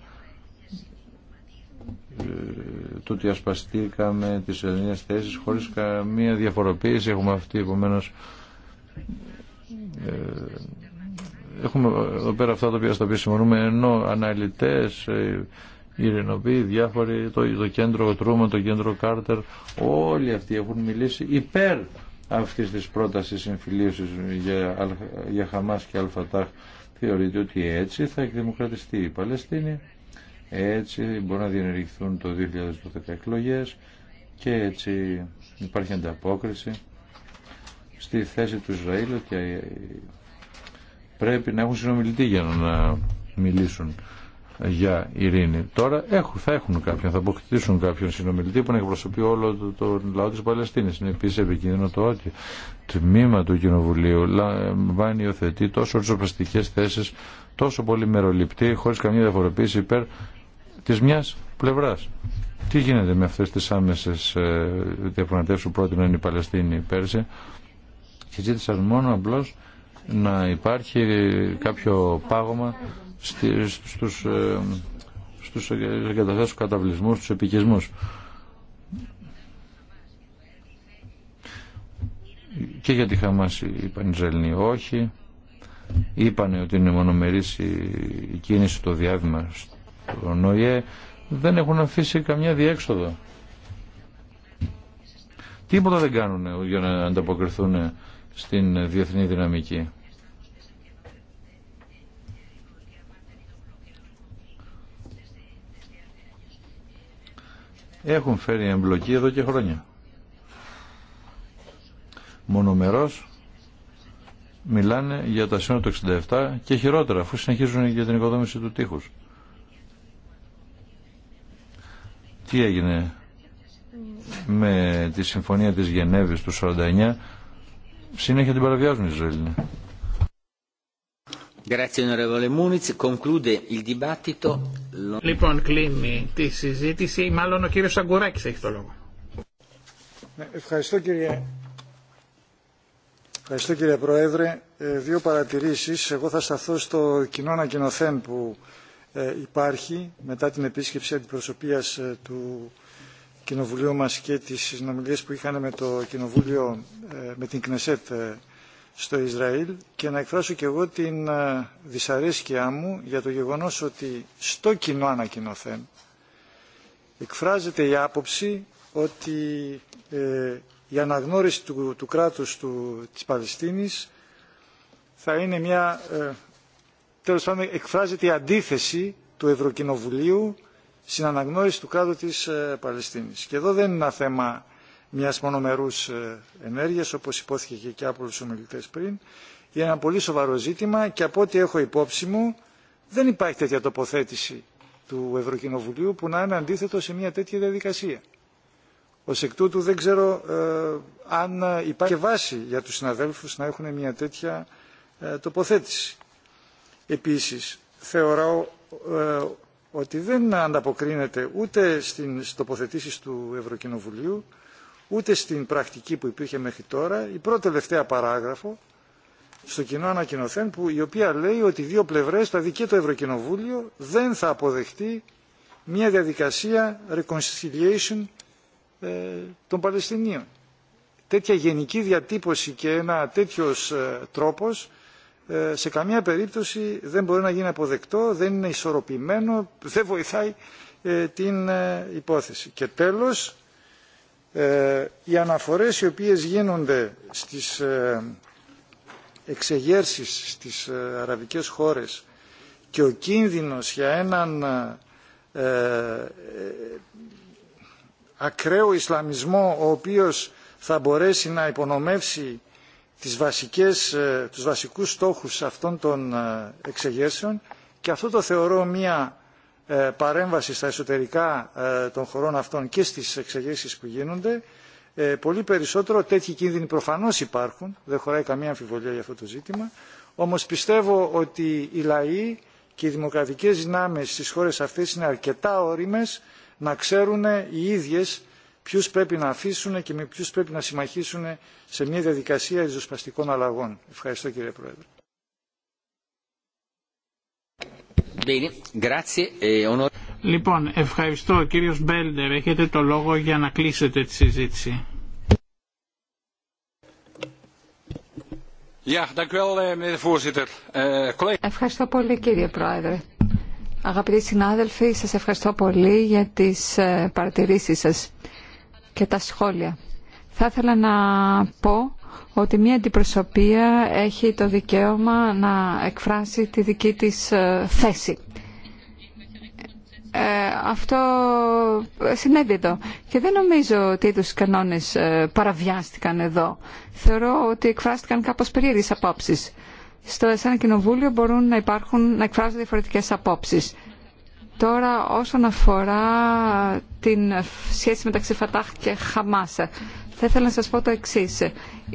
ε, το ότι ασπαστήκαμε τις ελληνικέ θέσεις χωρίς καμία διαφοροποίηση έχουμε αυτή επομένω. Ε, έχουμε εδώ πέρα αυτά τα οποία στα συμφωνούμε ενώ αναλυτές ε, Ειρηνοποιεί διάφοροι, το, το κέντρο Τρούμα, το κέντρο Κάρτερ, όλοι αυτοί έχουν μιλήσει υπέρ αυτής της πρότασης συμφιλίωσης για, για Χαμάς και Αλφατάχ. Θεωρείται ότι έτσι θα εκδημοκρατιστεί η Παλαιστίνη, έτσι μπορεί να διενεργηθούν το 2010 εκλογέ και έτσι υπάρχει ανταπόκριση στη θέση του Ισραήλ και πρέπει να έχουν συνομιλητή για να μιλήσουν για ειρήνη. Τώρα έχουν, θα έχουν κάποιον, θα αποκτήσουν κάποιον συνομιλητή που να εκπροσωπεί όλο τον το λαό της Παλαιστίνης. Είναι επίσης επικίνδυνο το ότι τμήμα του Κοινοβουλίου λαμβάνει υιοθετεί τόσο ριζοπαστικές θέσεις, τόσο πολύ μεροληπτή, χωρίς καμία διαφοροποίηση υπέρ της μιας πλευράς. Τι γίνεται με αυτές τις άμεσες ε, που πρότειναν οι Παλαιστίνοι πέρσι και ζήτησαν μόνο απλώς να υπάρχει κάποιο πάγωμα Στου στους, ε, στους εγκαταστάσεις, καταβλισμούς, στους Και για τη Χαμάς είπαν όχι. είπαν ότι είναι μονομερής η κίνηση το διάβημα στο νοιε Δεν έχουν αφήσει καμιά διέξοδο. Τίποτα δεν κάνουν για να ανταποκριθούν στην διεθνή δυναμική. έχουν φέρει εμπλοκή εδώ και χρόνια. Μονομερός μιλάνε για τα σύνορα του 67 και χειρότερα αφού συνεχίζουν για την οικοδόμηση του τείχους. Τι έγινε με τη συμφωνία της Γενέβης του 49 συνέχεια την παραβιάζουν οι Ισραηλοί. Ευχαριστώ κύριε, Πρόεδρε. Ε, δύο παρατηρήσεις. Εγώ θα σταθώ στο κοινό ανακοινοθέν που ε, υπάρχει μετά την επίσκεψη αντιπροσωπείας ε, του Κοινοβουλίου μας και τις συνομιλίες που είχαν με το Κοινοβούλιο, με την Κνεσέτ στο Ισραήλ και να εκφράσω και εγώ την ε, δυσαρέσκειά μου για το γεγονός ότι στο κοινό ανακοινωθέν εκφράζεται η άποψη ότι ε, η αναγνώριση του, του κράτους του, της Παλαιστίνης θα είναι μια... Ε, τέλος πάντων εκφράζεται η αντίθεση του Ευρωκοινοβουλίου στην αναγνώριση του κράτους της ε, Παλαιστίνης. Και εδώ δεν είναι ένα θέμα μιας μονομερούς ε, ενέργειας, όπως υπόθηκε και από τους ομιλητές πριν. Είναι ένα πολύ σοβαρό ζήτημα και από ό,τι έχω υπόψη μου δεν υπάρχει τέτοια τοποθέτηση του Ευρωκοινοβουλίου που να είναι αντίθετο σε μια τέτοια διαδικασία. Ω εκ τούτου δεν ξέρω ε, αν υπάρχει βάση για τους συναδέλφους να έχουν μια τέτοια ε, τοποθέτηση. Επίσης, θεωρώ ότι δεν ανταποκρίνεται ούτε στις τοποθετήσεις του Ευρωκοινοβουλίου ούτε στην πρακτική που υπήρχε μέχρι τώρα, η πρώτη τελευταία παράγραφο στο κοινό ανακοινωθέν, που, η οποία λέει ότι οι δύο πλευρές, δηλαδή και το Ευρωκοινοβούλιο, δεν θα αποδεχτεί μια διαδικασία reconciliation ε, των Παλαιστινίων. Τέτοια γενική διατύπωση και ένα τέτοιος ε, τρόπος ε, σε καμία περίπτωση δεν μπορεί να γίνει αποδεκτό, δεν είναι ισορροπημένο, δεν βοηθάει ε, την υπόθεση. Και τέλος, ε, οι αναφορές οι οποίες γίνονται στις ε, εξεγέρσεις στις ε, αραβικές χώρες και ο κίνδυνος για έναν ακραίο Ισλαμισμό ο οποίος θα μπορέσει να υπονομεύσει τις βασικές, τους βασικούς στόχους αυτών των εξεγέρσεων και αυτό το θεωρώ μια ε, παρέμβαση στα εσωτερικά ε, των χωρών αυτών και στις εξεγέρσεις που γίνονται ε, πολύ περισσότερο τέτοιοι κίνδυνοι προφανώς υπάρχουν δεν χωράει καμία αμφιβολία για αυτό το ζήτημα όμως πιστεύω ότι οι λαοί και οι δημοκρατικές δυνάμεις στις χώρες αυτές είναι αρκετά όριμες να ξέρουν οι ίδιες ποιους πρέπει να αφήσουν και με ποιους πρέπει να συμμαχίσουν σε μια διαδικασία ριζοσπαστικών αλλαγών. Ευχαριστώ κύριε Πρόεδρε. Eh, λοιπόν, ευχαριστώ. Ο κύριος Μπέλντερ, έχετε το λόγο για να κλείσετε τη συζήτηση. Eh, eh, ευχαριστώ πολύ κύριε Πρόεδρε. Αγαπητοί συνάδελφοι, σας ευχαριστώ πολύ για τις ε, παρατηρήσεις σας και τα σχόλια. Θα ήθελα να πω ότι μια αντιπροσωπεία έχει το δικαίωμα να εκφράσει τη δική της ε, θέση. Ε, αυτό συνέβη εδώ και δεν νομίζω ότι τους κανόνες ε, παραβιάστηκαν εδώ. Θεωρώ ότι εκφράστηκαν κάπως περίεργες απόψεις. Στο ένα κοινοβούλιο μπορούν να υπάρχουν, να εκφράζουν διαφορετικές απόψεις. Τώρα όσον αφορά την σχέση μεταξύ Φατάχ και Χαμάσα. Θα ήθελα να σας πω το εξής.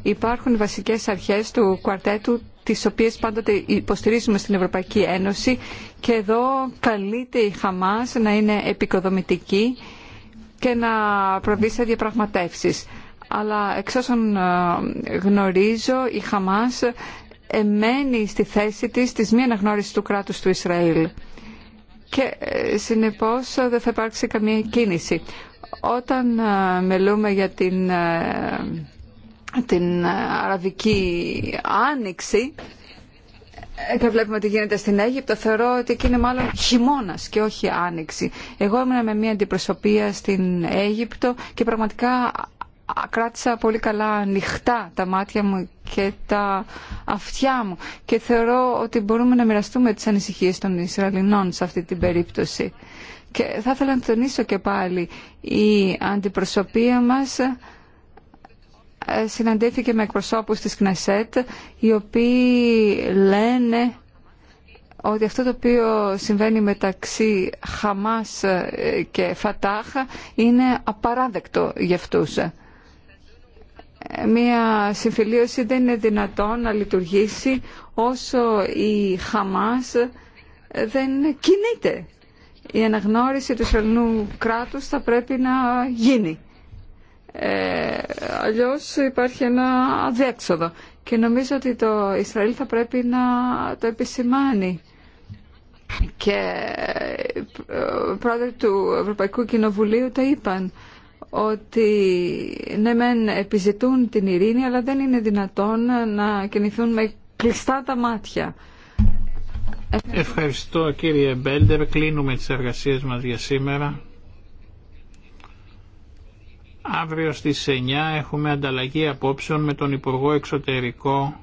Υπάρχουν βασικές αρχές του κουαρτέτου τις οποίες πάντοτε υποστηρίζουμε στην Ευρωπαϊκή Ένωση και εδώ καλείται η Χαμάς να είναι επικοδομητική και να προβεί σε διαπραγματεύσεις. Αλλά εξ όσων ε, γνωρίζω η Χαμάς εμένει στη θέση της της μη αναγνώρισης του κράτους του Ισραήλ και ε, συνεπώς ε, δεν θα υπάρξει καμία κίνηση. Όταν ε, μιλούμε για την, ε, την Αραβική Άνοιξη ε, και βλέπουμε τι γίνεται στην Αίγυπτο, θεωρώ ότι εκεί είναι μάλλον χειμώνα και όχι Άνοιξη. Εγώ ήμουν με μια αντιπροσωπεία στην Αίγυπτο και πραγματικά κράτησα πολύ καλά ανοιχτά τα μάτια μου και τα αυτιά μου και θεωρώ ότι μπορούμε να μοιραστούμε τις ανησυχίες των Ισραηλινών σε αυτή την περίπτωση. Και θα ήθελα να τονίσω και πάλι, η αντιπροσωπεία μας ε, συναντήθηκε με εκπροσώπους της Κνεσέτ, οι οποίοι λένε ότι αυτό το οποίο συμβαίνει μεταξύ Χαμάς ε, και Φατάχα είναι απαράδεκτο για αυτούς. Ε, μία συμφιλίωση δεν είναι δυνατόν να λειτουργήσει όσο η Χαμάς δεν κινείται η αναγνώριση του Ισραηλού κράτους θα πρέπει να γίνει. Ε, αλλιώς υπάρχει ένα διέξοδο και νομίζω ότι το Ισραήλ θα πρέπει να το επισημάνει και ε, πρόεδροι του Ευρωπαϊκού Κοινοβουλίου τα είπαν ότι ναι μεν επιζητούν την ειρήνη αλλά δεν είναι δυνατόν να κινηθούν με κλειστά τα μάτια. Ευχαριστώ κύριε Μπέλτερ Κλείνουμε τις εργασίες μας για σήμερα. Αύριο στις 9 έχουμε ανταλλαγή απόψεων με τον Υπουργό Εξωτερικό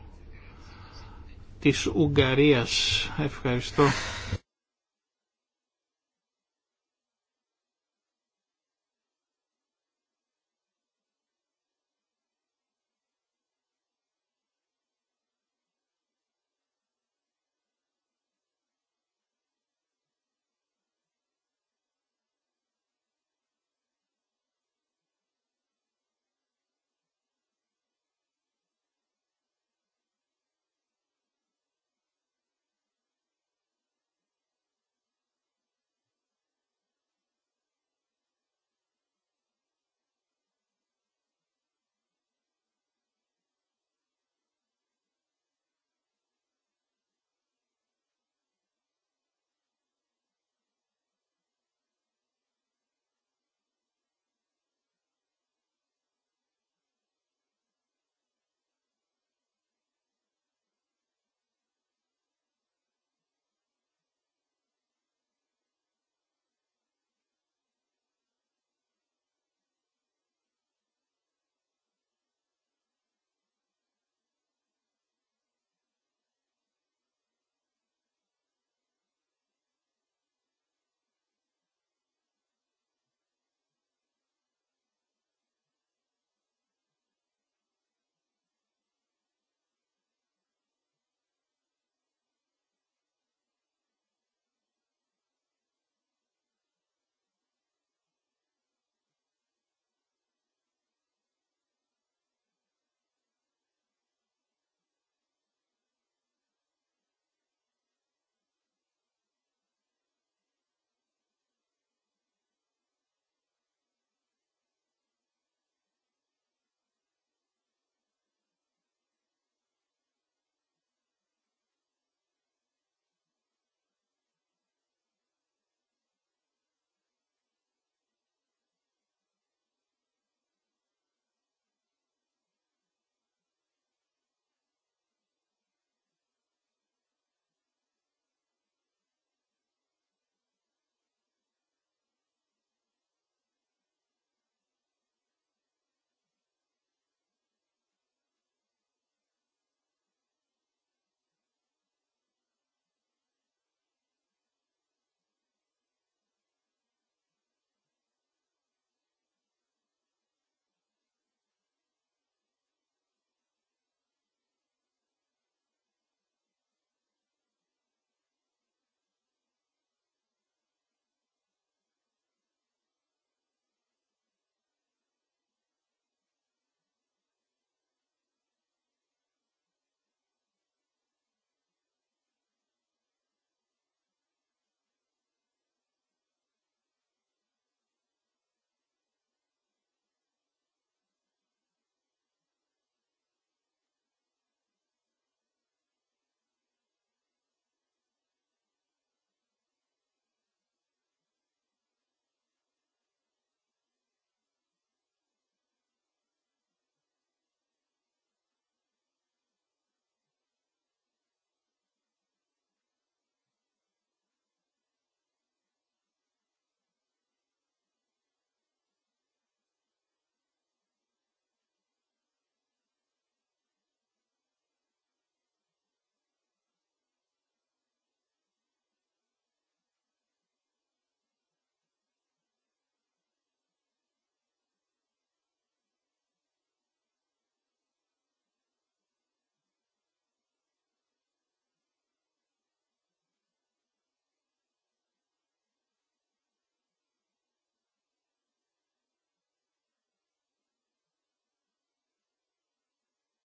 της Ουγγαρίας. Ευχαριστώ.